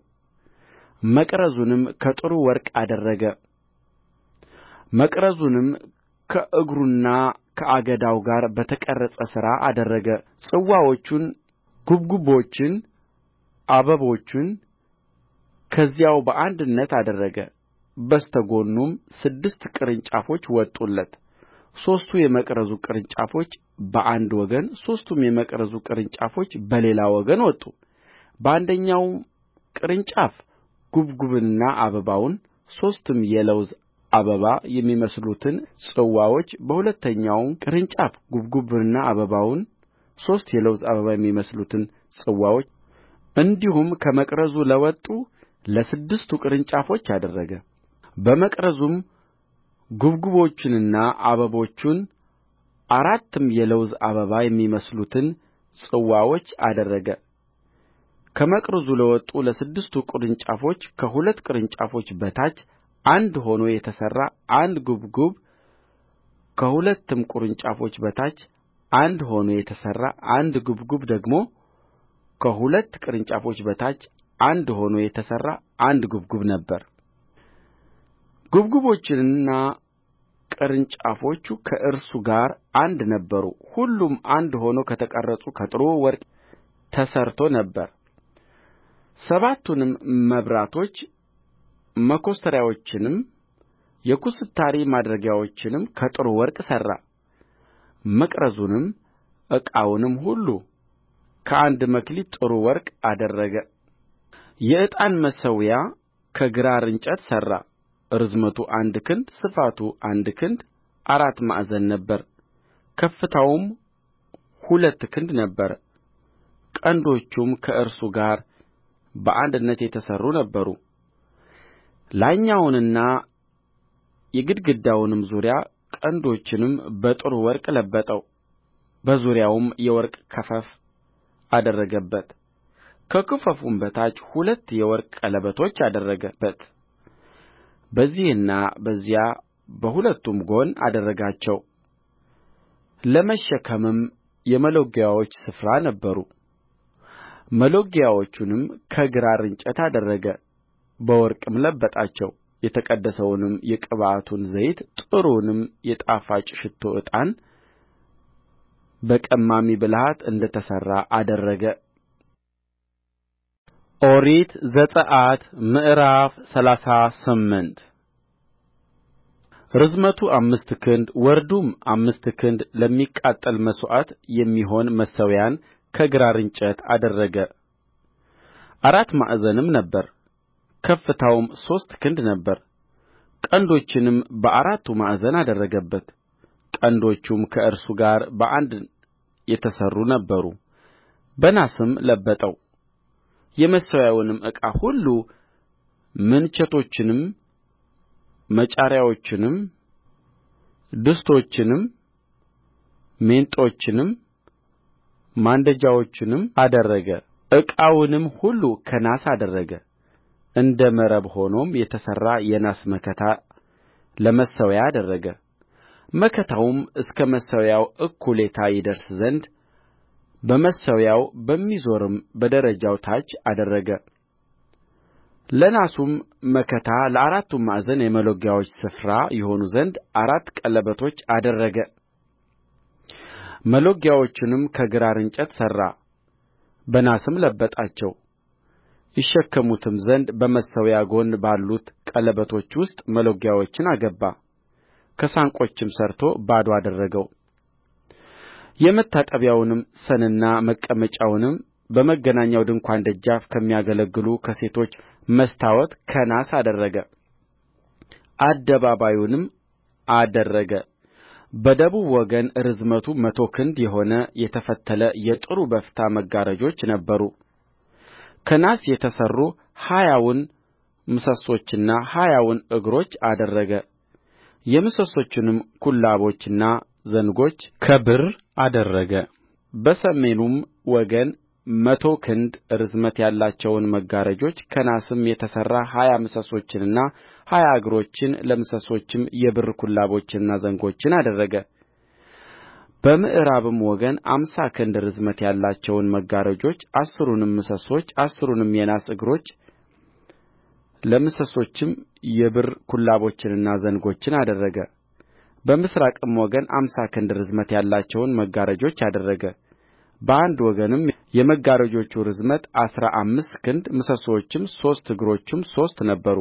መቅረዙንም ከጥሩ ወርቅ አደረገ መቅረዙንም ከእግሩና ከአገዳው ጋር በተቀረጸ ሥራ አደረገ ጽዋዎቹን ጉብጉቦችን አበቦቹን ከዚያው በአንድነት አደረገ በስተ ጎኑም ስድስት ቅርንጫፎች ወጡለት ሦስቱ የመቅረዙ ቅርንጫፎች በአንድ ወገን ሦስቱም የመቅረዙ ቅርንጫፎች በሌላ ወገን ወጡ በአንደኛውም ቅርንጫፍ ጕብጕብንና አበባውን ሦስትም የለውዝ አበባ የሚመስሉትን ጽዋዎች በሁለተኛውም ቅርንጫፍ ጕብጕብንና አበባውን ሦስት የለውዝ አበባ የሚመስሉትን ጽዋዎች እንዲሁም ከመቅረዙ ለወጡ ለስድስቱ ቅርንጫፎች አደረገ በመቅረዙም ጕብጕቦቹንና አበቦቹን አራትም የለውዝ አበባ የሚመስሉትን ጽዋዎች አደረገ ከመቅረዙ ለወጡ ለስድስቱ ቅርንጫፎች ከሁለት ቅርንጫፎች በታች አንድ ሆኖ የተሠራ አንድ ጕብጕብ ከሁለትም ቅርንጫፎች በታች አንድ ሆኖ የተሠራ አንድ ጕብጕብ ደግሞ ከሁለት ቅርንጫፎች በታች አንድ ሆኖ የተሠራ አንድ ጕብጕብ ነበረ ጕብጕቦቹና ቅርንጫፎቹ ከእርሱ ጋር አንድ ነበሩ ሁሉም አንድ ሆኖ ከተቀረጸ ከጥሩ ወርቅ ተሠርቶ ነበር ሰባቱንም መብራቶች መኰስተሪያዎቹንም የኩስታሪ ማድረጊያዎቹንም ከጥሩ ወርቅ ሠራ መቅረዙንም ዕቃውንም ሁሉ ከአንድ መክሊት ጥሩ ወርቅ አደረገ የዕጣን መሠዊያ ከግራር እንጨት ሠራ ርዝመቱ አንድ ክንድ ስፋቱ አንድ ክንድ አራት ማዕዘን ነበረ ከፍታውም ሁለት ክንድ ነበረ ቀንዶቹም ከእርሱ ጋር በአንድነት የተሠሩ ነበሩ ላይኛውንና የግድግዳውንም ዙሪያ ቀንዶቹንም በጥሩ ወርቅ ለበጠው በዙሪያውም የወርቅ ክፈፍ አደረገበት ከክፈፉም በታች ሁለት የወርቅ ቀለበቶች አደረገበት በዚህና በዚያ በሁለቱም ጎን አደረጋቸው ለመሸከምም የመሎጊያዎች ስፍራ ነበሩ መሎጊያዎቹንም ከግራር እንጨት አደረገ በወርቅም ለበጣቸው የተቀደሰውንም የቅብዓቱን ዘይት ጥሩውንም የጣፋጭ ሽቱ ዕጣን በቀማሚ ብልሃት እንደ ተሠራ አደረገ ኦሪት ዘጽአት ምዕራፍ ሰላሳ ስምንት ርዝመቱ አምስት ክንድ ወርዱም አምስት ክንድ ለሚቃጠል መሥዋዕት የሚሆን መሠዊያን ከግራር እንጨት አደረገ። አራት ማዕዘንም ነበር፣ ከፍታውም ሦስት ክንድ ነበር። ቀንዶችንም በአራቱ ማዕዘን አደረገበት። ቀንዶቹም ከእርሱ ጋር በአንድ የተሠሩ ነበሩ፣ በናስም ለበጠው። የመሠዊያውንም ዕቃ ሁሉ ምንቸቶቹንም መጫሪያዎቹንም ድስቶቹንም ሜንጦቹንም ማንደጃዎቹንም አደረገ ዕቃውንም ሁሉ ከናስ አደረገ እንደ መረብ ሆኖም የተሠራ የናስ መከታ ለመሠዊያ አደረገ መከታውም እስከ መሠዊያው እኩሌታ ይደርስ ዘንድ በመሠዊያው በሚዞርም በደረጃው ታች አደረገ ለናሱም መከታ ለአራቱ ማዕዘን የመሎጊያዎች ስፍራ ይሆኑ ዘንድ አራት ቀለበቶች አደረገ መሎጊያዎቹንም ከግራር እንጨት ሠራ በናስም ለበጣቸው ይሸከሙትም ዘንድ በመሠዊያው ጎን ባሉት ቀለበቶች ውስጥ መሎጊያዎችን አገባ ከሳንቆችም ሠርቶ ባዶ አደረገው የመታጠቢያውንም ሰንና መቀመጫውንም በመገናኛው ድንኳን ደጃፍ ከሚያገለግሉ ከሴቶች መስተዋት ከናስ አደረገ አደባባዩንም አደረገ በደቡብ ወገን ርዝመቱ መቶ ክንድ የሆነ የተፈተለ የጥሩ በፍታ መጋረጆች ነበሩ ከናስ የተሠሩ ሀያውን ምሰሶችና ሀያውን እግሮች አደረገ የምሰሶቹንም ኩላቦችና ዘንጎች ከብር አደረገ በሰሜኑም ወገን መቶ ክንድ ርዝመት ያላቸውን መጋረጆች ከናስም የተሠራ ሀያ ምሰሶችንና ሀያ እግሮችን ለምሰሶቹም የብር ኩላቦችንና ዘንጎችን አደረገ በምዕራብም ወገን አምሳ ክንድ ርዝመት ያላቸውን መጋረጆች አሥሩንም ምሰሶች አሥሩንም የናስ እግሮች ለምሰሶቹም የብር ኩላቦችንና ዘንጎችን አደረገ በምሥራቅም ወገን አምሳ ክንድ ርዝመት ያላቸውን መጋረጆች አደረገ በአንድ ወገንም የመጋረጆቹ ርዝመት አሥራ አምስት ክንድ ምሰሶቹም ሦስት እግሮቹም ሦስት ነበሩ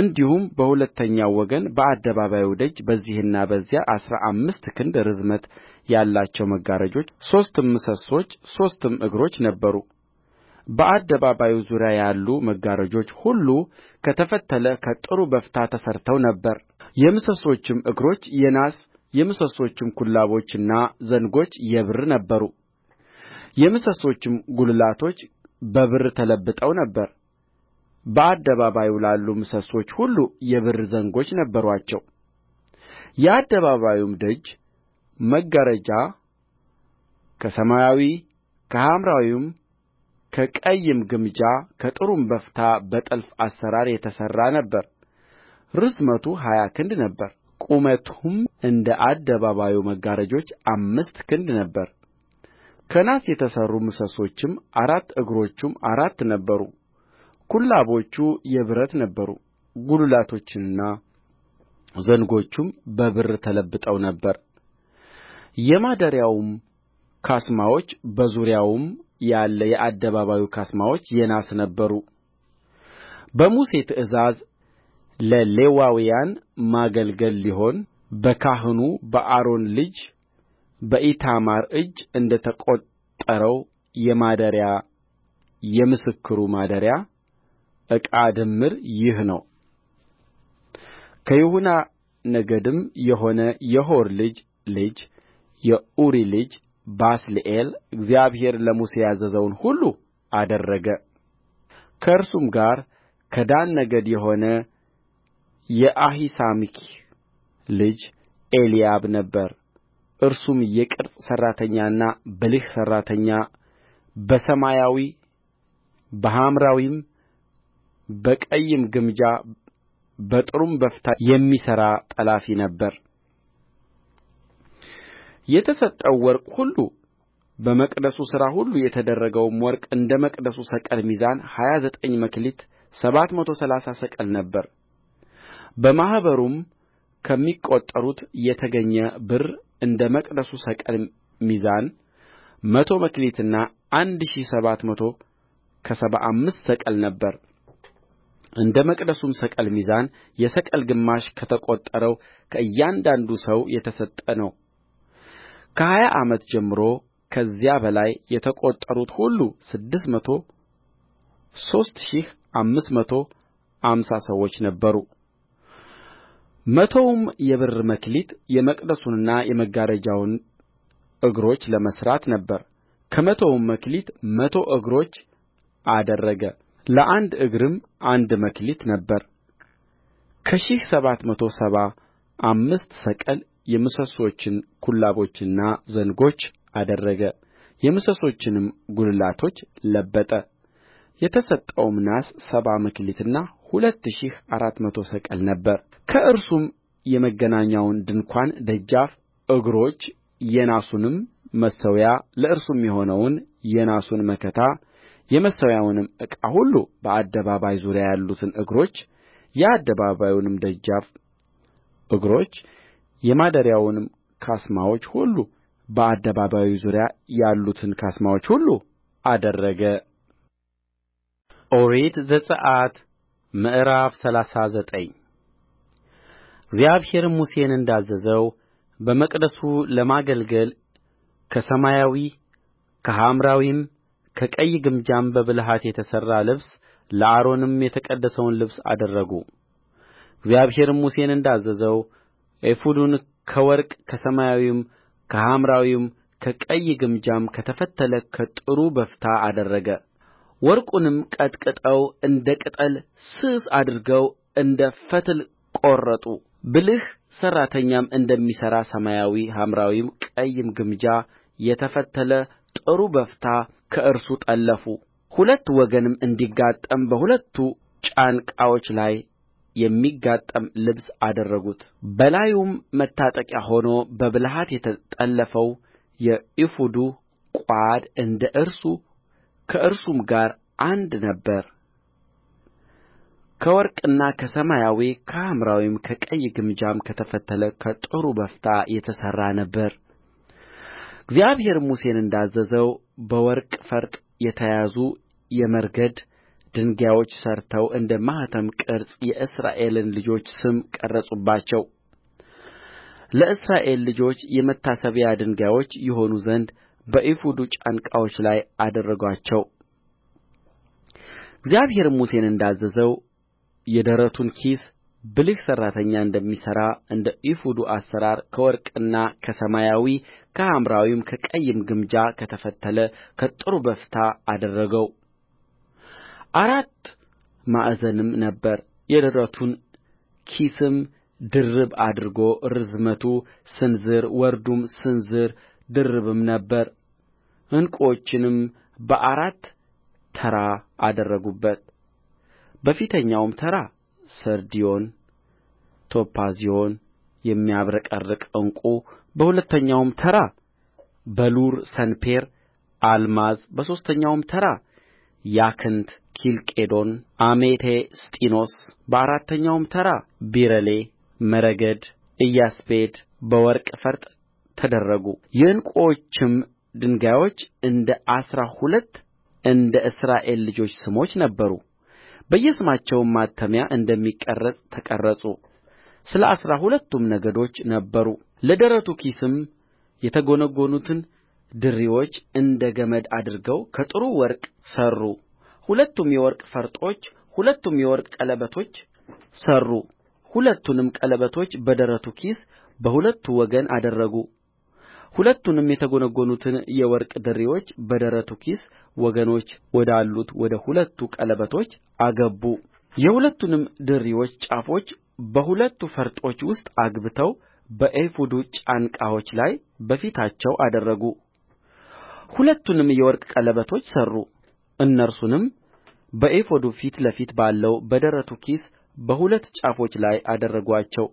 እንዲሁም በሁለተኛው ወገን በአደባባዩ ደጅ በዚህና በዚያ አሥራ አምስት ክንድ ርዝመት ያላቸው መጋረጆች ሦስትም ምሰሶች ሦስትም እግሮች ነበሩ በአደባባዩ ዙሪያ ያሉ መጋረጆች ሁሉ ከተፈተለ ከጥሩ በፍታ ተሠርተው ነበር የምሰሶቹም እግሮች የናስ የምሰሶቹም ኩላቦችና ዘንጎች የብር ነበሩ የምሰሶቹም ጕልላቶች በብር ተለብጠው ነበር በአደባባዩ ላሉ ምሰሶች ሁሉ የብር ዘንጎች ነበሩአቸው የአደባባዩም ደጅ መጋረጃ ከሰማያዊ ከሐምራዊም ከቀይም ግምጃ ከጥሩም በፍታ በጥልፍ አሠራር የተሠራ ነበረ ርዝመቱ ሀያ ክንድ ነበረ ቁመቱም እንደ አደባባዩ መጋረጆች አምስት ክንድ ነበረ ከናስ የተሠሩ ምሰሶችም አራት እግሮቹም አራት ነበሩ ኩላቦቹ የብረት ነበሩ ጕልላቶቹና ዘንጎቹም በብር ተለብጠው ነበር የማደሪያውም ካስማዎች በዙሪያውም ያለ የአደባባዩ ካስማዎች የናስ ነበሩ በሙሴ ትእዛዝ ለሌዋውያን ማገልገል ሊሆን በካህኑ በአሮን ልጅ በኢታማር እጅ እንደ ተቈጠረው የማደሪያ የምስክሩ ማደሪያ ዕቃ ድምር ይህ ነው ከይሁዳ ነገድም የሆነ የሆር ልጅ ልጅ የኡሪ ልጅ ባስልኤል እግዚአብሔር ለሙሴ ያዘዘውን ሁሉ አደረገ ከእርሱም ጋር ከዳን ነገድ የሆነ የአሂሳሚክ ልጅ ኤልያብ ነበረ እርሱም የቅርጽ ሠራተኛና ብልህ ሠራተኛ በሰማያዊ በሐምራዊም በቀይም ግምጃ በጥሩም በፍታ የሚሠራ ጠላፊ ነበረ የተሰጠው ወርቅ ሁሉ በመቅደሱ ሥራ ሁሉ የተደረገውም ወርቅ እንደ መቅደሱ ሰቅል ሚዛን ሀያ ዘጠኝ መክሊት ሰባት መቶ ሠላሳ ሰቅል ነበረ በማኅበሩም ከሚቈጠሩት የተገኘ ብር እንደ መቅደሱ ሰቅል ሚዛን መቶ መክሊትና አንድ ሺህ ሰባት መቶ ከሰባ አምስት ሰቅል ነበረ እንደ መቅደሱም ሰቅል ሚዛን የሰቅል ግማሽ ከተቈጠረው ከእያንዳንዱ ሰው የተሰጠ ነው ከሀያ ዓመት ጀምሮ ከዚያ በላይ የተቈጠሩት ሁሉ ስድስት መቶ ሦስት ሺህ አምስት መቶ አምሳ ሰዎች ነበሩ መቶውም የብር መክሊት የመቅደሱንና የመጋረጃውን እግሮች ለመሥራት ነበረ ከመቶውም መክሊት መቶ እግሮች አደረገ ለአንድ እግርም አንድ መክሊት ነበረ ከሺህ ሰባት መቶ ሰባ አምስት ሰቅል የምሰሶቹን ኩላቦችና ዘንጎች አደረገ የምሰሶቹንም ጕልላቶች ለበጠ የተሰጠውም ናስ ሰባ መክሊትና ሁለት ሺህ አራት መቶ ሰቅል ከእርሱም የመገናኛውን ድንኳን ደጃፍ እግሮች የናሱንም መሠዊያ ለእርሱም የሆነውን የናሱን መከታ የመሠዊያውንም ዕቃ ሁሉ በአደባባዩ ዙሪያ ያሉትን እግሮች የአደባባዩንም ደጃፍ እግሮች የማደሪያውንም ካስማዎች ሁሉ በአደባባዩ ዙሪያ ያሉትን ካስማዎች ሁሉ አደረገ ኦሪት ዘጽአት ምዕራፍ ሰላሳ ዘጠኝ እግዚአብሔርም ሙሴን እንዳዘዘው በመቅደሱ ለማገልገል ከሰማያዊ ከሐምራዊም ከቀይ ግምጃም በብልሃት የተሠራ ልብስ ለአሮንም የተቀደሰውን ልብስ አደረጉ። እግዚአብሔርም ሙሴን እንዳዘዘው ኤፉዱን ከወርቅ ከሰማያዊም ከሐምራዊም ከቀይ ግምጃም ከተፈተለ ከጥሩ በፍታ አደረገ ወርቁንም ቀጥቅጠው እንደ ቅጠል ስስ አድርገው እንደ ፈትል ቈረጡ ብልህ ሠራተኛም እንደሚሠራ ሰማያዊ ሐምራዊም ቀይም ግምጃ የተፈተለ ጥሩ በፍታ ከእርሱ ጠለፉ ሁለት ወገንም እንዲጋጠም በሁለቱ ጫንቃዎች ላይ የሚጋጠም ልብስ አደረጉት በላዩም መታጠቂያ ሆኖ በብልሃት የተጠለፈው የኤፉዱ ቋድ እንደ እርሱ ከእርሱም ጋር አንድ ነበረ ከወርቅና ከሰማያዊ ከሐምራዊም ከቀይ ግምጃም ከተፈተለ ከጥሩ በፍታ የተሠራ ነበረ እግዚአብሔርም ሙሴን እንዳዘዘው በወርቅ ፈርጥ የተያዙ የመረግድ ድንጋዮች ሠርተው እንደ ማኅተም ቅርጽ የእስራኤልን ልጆች ስም ቀረጹባቸው ለእስራኤል ልጆች የመታሰቢያ ድንጋዮች ይሆኑ ዘንድ በኤፉዱ ጫንቃዎች ላይ አደረጋቸው እግዚአብሔርም ሙሴን እንዳዘዘው የደረቱን ኪስ ብልህ ሠራተኛ እንደሚሠራ እንደ ኤፉዱ አሠራር ከወርቅና ከሰማያዊ ከሐምራዊም ከቀይም ግምጃ ከተፈተለ ከጥሩ በፍታ አደረገው አራት ማዕዘንም ነበረ የደረቱን ኪስም ድርብ አድርጎ ርዝመቱ ስንዝር ወርዱም ስንዝር ድርብም ነበረ ዕንቍዎቹንም በአራት ተራ አደረጉበት በፊተኛውም ተራ ሰርድዮን ቶጳዝዮን የሚያብረቀርቅ ዕንቍ በሁለተኛውም ተራ በሉር ሰንፔር አልማዝ በሦስተኛውም ተራ ያክንት ኪልቄዶን አሜቴስጢኖስ በአራተኛውም ተራ ቢረሌ መረግድ ኢያስጲድ በወርቅ ፈርጥ ተደረጉ የዕንቈቹም ድንጋዮች እንደ አሥራ ሁለት እንደ እስራኤል ልጆች ስሞች ነበሩ በየስማቸውም ማተሚያ እንደሚቀረጽ ተቀረጹ ስለ አሥራ ሁለቱም ነገዶች ነበሩ ለደረቱ ኪስም የተጐነጐኑትን ድሪዎች እንደ ገመድ አድርገው ከጥሩ ወርቅ ሠሩ ሁለቱም የወርቅ ፈርጦች ሁለቱም የወርቅ ቀለበቶች ሠሩ ሁለቱንም ቀለበቶች በደረቱ ኪስ በሁለቱ ወገን አደረጉ ሁለቱንም የተጐነጐኑትን የወርቅ ድሪዎች በደረቱ ኪስ ወገኖች ወዳሉት ወደ ሁለቱ ቀለበቶች አገቡ የሁለቱንም ድሪዎች ጫፎች በሁለቱ ፈርጦች ውስጥ አግብተው በኤፉዱ ጫንቃዎች ላይ በፊታቸው አደረጉ ሁለቱንም የወርቅ ቀለበቶች ሠሩ እነርሱንም በኤፉዱ ፊት ለፊት ባለው በደረቱ ኪስ በሁለት ጫፎች ላይ አደረጉአቸው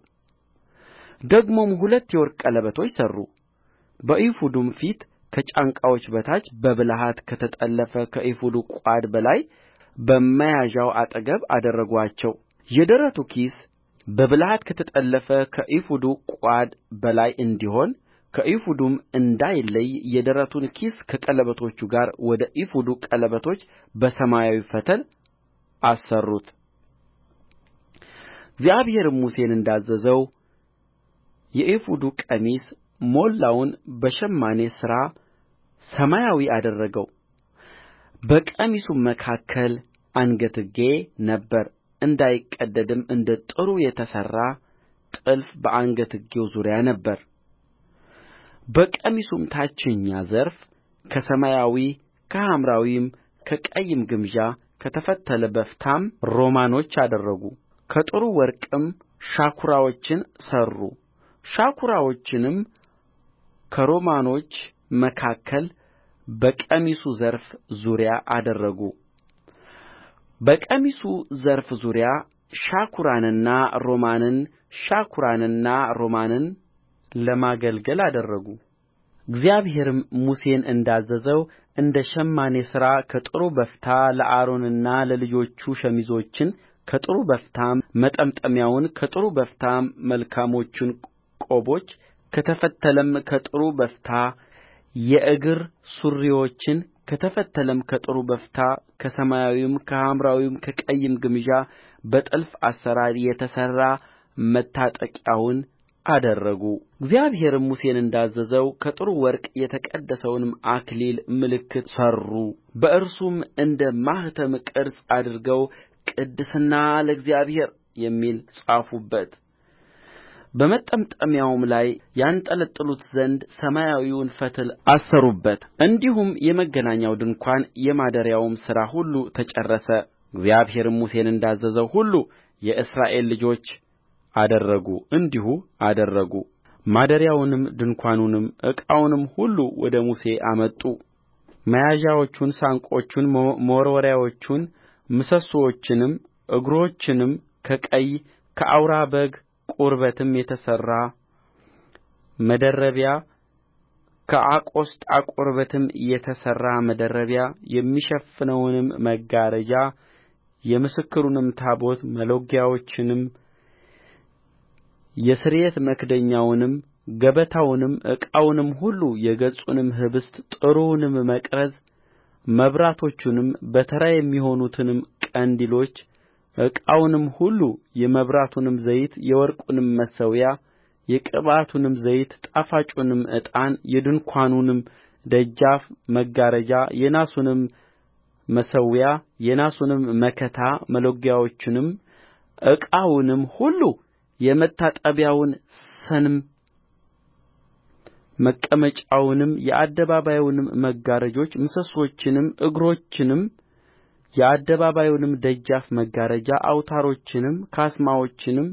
ደግሞም ሁለት የወርቅ ቀለበቶች ሠሩ በኤፉዱም ፊት ከጫንቃዎች በታች በብልሃት ከተጠለፈ ከኤፉዱ ቋድ በላይ በመያዣው አጠገብ አደረጉአቸው የደረቱ ኪስ በብልሃት ከተጠለፈ ከኤፉዱ ቋድ በላይ እንዲሆን ከኤፉዱም እንዳይለይ የደረቱን ኪስ ከቀለበቶቹ ጋር ወደ ኤፉዱ ቀለበቶች በሰማያዊ ፈትል አሰሩት እግዚአብሔርም ሙሴን እንዳዘዘው የኤፉዱ ቀሚስ ሞላውን በሸማኔ ሥራ ሰማያዊ አደረገው በቀሚሱም መካከል አንገትጌ ነበረ እንዳይቀደድም እንደ ጥሩ የተሠራ ጥልፍ በአንገትጌው ዙሪያ ነበረ በቀሚሱም ታችኛ ዘርፍ ከሰማያዊ ከሐምራዊም ከቀይም ግምጃ ከተፈተለ በፍታም ሮማኖች አደረጉ ከጥሩ ወርቅም ሻኵራዎችን ሠሩ ሻኵራዎቹንም ከሮማኖች መካከል በቀሚሱ ዘርፍ ዙሪያ አደረጉ በቀሚሱ ዘርፍ ዙሪያ ሻኵራንና ሮማንን ሻኵራንና ሮማንን ለማገልገል አደረጉ እግዚአብሔርም ሙሴን እንዳዘዘው እንደ ሸማኔ ሥራ ከጥሩ በፍታ ለአሮንና ለልጆቹ ሸሚዞችን ከጥሩ በፍታም መጠምጠሚያውን ከጥሩ በፍታም መልካሞቹን ቆቦች ከተፈተለም ከጥሩ በፍታ የእግር ሱሪዎችን ከተፈተለም ከጥሩ በፍታ ከሰማያዊም ከሐምራዊም ከቀይም ግምጃ በጥልፍ አሠራር የተሠራ መታጠቂያውን አደረጉ እግዚአብሔርም ሙሴን እንዳዘዘው ከጥሩ ወርቅ የተቀደሰውን አክሊል ምልክት ሠሩ በእርሱም እንደ ማኅተም ቅርጽ አድርገው ቅድስና ለእግዚአብሔር የሚል ጻፉበት በመጠምጠሚያውም ላይ ያንጠለጥሉት ዘንድ ሰማያዊውን ፈትል አሰሩበት እንዲሁም የመገናኛው ድንኳን የማደሪያውም ሥራ ሁሉ ተጨረሰ እግዚአብሔርም ሙሴን እንዳዘዘው ሁሉ የእስራኤል ልጆች አደረጉ እንዲሁ አደረጉ ማደሪያውንም ድንኳኑንም ዕቃውንም ሁሉ ወደ ሙሴ አመጡ መያዣዎቹን ሳንቆቹን መወርወሪያዎቹን ምሰሶቹንም እግሮቹንም ከቀይ ከአውራ በግ ከቁርበትም የተሠራ መደረቢያ ከአቆስጣ ቁርበትም የተሠራ መደረቢያ የሚሸፍነውንም መጋረጃ የምስክሩንም ታቦት መሎጊያዎቹንም የስርየት መክደኛውንም ገበታውንም ዕቃውንም ሁሉ የገጹንም ኅብስት ጥሩውንም መቅረዝ መብራቶቹንም በተራ የሚሆኑትንም ቀንዲሎች ዕቃውንም ሁሉ የመብራቱንም ዘይት የወርቁንም መሠዊያ የቅብዓቱንም ዘይት ጣፋጩንም ዕጣን የድንኳኑንም ደጃፍ መጋረጃ የናሱንም መሠዊያ የናሱንም መከታ መሎጊያዎቹንም ዕቃውንም ሁሉ የመታጠቢያውን ሰንም መቀመጫውንም የአደባባዩንም መጋረጆች ምሰሶቹንም እግሮቹንም የአደባባዩንም ደጃፍ መጋረጃ አውታሮቹንም ካስማዎቹንም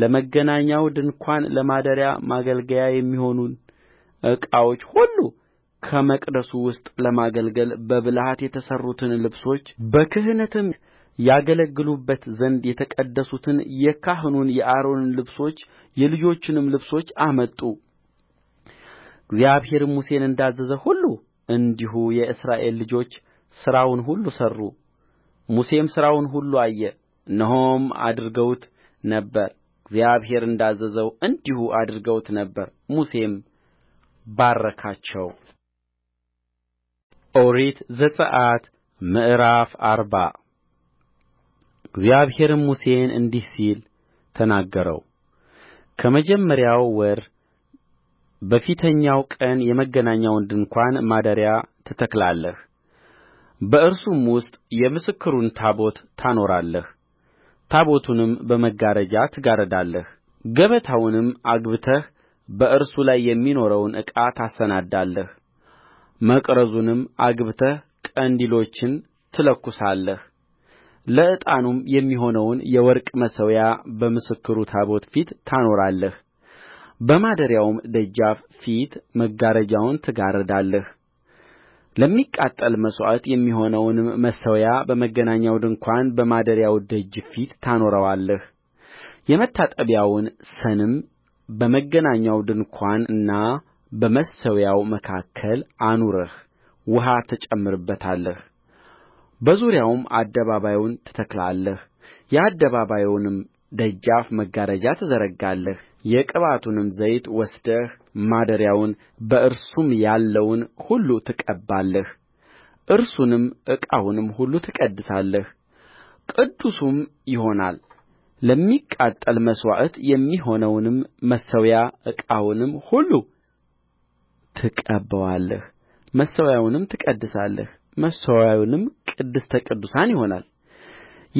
ለመገናኛው ድንኳን ለማደሪያ ማገልገያ የሚሆኑን ዕቃዎች ሁሉ ከመቅደሱ ውስጥ ለማገልገል በብልሃት የተሠሩትን ልብሶች በክህነትም ያገለግሉበት ዘንድ የተቀደሱትን የካህኑን የአሮንን ልብሶች የልጆቹንም ልብሶች አመጡ እግዚአብሔርም ሙሴን እንዳዘዘ ሁሉ እንዲሁ የእስራኤል ልጆች ሥራውን ሁሉ ሠሩ ሙሴም ሥራውን ሁሉ አየ እነሆም አድርገውት ነበር እግዚአብሔር እንዳዘዘው እንዲሁ አድርገውት ነበር ሙሴም ባረካቸው ኦሪት ዘጽአት ምዕራፍ አርባ እግዚአብሔርም ሙሴን እንዲህ ሲል ተናገረው ከመጀመሪያው ወር በፊተኛው ቀን የመገናኛውን ድንኳን ማደሪያ ትተክላለህ በእርሱም ውስጥ የምስክሩን ታቦት ታኖራለህ ታቦቱንም በመጋረጃ ትጋርዳለህ ገበታውንም አግብተህ በእርሱ ላይ የሚኖረውን ዕቃ ታሰናዳለህ መቅረዙንም አግብተህ ቀንዲሎችን ትለኵሳለህ ለዕጣኑም የሚሆነውን የወርቅ መሠዊያ በምስክሩ ታቦት ፊት ታኖራለህ በማደሪያውም ደጃፍ ፊት መጋረጃውን ትጋርዳለህ ለሚቃጠል መሥዋዕት የሚሆነውን መሠዊያ በመገናኛው ድንኳን በማደሪያው ደጅ ፊት ታኖረዋለህ የመታጠቢያውን ሰንም በመገናኛው ድንኳንና በመሠዊያው መካከል አኑረህ ውኃ ትጨምርበታለህ በዙሪያውም አደባባዩን ትተክላለህ የአደባባዩንም ደጃፍ መጋረጃ ትዘረጋለህ የቅብዓቱንም ዘይት ወስደህ ማደሪያውን በእርሱም ያለውን ሁሉ ትቀባለህ እርሱንም ዕቃውንም ሁሉ ትቀድሳለህ ቅዱስም ይሆናል ለሚቃጠል መሥዋዕት የሚሆነውንም መሠዊያ ዕቃውንም ሁሉ ትቀበዋለህ መሠዊያውንም ትቀድሳለህ መሠዊያውም ቅድስተ ቅዱሳን ይሆናል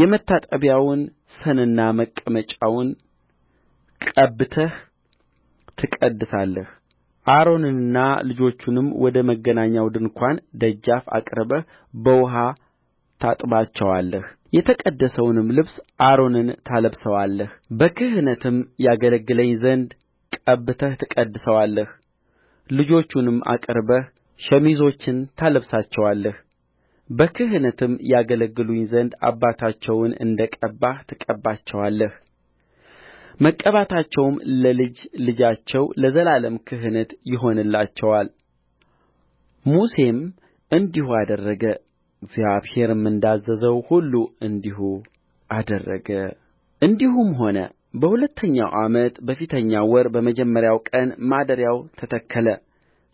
የመታጠቢያውን ሰንና መቀመጫውን ቀብተህ ትቀድሳለህ አሮንንና ልጆቹንም ወደ መገናኛው ድንኳን ደጃፍ አቅርበህ በውኃ ታጥባቸዋለህ የተቀደሰውንም ልብስ አሮንን ታለብሰዋለህ በክህነትም ያገለግለኝ ዘንድ ቀብተህ ትቀድሰዋለህ ልጆቹንም አቅርበህ ሸሚዞችን ታለብሳቸዋለህ በክህነትም ያገለግሉኝ ዘንድ አባታቸውን እንደ ቀባህ ትቀባቸዋለህ መቀባታቸውም ለልጅ ልጃቸው ለዘላለም ክህነት ይሆንላቸዋል ሙሴም እንዲሁ አደረገ እግዚአብሔርም እንዳዘዘው ሁሉ እንዲሁ አደረገ እንዲሁም ሆነ በሁለተኛው ዓመት በፊተኛው ወር በመጀመሪያው ቀን ማደሪያው ተተከለ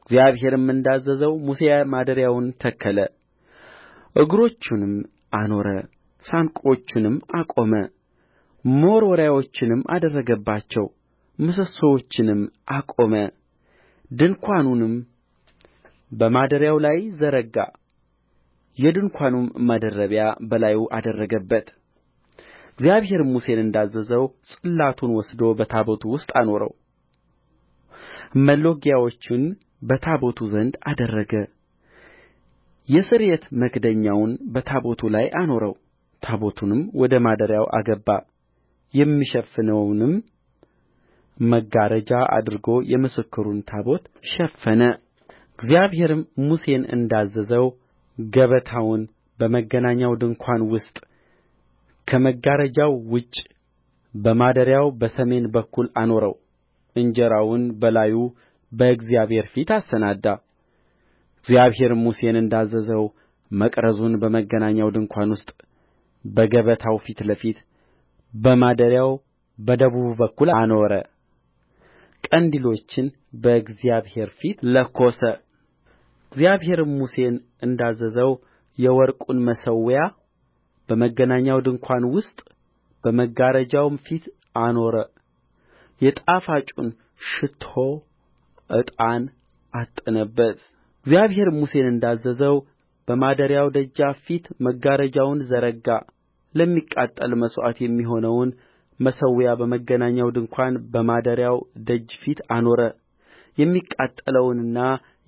እግዚአብሔርም እንዳዘዘው ሙሴ ማደሪያውን ተከለ እግሮቹንም አኖረ ሳንቆቹንም አቆመ መወርወሪያዎችንም አደረገባቸው ምሰሶዎችንም አቆመ ድንኳኑንም በማደሪያው ላይ ዘረጋ የድንኳኑም መደረቢያ በላዩ አደረገበት እግዚአብሔርም ሙሴን እንዳዘዘው ጽላቱን ወስዶ በታቦቱ ውስጥ አኖረው መሎጊያዎቹን በታቦቱ ዘንድ አደረገ የስርየት መክደኛውን በታቦቱ ላይ አኖረው ታቦቱንም ወደ ማደሪያው አገባ የሚሸፍነውንም መጋረጃ አድርጎ የምስክሩን ታቦት ሸፈነ እግዚአብሔርም ሙሴን እንዳዘዘው ገበታውን በመገናኛው ድንኳን ውስጥ ከመጋረጃው ውጭ በማደሪያው በሰሜን በኩል አኖረው እንጀራውን በላዩ በእግዚአብሔር ፊት አሰናዳ እግዚአብሔርም ሙሴን እንዳዘዘው መቅረዙን በመገናኛው ድንኳን ውስጥ በገበታው ፊት ለፊት በማደሪያው በደቡብ በኩል አኖረ ቀንዲሎችን በእግዚአብሔር ፊት ለኰሰ እግዚአብሔርም ሙሴን እንዳዘዘው የወርቁን መሠዊያ በመገናኛው ድንኳን ውስጥ በመጋረጃውም ፊት አኖረ የጣፋጩን ሽቶ ዕጣን ዐጠነበት እግዚአብሔርም ሙሴን እንዳዘዘው በማደሪያው ደጃፍ ፊት መጋረጃውን ዘረጋ ለሚቃጠል መሥዋዕት የሚሆነውን መሠዊያ በመገናኛው ድንኳን በማደሪያው ደጅ ፊት አኖረ የሚቃጠለውንና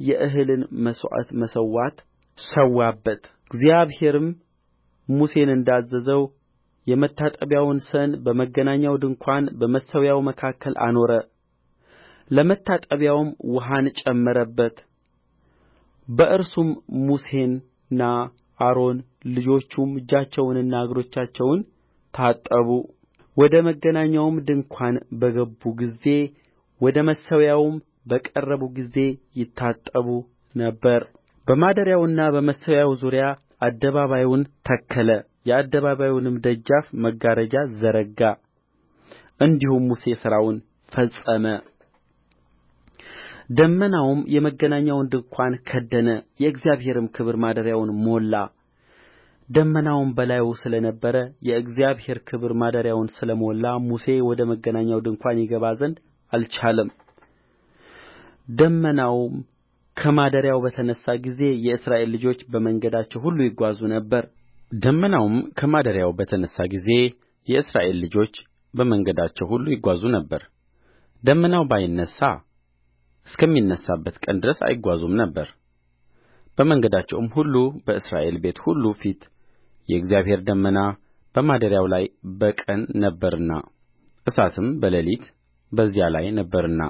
የእህልን መሥዋዕት መሠዋት ሠዋበት እግዚአብሔርም ሙሴን እንዳዘዘው የመታጠቢያውን ሰን በመገናኛው ድንኳን በመሠዊያው መካከል አኖረ ለመታጠቢያውም ውኃን ጨመረበት በእርሱም ሙሴና አሮን ልጆቹም እጆቻቸውንና እግሮቻቸውን ታጠቡ ወደ መገናኛው ድንኳን በገቡ ጊዜ ወደ መሠዊያውም በቀረቡ ጊዜ ይታጠቡ ነበር በማደሪያውና በመሠዊያው ዙሪያ አደባባዩን ተከለ የአደባባዩንም ደጃፍ መጋረጃ ዘረጋ እንዲሁም ሙሴ ሥራውን ፈጸመ ደመናውም የመገናኛውን ድንኳን ከደነ የእግዚአብሔርም ክብር ማደሪያውን ሞላ ደመናውም በላዩ ስለ ነበረ የእግዚአብሔር ክብር ማደሪያውን ስለ ሞላ ሙሴ ወደ መገናኛው ድንኳን ይገባ ዘንድ አልቻለም ደመናውም ከማደሪያው በተነሣ ጊዜ የእስራኤል ልጆች በመንገዳቸው ሁሉ ይጓዙ ነበር ደመናውም ከማደሪያው በተነሣ ጊዜ የእስራኤል ልጆች በመንገዳቸው ሁሉ ይጓዙ ነበር ደመናው ባይነሣ እስከሚነሣበት ቀን ድረስ አይጓዙም ነበር በመንገዳቸውም ሁሉ በእስራኤል ቤት ሁሉ ፊት የእግዚአብሔር ደመና በማደሪያው ላይ በቀን ነበረና እሳትም በሌሊት በዚያ ላይ ነበረና